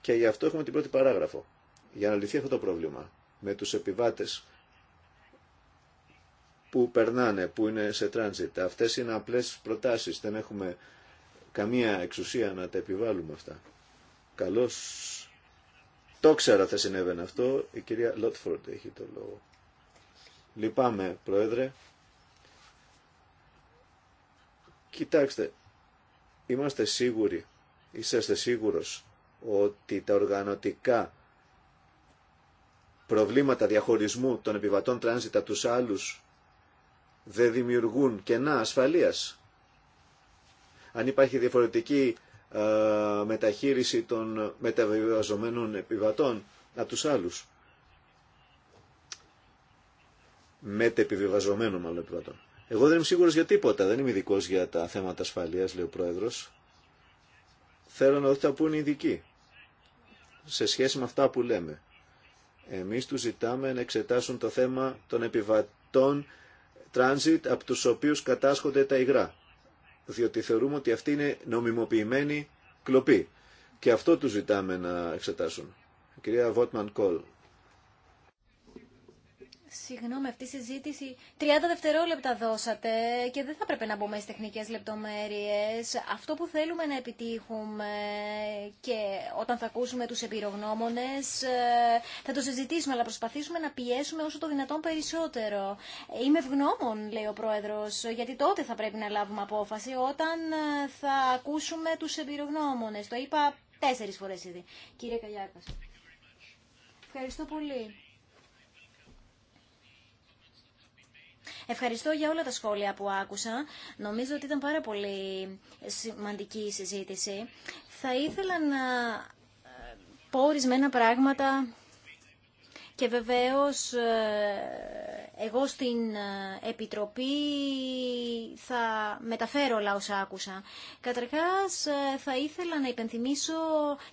Και γι' αυτό έχουμε την πρώτη παράγραφο. Για να λυθεί αυτό το πρόβλημα με τους επιβάτες που περνάνε, που είναι σε τράνζιτ. Αυτές είναι απλές προτάσεις. Δεν έχουμε καμία εξουσία να τα επιβάλλουμε αυτά. Καλώς το ξέρα θα συνέβαινε αυτό. Η κυρία Λότφορντ έχει το λόγο. Λυπάμαι, Πρόεδρε. Κοιτάξτε, είμαστε σίγουροι, είσαστε σίγουρος ότι τα οργανωτικά προβλήματα διαχωρισμού των επιβατών τράνζιτα τους άλλους δεν δημιουργούν κενά ασφαλείας αν υπάρχει διαφορετική ε, μεταχείριση των μεταβιβαζομένων επιβατών από τους άλλους. Μετεπιβιβαζομένων μάλλον επιβατών. Εγώ δεν είμαι σίγουρος για τίποτα, δεν είμαι ειδικό για τα θέματα ασφαλείας, λέει ο Πρόεδρος. Θέλω να δω θα που είναι ειδικοί σε σχέση με αυτά που λέμε. Εμείς τους ζητάμε να εξετάσουν το θέμα των επιβατών transit από τους οποίους κατάσχονται τα υγρά διότι θεωρούμε ότι αυτή είναι νομιμοποιημένη κλοπή. Και αυτό τους ζητάμε να εξετάσουν. κυρία Βότμαν Κόλ. Συγγνώμη, αυτή η συζήτηση 30 δευτερόλεπτα δώσατε και δεν θα πρέπει να μπούμε στι τεχνικέ λεπτομέρειε. Αυτό που θέλουμε να επιτύχουμε και όταν θα ακούσουμε του επιρογνώμονες ε, θα το συζητήσουμε, αλλά προσπαθήσουμε να πιέσουμε όσο το δυνατόν περισσότερο. Είμαι ευγνώμων, λέει ο πρόεδρο, γιατί τότε θα πρέπει να λάβουμε απόφαση όταν ε, θα ακούσουμε του επιρογνώμονες. Το είπα τέσσερις φορέ ήδη. Κύριε Καλιάκο. Ευχαριστώ πολύ. Ευχαριστώ για όλα τα σχόλια που άκουσα. Νομίζω ότι ήταν πάρα πολύ σημαντική η συζήτηση. Θα ήθελα να ε, πω ορισμένα πράγματα και βεβαίως ε, εγώ στην ε, Επιτροπή θα μεταφέρω όλα όσα άκουσα. Καταρχάς θα ήθελα να υπενθυμίσω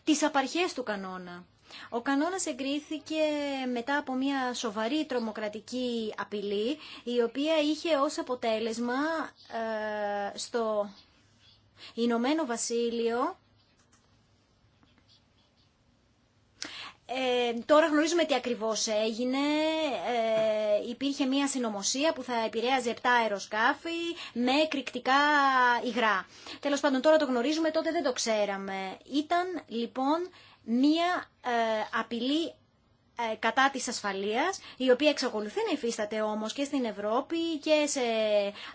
τις απαρχές του κανόνα. Ο κανόνας εγκρίθηκε μετά από μια σοβαρή τρομοκρατική απειλή, η οποία είχε ως αποτέλεσμα ε, στο Ηνωμένο Βασίλειο Ε, τώρα γνωρίζουμε τι ακριβώς έγινε. Ε, υπήρχε μια συνωμοσία που θα επηρέαζε 7 αεροσκάφη με εκρηκτικά υγρά. Τέλος πάντων τώρα το γνωρίζουμε, τότε δεν το ξέραμε. Ήταν λοιπόν μία ε, απειλή ε, κατά της ασφαλείας, η οποία εξακολουθεί να υφίσταται όμως και στην Ευρώπη και σε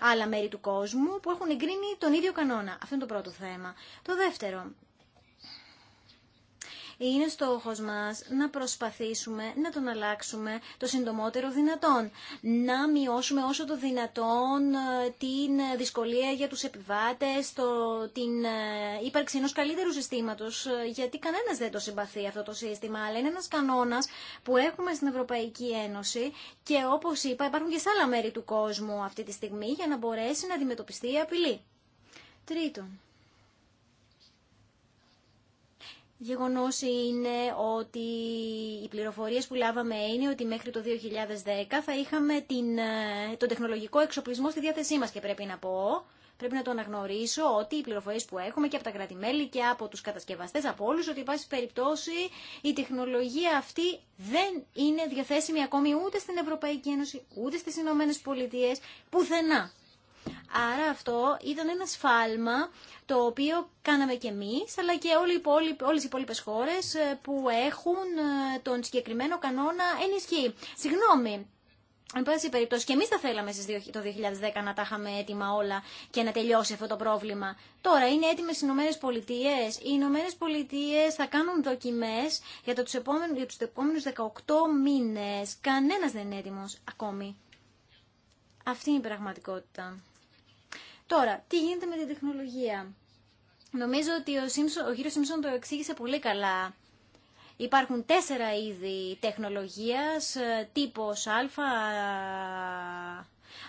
άλλα μέρη του κόσμου που έχουν εγκρίνει τον ίδιο κανόνα. Αυτό είναι το πρώτο θέμα. Το δεύτερο, είναι στόχος μας να προσπαθήσουμε να τον αλλάξουμε το συντομότερο δυνατόν. Να μειώσουμε όσο το δυνατόν ε, την δυσκολία για τους επιβάτες, το, την ε, ύπαρξη ενός καλύτερου συστήματος, ε, γιατί κανένας δεν το συμπαθεί αυτό το σύστημα, αλλά είναι ένας κανόνας που έχουμε στην Ευρωπαϊκή Ένωση και όπως είπα υπάρχουν και σε άλλα μέρη του κόσμου αυτή τη στιγμή για να μπορέσει να αντιμετωπιστεί η απειλή. Τρίτον, γεγονός είναι ότι οι πληροφορίες που λάβαμε είναι ότι μέχρι το 2010 θα είχαμε την, ε, τον τεχνολογικό εξοπλισμό στη διάθεσή μας και πρέπει να πω, πρέπει να το αναγνωρίσω ότι οι πληροφορίες που έχουμε και από τα κρατημέλη και από τους κατασκευαστές, από όλους, ότι υπάρχει περιπτώσει η τεχνολογία αυτή δεν είναι διαθέσιμη ακόμη ούτε στην Ευρωπαϊκή Ένωση, ούτε στις Ηνωμένε Πολιτείες, πουθενά. Άρα αυτό ήταν ένα σφάλμα το οποίο κάναμε και εμείς, αλλά και όλοι, όλες οι υπόλοιπε χώρες ε, που έχουν ε, τον συγκεκριμένο κανόνα ενισχύει. Συγγνώμη, Εν πάση περιπτώσει, και εμεί θα θέλαμε το 2010 να τα είχαμε έτοιμα όλα και να τελειώσει αυτό το πρόβλημα. Τώρα είναι έτοιμε οι Ηνωμένε Πολιτείε. Οι Ηνωμένε Πολιτείε θα κάνουν δοκιμέ για του επόμενου 18 μήνε. Κανένα δεν είναι έτοιμο ακόμη. Αυτή είναι η πραγματικότητα. Τώρα, τι γίνεται με την τεχνολογία. Νομίζω ότι ο, Σίμσον, ο Σίμψον το εξήγησε πολύ καλά. Υπάρχουν τέσσερα είδη τεχνολογίας, ε, τύπος α,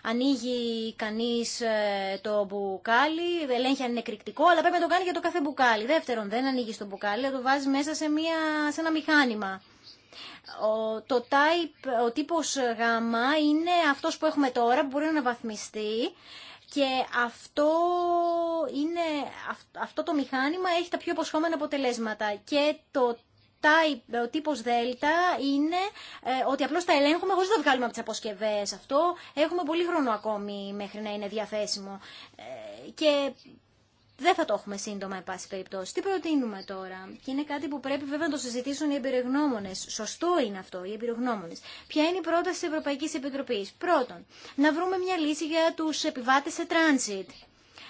ανοίγει κανείς ε, το μπουκάλι, ελέγχει αν είναι κρυκτικό, αλλά πρέπει να το κάνει για το κάθε μπουκάλι. Δεύτερον, δεν ανοίγει το μπουκάλι, αλλά το βάζει μέσα σε, μια, σε ένα μηχάνημα. Ο, το type, ο τύπος ε, είναι αυτός που έχουμε τώρα, που μπορεί να βαθμιστεί και αυτό, είναι, αυτό το μηχάνημα έχει τα πιο υποσχόμενα αποτελέσματα και το ο τύπος Δέλτα είναι ε, ότι απλώς τα ελέγχουμε χωρίς να τα βγάλουμε από τις αποσκευές αυτό. Έχουμε πολύ χρόνο ακόμη μέχρι να είναι διαθέσιμο. Ε, και δεν θα το έχουμε σύντομα, εν πάση περιπτώσει. Τι προτείνουμε τώρα, και είναι κάτι που πρέπει βέβαια να το συζητήσουν οι εμπειρογνώμονε. Σωστό είναι αυτό, οι εμπειρογνώμονε. Ποια είναι η πρόταση τη Ευρωπαϊκή Επιτροπή. Πρώτον, να βρούμε μια λύση για του επιβάτε σε τράνσιτ.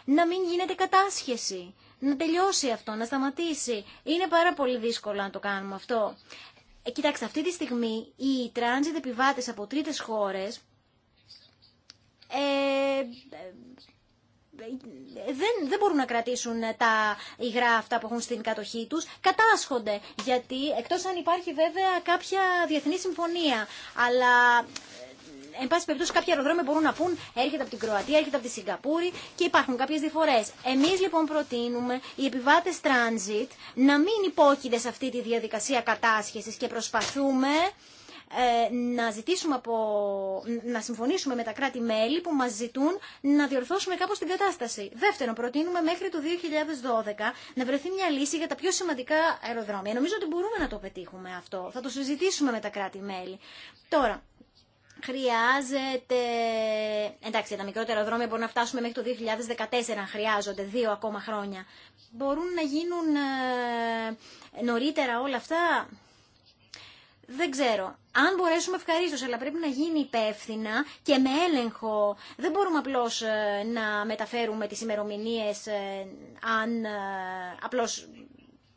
Να μην γίνεται κατάσχεση. Να τελειώσει αυτό, να σταματήσει. Είναι πάρα πολύ δύσκολο να το κάνουμε αυτό. Ε, κοιτάξτε, αυτή τη στιγμή οι τράνζιτ επιβάτε από τρίτε χώρε. ε, ε δεν, δεν μπορούν να κρατήσουν τα υγρά αυτά που έχουν στην κατοχή τους, κατάσχονται. Γιατί εκτός αν υπάρχει βέβαια κάποια διεθνή συμφωνία, αλλά... Ε, εν πάση περιπτώσει, κάποια αεροδρόμια μπορούν να πούν έρχεται από την Κροατία, έρχεται από τη Σιγκαπούρη και υπάρχουν κάποιε διαφορέ. Εμεί λοιπόν προτείνουμε οι επιβάτε transit να μην υπόκεινται σε αυτή τη διαδικασία κατάσχεση και προσπαθούμε ε, να, ζητήσουμε να συμφωνήσουμε με τα κράτη-μέλη που μας ζητούν να διορθώσουμε κάπως την κατάσταση. Δεύτερον, προτείνουμε μέχρι το 2012 να βρεθεί μια λύση για τα πιο σημαντικά αεροδρόμια. Νομίζω ότι μπορούμε να το πετύχουμε αυτό. Θα το συζητήσουμε με τα κράτη-μέλη. Τώρα, χρειάζεται. Εντάξει, τα μικρότερα δρόμια μπορούν να φτάσουμε μέχρι το 2014 αν χρειάζονται, δύο ακόμα χρόνια. Μπορούν να γίνουν ε, νωρίτερα όλα αυτά δεν ξέρω. Αν μπορέσουμε ευχαρίστως, αλλά πρέπει να γίνει υπεύθυνα και με έλεγχο. Δεν μπορούμε απλώς ε, να μεταφέρουμε τις ημερομηνίες ε, αν ε, απλώς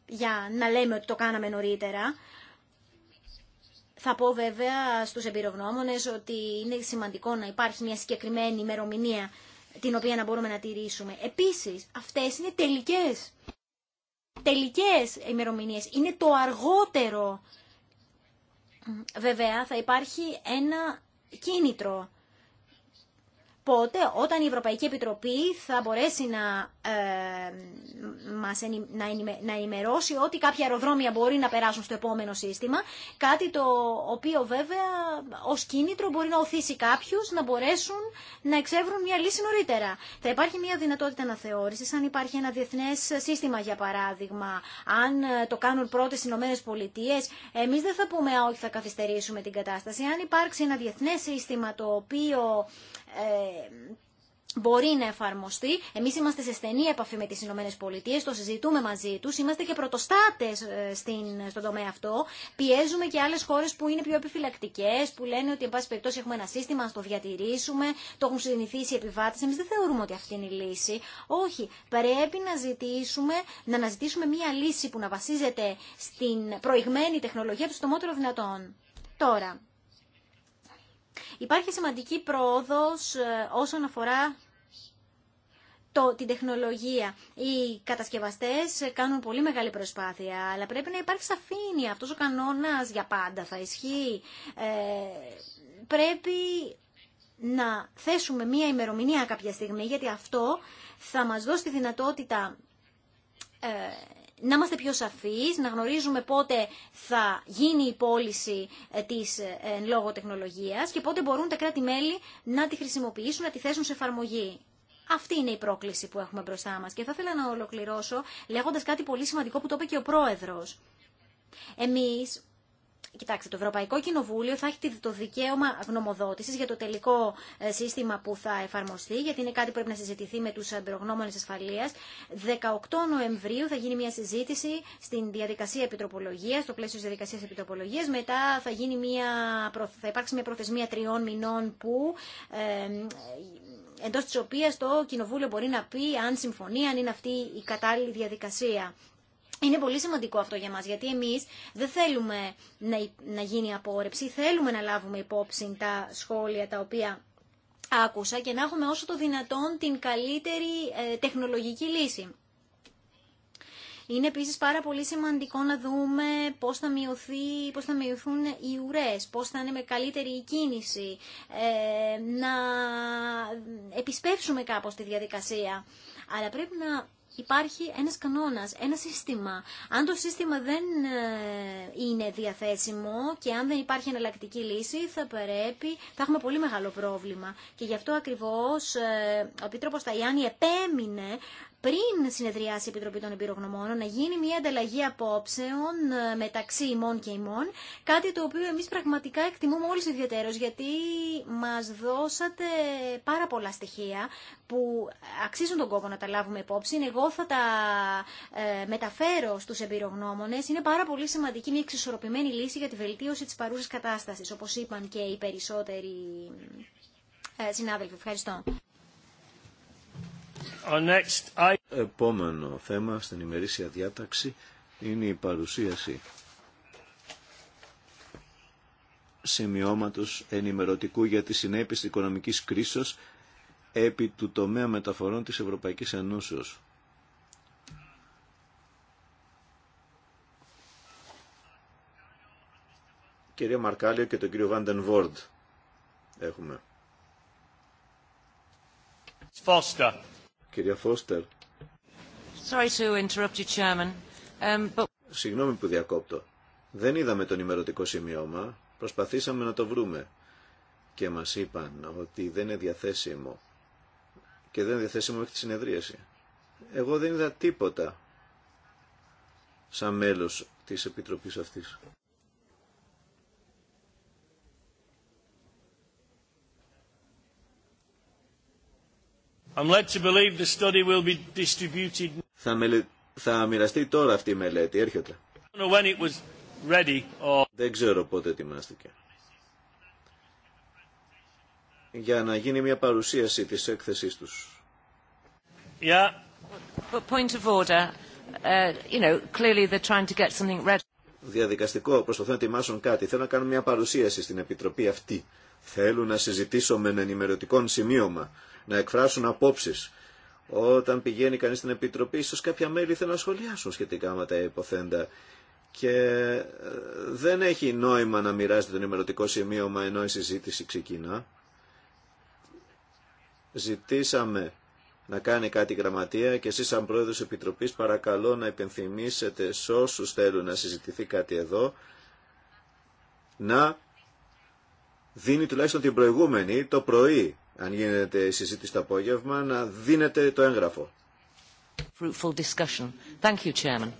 για να λέμε ότι το κάναμε νωρίτερα. Θα πω βέβαια στους εμπειρογνώμονες ότι είναι σημαντικό να υπάρχει μια συγκεκριμένη ημερομηνία την οποία να μπορούμε να τηρήσουμε. Επίσης, αυτές είναι τελικές. Τελικές ημερομηνίες. Είναι το αργότερο βέβαια θα υπάρχει ένα κίνητρο Οπότε, όταν η Ευρωπαϊκή Επιτροπή θα μπορέσει να, ε, μας να, ενημε, να ενημερώσει ότι κάποια αεροδρόμια μπορεί να περάσουν στο επόμενο σύστημα, κάτι το οποίο βέβαια ως κίνητρο μπορεί να οθήσει κάποιους να μπορέσουν να εξεύρουν μια λύση νωρίτερα. Θα υπάρχει μια δυνατότητα αναθεώρηση, αν υπάρχει ένα διεθνές σύστημα για παράδειγμα, αν ε, το κάνουν πρώτε οι Ηνωμένε Πολιτείε, εμείς δεν θα πούμε όχι θα καθυστερήσουμε την κατάσταση. Αν υπάρξει ένα διεθνές σύστημα το οποίο ε, μπορεί να εφαρμοστεί. Εμείς είμαστε σε στενή επαφή με τις Ηνωμένες Πολιτείες, το συζητούμε μαζί τους, είμαστε και πρωτοστάτες ε, στην, στον τομέα αυτό. Πιέζουμε και άλλες χώρες που είναι πιο επιφυλακτικές, που λένε ότι εν πάση περιπτώσει έχουμε ένα σύστημα, να το διατηρήσουμε, το έχουν συνηθίσει οι επιβάτες. Εμείς δεν θεωρούμε ότι αυτή είναι η λύση. Όχι, πρέπει να ζητήσουμε, να αναζητήσουμε μια λύση που να βασίζεται στην προηγμένη τεχνολογία του στο μότερο δυνατόν. Τώρα, Υπάρχει σημαντική πρόοδος ε, όσον αφορά το, την τεχνολογία. Οι κατασκευαστές ε, κάνουν πολύ μεγάλη προσπάθεια, αλλά πρέπει να υπάρχει σαφήνεια. Αυτός ο κανόνας για πάντα θα ισχύει. Ε, πρέπει να θέσουμε μία ημερομηνία κάποια στιγμή, γιατί αυτό θα μας δώσει τη δυνατότητα να είμαστε πιο σαφείς, να γνωρίζουμε πότε θα γίνει η πώληση ε, της ε, εν λόγω τεχνολογίας και πότε μπορούν τα κράτη-μέλη να τη χρησιμοποιήσουν, να τη θέσουν σε εφαρμογή. Αυτή είναι η πρόκληση που έχουμε μπροστά μας. Και θα ήθελα να ολοκληρώσω λέγοντας κάτι πολύ σημαντικό που το είπε και ο Πρόεδρος. Εμείς Κοιτάξτε, το Ευρωπαϊκό Κοινοβούλιο θα έχει το δικαίωμα γνωμοδότησης για το τελικό ε, σύστημα που θα εφαρμοστεί, γιατί είναι κάτι που πρέπει να συζητηθεί με του εμπειρογνώμονε ασφαλεία. 18 Νοεμβρίου θα γίνει μια συζήτηση στην διαδικασία επιτροπολογία, στο πλαίσιο της διαδικασίας επιτροπολογίας. Μετά θα, γίνει μια, θα υπάρξει μια προθεσμία τριών μηνών που... Ε, εντός της οποίας το Κοινοβούλιο μπορεί να πει αν συμφωνεί, αν είναι αυτή η κατάλληλη διαδικασία. Είναι πολύ σημαντικό αυτό για μας, γιατί εμείς δεν θέλουμε να γίνει απόρρεψη, θέλουμε να λάβουμε υπόψη τα σχόλια τα οποία άκουσα και να έχουμε όσο το δυνατόν την καλύτερη ε, τεχνολογική λύση. Είναι επίσης πάρα πολύ σημαντικό να δούμε πώς θα, μειωθεί, πώς θα μειωθούν οι ουρές, πώς θα είναι με καλύτερη η κίνηση, ε, να επισπεύσουμε κάπως τη διαδικασία. Αλλά πρέπει να υπάρχει ένας κανόνας, ένα σύστημα. Αν το σύστημα δεν ε, είναι διαθέσιμο και αν δεν υπάρχει εναλλακτική λύση, θα πρέπει, θα έχουμε πολύ μεγάλο πρόβλημα. Και γι' αυτό ακριβώς ε, ο Επίτροπος Ταϊάννη επέμεινε πριν συνεδριάσει η Επιτροπή των Εμπειρογνωμών, να γίνει μια ανταλλαγή απόψεων ε, μεταξύ ημών και ημών, κάτι το οποίο εμείς πραγματικά εκτιμούμε όλους ιδιαίτερως, γιατί μας δώσατε πάρα πολλά στοιχεία που αξίζουν τον κόπο να τα λάβουμε υπόψη. Εγώ θα τα ε, μεταφέρω στους εμπειρογνώμονες. Είναι πάρα πολύ σημαντική μια εξισορροπημένη λύση για τη βελτίωση της παρούσας κατάστασης, όπως είπαν και οι περισσότεροι ε, συνάδελφοι. Ευχαριστώ. Επόμενο θέμα στην ημερήσια διάταξη είναι η παρουσίαση σημειώματος ενημερωτικού για τις συνέπειες της οικονομικής κρίσης επί του τομέα μεταφορών της Ευρωπαϊκής Ενώσεως. Κυρία Μαρκάλιο και τον κύριο Βάντεν Βόρντ έχουμε. Foster. Κυρία Φώστερ. Um, Συγγνώμη που διακόπτω. Δεν είδαμε τον ημερωτικό σημείωμα. Προσπαθήσαμε να το βρούμε. Και μας είπαν ότι δεν είναι διαθέσιμο. Και δεν είναι διαθέσιμο μέχρι τη συνεδρίαση. Εγώ δεν είδα τίποτα σαν μέλος της Επιτροπής αυτής. Θα, μοιραστεί τώρα αυτή η μελέτη, έρχεται. Δεν ξέρω πότε ετοιμάστηκε. Για να γίνει μια παρουσίαση της έκθεσής τους. point of Διαδικαστικό, προσπαθούν να ετοιμάσουν κάτι. Θέλω να κάνω μια παρουσίαση στην Επιτροπή αυτή. Θέλω να συζητήσω με ένα ενημερωτικό σημείωμα να εκφράσουν απόψει. Όταν πηγαίνει κανείς στην Επιτροπή, ίσως κάποια μέλη θέλουν να σχολιάσουν σχετικά με τα υποθέντα και ε, δεν έχει νόημα να μοιράζεται το ενημερωτικό σημείωμα ενώ η συζήτηση ξεκινά. Ζητήσαμε να κάνει κάτι η γραμματεία και εσείς σαν πρόεδρος Επιτροπής παρακαλώ να υπενθυμίσετε σε όσου θέλουν να συζητηθεί κάτι εδώ να δίνει τουλάχιστον την προηγούμενη το πρωί αν γίνεται η συζήτηση το απόγευμα, να δίνετε το έγγραφο. Fruitful discussion. Thank you, Chairman.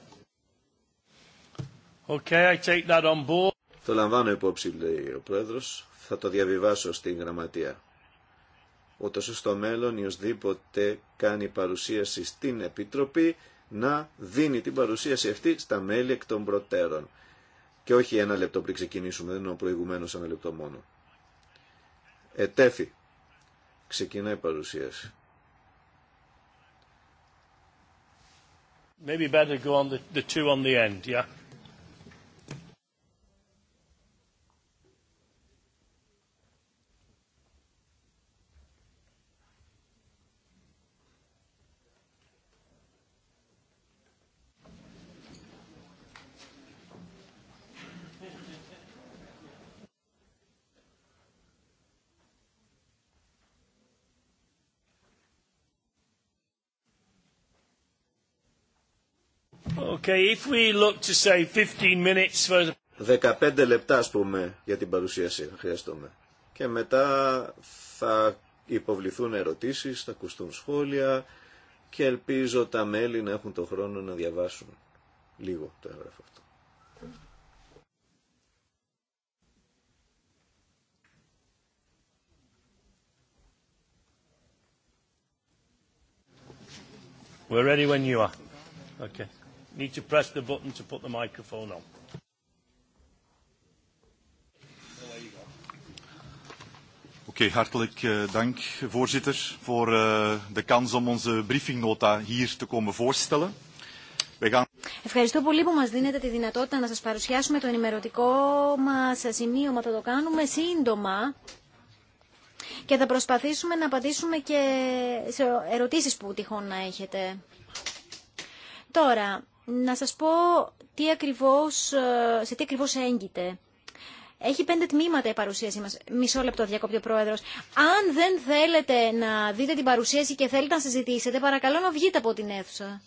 Το λαμβάνω υπόψη, λέει ο Πρόεδρος. Θα το διαβιβάσω στην Γραμματεία. Ούτως στο μέλλον, οσδήποτε κάνει παρουσίαση στην Επιτροπή, να δίνει την παρουσίαση αυτή στα μέλη εκ των προτέρων. Και όχι ένα λεπτό πριν ξεκινήσουμε, δεν είναι ο προηγουμένος ένα λεπτό μόνο. Ετέφη. Ξεκινάει η παρουσίαση. Maybe better go on the, the two on the end, yeah. 15 λεπτά ας πούμε για την παρουσίαση θα χρειαστούμε. Και μετά θα υποβληθούν ερωτήσεις, θα ακουστούν σχόλια και ελπίζω τα μέλη να έχουν το χρόνο να διαβάσουν λίγο το έγραφο αυτό. We're ready when you are. Okay need to press the button to put the microphone on. Oké, okay, hartelijk uh, dank voorzitter voor uh, de kans om onze briefingnota hier te komen voorstellen. Ευχαριστώ πολύ που μας δίνετε τη δυνατότητα να σας παρουσιάσουμε το ενημερωτικό μας σημείωμα. Θα το κάνουμε σύντομα και θα προσπαθήσουμε να απαντήσουμε και σε ερωτήσεις που τυχόν να έχετε. Τώρα, να σας πω τι ακριβώς, ε, σε τι ακριβώς έγκυται. Έχει πέντε τμήματα η παρουσίαση μας. Μισό λεπτό διακόπτει ο πρόεδρος. Αν δεν θέλετε να δείτε την παρουσίαση και θέλετε να συζητήσετε, παρακαλώ να βγείτε από την αίθουσα.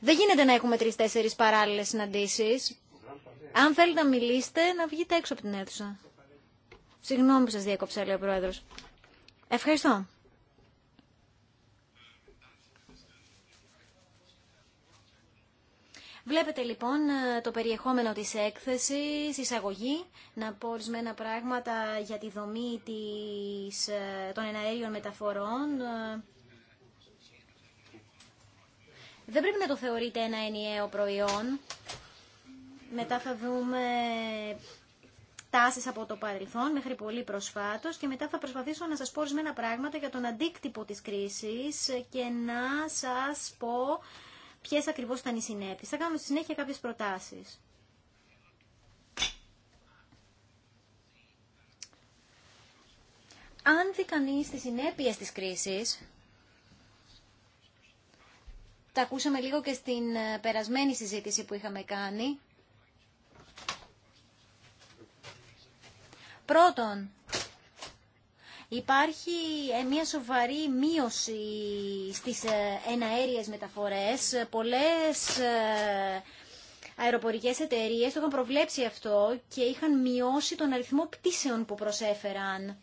Δεν γίνεται να έχουμε τρει-τέσσερι παράλληλε συναντήσει. Αν θέλετε να μιλήσετε, να βγείτε έξω από την αίθουσα. Συγγνώμη που σα διακόψα, λέει ο πρόεδρο. Ευχαριστώ. Βλέπετε λοιπόν ε, το περιεχόμενο της έκθεσης, εισαγωγή, να πω ορισμένα πράγματα για τη δομή της, ε, των εναέριων μεταφορών. Ε, δεν πρέπει να το θεωρείτε ένα ενιαίο προϊόν. Μετά θα δούμε τάσεις από το παρελθόν μέχρι πολύ προσφάτως και μετά θα προσπαθήσω να σας πω ορισμένα πράγματα για τον αντίκτυπο της κρίσης και να σας πω Ποιε ακριβώ ήταν οι συνέπειες. Θα κάνουμε στη συνέχεια κάποιε προτάσει. Αν δει κανεί τις συνέπειες της κρίσης, τα ακούσαμε λίγο και στην ε, περασμένη συζήτηση που είχαμε κάνει. Πρώτον, Υπάρχει ε, μια σοβαρή μείωση στις ε, εναέριες μεταφορές. Πολλές ε, αεροπορικές εταιρείες το είχαν προβλέψει αυτό και είχαν μειώσει τον αριθμό πτήσεων που προσέφεραν.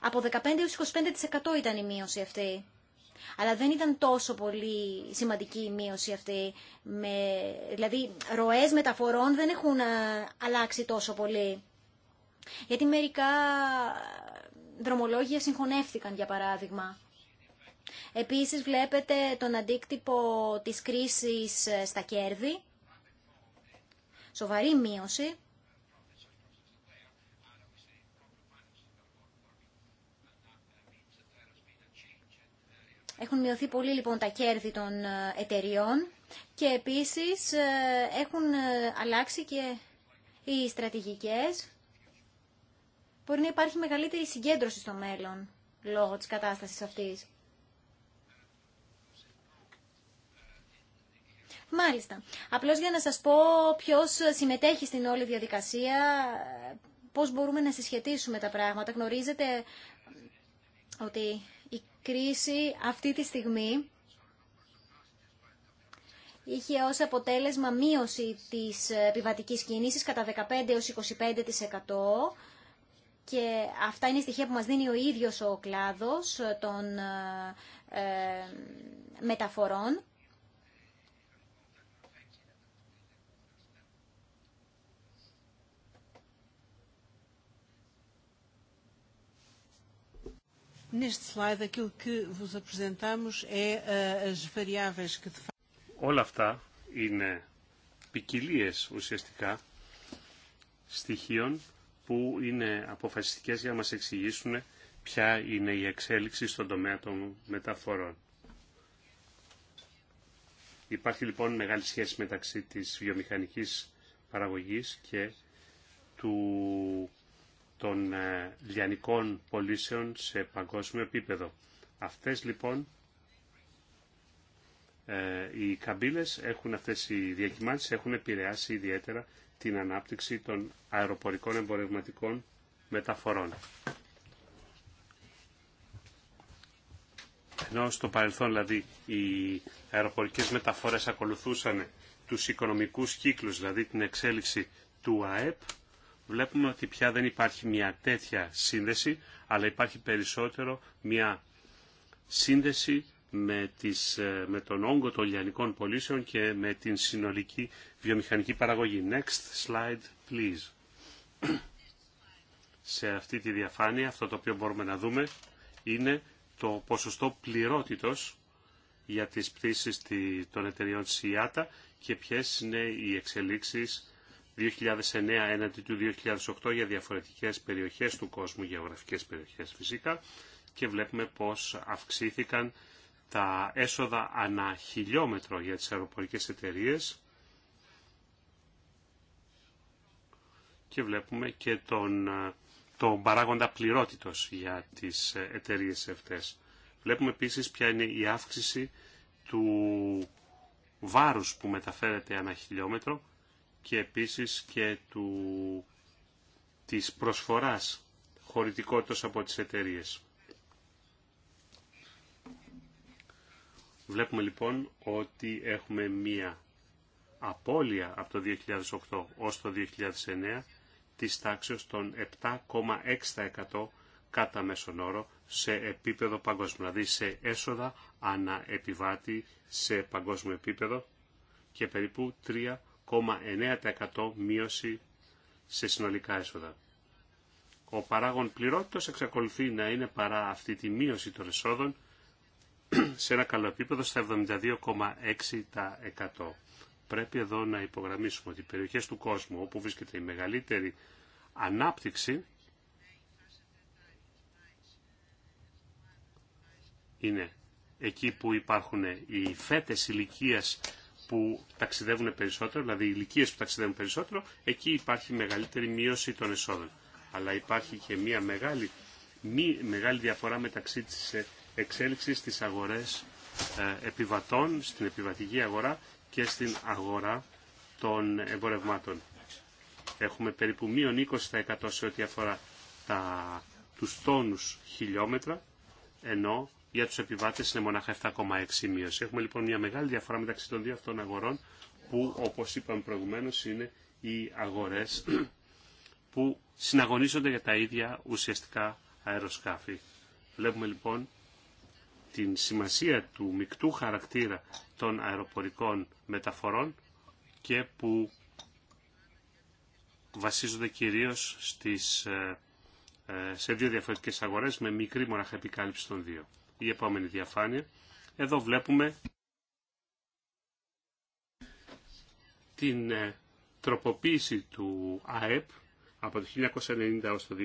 Από 15% έως 25% ήταν η μείωση αυτή. Αλλά δεν ήταν τόσο πολύ σημαντική η μείωση αυτή. δηλαδή, ροές μεταφορών δεν έχουν αλλάξει τόσο πολύ. Γιατί μερικά δρομολόγια συγχωνεύτηκαν, για παράδειγμα. Επίσης βλέπετε τον αντίκτυπο της κρίσης ε, στα κέρδη. Σοβαρή μείωση. Έχουν μειωθεί πολύ λοιπόν τα κέρδη των ε, εταιριών και επίσης ε, έχουν αλλάξει και οι στρατηγικές μπορεί να υπάρχει μεγαλύτερη συγκέντρωση στο μέλλον λόγω της κατάστασης αυτής. Μάλιστα. Απλώς για να σας πω ποιος συμμετέχει στην όλη διαδικασία, πώς μπορούμε να συσχετίσουμε τα πράγματα. Γνωρίζετε ότι η κρίση αυτή τη στιγμή είχε ως αποτέλεσμα μείωση της επιβατικής κίνησης κατά 15 έως 25% και αυτά είναι στοιχεία που μας δίνει ο ίδιος ο κλάδος των μεταφορών. Όλα αυτά είναι ποικιλίε ουσιαστικά στοιχείων που είναι αποφασιστικές για να μας εξηγήσουν ποια είναι η εξέλιξη στον τομέα των μεταφορών. Υπάρχει λοιπόν μεγάλη σχέση μεταξύ της βιομηχανικής παραγωγής και του, των ε, λιανικών πωλήσεων σε παγκόσμιο επίπεδο. Αυτές λοιπόν ε, οι καμπύλες έχουν αυτές οι διακυμάνσεις έχουν επηρεάσει ιδιαίτερα την ανάπτυξη των αεροπορικών εμπορευματικών μεταφορών. Ενώ στο παρελθόν δηλαδή οι αεροπορικές μεταφορές ακολουθούσαν τους οικονομικούς κύκλους, δηλαδή την εξέλιξη του ΑΕΠ, βλέπουμε ότι πια δεν υπάρχει μια τέτοια σύνδεση, αλλά υπάρχει περισσότερο μια σύνδεση με, τις, ε, με τον όγκο των λιανικών πωλήσεων και με την συνολική βιομηχανική παραγωγή. Next slide, please. Σε αυτή τη διαφάνεια, αυτό το οποίο μπορούμε να δούμε είναι το ποσοστό πληρότητος για τις πτήσεις των εταιριών ΣΥΑΤΑ και ποιες είναι οι εξελίξεις 2009 έναντι του 2008 για διαφορετικές περιοχές του κόσμου, γεωγραφικές περιοχές φυσικά, και βλέπουμε πώς αυξήθηκαν τα έσοδα ανά χιλιόμετρο για τις αεροπορικές εταιρείες και βλέπουμε και τον, ε, τον παράγοντα πληρότητος για τις ε, εταιρείες αυτές. Βλέπουμε επίσης ποια είναι η αύξηση του βάρους που μεταφέρεται ανά χιλιόμετρο και επίσης και του, της προσφοράς χωρητικότητας από τις εταιρείες. Βλέπουμε λοιπόν ότι έχουμε μία απώλεια από το 2008 ως το 2009 της τάξης των 7,6% κατά μέσον όρο σε επίπεδο παγκόσμιο, δηλαδή σε έσοδα ανά επιβάτη σε παγκόσμιο επίπεδο και περίπου 3,9% μείωση σε συνολικά έσοδα. Ο παράγων πληρότητος εξακολουθεί να είναι παρά αυτή τη μείωση των εσόδων σε ένα καλό επίπεδο στα 72,6%. Πρέπει εδώ να υπογραμμίσουμε ότι οι περιοχές του κόσμου όπου βρίσκεται η μεγαλύτερη ανάπτυξη είναι εκεί που υπάρχουν οι φέτες ηλικία που ταξιδεύουν περισσότερο, δηλαδή οι ηλικίε που ταξιδεύουν περισσότερο, εκεί υπάρχει μεγαλύτερη μείωση των εσόδων. Αλλά υπάρχει και μια μεγάλη, μεγάλη διαφορά μεταξύ της ε, εξέλιξη στις αγορές ε, επιβατών, στην επιβατική αγορά και στην αγορά των εμπορευμάτων. Έχουμε περίπου μείον 20% σε ό,τι αφορά τα, τους τόνους χιλιόμετρα, ενώ για τους επιβάτες είναι μονάχα 7,6 μείωση. Έχουμε λοιπόν μια μεγάλη διαφορά μεταξύ των δύο αυτών αγορών, που όπως είπαμε προηγουμένως είναι οι αγορές που συναγωνίζονται για τα ίδια ουσιαστικά αεροσκάφη. Βλέπουμε λοιπόν την σημασία του μικτού χαρακτήρα των αεροπορικών μεταφορών και που βασίζονται κυρίως στις, ε, ε, σε δύο διαφορετικές αγορές με μικρή μοναχα επικάλυψη των δύο. Η επόμενη διαφάνεια. Εδώ βλέπουμε την ε, τροποποίηση του ΑΕΠ από το 1990 έως το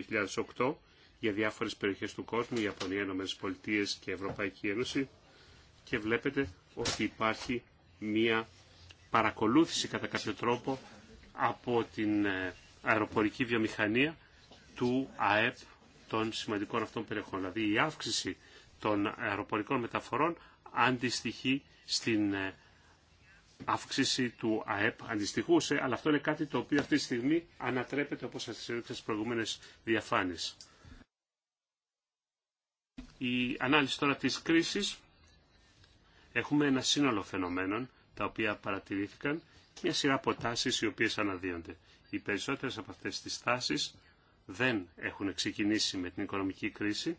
2008 για διάφορες περιοχές του κόσμου, Ιαπωνία, Ηνωμένες Πολιτείες και Ευρωπαϊκή Ένωση και βλέπετε ότι υπάρχει μία παρακολούθηση κατά κάποιο τρόπο από την ε, αεροπορική βιομηχανία του ΑΕΠ των σημαντικών αυτών περιοχών. Δηλαδή η αύξηση των αεροπορικών μεταφορών αντιστοιχεί στην ε, αύξηση του ΑΕΠ αντιστοιχούσε, αλλά αυτό είναι κάτι το οποίο αυτή τη στιγμή ανατρέπεται όπως σας έδειξα στις προηγούμενες διαφάνειες. Η ανάλυση τώρα της κρίσης. Έχουμε ένα σύνολο φαινομένων τα οποία παρατηρήθηκαν, μια σειρά από οι οποίες αναδύονται. Οι περισσότερες από αυτές τις τάσεις δεν έχουν ξεκινήσει με την οικονομική κρίση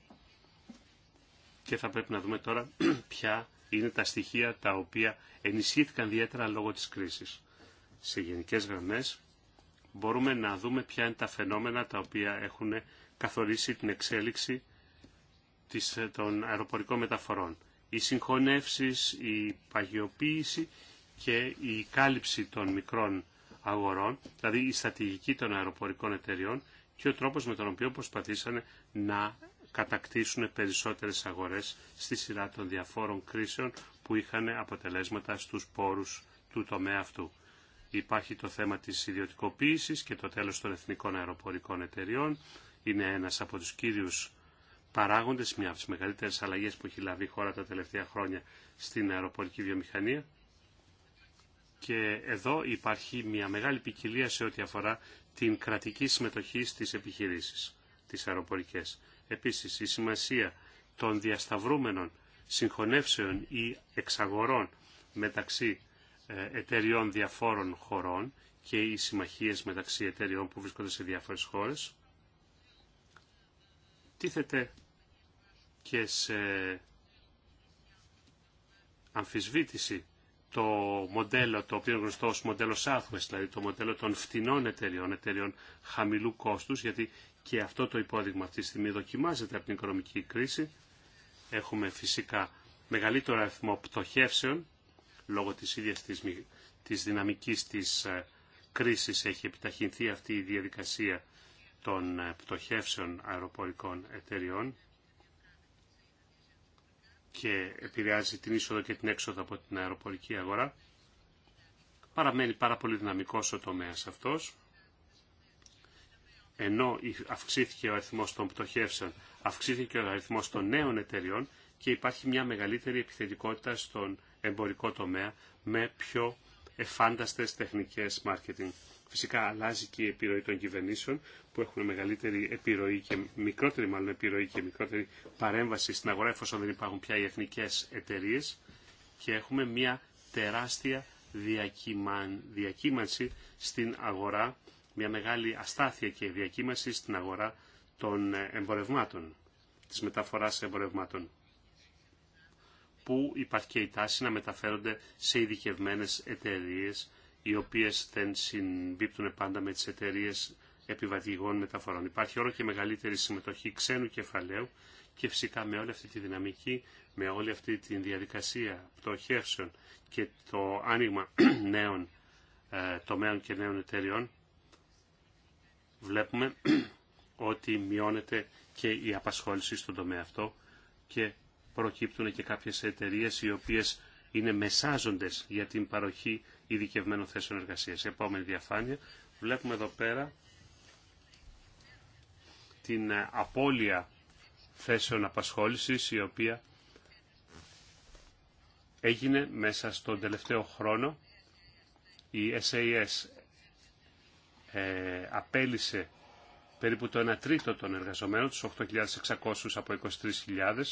και θα πρέπει να δούμε τώρα ποια είναι τα στοιχεία τα οποία ενισχύθηκαν ιδιαίτερα λόγω της κρίσης. Σε γενικές γραμμές μπορούμε να δούμε ποια είναι τα φαινόμενα τα οποία έχουν καθορίσει την εξέλιξη ε, των αεροπορικών μεταφορών. Οι συγχωνεύσεις, η παγιοποίηση και η κάλυψη των μικρών αγορών, δηλαδή η στατηγική των αεροπορικών εταιριών και ο τρόπος με τον οποίο προσπαθήσανε να κατακτήσουν περισσότερες αγορές στη σειρά των διαφόρων κρίσεων που είχαν αποτελέσματα στους πόρους του τομέα αυτού. Υπάρχει το θέμα της ιδιωτικοποίησης και το τέλος των εθνικών αεροπορικών εταιριών. Είναι ένας από τους κύριους παράγοντες, μια από τι μεγαλύτερες αλλαγές που έχει λάβει η χώρα τα τελευταία χρόνια στην αεροπορική βιομηχανία. Και εδώ υπάρχει μια μεγάλη ποικιλία σε ό,τι αφορά την κρατική συμμετοχή στις επιχειρήσεις, τι αεροπορικέ. Επίσης, η σημασία των διασταυρούμενων συγχωνεύσεων ή εξαγορών μεταξύ ε, εταιριών διαφόρων χωρών και οι συμμαχίες μεταξύ εταιριών που βρίσκονται σε διάφορες χώρες τίθεται και σε αμφισβήτηση το μοντέλο το οποίο είναι γνωστό ως μοντέλο Southwest, δηλαδή το μοντέλο των φτηνών εταιριών, εταιριών χαμηλού κόστους, γιατί και αυτό το υπόδειγμα αυτή τη στιγμή δοκιμάζεται από την οικονομική κρίση. Έχουμε φυσικά μεγαλύτερο αριθμό πτωχεύσεων, λόγω της ίδιας της, της δυναμικής της ε, κρίσης έχει επιταχυνθεί αυτή η διαδικασία των ε, πτωχεύσεων αεροπορικών εταιριών και επηρεάζει την είσοδο και την έξοδο από την αεροπορική αγορά. Παραμένει πάρα πολύ δυναμικός ο τομέας αυτός. Ενώ αυξήθηκε ο αριθμός των πτωχεύσεων, αυξήθηκε ο αριθμός των νέων εταιριών και υπάρχει μια μεγαλύτερη επιθετικότητα στον εμπορικό τομέα με πιο εφάνταστες τεχνικές marketing. Φυσικά αλλάζει και η επιρροή των κυβερνήσεων που έχουν μεγαλύτερη επιρροή και μικρότερη μάλλον επιρροή και μικρότερη παρέμβαση στην αγορά εφόσον δεν υπάρχουν πια οι εθνικές εταιρείε και έχουμε μια τεράστια διακύμανση στην αγορά, μια μεγάλη αστάθεια και διακύμανση στην αγορά των εμπορευμάτων, της μεταφοράς εμπορευμάτων που υπάρχει και η τάση να μεταφέρονται σε ειδικευμένε εταιρείε οι οποίες δεν συμπίπτουν πάντα με τις εταιρείε επιβατηγών μεταφορών. Υπάρχει όλο και μεγαλύτερη συμμετοχή ξένου κεφαλαίου και φυσικά με όλη αυτή τη δυναμική, με όλη αυτή τη διαδικασία πτωχεύσεων και το άνοιγμα νέων ε, τομέων και νέων εταιριών, βλέπουμε ότι μειώνεται και η απασχόληση στον τομέα αυτό και προκύπτουν και κάποιες εταιρείε οι οποίες είναι μεσάζοντες για την παροχή ειδικευμένων θέσεων εργασίας. Επόμενη διαφάνεια. Βλέπουμε εδώ πέρα την ε, απώλεια θέσεων απασχόλησης η οποία έγινε μέσα στον τελευταίο χρόνο. Η SAS ε, απέλησε περίπου το 1 τρίτο των εργαζομένων, τους 8.600 από 23.000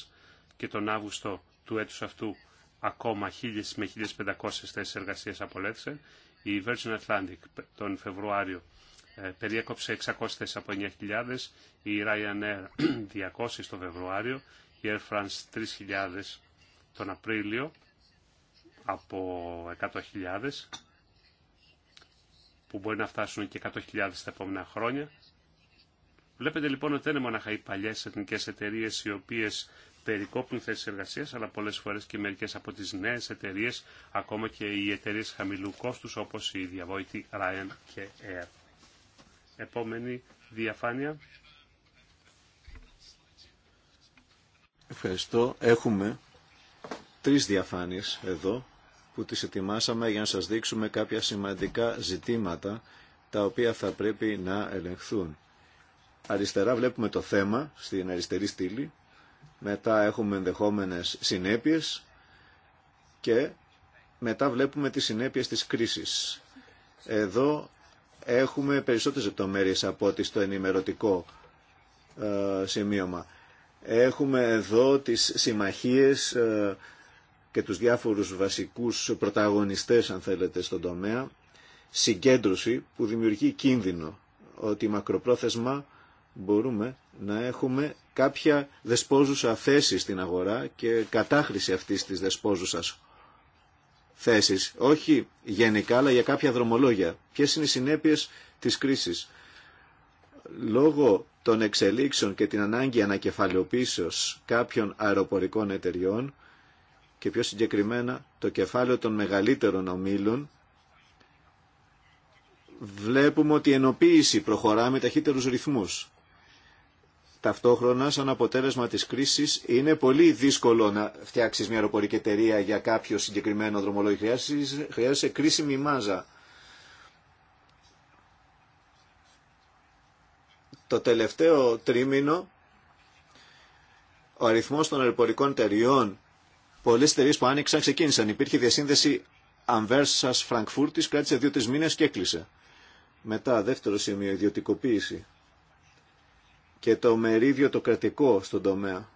και τον Αύγουστο του έτους αυτού ακόμα 1.000 με 1.500 θέσει εργασία απολέτησε. Η Virgin Atlantic τον Φεβρουάριο ε, περιέκοψε 600 θέσει από 9.000, η Ryanair 200 το Φεβρουάριο, η Air France 3.000 τον Απρίλιο από 100.000 που μπορεί να φτάσουν και 100.000 τα επόμενα χρόνια. Βλέπετε λοιπόν ότι δεν είναι μόνο οι παλιές εθνικές εταιρείες οι οποίες περικόπτουν θέσει εργασία, αλλά πολλέ φορέ και μερικέ από τι νέε εταιρείε, ακόμα και οι εταιρείε χαμηλού κόστου, όπω η διαβόητη Ryan και Air. Επόμενη διαφάνεια. Ευχαριστώ. Έχουμε τρεις διαφάνειες εδώ που τις ετοιμάσαμε για να σας δείξουμε κάποια σημαντικά ζητήματα τα οποία θα πρέπει να ελεγχθούν. Αριστερά βλέπουμε το θέμα στην αριστερή στήλη μετά έχουμε ενδεχόμενες συνέπειες και μετά βλέπουμε τις συνέπειες της κρίσης. Εδώ έχουμε περισσότερες λεπτομέρειες από ό,τι στο ενημερωτικό ε, σημείωμα. Έχουμε εδώ τις συμμαχίες ε, και τους διάφορους βασικούς πρωταγωνιστές, αν θέλετε, στον τομέα. Συγκέντρωση που δημιουργεί κίνδυνο ότι μακροπρόθεσμα μπορούμε να έχουμε κάποια δεσπόζουσα θέση στην αγορά και κατάχρηση αυτής της δεσπόζουσας θέσης. Όχι γενικά, αλλά για κάποια δρομολόγια. Ποιες είναι οι συνέπειες της κρίσης. Λόγω των εξελίξεων και την ανάγκη ανακεφαλαιοποίησεως κάποιων αεροπορικών εταιριών και πιο συγκεκριμένα το κεφάλαιο των μεγαλύτερων ομίλων, βλέπουμε ότι η ενοποίηση προχωρά με ταχύτερους ρυθμούς Ταυτόχρονα, σαν αποτέλεσμα της κρίσης, είναι πολύ δύσκολο να φτιάξεις μια αεροπορική εταιρεία για κάποιο συγκεκριμένο δρομολόγιο. Χρειάζεσαι, κρίσιμη μάζα. Το τελευταίο τρίμηνο, ο αριθμός των αεροπορικών εταιριών, πολλές εταιρείε που άνοιξαν ξεκίνησαν. Υπήρχε διασύνδεση Αμβέρσας Φραγκφούρτης, κράτησε δύο-τρεις μήνε και έκλεισε. Μετά, δεύτερο σημείο, ιδιωτικοποίηση και το μερίδιο το κρατικό στον τομέα,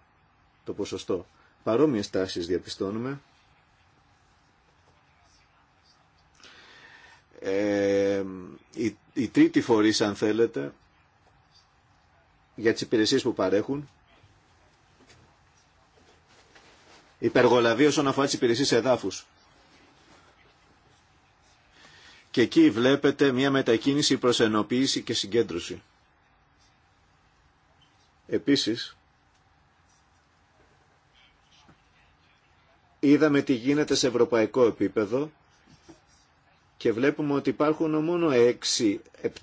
το ποσοστό. Παρόμοιες τάσεις διαπιστώνουμε. Ε, η, τρίτη φορής, αν θέλετε, για τις υπηρεσίες που παρέχουν, υπεργολαβεί όσον αφορά τις υπηρεσίες εδάφους. Και εκεί βλέπετε μια μετακίνηση προς ενοποίηση και συγκέντρωση. Επίσης, είδαμε τι γίνεται σε ευρωπαϊκό επίπεδο και βλέπουμε ότι υπάρχουν μόνο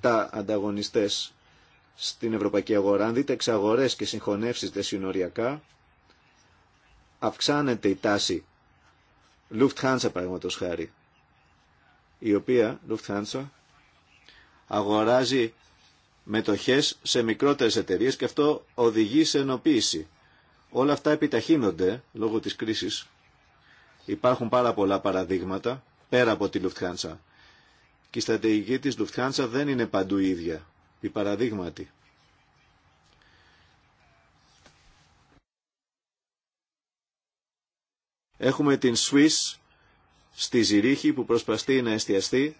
6-7 ανταγωνιστές στην ευρωπαϊκή αγορά. Αν δείτε εξαγορές και συγχωνεύσεις δεσυνοριακά, αυξάνεται η τάση Lufthansa παραδείγματος χάρη, η οποία Lufthansa αγοράζει μετοχές σε μικρότερες εταιρείες και αυτό οδηγεί σε ενοποίηση. Όλα αυτά επιταχύνονται λόγω της κρίσης. Υπάρχουν πάρα πολλά παραδείγματα πέρα από τη Λουφτχάντσα. Και η στρατηγική της Λουφτχάντσα δεν είναι παντού ίδια. Η παραδείγματη. Έχουμε την Swiss στη Ζηρίχη που προσπαστεί να εστιαστεί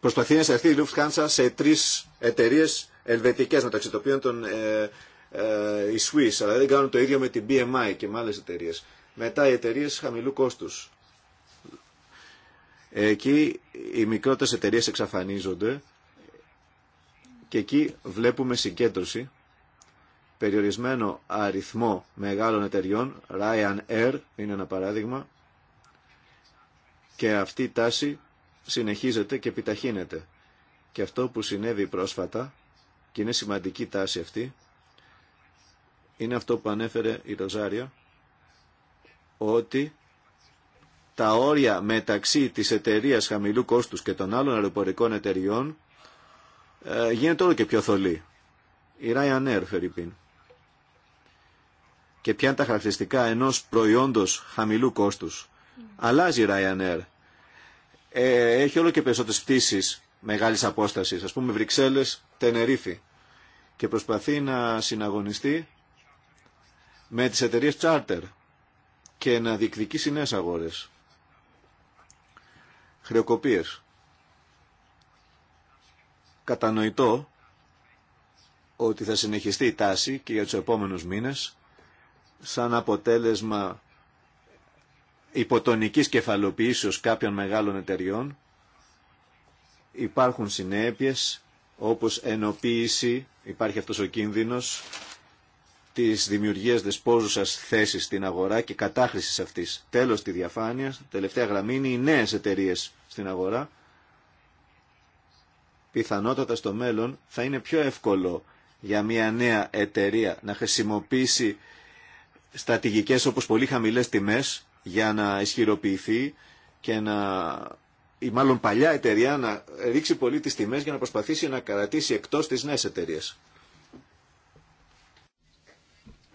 προσπαθεί να εισαχθεί η Lufthansa σε τρει εταιρείε ελβετικές μεταξύ των οποίων ε, ε, η Swiss, αλλά δεν κάνουν το ίδιο με την BMI και με άλλε εταιρείε. Μετά οι εταιρείε χαμηλού κόστου. Εκεί οι μικρότερε εταιρείε εξαφανίζονται και εκεί βλέπουμε συγκέντρωση περιορισμένο αριθμό μεγάλων εταιριών, Ryanair είναι ένα παράδειγμα, και αυτή η τάση συνεχίζεται και επιταχύνεται. Και αυτό που συνέβη πρόσφατα, και είναι σημαντική τάση αυτή, είναι αυτό που ανέφερε η Ροζάρια, ότι τα όρια μεταξύ της εταιρείας χαμηλού κόστους και των άλλων αεροπορικών εταιριών ε, γίνεται όλο και πιο θολή. Η Ryanair, Φερρυπίν. Και ποια τα χαρακτηριστικά ενός προϊόντος χαμηλού κόστους. Mm. Αλλάζει η Ryanair ε, έχει όλο και περισσότερε πτήσει μεγάλης απόσταση, α πούμε Βρυξέλλες, Τενερίφη και προσπαθεί να συναγωνιστεί με τις εταιρείε charter και να διεκδικήσει νέες αγορε. Χρεοκοπίες. Κατανοητό ότι θα συνεχιστεί η τάση και για τους επόμενους μήνες σαν αποτέλεσμα υποτονικής κεφαλοποίησεως κάποιων μεγάλων εταιριών υπάρχουν συνέπειες όπως ενοποίηση, υπάρχει αυτός ο κίνδυνος της δημιουργίας δεσπόζουσας θέσης στην αγορά και κατάχρησης αυτής. Τέλος τη διαφάνεια, τελευταία γραμμή είναι οι νέες εταιρείε στην αγορά. Πιθανότατα στο μέλλον θα είναι πιο εύκολο για μια νέα εταιρεία να χρησιμοποιήσει στρατηγικές όπως πολύ χαμηλές τιμές για να ισχυροποιηθεί και να η μάλλον παλιά εταιρεία να ρίξει πολύ τις τιμές για να προσπαθήσει να κρατήσει εκτός τις νέες εταιρείε.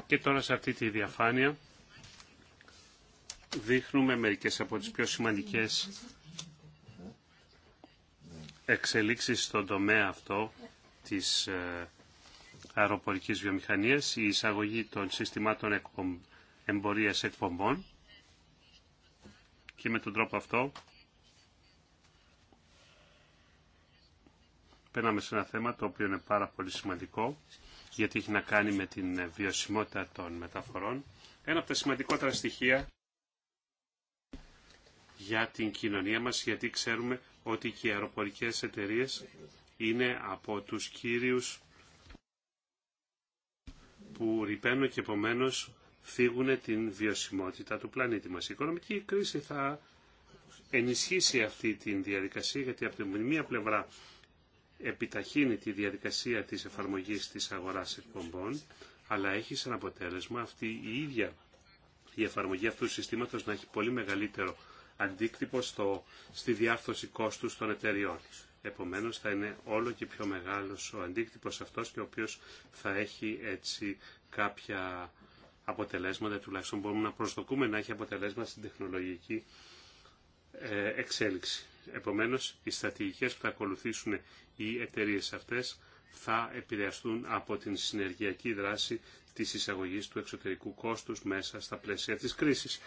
Και τώρα σε αυτή τη διαφάνεια δείχνουμε μερικές από τις πιο σημαντικές εξελίξεις στον τομέα αυτό της ε, αεροπορικής βιομηχανίας, η εισαγωγή των συστημάτων εμπορίας εκπομπών και με τον τρόπο αυτό πέναμε σε ένα θέμα το οποίο είναι πάρα πολύ σημαντικό γιατί έχει να κάνει με την βιωσιμότητα των μεταφορών. Ένα από τα σημαντικότερα στοιχεία για την κοινωνία μας, γιατί ξέρουμε ότι και οι αεροπορικές εταιρείες είναι από τους κύριους που ρηπαίνουν και επομένως φύγουν την βιωσιμότητα του πλανήτη μας. Η οικονομική κρίση θα ενισχύσει αυτή τη διαδικασία γιατί από τη μία πλευρά επιταχύνει τη διαδικασία της εφαρμογής της αγοράς εκπομπών αλλά έχει σαν αποτέλεσμα αυτή η ίδια η εφαρμογή αυτού του συστήματος να έχει πολύ μεγαλύτερο αντίκτυπο στο, στη διάρθρωση κόστου των εταιριών. Επομένως θα είναι όλο και πιο μεγάλος ο αντίκτυπος αυτός και ο οποίος θα έχει έτσι κάποια αποτελέσματα, τουλάχιστον μπορούμε να προσδοκούμε να έχει αποτελέσματα στην τεχνολογική ε, εξέλιξη. Επομένως, οι στρατηγικές που θα ακολουθήσουν οι εταιρείε αυτές θα επηρεαστούν από την συνεργειακή δράση της εισαγωγής του εξωτερικού κόστους μέσα στα πλαίσια της κρίσης.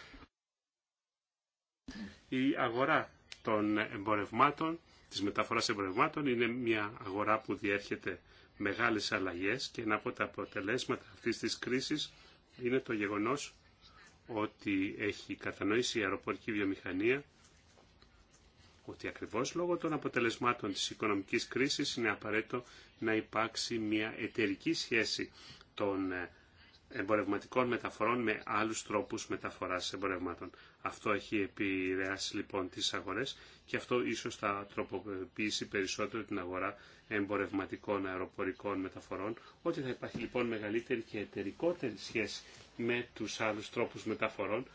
Η αγορά των εμπορευμάτων, της μεταφοράς εμπορευμάτων είναι μια αγορά που διέρχεται μεγάλες αλλαγές και ένα από τα αποτελέσματα αυτής της κρίσης είναι το γεγονός ότι έχει κατανοήσει η αεροπορική βιομηχανία ότι ακριβώς λόγω των αποτελεσμάτων της οικονομικής κρίσης είναι απαραίτητο να υπάρξει μια εταιρική σχέση των ε, εμπορευματικών μεταφορών με άλλους τρόπους μεταφοράς εμπορευμάτων. Αυτό έχει επηρεάσει λοιπόν τις αγορές και αυτό ίσως θα τροποποιήσει περισσότερο την αγορά εμπορευματικών αεροπορικών μεταφορών, ότι θα υπάρχει λοιπόν μεγαλύτερη και εταιρικότερη σχέση με τους άλλους τρόπους μεταφορών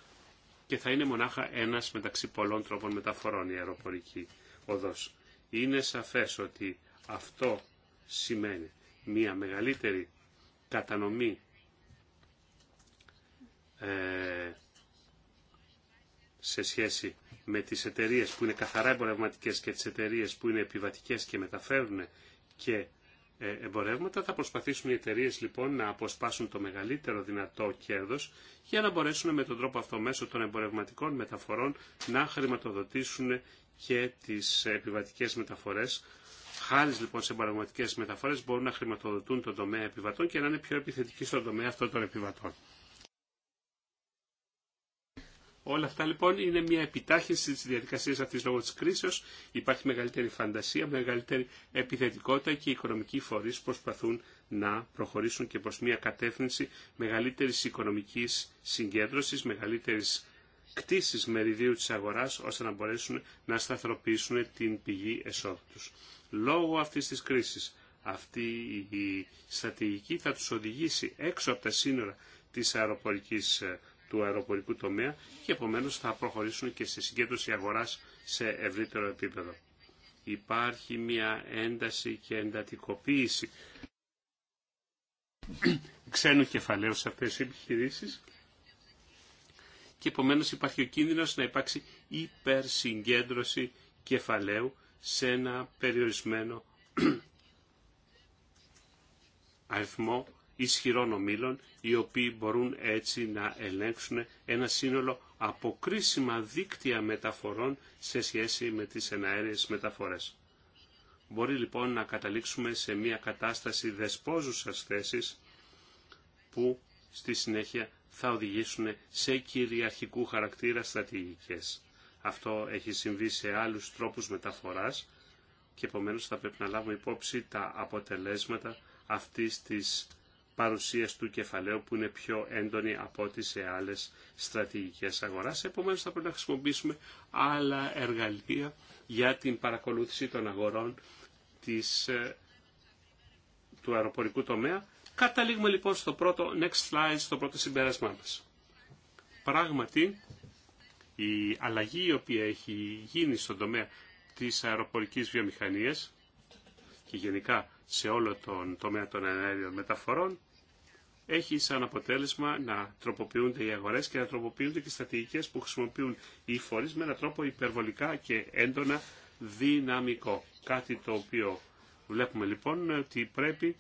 και θα είναι μονάχα ένας μεταξύ πολλών τρόπων μεταφορών η αεροπορική οδός. Είναι σαφές ότι αυτό σημαίνει μια μεγαλύτερη κατανομή ε, σε σχέση με τις εταιρείε που είναι καθαρά εμπορευματικές και τις εταιρείε που είναι επιβατικές και μεταφέρουν και ε, εμπορεύματα, θα προσπαθήσουν οι εταιρείε λοιπόν να αποσπάσουν το μεγαλύτερο δυνατό κέρδος για να μπορέσουν με τον τρόπο αυτό μέσω των εμπορευματικών μεταφορών να χρηματοδοτήσουν και τις επιβατικές μεταφορές. Χάρη λοιπόν σε εμπορευματικές μεταφορές μπορούν να χρηματοδοτούν τον τομέα επιβατών και να είναι πιο επιθετικοί στον τομέα αυτών των επιβατών. Όλα αυτά λοιπόν είναι μια επιτάχυνση τη διαδικασία αυτή λόγω τη κρίσεω. Υπάρχει μεγαλύτερη φαντασία, μεγαλύτερη επιθετικότητα και οι οικονομικοί φορεί προσπαθούν να προχωρήσουν και προ μια κατεύθυνση μεγαλύτερη οικονομική συγκέντρωση, μεγαλύτερη κτίση μεριδίου τη αγορά, ώστε να μπορέσουν να σταθεροποιήσουν την πηγή εσόδου του. Λόγω αυτή τη κρίση. αυτή η στρατηγική θα του οδηγήσει έξω από τα σύνορα τη αεροπορική. Ε, του αεροπορικού τομέα και επομένως θα προχωρήσουν και σε συγκέντρωση αγοράς σε ευρύτερο επίπεδο. Υπάρχει μια ένταση και εντατικοποίηση ξένου κεφαλαίου σε αυτές τις επιχειρήσεις και επομένως υπάρχει ο κίνδυνος να υπάρξει υπερσυγκέντρωση κεφαλαίου σε ένα περιορισμένο αριθμό ισχυρών ομήλων, οι οποίοι μπορούν έτσι να ελέγξουν ένα σύνολο από κρίσιμα δίκτυα μεταφορών σε σχέση με τις εναέρειες μεταφορές. Μπορεί λοιπόν να καταλήξουμε σε μια κατάσταση δεσπόζουσας θέσης που στη συνέχεια θα οδηγήσουν σε κυριαρχικού χαρακτήρα στρατηγικές. Αυτό έχει συμβεί σε άλλους τρόπους μεταφοράς και επομένως θα πρέπει να λάβουμε υπόψη τα αποτελέσματα αυτής της παρουσίας του κεφαλαίου που είναι πιο έντονη από ό,τι σε άλλες στρατηγικές αγοράς. Επομένως θα πρέπει να χρησιμοποιήσουμε άλλα εργαλεία για την παρακολούθηση των αγορών της, ε, του αεροπορικού τομέα. Καταλήγουμε λοιπόν στο πρώτο next slide, στο πρώτο συμπέρασμά μας. Πράγματι, η αλλαγή η οποία έχει γίνει στον τομέα της αεροπορικής βιομηχανίας και γενικά σε όλο τον τομέα των ενέργειων μεταφορών, έχει σαν αποτέλεσμα να τροποποιούνται οι αγορές και να τροποποιούνται και οι στρατηγικές που χρησιμοποιούν οι φορείς με έναν τρόπο υπερβολικά και έντονα δυναμικό. Κάτι το οποίο βλέπουμε λοιπόν ότι πρέπει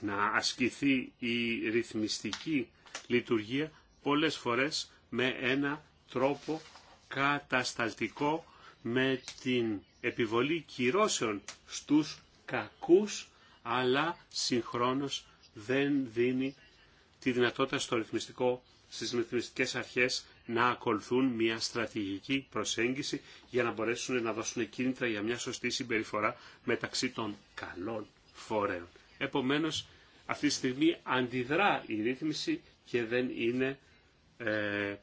να ασκηθεί η ρυθμιστική λειτουργία πολλές φορές με ένα τρόπο κατασταλτικό με την επιβολή κυρώσεων στους κακούς, αλλά συγχρόνως δεν δίνει τη δυνατότητα στο ρυθμιστικό, στις ρυθμιστικές αρχές να ακολουθούν μια στρατηγική προσέγγιση για να μπορέσουν να δώσουν κίνητρα για μια σωστή συμπεριφορά μεταξύ των καλών φορέων. Επομένως, αυτή τη στιγμή αντιδρά η ρύθμιση και δεν είναι ε,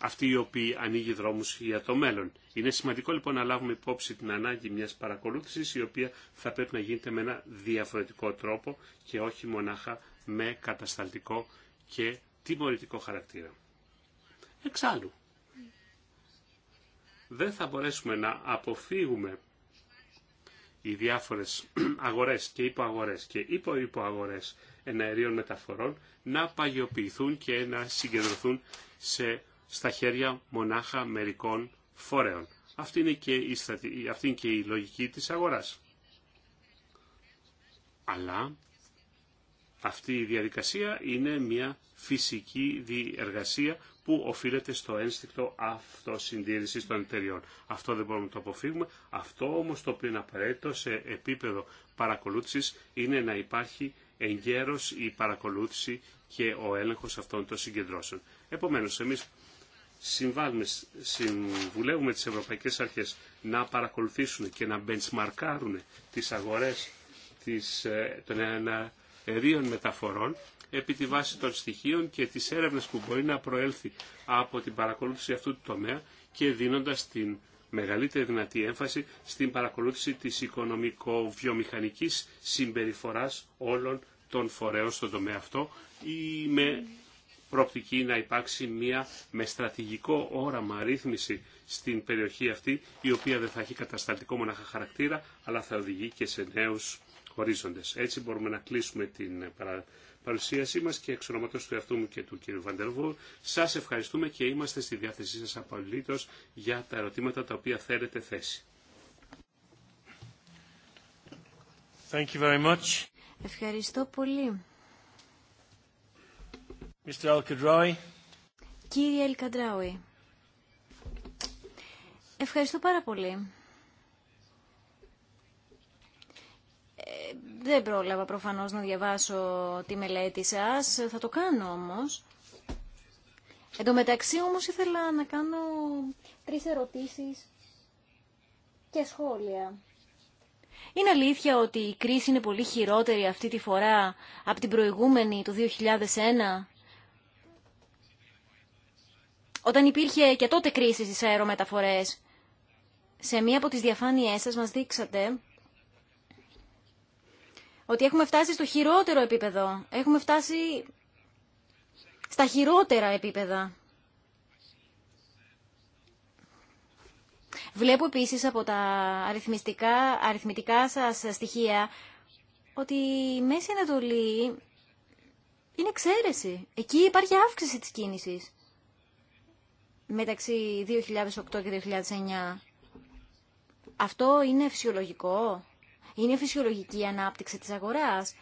αυτοί οι οποίοι ανοίγει δρόμους για το μέλλον. Είναι σημαντικό λοιπόν να λάβουμε υπόψη την ανάγκη μιας παρακολούθησης η οποία θα πρέπει να γίνεται με ένα διαφορετικό τρόπο και όχι μονάχα με κατασταλτικό και τιμωρητικό χαρακτήρα. Εξάλλου, δεν θα μπορέσουμε να αποφύγουμε οι διάφορες αγορές και υποαγορές και υποϊποαγορές εναερίων μεταφορών να παγιοποιηθούν και να συγκεντρωθούν σε στα χέρια μονάχα μερικών φορέων. Αυτή είναι και η, Αυτή είναι και η λογική της αγοράς. Αλλά αυτή η διαδικασία είναι μια φυσική διεργασία που οφείλεται στο ένστικτο αυτοσυντήρησης των εταιριών. Αυτό δεν μπορούμε να το αποφύγουμε. Αυτό όμως το οποίο είναι απαραίτητο σε επίπεδο παρακολούθησης είναι να υπάρχει εγκαίρως η παρακολούθηση και ο έλεγχος αυτών των συγκεντρώσεων. Επομένως, εμείς συμβάλλουμε, συμβουλεύουμε τις ευρωπαϊκές αρχές να παρακολουθήσουν και να benchmarkάρουν τις αγορές τις, ε, των ε, αερίων μεταφορών επί τη βάση των στοιχείων και της έρευνας που μπορεί να προέλθει από την παρακολούθηση αυτού του τομέα και δίνοντας την μεγαλύτερη δυνατή έμφαση στην παρακολούθηση της οικονομικο-βιομηχανικής συμπεριφοράς όλων των φορέων στον τομέα αυτό προοπτική να υπάρξει μια με στρατηγικό όραμα ρύθμιση στην περιοχή αυτή, η οποία δεν θα έχει καταστατικό μοναχα χαρακτήρα, αλλά θα οδηγεί και σε νέους ορίζοντες. Έτσι μπορούμε να κλείσουμε την ε, παρουσίασή μας και εξ του εαυτού μου και του κ. Βαντερβού. Σας ευχαριστούμε και είμαστε στη διάθεσή σα απολύτω για τα ερωτήματα τα οποία θέλετε θέση. Thank you very much. Ευχαριστώ πολύ. Mr. Κύριε Ελκαντράουι, ευχαριστώ πάρα πολύ. Ε, δεν πρόλαβα προφανώς να διαβάσω τη μελέτη σας, θα το κάνω όμως. Εν τω μεταξύ όμως ήθελα να κάνω τρεις ερωτήσεις και σχόλια. Είναι αλήθεια ότι η κρίση είναι πολύ χειρότερη αυτή τη φορά από την προηγούμενη το 2001 όταν υπήρχε και τότε κρίση στις αερομεταφορές. Σε μία από τις διαφάνειές σας μας δείξατε ότι έχουμε φτάσει στο χειρότερο επίπεδο. Έχουμε φτάσει στα χειρότερα επίπεδα. Βλέπω επίσης από τα αριθμιστικά, αριθμητικά σας στοιχεία ότι η Μέση Ανατολή είναι εξαίρεση. Εκεί υπάρχει αύξηση της κίνησης μεταξύ 2008 και 2009. Αυτό είναι φυσιολογικό. Είναι φυσιολογική η ανάπτυξη της αγοράς.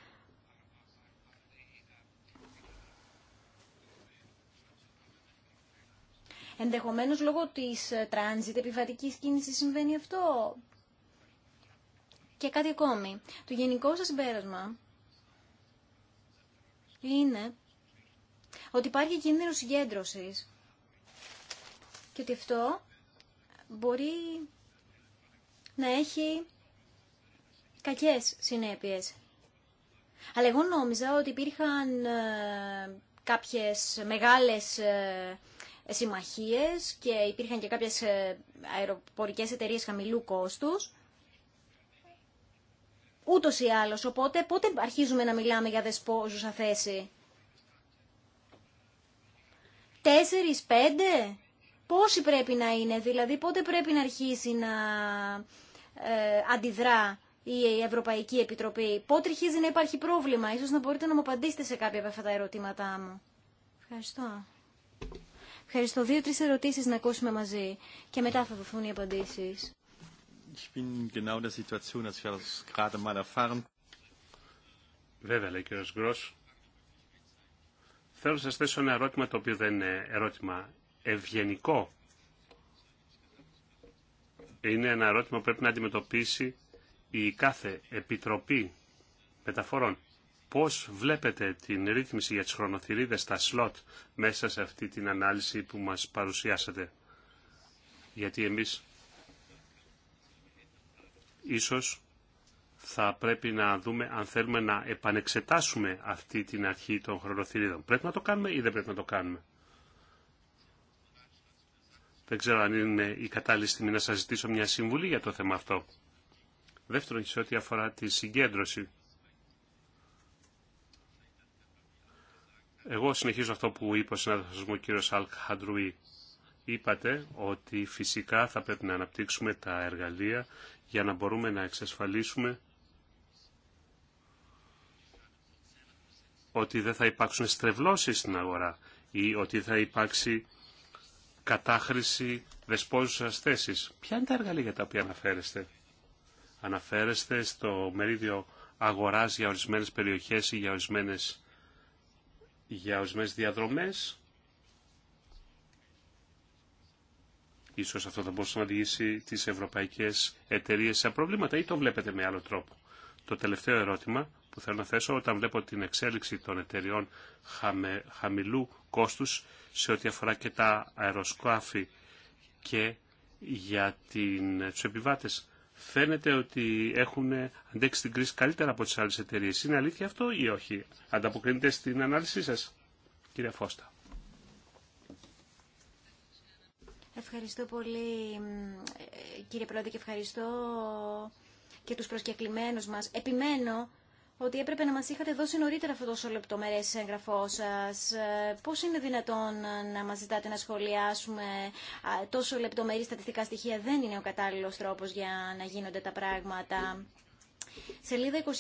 Ενδεχομένως λόγω της ε, τράνζιτ επιβατικής κίνησης συμβαίνει αυτό. Και κάτι ακόμη. Το γενικό σας συμπέρασμα είναι ότι υπάρχει κίνδυνο συγκέντρωσης και ότι αυτό μπορεί να έχει κακές συνέπειες. Αλλά εγώ νόμιζα ότι υπήρχαν ε, κάποιες μεγάλες ε, συμμαχίες και υπήρχαν και κάποιες ε, αεροπορικές εταιρείες χαμηλού κόστους. Ούτως ή άλλως, οπότε πότε αρχίζουμε να μιλάμε για δεσπόζουσα θέση. Τέσσερις, πέντε, Πόσοι πρέπει να είναι, δηλαδή πότε πρέπει να αρχίσει να ε, αντιδρά η Ευρωπαϊκή Επιτροπή, πότε αρχίζει να υπάρχει πρόβλημα. Ίσως να μπορείτε να μου απαντήσετε σε κάποια από αυτά τα ερωτήματά μου. Ευχαριστώ. Ευχαριστώ. Δύο-τρεις ερωτήσεις να ακούσουμε μαζί και μετά θα δοθούν οι απαντήσεις. Βέβαια, λέει ο κ. Γκρός. Θέλω να σας θέσω ένα ερώτημα το οποίο δεν είναι ερώτημα ευγενικό. Είναι ένα ερώτημα που πρέπει να αντιμετωπίσει η κάθε επιτροπή μεταφορών. Πώς βλέπετε την ρύθμιση για τις χρονοθυρίδες στα σλότ μέσα σε αυτή την ανάλυση που μας παρουσιάσατε. Γιατί εμείς ίσως θα πρέπει να δούμε αν θέλουμε να επανεξετάσουμε αυτή την αρχή των χρονοθυρίδων. Πρέπει να το κάνουμε ή δεν πρέπει να το κάνουμε. Δεν ξέρω αν είναι η κατάλληλη στιγμή να σας ζητήσω μια συμβουλή για το θέμα αυτό. Δεύτερον, σε ό,τι αφορά τη συγκέντρωση. Εγώ συνεχίζω αυτό που είπε ο συνάδελφος μου, ο κύριος Αλκ Χαντρουή. Είπατε ότι φυσικά θα πρέπει να αναπτύξουμε τα εργαλεία για να μπορούμε να εξασφαλίσουμε ότι δεν θα υπάρξουν στρεβλώσεις στην αγορά ή ότι θα υπάρξει κατάχρηση δεσπόζουσας θέσης. Ποια είναι τα εργαλεία για τα οποία αναφέρεστε. Αναφέρεστε στο μερίδιο αγοράς για ορισμένες περιοχές ή για ορισμένες, για ορισμένες διαδρομές. Ίσως αυτό θα μπορούσε να οδηγήσει τις ευρωπαϊκές εταιρείες σε προβλήματα ή το βλέπετε με άλλο τρόπο. Το τελευταίο ερώτημα που θέλω να θέσω όταν βλέπω την εξέλιξη των εταιριών χαμηλού κόστους σε ό,τι αφορά και τα αεροσκάφη και για την, τους επιβάτες. Φαίνεται ότι έχουν αντέξει την κρίση καλύτερα από τις άλλες εταιρείες. Είναι αλήθεια αυτό ή όχι. Ανταποκρίνεται στην ανάλυση σας, κύριε Φώστα. Ευχαριστώ πολύ ε, ε, κύριε Πρόεδρε και ευχαριστώ και τους προσκεκλημένους μας. Επιμένω ότι έπρεπε να μας είχατε δώσει νωρίτερα αυτό το λεπτομερές εγγραφό σας. Πώς είναι δυνατόν να μας ζητάτε να σχολιάσουμε τόσο λεπτομερή στατιστικά στοιχεία. Δεν είναι ο κατάλληλος τρόπος για να γίνονται τα πράγματα. Σελίδα 29.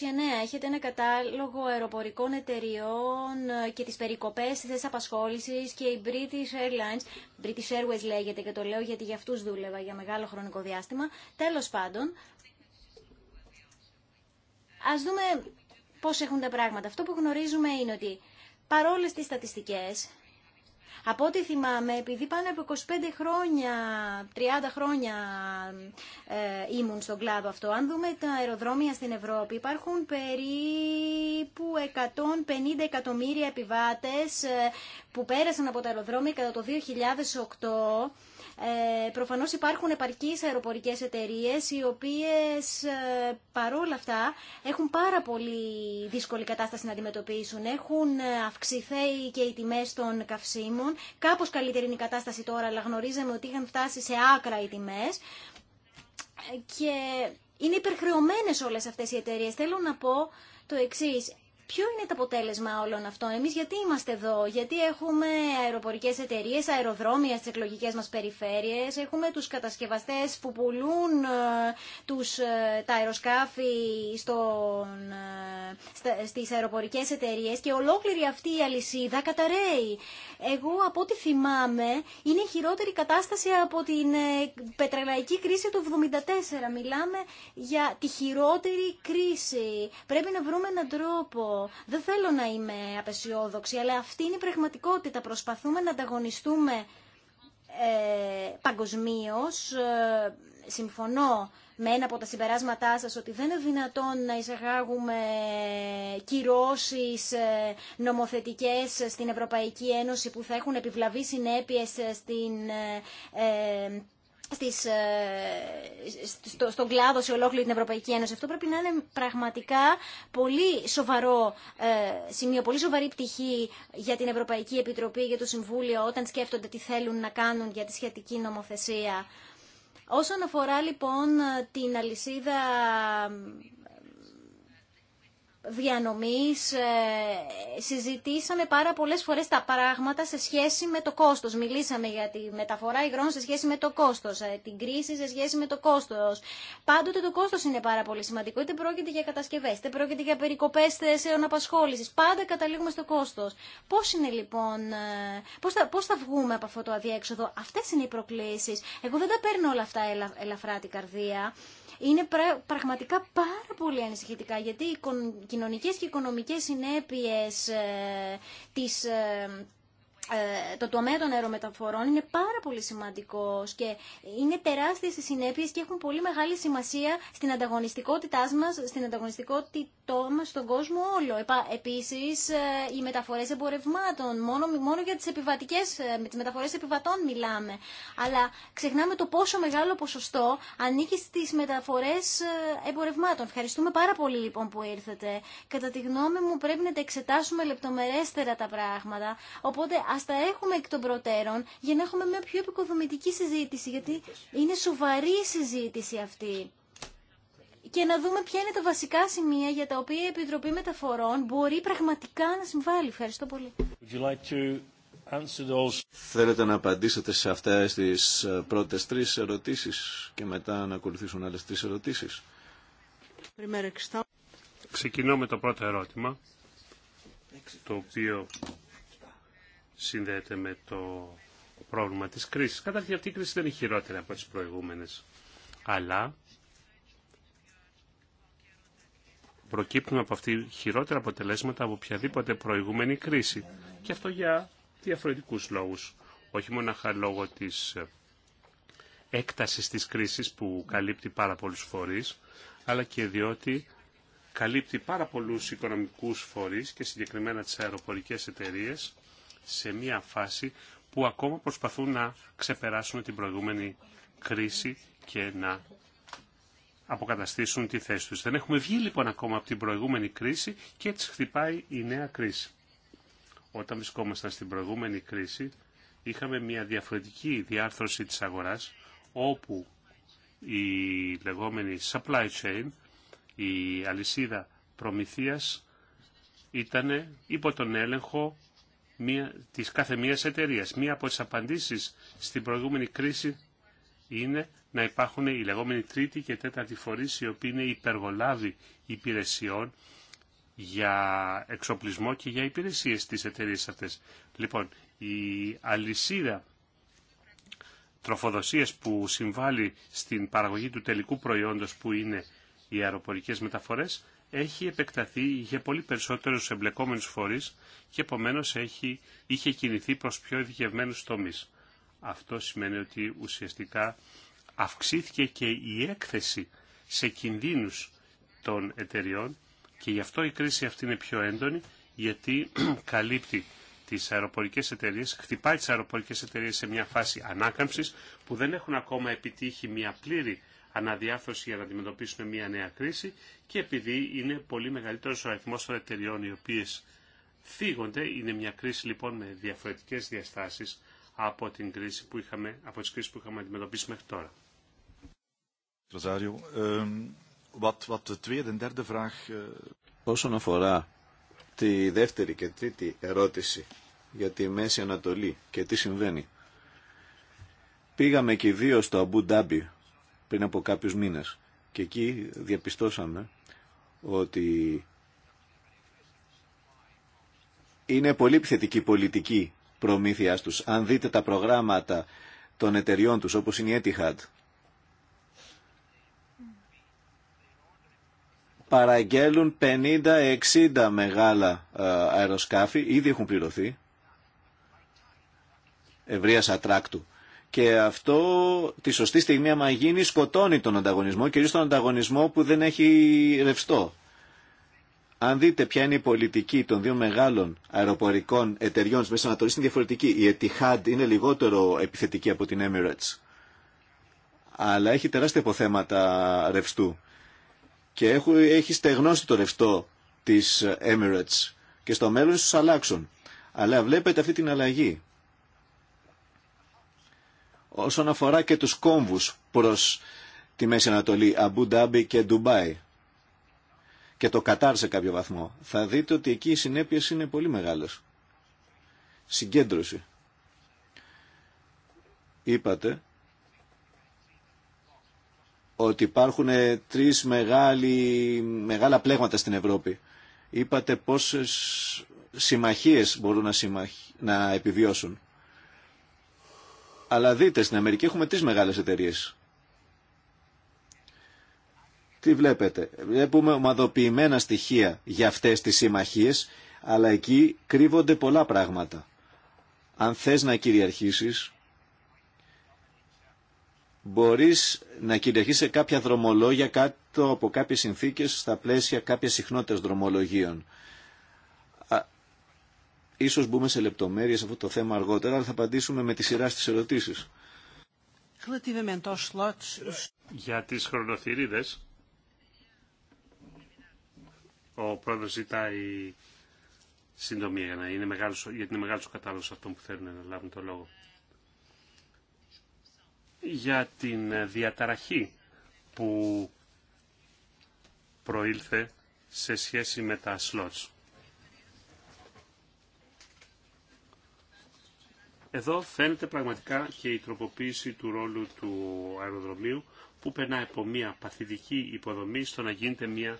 Έχετε ένα κατάλογο αεροπορικών εταιριών και τις περικοπές της θέσης απασχόλησης και η British Airlines, British Airways λέγεται και το λέω γιατί για αυτούς δούλευα για μεγάλο χρονικό διάστημα. Τέλος πάντων, ας δούμε Πώ έχουν τα πράγματα. Αυτό που γνωρίζουμε είναι ότι παρόλε τι στατιστικέ, από ό,τι θυμάμαι, επειδή πάνω από 25 χρόνια, 30 χρόνια ε, ήμουν στον κλάδο αυτό, αν δούμε τα αεροδρόμια στην Ευρώπη, υπάρχουν περίπου 150 εκατομμύρια επιβάτες ε, που πέρασαν από τα αεροδρόμια κατά το 2008 ε, προφανώς υπάρχουν επαρκείς αεροπορικές εταιρείε οι οποίες ε, παρόλα αυτά έχουν πάρα πολύ δύσκολη κατάσταση να αντιμετωπίσουν. Έχουν ε, αυξηθεί και οι τιμές των καυσίμων. Κάπως καλύτερη είναι η κατάσταση τώρα, αλλά γνωρίζαμε ότι είχαν φτάσει σε άκρα οι τιμέ ε, Και είναι υπερχρεωμένε όλες αυτές οι εταιρείε. Θέλω να πω το εξή. Ποιο είναι το αποτέλεσμα όλων αυτών. Εμείς γιατί είμαστε εδώ, γιατί έχουμε αεροπορικές εταιρείες, αεροδρόμια στις εκλογικές μας περιφέρειες, έχουμε τους κατασκευαστές που πουλούν ε, τους, ε, τα αεροσκάφη στον, ε, στα, στις αεροπορικές εταιρείες και ολόκληρη αυτή η αλυσίδα καταραίει. Εγώ από ό,τι θυμάμαι είναι χειρότερη κατάσταση από την πετρελαϊκή κρίση του 1974. Μιλάμε για τη χειρότερη κρίση. Πρέπει να βρούμε έναν τρόπο δεν θέλω να είμαι απεσιόδοξη, αλλά αυτή είναι η πραγματικότητα. Προσπαθούμε να ανταγωνιστούμε ε, παγκοσμίω. Ε, συμφωνώ με ένα από τα συμπεράσματά σας ότι δεν είναι δυνατόν να εισαγάγουμε κυρώσεις ε, νομοθετικές στην Ευρωπαϊκή Ένωση που θα έχουν επιβλαβεί συνέπειες ε, στην ε, στο, στον κλάδο σε ολόκληρη την Ευρωπαϊκή Ένωση. Αυτό πρέπει να είναι πραγματικά πολύ σοβαρό ε, σημείο, πολύ σοβαρή πτυχή για την Ευρωπαϊκή Επιτροπή, για το Συμβούλιο, όταν σκέφτονται τι θέλουν να κάνουν για τη σχετική νομοθεσία. Όσον αφορά λοιπόν την αλυσίδα διανομής ε, συζητήσαμε πάρα πολλές φορές τα πράγματα σε σχέση με το κόστος. Μιλήσαμε για τη μεταφορά υγρών σε σχέση με το κόστος, ε, την κρίση σε σχέση με το κόστος. Πάντοτε το κόστος είναι πάρα πολύ σημαντικό, είτε πρόκειται για κατασκευές, είτε πρόκειται για περικοπές θέσεων απασχόλησης. Πάντα καταλήγουμε στο κόστος. Πώς είναι λοιπόν, ε, πώς θα, πώς θα βγούμε από αυτό το αδιέξοδο. Αυτές είναι οι προκλήσεις. Εγώ δεν τα παίρνω όλα αυτά ελαφρά την καρδία είναι πραγματικά πάρα πολύ ανησυχητικά γιατί οι κοινωνικές και οικονομικές συνέπειες ε, της ε, ε, το τομέα των αερομεταφορών είναι πάρα πολύ σημαντικός και είναι τεράστιες οι συνέπειες και έχουν πολύ μεγάλη σημασία στην ανταγωνιστικότητά μας, στην ανταγωνιστικότητό μας στον κόσμο όλο. Επα, επίσης, ε, οι μεταφορές εμπορευμάτων, μόνο, μόνο για τις, επιβατικές, ε, μεταφορές επιβατών μιλάμε, αλλά ξεχνάμε το πόσο μεγάλο ποσοστό ανήκει στις μεταφορές εμπορευμάτων. Ευχαριστούμε πάρα πολύ λοιπόν που ήρθατε. Κατά τη γνώμη μου πρέπει να τα εξετάσουμε λεπτομερέστερα τα πράγματα, οπότε Α τα έχουμε εκ των προτέρων για να έχουμε μια πιο επικοδομητική συζήτηση, γιατί είναι σοβαρή η συζήτηση αυτή. Και να δούμε ποια είναι τα βασικά σημεία για τα οποία η Επιτροπή Μεταφορών μπορεί πραγματικά να συμβάλλει. Ευχαριστώ πολύ. Θέλετε να απαντήσετε σε αυτές τις ε, πρώτες τρεις ερωτήσεις και μετά να ακολουθήσουν άλλες τρεις ερωτήσεις. Ξεκινώ με το πρώτο ερώτημα, το οποίο συνδέεται με το πρόβλημα της κρίσης. Καταρχήν αυτή η κρίση δεν είναι χειρότερη από τις προηγούμενες. Αλλά προκύπτουν από αυτή χειρότερα αποτελέσματα από οποιαδήποτε προηγούμενη κρίση. Και αυτό για διαφορετικούς λόγους. Όχι μόνο λόγω της έκτασης της κρίσης που καλύπτει πάρα πολλού φορεί, αλλά και διότι καλύπτει πάρα πολλούς οικονομικούς φορείς και συγκεκριμένα τις αεροπορικές εταιρείες σε μια φάση που ακόμα προσπαθούν να ξεπεράσουν την προηγούμενη κρίση και να αποκαταστήσουν τη θέση τους. Δεν έχουμε βγει λοιπόν ακόμα από την προηγούμενη κρίση και έτσι χτυπάει η νέα κρίση. Όταν βρισκόμασταν στην προηγούμενη κρίση είχαμε μια διαφορετική διάρθρωση της αγοράς όπου η λεγόμενη supply chain, η αλυσίδα προμηθείας ήταν υπό τον έλεγχο μία, της κάθε μίας εταιρείας. Μία από τις απαντήσεις στην προηγούμενη κρίση είναι να υπάρχουν οι λεγόμενοι τρίτη και τέταρτη φορείς οι οποίοι είναι υπεργολάβοι υπηρεσιών για εξοπλισμό και για υπηρεσίες της εταιρείας αυτές. Λοιπόν, η αλυσίδα τροφοδοσίες που συμβάλλει στην παραγωγή του τελικού προϊόντος που είναι οι αεροπορικές μεταφορές έχει επεκταθεί για πολύ περισσότερους εμπλεκόμενους φορείς και επομένως έχει, είχε κινηθεί προς πιο ειδικευμένους τομείς. Αυτό σημαίνει ότι ουσιαστικά αυξήθηκε και η έκθεση σε κινδύνους των εταιριών και γι' αυτό η κρίση αυτή είναι πιο έντονη γιατί καλύπτει τις αεροπορικές εταιρίες, χτυπάει τις αεροπορικές εταιρείε σε μια φάση ανάκαμψης που δεν έχουν ακόμα επιτύχει μια πλήρη αναδιάθρωση για να αντιμετωπίσουν μια νέα κρίση και επειδή είναι πολύ μεγαλύτερο ο αριθμό των εταιριών οι οποίες φύγονται. Είναι μια κρίση λοιπόν με διαφορετικές διαστάσεις από, την κρίση που είχαμε, από τις κρίσεις που είχαμε αντιμετωπίσει μέχρι τώρα. Ε, ε, Όσον αφορά τη δεύτερη και τρίτη ερώτηση για τη Μέση Ανατολή και τι συμβαίνει. Πήγαμε και οι δύο στο Αμπού Ντάμπι πριν από κάποιους μήνες. Και εκεί διαπιστώσαμε ότι είναι πολύ επιθετική πολιτική προμήθειά τους. Αν δείτε τα προγράμματα των εταιριών τους, όπως είναι η Etihad, παραγγέλουν 50-60 μεγάλα ε, αεροσκάφη, ήδη έχουν πληρωθεί, ευρείας ατράκτου και αυτό τη σωστή στιγμή, άμα γίνει, σκοτώνει τον ανταγωνισμό, κυρίω τον ανταγωνισμό που δεν έχει ρευστό. Αν δείτε ποια είναι η πολιτική των δύο μεγάλων αεροπορικών εταιριών μέσα Μέση Ανατολή, είναι διαφορετική. Η Etihad είναι λιγότερο επιθετική από την Emirates. Αλλά έχει τεράστια υποθέματα ρευστού. Και έχει στεγνώσει το ρευστό τη Emirates. Και στο μέλλον ίσω αλλάξουν. Αλλά βλέπετε αυτή την αλλαγή όσον αφορά και τους κόμβους προς τη Μέση Ανατολή, Αμπού Ντάμπι και Ντουμπάι και το Κατάρ σε κάποιο βαθμό, θα δείτε ότι εκεί οι συνέπειες είναι πολύ μεγάλες. Συγκέντρωση. Είπατε ότι υπάρχουν τρεις μεγάλοι, μεγάλα πλέγματα στην Ευρώπη. Είπατε πόσες συμμαχίες μπορούν να, συμμαχ... να επιβιώσουν. Αλλά δείτε, στην Αμερική έχουμε τρεις μεγάλες εταιρείες. Τι βλέπετε. Βλέπουμε ομαδοποιημένα στοιχεία για αυτές τις συμμαχίε, αλλά εκεί κρύβονται πολλά πράγματα. Αν θες να κυριαρχήσεις, μπορείς να κυριαρχήσει σε κάποια δρομολόγια κάτω από κάποιες συνθήκες στα πλαίσια κάποιες συχνότητες δρομολογίων. Ίσως μπούμε σε λεπτομέρειες σε αυτό το θέμα αργότερα, αλλά θα απαντήσουμε με τη σειρά στις ερωτήσεις. Για τις χρονοθυρίδες, ο πρόεδρος ζητάει συντομία είναι μεγάλος, γιατί είναι μεγάλος ο κατάλογος αυτών που θέλουν να λάβουν το λόγο. Για την διαταραχή που προήλθε σε σχέση με τα σλότς. Εδώ φαίνεται πραγματικά και η τροποποίηση του ρόλου του αεροδρομίου που περνά από μια παθητική υποδομή στο να γίνεται μια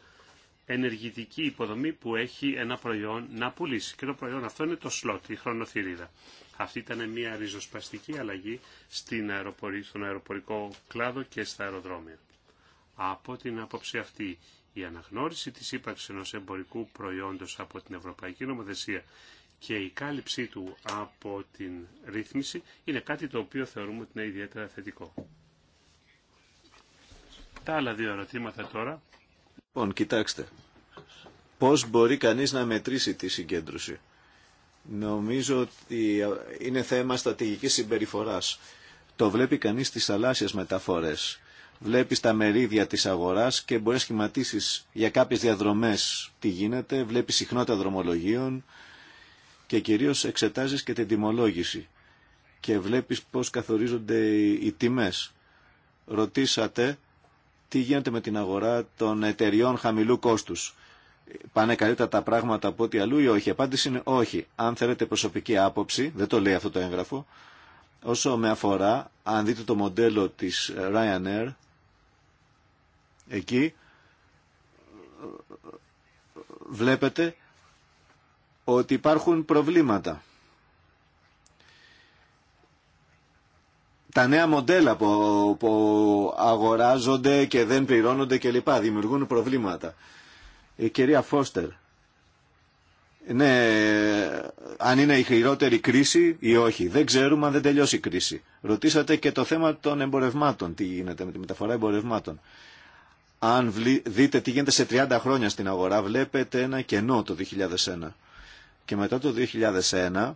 ενεργητική υποδομή που έχει ένα προϊόν να πουλήσει. Και το προϊόν αυτό είναι το σλότ, η χρονοθυρίδα. Αυτή ήταν μια ριζοσπαστική αλλαγή στην στον αεροπορικό κλάδο και στα αεροδρόμια. Από την άποψη αυτή, η αναγνώριση της ύπαρξης ενός εμπορικού προϊόντος από την Ευρωπαϊκή Νομοθεσία και η κάλυψή του από την ρύθμιση είναι κάτι το οποίο θεωρούμε ότι είναι ιδιαίτερα θετικό. Τα άλλα δύο ερωτήματα τώρα. Λοιπόν, κοιτάξτε. Πώς μπορεί κανείς να μετρήσει τη συγκέντρωση. Νομίζω ότι είναι θέμα στρατηγικής συμπεριφοράς. Το βλέπει κανείς στις θαλάσσιες μεταφορές. Βλέπεις τα μερίδια της αγοράς και μπορείς να σχηματίσεις για κάποιες διαδρομές τι γίνεται. Βλέπεις συχνότητα δρομολογίων, και κυρίως εξετάζεις και την τιμολόγηση και βλέπεις πώς καθορίζονται οι τιμές. Ρωτήσατε τι γίνεται με την αγορά των εταιριών χαμηλού κόστους. Πάνε καλύτερα τα πράγματα από ό,τι αλλού ή όχι. Η απάντηση είναι όχι. Αν θέλετε προσωπική άποψη, δεν το λέει αυτό το έγγραφο, όσο με αφορά, αν δείτε το μοντέλο της Ryanair, εκεί βλέπετε ότι υπάρχουν προβλήματα. Τα νέα μοντέλα που, αγοράζονται και δεν πληρώνονται λοιπά δημιουργούν προβλήματα. Η κυρία Φώστερ, ναι, αν είναι η χειρότερη κρίση ή όχι. Δεν ξέρουμε αν δεν τελειώσει η κρίση. Ρωτήσατε και το θέμα των εμπορευμάτων, τι γίνεται με τη μεταφορά εμπορευμάτων. Αν δείτε τι γίνεται σε 30 χρόνια στην αγορά, βλέπετε ένα κενό το 2001 και μετά το 2001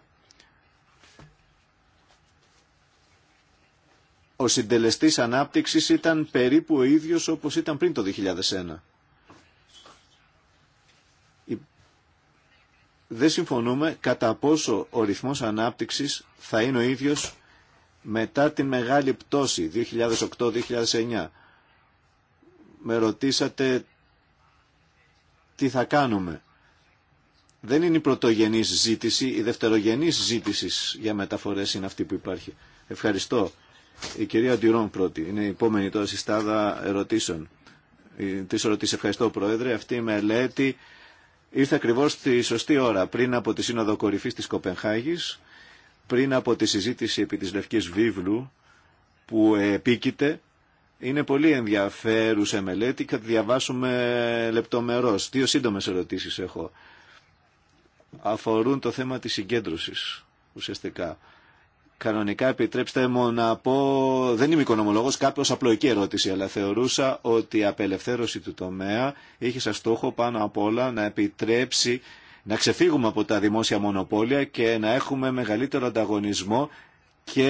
ο συντελεστής ανάπτυξης ήταν περίπου ο ίδιος όπως ήταν πριν το 2001. Δεν συμφωνούμε κατά πόσο ο ρυθμός ανάπτυξης θα είναι ο ίδιος μετά την μεγάλη πτώση 2008-2009. Με ρωτήσατε τι θα κάνουμε δεν είναι η πρωτογενή ζήτηση, η δευτερογενή ζήτηση για μεταφορέ είναι αυτή που υπάρχει. Ευχαριστώ. Η κυρία Ντιρόν πρώτη. Είναι η επόμενη τώρα στάδα ερωτήσεων. Τη ερωτήσει ευχαριστώ, Πρόεδρε. Αυτή η μελέτη ήρθε ακριβώ στη σωστή ώρα, πριν από τη Σύνοδο Κορυφή τη Κοπενχάγη, πριν από τη συζήτηση επί τη Λευκή Βίβλου που επίκειται. Είναι πολύ ενδιαφέρουσα μελέτη και θα τη διαβάσουμε λεπτομερώς. Δύο σύντομες ερωτήσεις έχω αφορούν το θέμα της συγκέντρωσης ουσιαστικά. Κανονικά επιτρέψτε μου να πω, δεν είμαι οικονομολόγος, κάποιος απλοϊκή ερώτηση, αλλά θεωρούσα ότι η απελευθέρωση του τομέα είχε σαν στόχο πάνω απ' όλα να επιτρέψει να ξεφύγουμε από τα δημόσια μονοπόλια και να έχουμε μεγαλύτερο ανταγωνισμό και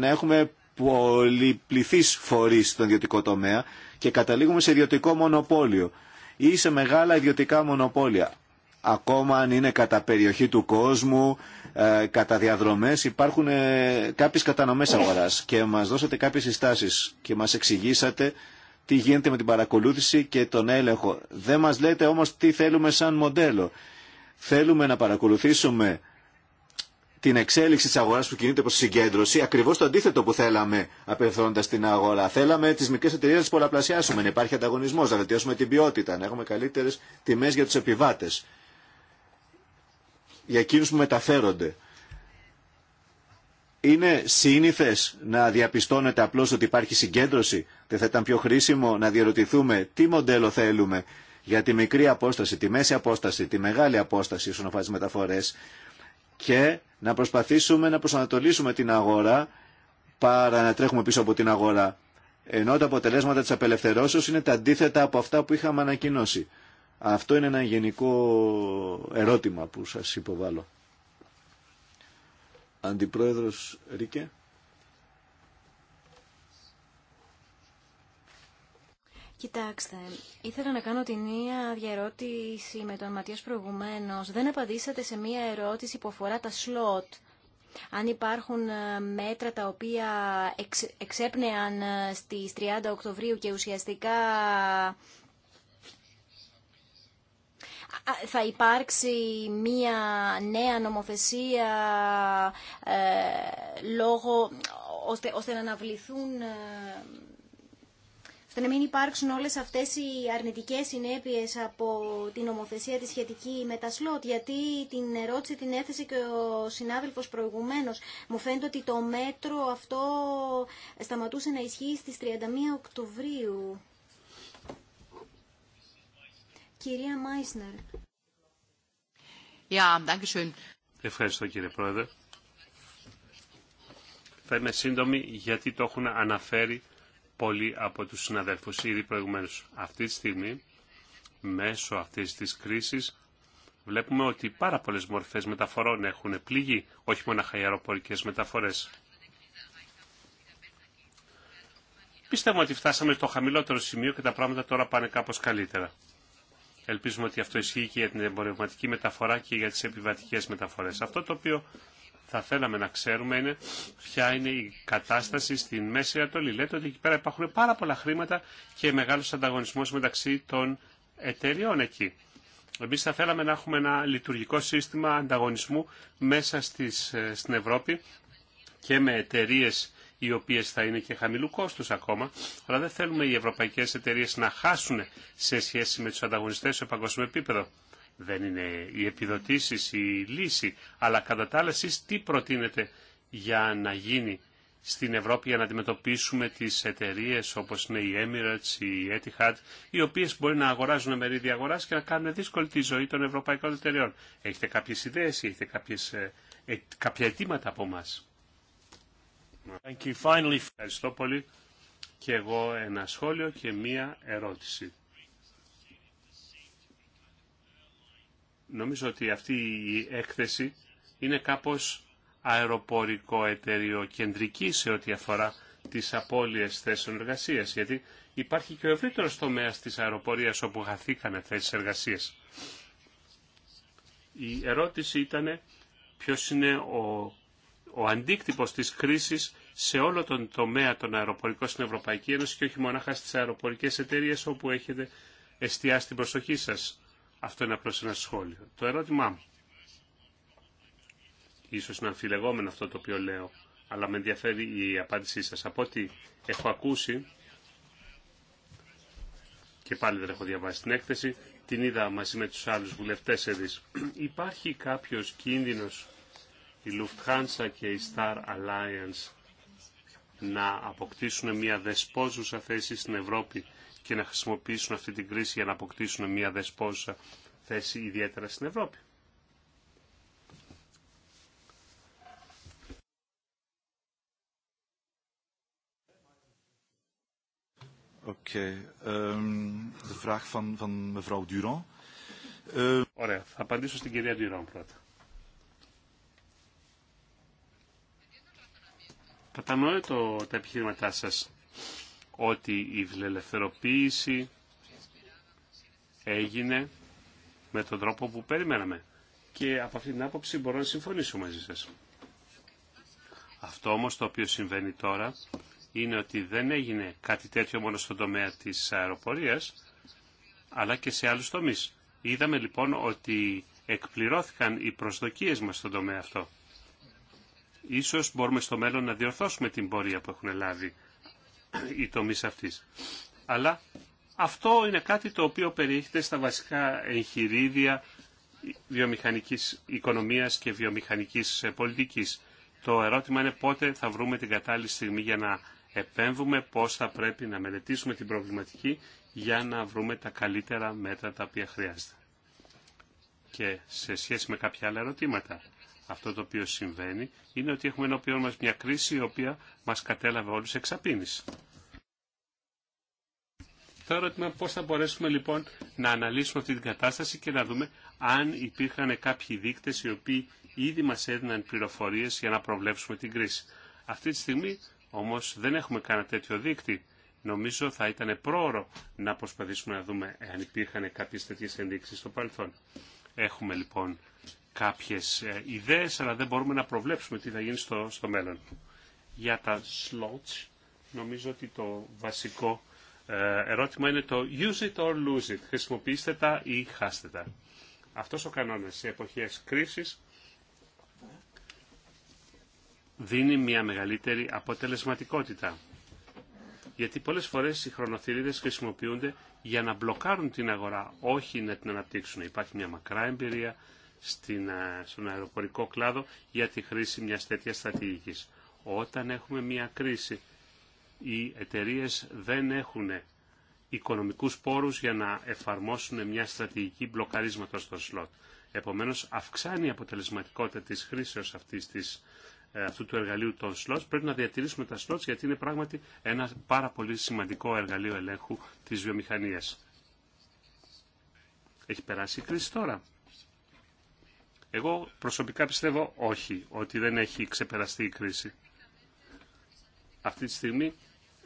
να έχουμε πολυπληθείς φορείς στον ιδιωτικό τομέα και καταλήγουμε σε ιδιωτικό μονοπόλιο ή σε μεγάλα ιδιωτικά μονοπόλια ακόμα αν είναι κατά περιοχή του κόσμου, ε, κατά διαδρομές, υπάρχουν ε, κάποιες κατανομές αγοράς και μας δώσατε κάποιες συστάσεις και μας εξηγήσατε τι γίνεται με την παρακολούθηση και τον έλεγχο. Δεν μας λέτε όμως τι θέλουμε σαν μοντέλο. Θέλουμε να παρακολουθήσουμε την εξέλιξη της αγοράς που κινείται προς συγκέντρωση, ακριβώς το αντίθετο που θέλαμε απευθύνοντας την αγορά. Θέλαμε τις μικρές εταιρείες να τις πολλαπλασιάσουμε, να υπάρχει ανταγωνισμός, να βελτιώσουμε την ποιότητα, να έχουμε καλύτερες τιμές για τους επιβάτες για εκείνους που μεταφέρονται. Είναι σύνηθε να διαπιστώνεται απλώς ότι υπάρχει συγκέντρωση. Δεν θα ήταν πιο χρήσιμο να διαρωτηθούμε τι μοντέλο θέλουμε για τη μικρή απόσταση, τη μέση απόσταση, τη μεγάλη απόσταση όσον αφορά τις μεταφορές και να προσπαθήσουμε να προσανατολίσουμε την αγορά παρά να τρέχουμε πίσω από την αγορά. Ενώ τα αποτελέσματα της απελευθερώσεως είναι τα αντίθετα από αυτά που είχαμε ανακοινώσει. Αυτό είναι ένα γενικό ερώτημα που σας υποβάλλω. Αντιπρόεδρος Ρίκε. Κοιτάξτε, ήθελα να κάνω την μία διαρώτηση με τον Ματίας Προηγουμένος. Δεν απαντήσατε σε μία ερώτηση που αφορά τα σλότ. Αν υπάρχουν ε, μέτρα τα οποία εξέπνεαν ε, στις 30 Οκτωβρίου και ουσιαστικά θα υπάρξει μία νέα νομοθεσία ε, λόγω, ώστε, ώστε να αναβληθούν... Ε, να μην υπάρξουν όλες αυτές οι αρνητικές συνέπειες από την νομοθεσία τη σχετική με τα σλότ, γιατί την ερώτηση την έθεσε και ο συνάδελφος προηγουμένως. Μου φαίνεται ότι το μέτρο αυτό σταματούσε να ισχύει στις 31 Οκτωβρίου. Ευχαριστώ κύριε Πρόεδρε. Θα είμαι σύντομη γιατί το έχουν αναφέρει πολλοί από τους συναδέλφους ήδη προηγουμένως. Αυτή τη στιγμή, μέσω αυτής της κρίσης, βλέπουμε ότι πάρα πολλές μορφές μεταφορών έχουν πληγεί, όχι μόνο οι μεταφορές. Πιστεύω ότι φτάσαμε στο χαμηλότερο σημείο και τα πράγματα τώρα πάνε κάπως καλύτερα. Ελπίζουμε ότι αυτό ισχύει και για την εμπορευματική μεταφορά και για τις επιβατικές μεταφορές. Αυτό το οποίο θα θέλαμε να ξέρουμε είναι ποια είναι η κατάσταση στην Μέση Ανατολή. Λέτε ότι εκεί πέρα υπάρχουν πάρα πολλά χρήματα και μεγάλος ανταγωνισμός μεταξύ των εταιριών εκεί. Εμεί θα θέλαμε να έχουμε ένα λειτουργικό σύστημα ανταγωνισμού μέσα στις, ε, στην Ευρώπη και με εταιρείε οι οποίες θα είναι και χαμηλού κόστους ακόμα, αλλά δεν θέλουμε οι ευρωπαϊκές εταιρείες να χάσουν σε σχέση με τους ανταγωνιστές σε παγκόσμιο επίπεδο. Δεν είναι οι επιδοτήσεις η λύση, αλλά κατά τα άλλα εσείς τι προτείνετε για να γίνει στην Ευρώπη για να αντιμετωπίσουμε τις εταιρείε όπως είναι η Emirates, η Etihad, οι οποίες μπορεί να αγοράζουν μερίδια αγοράς και να κάνουν δύσκολη τη ζωή των ευρωπαϊκών εταιρεών. Έχετε κάποιες ιδέες ή έχετε κάποιες, ε, ε κάποια αιτήματα από εμάς Ευχαριστώ πολύ. Και εγώ ένα σχόλιο και μία ερώτηση. Νομίζω ότι αυτή η έκθεση είναι κάπως αεροπορικό εταιρείο κεντρική σε ό,τι αφορά τις απώλειες θέσεων εργασίας, γιατί υπάρχει και ο ευρύτερο τομέα της αεροπορίας όπου χαθήκανε θέσεις εργασίας. Η ερώτηση ήταν ποιος είναι ο ο αντίκτυπος της κρίσης σε όλο τον τομέα των αεροπορικών στην Ευρωπαϊκή Ένωση και όχι μονάχα στις αεροπορικές εταιρείες όπου έχετε εστιάσει την προσοχή σας. Αυτό είναι απλώς ένα σχόλιο. Το ερώτημά μου, ίσως είναι αμφιλεγόμενο αυτό το οποίο λέω, αλλά με ενδιαφέρει η απάντησή σας. Από ό,τι έχω ακούσει, και πάλι δεν έχω διαβάσει την έκθεση, την είδα μαζί με τους άλλους βουλευτές εδείς. Υπάρχει κάποιος κίνδυνος η Lufthansa και η Star Alliance να αποκτήσουν μια δεσπόζουσα θέση στην Ευρώπη και να χρησιμοποιήσουν αυτή την κρίση για να αποκτήσουν μια δεσπόζουσα θέση ιδιαίτερα στην Ευρώπη. Okay. Um, ehm, de vraag van, van mevrouw Ωραία, θα απαντήσω στην κυρία Durand πρώτα. Κατανοώ τα επιχείρηματά σας ότι η φιλελευθερωποίηση έγινε με τον τρόπο που περιμέναμε. Και από αυτή την άποψη μπορώ να συμφωνήσω μαζί σας. Αυτό όμως το οποίο συμβαίνει τώρα είναι ότι δεν έγινε κάτι τέτοιο μόνο στον τομέα της αεροπορίας, αλλά και σε άλλους τομείς. Είδαμε λοιπόν ότι εκπληρώθηκαν οι προσδοκίες μας στον τομέα αυτό. Ίσως μπορούμε στο μέλλον να διορθώσουμε την πορεία που έχουν λάβει οι τομείς αυτής. Αλλά αυτό είναι κάτι το οποίο περιέχεται στα βασικά εγχειρίδια βιομηχανικής οικονομίας και βιομηχανικής πολιτικής. Το ερώτημα είναι πότε θα βρούμε την κατάλληλη στιγμή για να επέμβουμε, πώς θα πρέπει να μελετήσουμε την προβληματική για να βρούμε τα καλύτερα μέτρα τα οποία χρειάζεται. Και σε σχέση με κάποια άλλα ερωτήματα, αυτό το οποίο συμβαίνει είναι ότι έχουμε ενώπιόν μας μια κρίση η οποία μας κατέλαβε όλους εξαπίνης. Το ερώτημα πώς θα μπορέσουμε λοιπόν να αναλύσουμε αυτή την κατάσταση και να δούμε αν υπήρχαν κάποιοι δείκτες οι οποίοι ήδη μας έδιναν πληροφορίες για να προβλέψουμε την κρίση. Αυτή τη στιγμή όμως δεν έχουμε κανένα τέτοιο δείκτη. Νομίζω θα ήταν πρόωρο να προσπαθήσουμε να δούμε αν υπήρχαν κάποιες τέτοιες ενδείξεις στο παρελθόν. Έχουμε λοιπόν κάποιες ε, ιδέες, αλλά δεν μπορούμε να προβλέψουμε τι θα γίνει στο, στο μέλλον. Για τα slots, νομίζω ότι το βασικό ε, ερώτημα είναι το use it or lose it. Χρησιμοποιήστε τα ή χάστε τα. Αυτός ο κανόνας σε εποχές κρίσης δίνει μια μεγαλύτερη αποτελεσματικότητα. Γιατί πολλές φορές οι χρονοθυρίδες χρησιμοποιούνται για να μπλοκάρουν την αγορά, όχι να την αναπτύξουν. Υπάρχει μια μακρά εμπειρία στην, στον αεροπορικό κλάδο για τη χρήση μιας τέτοιας στρατηγικής. Όταν έχουμε μια κρίση, οι εταιρείε δεν έχουν οικονομικούς πόρους για να εφαρμόσουν μια στρατηγική μπλοκαρίσματος των σλότ. Επομένως, αυξάνει η αποτελεσματικότητα της χρήσεως ε, αυτού του εργαλείου των σλότ. Πρέπει να διατηρήσουμε τα σλότ γιατί είναι πράγματι ένα πάρα πολύ σημαντικό εργαλείο ελέγχου της βιομηχανίας. Έχει περάσει η κρίση τώρα. Εγώ προσωπικά πιστεύω όχι, ότι δεν έχει ξεπεραστεί η κρίση. Αυτή τη στιγμή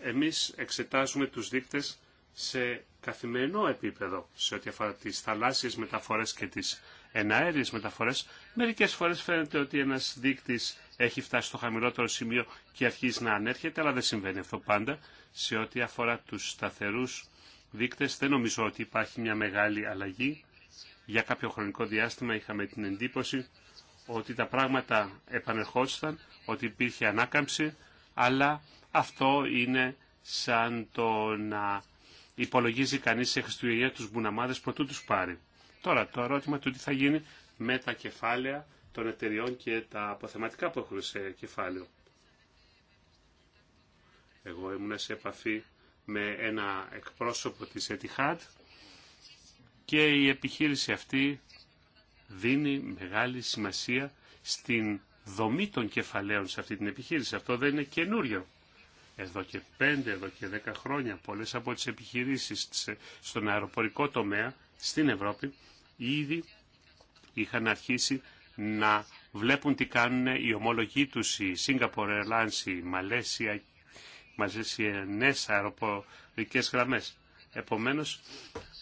εμείς εξετάζουμε τους δείκτες σε καθημερινό επίπεδο, σε ό,τι αφορά τις θαλάσσιες μεταφορές και τις εναέριες μεταφορές. Μερικές φορές φαίνεται ότι ένας δείκτης έχει φτάσει στο χαμηλότερο σημείο και αρχίζει να ανέρχεται, αλλά δεν συμβαίνει αυτό πάντα. Σε ό,τι αφορά τους σταθερούς δείκτες δεν νομίζω ότι υπάρχει μια μεγάλη αλλαγή για κάποιο χρονικό διάστημα είχαμε την εντύπωση ότι τα πράγματα επανερχόντουσαν, ότι υπήρχε ανάκαμψη, αλλά αυτό είναι σαν το να υπολογίζει κανείς σε Χριστουγεννιά τους μπουναμάδες προτού τους πάρει. Τώρα, το ερώτημα του τι θα γίνει με τα κεφάλαια των εταιριών και τα αποθεματικά που έχουν σε κεφάλαιο. Εγώ ήμουν σε επαφή με ένα εκπρόσωπο της Etihad, και η επιχείρηση αυτή δίνει μεγάλη σημασία στην δομή των κεφαλαίων σε αυτή την επιχείρηση. Αυτό δεν είναι καινούριο. Εδώ και πέντε, εδώ και 10 χρόνια πολλές από τις επιχειρήσεις στον αεροπορικό τομέα στην Ευρώπη ήδη είχαν αρχίσει να βλέπουν τι κάνουν οι ομολογοί τους, οι Singapore Airlines, οι Μαλέσια, μαζεσιανές αεροπορικές γραμμές. Επομένως,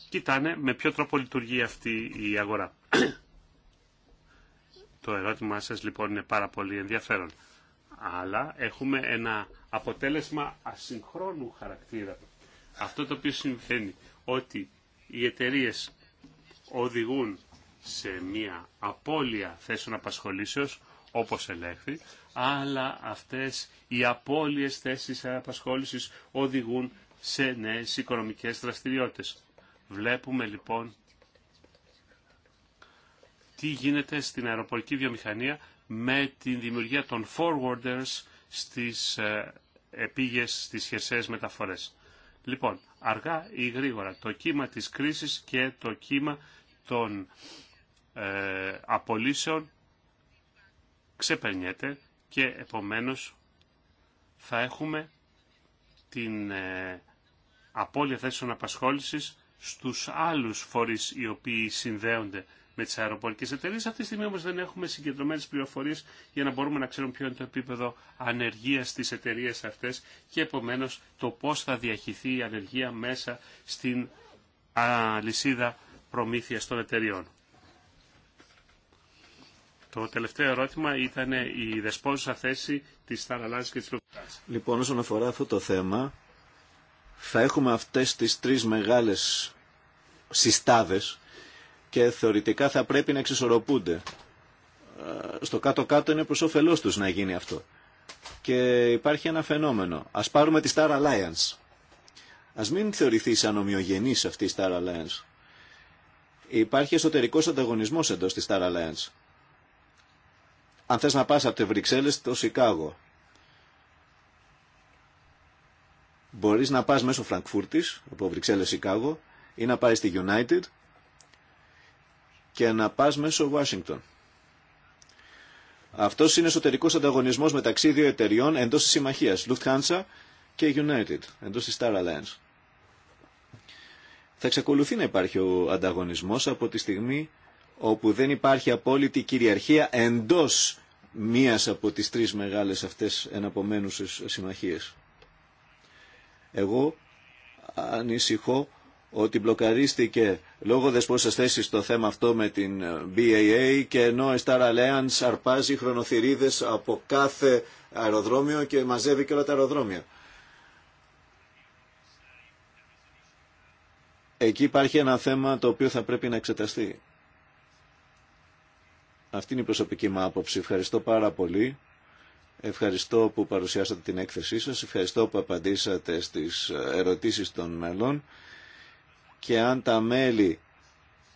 κοιτάνε με ποιο τρόπο λειτουργεί αυτή η αγορά. Το ερώτημά σας λοιπόν είναι πάρα πολύ ενδιαφέρον. Αλλά έχουμε ένα αποτέλεσμα ασυγχρόνου χαρακτήρα. Αυτό το οποίο συμβαίνει ότι οι εταιρείε οδηγούν σε μια απώλεια θέσεων απασχολήσεως, όπως ελέγχθη, αλλά αυτές οι απώλειες θέσεις απασχόλησης οδηγούν σε νέες οικονομικές δραστηριότητες. Βλέπουμε λοιπόν τι γίνεται στην αεροπορική βιομηχανία με την δημιουργία των forwarders στις ε, επίγες, στις χερσαίες μεταφορές. Λοιπόν, αργά ή γρήγορα, το κύμα της κρίσης και το κύμα των ε, απολύσεων ξεπερνιέται και επομένως θα έχουμε την ε, απώλεια θέσεων απασχόλησης στους άλλους φορείς οι οποίοι συνδέονται με τις αεροπορικές εταιρείες. Αυτή τη στιγμή όμως δεν έχουμε συγκεντρωμένες πληροφορίες για να μπορούμε να ξέρουμε ποιο είναι το επίπεδο ανεργίας στις εταιρείες αυτές και επομένως το πώς θα διαχυθεί η ανεργία μέσα στην λυσίδα προμήθειας των εταιριών. Το τελευταίο ερώτημα ήταν η δεσπόζουσα θέση της Θαραλάνης και της λουκάς. Λοιπόν, όσον αφορά αυτό το θέμα, θα έχουμε αυτές τις τρεις μεγάλες συστάδες και θεωρητικά θα πρέπει να εξισορροπούνται. Ε, στο κάτω-κάτω είναι προς όφελός τους να γίνει αυτό. Και υπάρχει ένα φαινόμενο. Ας πάρουμε τη Star Alliance. Ας μην θεωρηθεί σαν ομοιογενής αυτή η Star Alliance. Υπάρχει εσωτερικός ανταγωνισμός εντός της Star Alliance. Αν θες να πας από τη Βρυξέλλες στο Σικάγο, Μπορείς να πας μέσω Φραγκφούρτης, από Βρυξέλλες Σικάγο, ή να πάει στη United και να πας μέσω Washington. Αυτός είναι εσωτερικός ανταγωνισμός μεταξύ δύο εταιριών εντός της συμμαχίας, Lufthansa και United, εντός της Star Alliance. Θα εξακολουθεί να υπάρχει ο ανταγωνισμός από τη στιγμή όπου δεν υπάρχει απόλυτη κυριαρχία εντός μίας από τις τρεις μεγάλες αυτές εναπομένουσες συμμαχίες. Εγώ ανησυχώ ότι μπλοκαρίστηκε λόγω δεσπόσα θέση το θέμα αυτό με την ε, BAA και ενώ η Star Alliance αρπάζει χρονοθυρίδες από κάθε αεροδρόμιο και μαζεύει και όλα τα αεροδρόμια. Εκεί υπάρχει ένα θέμα το οποίο θα πρέπει να εξεταστεί. Αυτή είναι η προσωπική μου άποψη. Ευχαριστώ πάρα πολύ. Ευχαριστώ που παρουσιάσατε την έκθεσή σας, ευχαριστώ που απαντήσατε στις ερωτήσεις των μελών και αν τα μέλη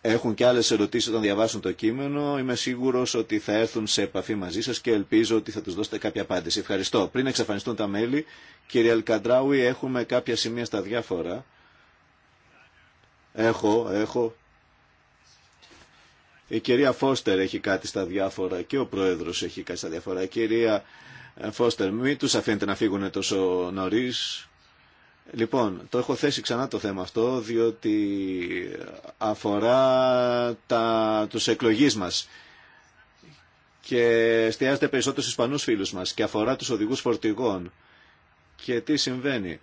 έχουν και άλλες ερωτήσεις όταν διαβάσουν το κείμενο, είμαι σίγουρος ότι θα έρθουν σε επαφή μαζί σας και ελπίζω ότι θα τους δώσετε κάποια απάντηση. Ευχαριστώ. Πριν εξαφανιστούν τα μέλη, κύριε Αλκαντράουι, έχουμε κάποια σημεία στα διάφορα. Έχω, έχω. Η κυρία Φώστερ έχει κάτι στα διάφορα και ο πρόεδρος έχει κάτι στα διάφορα. κυρία Φώστερ, μην τους αφήνετε να φύγουν τόσο νωρίς. Λοιπόν, το έχω θέσει ξανά το θέμα αυτό, διότι αφορά τα, τους εκλογείς και εστιάζεται περισσότερο στους Ισπανούς φίλους μας και αφορά τους οδηγούς φορτηγών. Και τι συμβαίνει.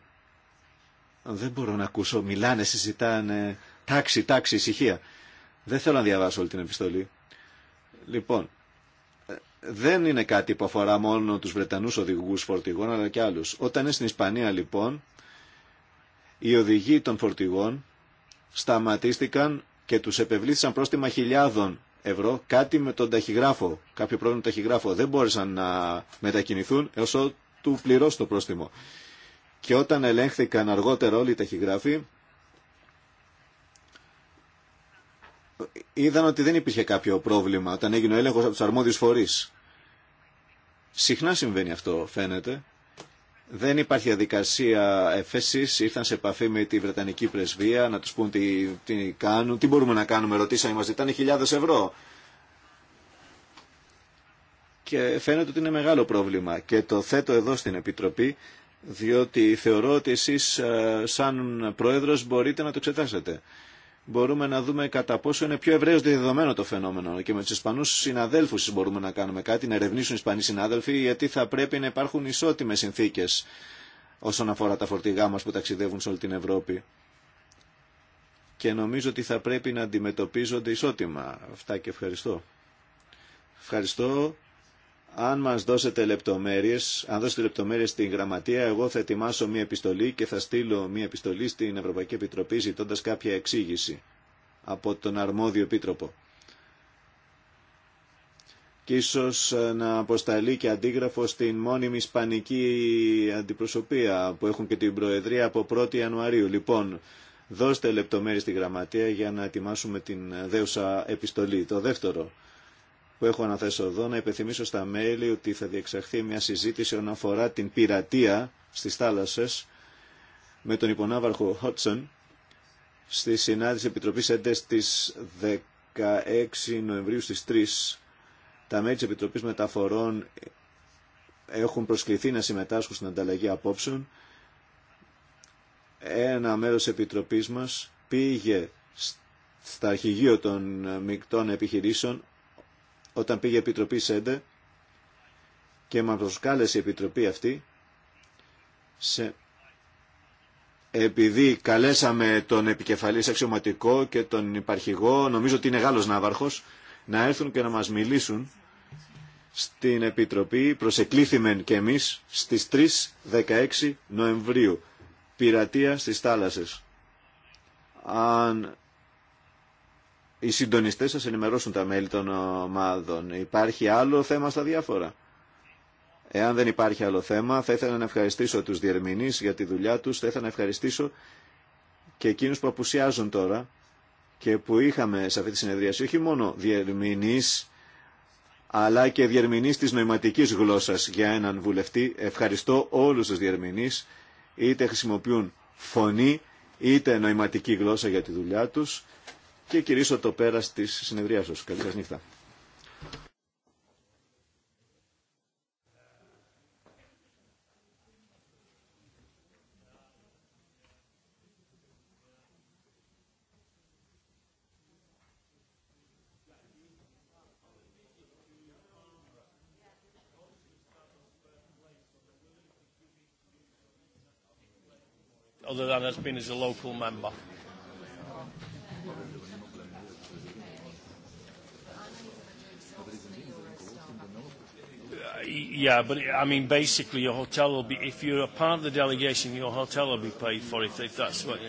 Δεν μπορώ να ακούσω, μιλάνε, συζητάνε, τάξη, τάξη, ησυχία. Δεν θέλω να διαβάσω όλη την επιστολή. Λοιπόν, δεν είναι κάτι που αφορά μόνο τους Βρετανούς οδηγούς φορτηγών αλλά και άλλους. Όταν είναι στην Ισπανία λοιπόν οι οδηγοί των φορτηγών σταματήστηκαν και τους επευλήθησαν πρόστιμα χιλιάδων ευρώ κάτι με τον ταχυγράφο, κάποιο πρόβλημα ταχυγράφο. Δεν μπόρεσαν να μετακινηθούν έως ότου πληρώσει το πρόστιμο. Και όταν ελέγχθηκαν αργότερα όλοι οι ταχυγράφοι είδαν ότι δεν υπήρχε κάποιο πρόβλημα όταν έγινε ο έλεγχος από τους αρμόδιους φορείς. Συχνά συμβαίνει αυτό φαίνεται. Δεν υπάρχει διαδικασία εφέσης, ήρθαν σε επαφή με τη Βρετανική Πρεσβεία να τους πούν τι, κάνουν, τι μπορούμε να κάνουμε, ρωτήσαμε μας ζητάνε χιλιάδες ευρώ. Και φαίνεται ότι είναι μεγάλο πρόβλημα και το θέτω εδώ στην Επιτροπή διότι θεωρώ ότι εσείς ε, σαν πρόεδρος μπορείτε να το εξετάσετε μπορούμε να δούμε κατά πόσο είναι πιο ευρέω διαδεδομένο το φαινόμενο. Και με του Ισπανού συναδέλφου μπορούμε να κάνουμε κάτι, να ερευνήσουν οι Ισπανοί συνάδελφοι, γιατί θα πρέπει να υπάρχουν ισότιμε συνθήκε όσον αφορά τα φορτηγά μα που ταξιδεύουν σε όλη την Ευρώπη. Και νομίζω ότι θα πρέπει να αντιμετωπίζονται ισότιμα. Αυτά και ευχαριστώ. Ευχαριστώ. Αν μας δώσετε λεπτομέρειες, αν δώσετε λεπτομέρειες στην γραμματεία, εγώ θα ετοιμάσω μία επιστολή και θα στείλω μία επιστολή στην Ευρωπαϊκή Επιτροπή ζητώντα κάποια εξήγηση από τον αρμόδιο επίτροπο. Και ίσως ε, να αποσταλεί και αντίγραφο στην μόνιμη ισπανική αντιπροσωπεία που έχουν και την Προεδρία από 1η Ιανουαρίου. Λοιπόν, δώστε λεπτομέρειες στη γραμματεία για να ετοιμάσουμε την δέουσα επιστολή. Το δεύτερο που έχω αναθέσει εδώ, να υπενθυμίσω στα μέλη ότι θα διεξαχθεί μια συζήτηση όταν αφορά την πειρατεία στις θάλασσες με τον υπονάβαρχο Χότσον στη συνάντηση Επιτροπής ΕΝΤΕΣ της 16 Νοεμβρίου στις 3. Τα μέλη της Επιτροπής Μεταφορών έχουν προσκληθεί να συμμετάσχουν στην ανταλλαγή απόψεων. Ένα μέλος της Επιτροπής μας πήγε στα αρχηγείο των μεικτών επιχειρήσεων όταν πήγε η Επιτροπή ΣΕΝΤΕ και μα προσκάλεσε η Επιτροπή αυτή σε... επειδή καλέσαμε τον επικεφαλής αξιωματικό και τον υπαρχηγό, νομίζω ότι είναι Γάλλος Ναύαρχος, να έρθουν και να μας μιλήσουν στην Επιτροπή, προσεκλήθημεν και εμείς, στις 3-16 Νοεμβρίου. Πειρατεία στις θάλασσες. Αν οι συντονιστές σας ενημερώσουν τα μέλη των ομάδων. Υπάρχει άλλο θέμα στα διάφορα. Εάν δεν υπάρχει άλλο θέμα, θα ήθελα να ευχαριστήσω τους διερμηνείς για τη δουλειά τους, θα ήθελα να ευχαριστήσω και εκείνους που απουσιάζουν τώρα και που είχαμε σε αυτή τη συνεδρίαση, όχι μόνο διερμηνείς, αλλά και διερμηνείς της νοηματικής γλώσσας για έναν βουλευτή. Ευχαριστώ όλους τους διερμηνείς, είτε χρησιμοποιούν φωνή, είτε νοηματική γλώσσα για τη δουλειά τους και κυρίσω το πέρας της συνεδρία σα. Καλή σας νύχτα. other than has been as a local member. Yeah, but I mean, basically, your hotel will be, if you're a part of the delegation, your hotel will be paid for if, if that's what.